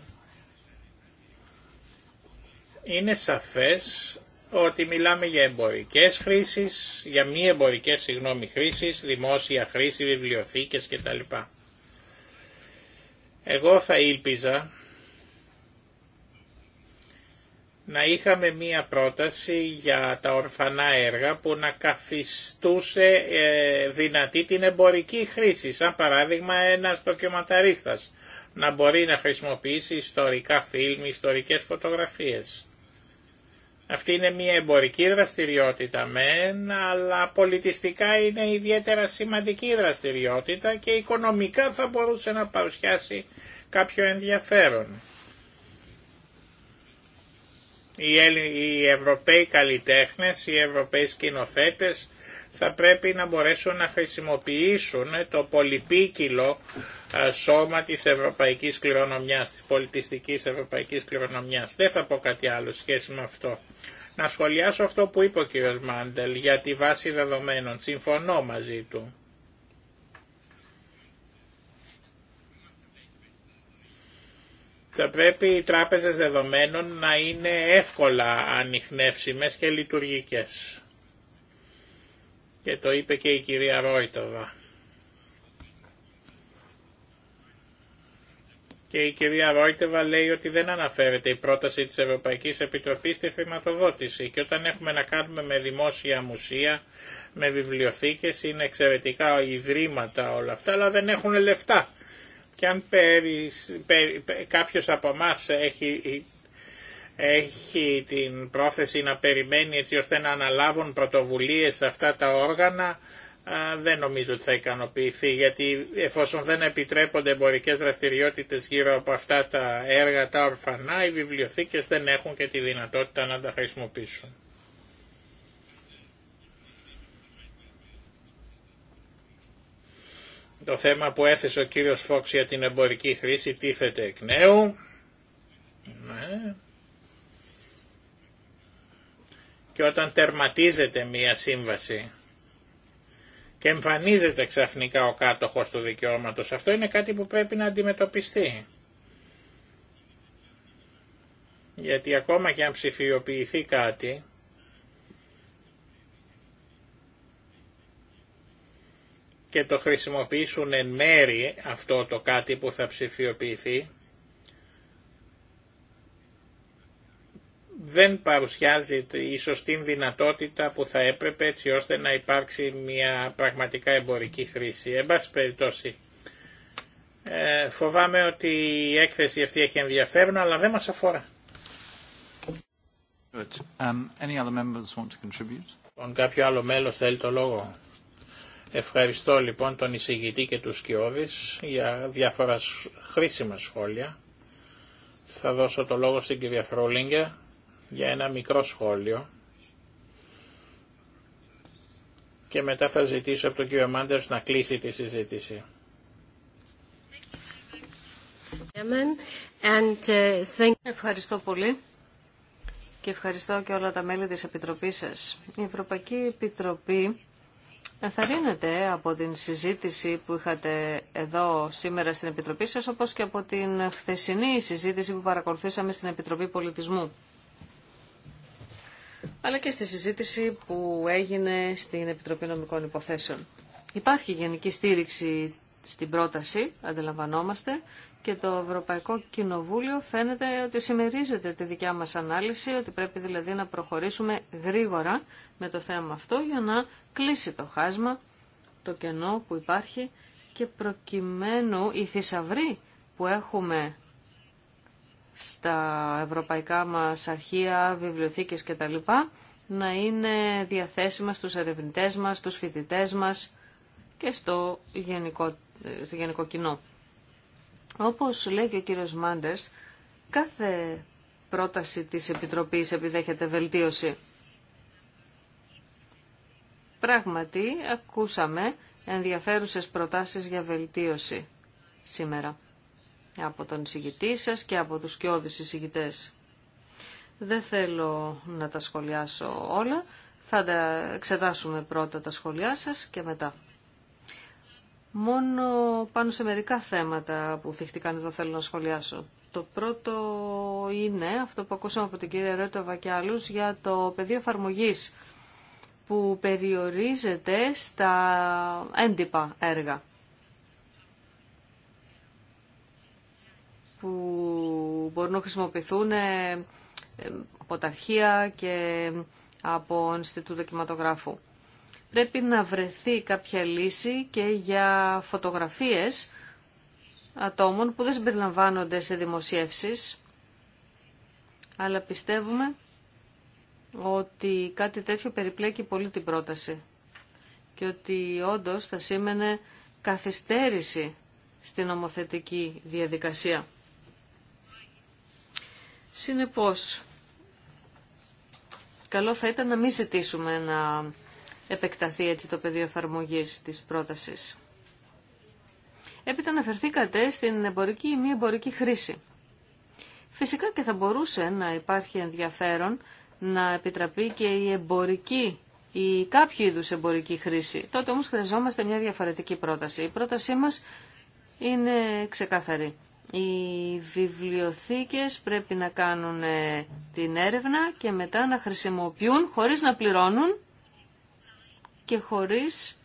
Είναι σαφές ότι μιλάμε για εμπορικές χρήσεις, για μη εμπορικές συγγνώμη χρήσεις, δημόσια χρήση, βιβλιοθήκες κτλ. Εγώ θα ήλπιζα να είχαμε μία πρόταση για τα ορφανά έργα που να καθιστούσε ε, δυνατή την εμπορική χρήση, σαν παράδειγμα ένας ντοκιματαρίστας να μπορεί να χρησιμοποιήσει ιστορικά φιλμ, ιστορικές φωτογραφίες. Αυτή είναι μια εμπορική δραστηριότητα μεν, αλλά πολιτιστικά είναι ιδιαίτερα σημαντική δραστηριότητα και οικονομικά θα μπορούσε να παρουσιάσει κάποιο ενδιαφέρον. Οι Ευρωπαίοι καλλιτέχνες, οι Ευρωπαίοι σκηνοθέτες θα πρέπει να μπορέσουν να χρησιμοποιήσουν το πολυπίκυλο σώμα της ευρωπαϊκής κληρονομιάς, της πολιτιστικής ευρωπαϊκής κληρονομιάς. Δεν θα πω κάτι άλλο σχέση με αυτό. Να σχολιάσω αυτό που είπε ο κ. Μάντελ για τη βάση δεδομένων. Συμφωνώ μαζί του. Θα πρέπει οι τράπεζες δεδομένων να είναι εύκολα ανοιχνεύσιμες και λειτουργικές. Και το είπε και η κυρία Ρόιτοβα. Και η κυρία Ρόιτεβα λέει ότι δεν αναφέρεται η πρόταση της Ευρωπαϊκής Επιτροπής στη χρηματοδότηση και όταν έχουμε να κάνουμε με δημόσια μουσεία, με βιβλιοθήκες, είναι εξαιρετικά ιδρύματα όλα αυτά, αλλά δεν έχουν λεφτά και αν περι, κάποιος από εμά έχει, έχει την πρόθεση να περιμένει έτσι ώστε να αναλάβουν πρωτοβουλίες σε αυτά τα όργανα, δεν νομίζω ότι θα ικανοποιηθεί, γιατί εφόσον δεν επιτρέπονται εμπορικέ δραστηριότητες γύρω από αυτά τα έργα τα ορφανά, οι βιβλιοθήκες δεν έχουν και τη δυνατότητα να τα χρησιμοποιήσουν. Το θέμα που έθεσε ο κύριος Φόξ για την εμπορική χρήση τίθεται εκ νέου. Ναι. Και όταν τερματίζεται μία σύμβαση και εμφανίζεται ξαφνικά ο κάτοχος του δικαιώματος, αυτό είναι κάτι που πρέπει να αντιμετωπιστεί. Γιατί ακόμα και αν ψηφιοποιηθεί κάτι, και το χρησιμοποιήσουν εν μέρη αυτό το κάτι που θα ψηφιοποιηθεί, δεν παρουσιάζει ίσως την δυνατότητα που θα έπρεπε έτσι ώστε να υπάρξει μια πραγματικά εμπορική χρήση. Εν πάση περιπτώσει, ε, φοβάμαι ότι η έκθεση αυτή έχει ενδιαφέρον, αλλά δεν μας αφορά. Um, any λοιπόν, κάποιο άλλο μέλος θέλει το λόγο. Ευχαριστώ λοιπόν τον εισηγητή και τους Σκιώδης για διάφορα χρήσιμα σχόλια. Θα δώσω το λόγο στην κυρία Φρόλιγκε για ένα μικρό σχόλιο και μετά θα ζητήσω από τον κύριο Μάντερς να κλείσει τη συζήτηση. Uh, ευχαριστώ πολύ και ευχαριστώ και όλα τα μέλη της Επιτροπής σας. Η Ευρωπαϊκή Επιτροπή Ενθαρρύνεται από την συζήτηση που είχατε εδώ σήμερα στην Επιτροπή σας, όπως και από την χθεσινή συζήτηση που παρακολουθήσαμε στην Επιτροπή Πολιτισμού. Αλλά και στη συζήτηση που έγινε στην Επιτροπή Νομικών Υποθέσεων. Υπάρχει γενική στήριξη στην πρόταση, αντιλαμβανόμαστε, και το Ευρωπαϊκό Κοινοβούλιο φαίνεται ότι συμμερίζεται τη δικιά μας ανάλυση, ότι πρέπει δηλαδή να προχωρήσουμε γρήγορα με το θέμα αυτό για να κλείσει το χάσμα, το κενό που υπάρχει και προκειμένου οι θησαυροί που έχουμε στα ευρωπαϊκά μας αρχεία, βιβλιοθήκες κτλ. να είναι διαθέσιμα στους ερευνητές μας, στους φοιτητές μας και στο στο γενικό κοινό. Όπως λέει και ο κύριος Μάντες, κάθε πρόταση της Επιτροπής επιδέχεται βελτίωση. Πράγματι, ακούσαμε ενδιαφέρουσες προτάσεις για βελτίωση σήμερα από τον εισηγητή σας και από τους κοιόδης εισηγητές. Δεν θέλω να τα σχολιάσω όλα. Θα τα εξετάσουμε πρώτα τα σχολιά σας και μετά μόνο πάνω σε μερικά θέματα που θυχτηκαν εδώ θέλω να σχολιάσω. Το πρώτο είναι αυτό που ακούσαμε από την κυρία Ρέτοβα και άλλους για το πεδίο εφαρμογή που περιορίζεται στα έντυπα έργα. που μπορούν να χρησιμοποιηθούν ε, ε, από τα αρχεία και από Ινστιτούτο κιματογράφου πρέπει να βρεθεί κάποια λύση και για φωτογραφίες ατόμων που δεν συμπεριλαμβάνονται σε δημοσιεύσεις, αλλά πιστεύουμε ότι κάτι τέτοιο περιπλέκει πολύ την πρόταση και ότι όντως θα σήμαινε καθυστέρηση στην νομοθετική διαδικασία. Συνεπώς, καλό θα ήταν να μην ζητήσουμε να επεκταθεί έτσι το πεδίο εφαρμογή της πρότασης. Έπειτα αναφερθήκατε στην εμπορική ή μη εμπορική χρήση. Φυσικά και θα μπορούσε να υπάρχει ενδιαφέρον να επιτραπεί και η εμπορική ή κάποιο είδου εμπορική χρήση. Τότε όμως χρειαζόμαστε μια διαφορετική πρόταση. Η καποιο ειδου εμπορικη χρηση τοτε όμω χρειαζομαστε μια διαφορετικη προταση η προταση μας είναι ξεκάθαρη. Οι βιβλιοθήκες πρέπει να κάνουν την έρευνα και μετά να χρησιμοποιούν χωρίς να πληρώνουν και χωρίς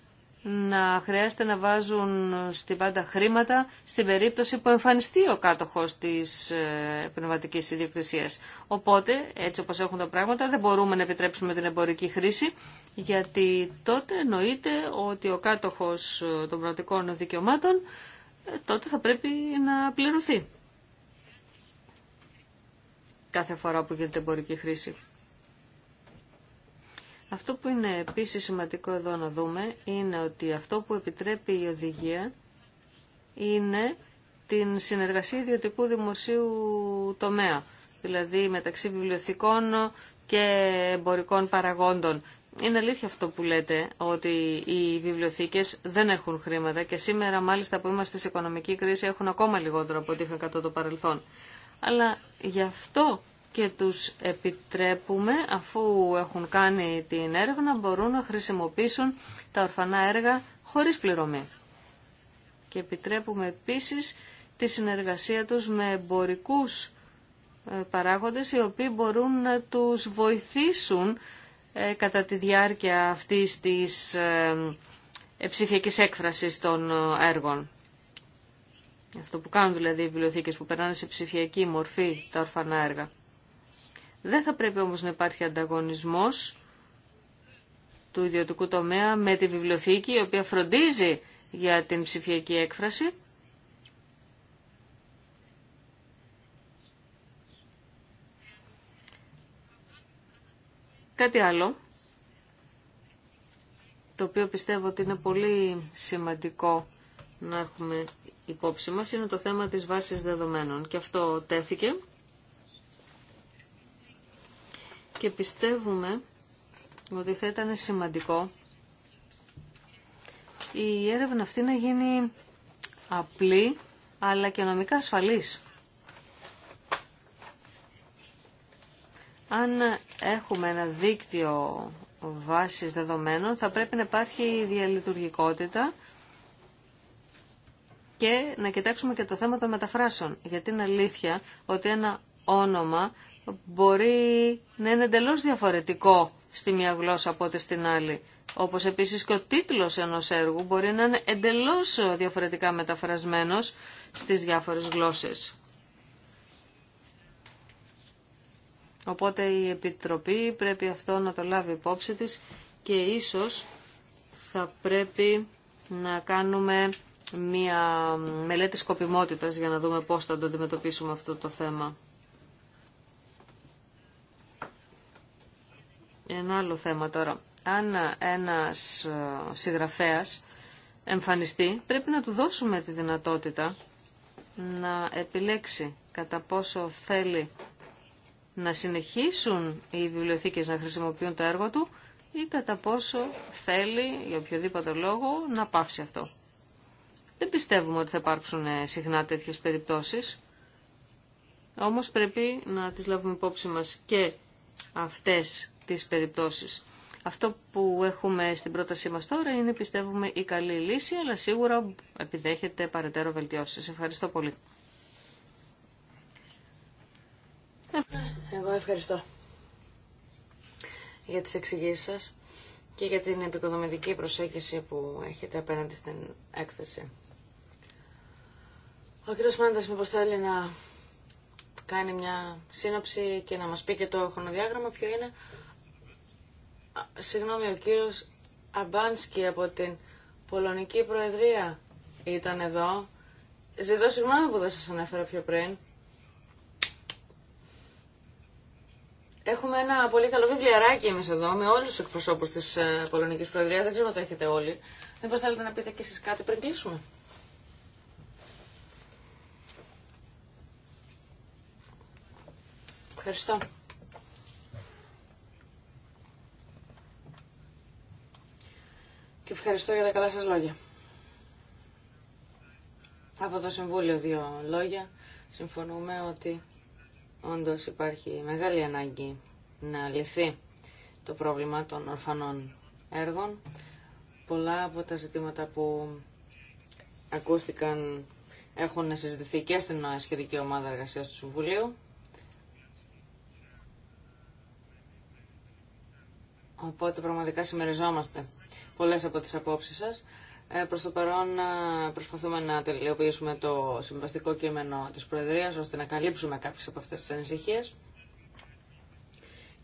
να χρειάζεται να βάζουν στην πάντα χρήματα στην περίπτωση που εμφανιστεί ο κάτοχος της ε, πνευματικής ιδιοκτησίας. Οπότε, έτσι όπως έχουν τα πράγματα, δεν μπορούμε να επιτρέψουμε την εμπορική χρήση, γιατί τότε εννοείται ότι ο κάτοχος ε, των πνευματικών δικαιωμάτων ε, τότε θα πρέπει να πληρωθεί κάθε φορά που γίνεται εμπορική χρήση. Αυτό που είναι επίσης σημαντικό εδώ να δούμε είναι ότι αυτό που επιτρέπει η οδηγία είναι την συνεργασία ιδιωτικού δημοσίου τομέα, δηλαδή μεταξύ βιβλιοθηκών και εμπορικών παραγόντων. Είναι αλήθεια αυτό που λέτε, ότι οι βιβλιοθήκες δεν έχουν χρήματα και σήμερα μάλιστα που είμαστε σε οικονομική κρίση έχουν ακόμα λιγότερο από ό,τι είχα κατά το παρελθόν. Αλλά γι' αυτό και τους επιτρέπουμε, αφού έχουν κάνει την έρευνα, μπορούν να χρησιμοποιήσουν τα ορφανά έργα χωρίς πληρωμή. Και επιτρέπουμε επίσης τη συνεργασία τους με εμπορικούς ε, παράγοντες, οι οποίοι μπορούν να τους βοηθήσουν ε, κατά τη διάρκεια αυτής της ε, ψηφιακής έκφρασης των έργων. Αυτό που κάνουν δηλαδή οι βιβλιοθήκες που περνάνε σε ψηφιακή μορφή τα ορφανά έργα. Δεν θα πρέπει όμως να υπάρχει ανταγωνισμός του ιδιωτικού τομέα με τη βιβλιοθήκη η οποία φροντίζει για την ψηφιακή έκφραση. Κάτι άλλο, το οποίο πιστεύω ότι είναι πολύ σημαντικό να έχουμε υπόψη μας, είναι το θέμα της βάσης δεδομένων. Και αυτό τέθηκε και πιστεύουμε ότι θα ήταν σημαντικό η έρευνα αυτή να γίνει απλή αλλά και νομικά ασφαλής. Αν έχουμε ένα δίκτυο βάσης δεδομένων θα πρέπει να υπάρχει διαλειτουργικότητα και να κοιτάξουμε και το θέμα των μεταφράσεων. Γιατί είναι αλήθεια ότι ένα όνομα μπορεί να είναι εντελώ διαφορετικό στη μία γλώσσα από ό,τι στην άλλη. Όπως επίσης και ο τίτλος ενός έργου μπορεί να είναι εντελώς διαφορετικά μεταφρασμένος στις διάφορες γλώσσες. Οπότε η Επιτροπή πρέπει αυτό να το λάβει υπόψη της και ίσως θα πρέπει να κάνουμε μία μελέτη σκοπιμότητας για να δούμε πώς θα το αντιμετωπίσουμε αυτό το θέμα. Ένα άλλο θέμα τώρα. Αν ένας ε, συγγραφέας εμφανιστεί, πρέπει να του δώσουμε τη δυνατότητα να επιλέξει κατά πόσο θέλει να συνεχίσουν οι βιβλιοθήκες να χρησιμοποιούν το έργο του ή κατά πόσο θέλει, για οποιοδήποτε λόγο, να πάψει αυτό. Δεν πιστεύουμε ότι θα υπάρξουν ε, συχνά τέτοιες περιπτώσεις, όμως πρέπει να τις λάβουμε υπόψη μας και αυτές τις Αυτό που έχουμε στην πρότασή μας τώρα είναι, πιστεύουμε, η καλή λύση, αλλά σίγουρα επιδέχεται παρετέρω βελτιώσεις. Ευχαριστώ πολύ. Εγώ ευχαριστώ για τις εξηγήσεις σας και για την επικοδομητική προσέγγιση που έχετε απέναντι στην έκθεση. Ο κύριος Μάντας μήπως θέλει να κάνει μια σύνοψη και να μας πει και το χρονοδιάγραμμα ποιο είναι. Συγγνώμη, ο κύριος Αμπάνσκι από την Πολωνική Προεδρία ήταν εδώ. Ζητώ συγγνώμη που δεν σας ανέφερα πιο πριν. Έχουμε ένα πολύ καλό βιβλιαράκι εμείς εδώ με όλους τους εκπροσώπους της ε, Πολωνικής Προεδρίας. Δεν ξέρω αν το έχετε όλοι. Μήπως θέλετε να πείτε και εσείς κάτι πριν κλείσουμε. Ευχαριστώ. ευχαριστώ για τα καλά σας λόγια. Από το Συμβούλιο δύο λόγια. Συμφωνούμε ότι όντως υπάρχει μεγάλη ανάγκη να λυθεί το πρόβλημα των ορφανών έργων. Πολλά από τα ζητήματα που ακούστηκαν έχουν συζητηθεί και στην σχετική ομάδα εργασίας του Συμβουλίου. Οπότε πραγματικά συμμεριζόμαστε πολλές από τις απόψεις σας. Ε, προς το παρόν ε, προσπαθούμε να τελειοποιήσουμε το συμβαστικό κείμενο της Προεδρίας ώστε να καλύψουμε κάποιες από αυτές τις ανησυχίες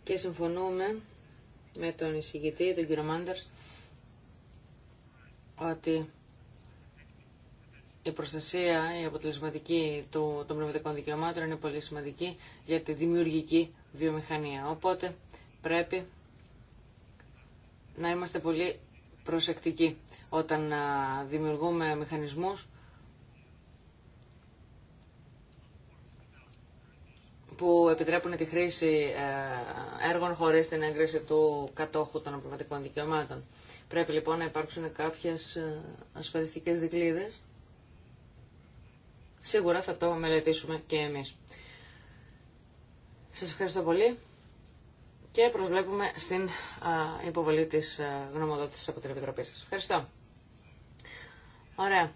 και συμφωνούμε με τον εισηγητή, τον κύριο Μάντερς, ότι η προστασία, η αποτελεσματική του, των πνευματικών δικαιωμάτων είναι πολύ σημαντική για τη δημιουργική βιομηχανία. Οπότε πρέπει να είμαστε πολύ προσεκτικοί όταν δημιουργούμε μηχανισμούς που επιτρέπουν τη χρήση ε, έργων χωρίς την έγκριση του κατόχου των αποβατικών δικαιωμάτων. Πρέπει λοιπόν να υπάρξουν κάποιες ε, ασφαλιστικές δικλείδες. Σίγουρα θα το μελετήσουμε και εμείς. Σας ευχαριστώ πολύ και προσβλέπουμε στην υποβολή της ε, γνωμοδότησης από την Επιτροπή σας. Ευχαριστώ. Ωραία.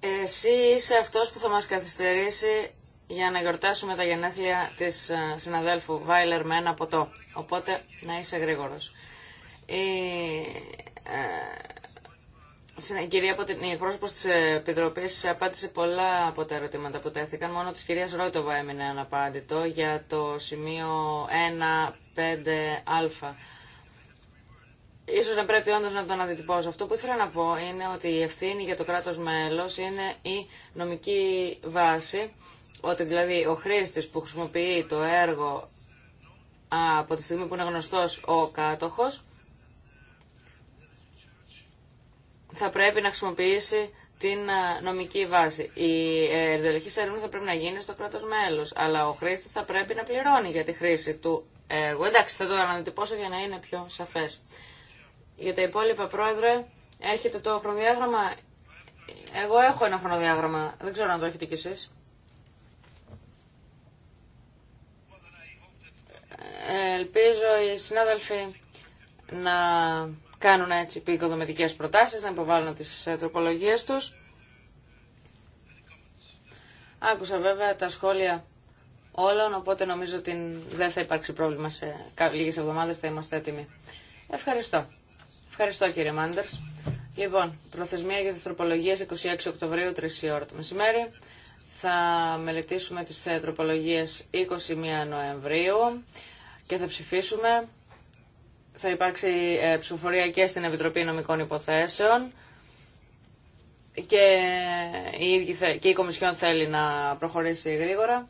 Εσύ είσαι αυτός που θα μας καθυστερήσει για να γιορτάσουμε τα γενέθλια της ε, συναδέλφου Βάιλερ με ένα ποτό. Οπότε να είσαι γρήγορος. Ε, η κυρία από την εκπρόσωπο τη Επιτροπή απάντησε πολλά από τα ερωτήματα που τέθηκαν. Μόνο τη κυρία Ρόιτοβα έμεινε αναπάντητο για το σημείο 1-5α. Ίσως να πρέπει όντω να το αναδιτυπώσω. Αυτό που ήθελα να πω είναι ότι η ευθύνη για το κράτο μέλο είναι η νομική βάση, ότι δηλαδή ο χρήστη που χρησιμοποιεί το έργο από τη στιγμή που είναι γνωστό ο κάτοχος, θα πρέπει να χρησιμοποιήσει την ε, νομική βάση. Η ε, ερδελική έρευνα θα πρέπει να γίνει στο κράτο μέλο, αλλά ο χρήστη θα πρέπει να πληρώνει για τη χρήση του έργου. Εντάξει, θα το ανατυπώσω για να είναι πιο σαφέ. Για τα υπόλοιπα, Πρόεδρε, έχετε το χρονοδιάγραμμα. Εγώ έχω ένα χρονοδιάγραμμα. Δεν ξέρω αν το έχετε κι εσείς. Ε, ελπίζω οι συνάδελφοι να κάνουν έτσι επικοδομητικές προτάσεις, να υποβάλουν τις ε, τροπολογίες τους. Άκουσα βέβαια τα σχόλια όλων, οπότε νομίζω ότι δεν θα υπάρξει πρόβλημα σε λίγες εβδομάδες, θα είμαστε έτοιμοι. Ευχαριστώ. Ευχαριστώ κύριε Μάντερς. Λοιπόν, προθεσμία για τις τροπολογίες 26 Οκτωβρίου, 3 η ώρα το μεσημέρι. Θα μελετήσουμε τις ε, τροπολογίες 21 Νοεμβρίου και θα ψηφίσουμε θα υπάρξει ε, ψηφοφορία και στην Επιτροπή Νομικών Υποθέσεων και η, και η Κομισιόν θέλει να προχωρήσει γρήγορα.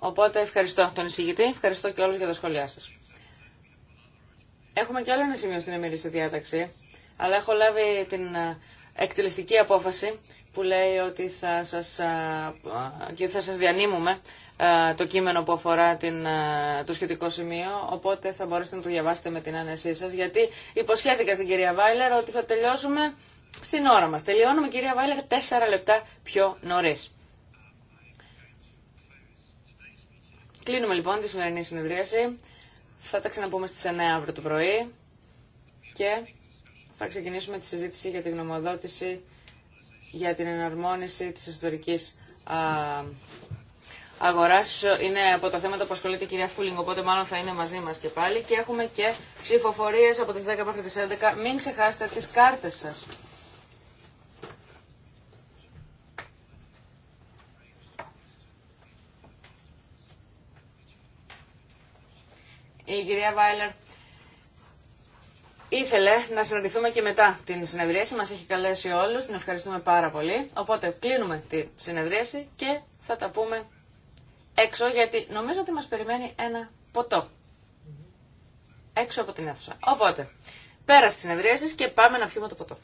Οπότε ευχαριστώ τον εισηγητή, ευχαριστώ και όλους για τα σχόλιά σας. Έχουμε και άλλο ένα σημείο στην εμμυρίστη διάταξη, αλλά έχω λάβει την ε, εκτελεστική απόφαση που λέει ότι θα σας, ε, και θα σας διανύμουμε ε, το κείμενο που αφορά την, ε, το σχετικό σημείο, οπότε θα μπορέσετε να το διαβάσετε με την άνεσή σας, γιατί υποσχέθηκα στην κυρία Βάιλερ ότι θα τελειώσουμε στην ώρα μας. Τελειώνουμε, κυρία Βάιλερ, τέσσερα λεπτά πιο νωρίς. Κλείνουμε λοιπόν τη σημερινή συνεδρίαση. Θα τα ξαναπούμε στις 9 αύριο το πρωί και θα ξεκινήσουμε τη συζήτηση για τη γνωμοδότηση για την εναρμόνιση της ιστορικής Αγορά. Ε, είναι από τα θέματα που ασχολείται η κυρία Φούλινγκ, οπότε μάλλον θα είναι μαζί μα και πάλι. Και έχουμε και ψηφοφορίε από τι 10 μέχρι τι 11. Μην ξεχάσετε τι κάρτε σα. Η κυρία Βάιλερ ήθελε να συναντηθούμε και μετά την συνεδρίαση. Μας έχει καλέσει όλους, την ευχαριστούμε πάρα πολύ. Οπότε κλείνουμε τη συνεδρίαση και θα τα πούμε έξω γιατί νομίζω ότι μας περιμένει ένα ποτό. Έξω από την αίθουσα. Οπότε, πέρα στις συνεδρίασεις και πάμε να πιούμε το ποτό.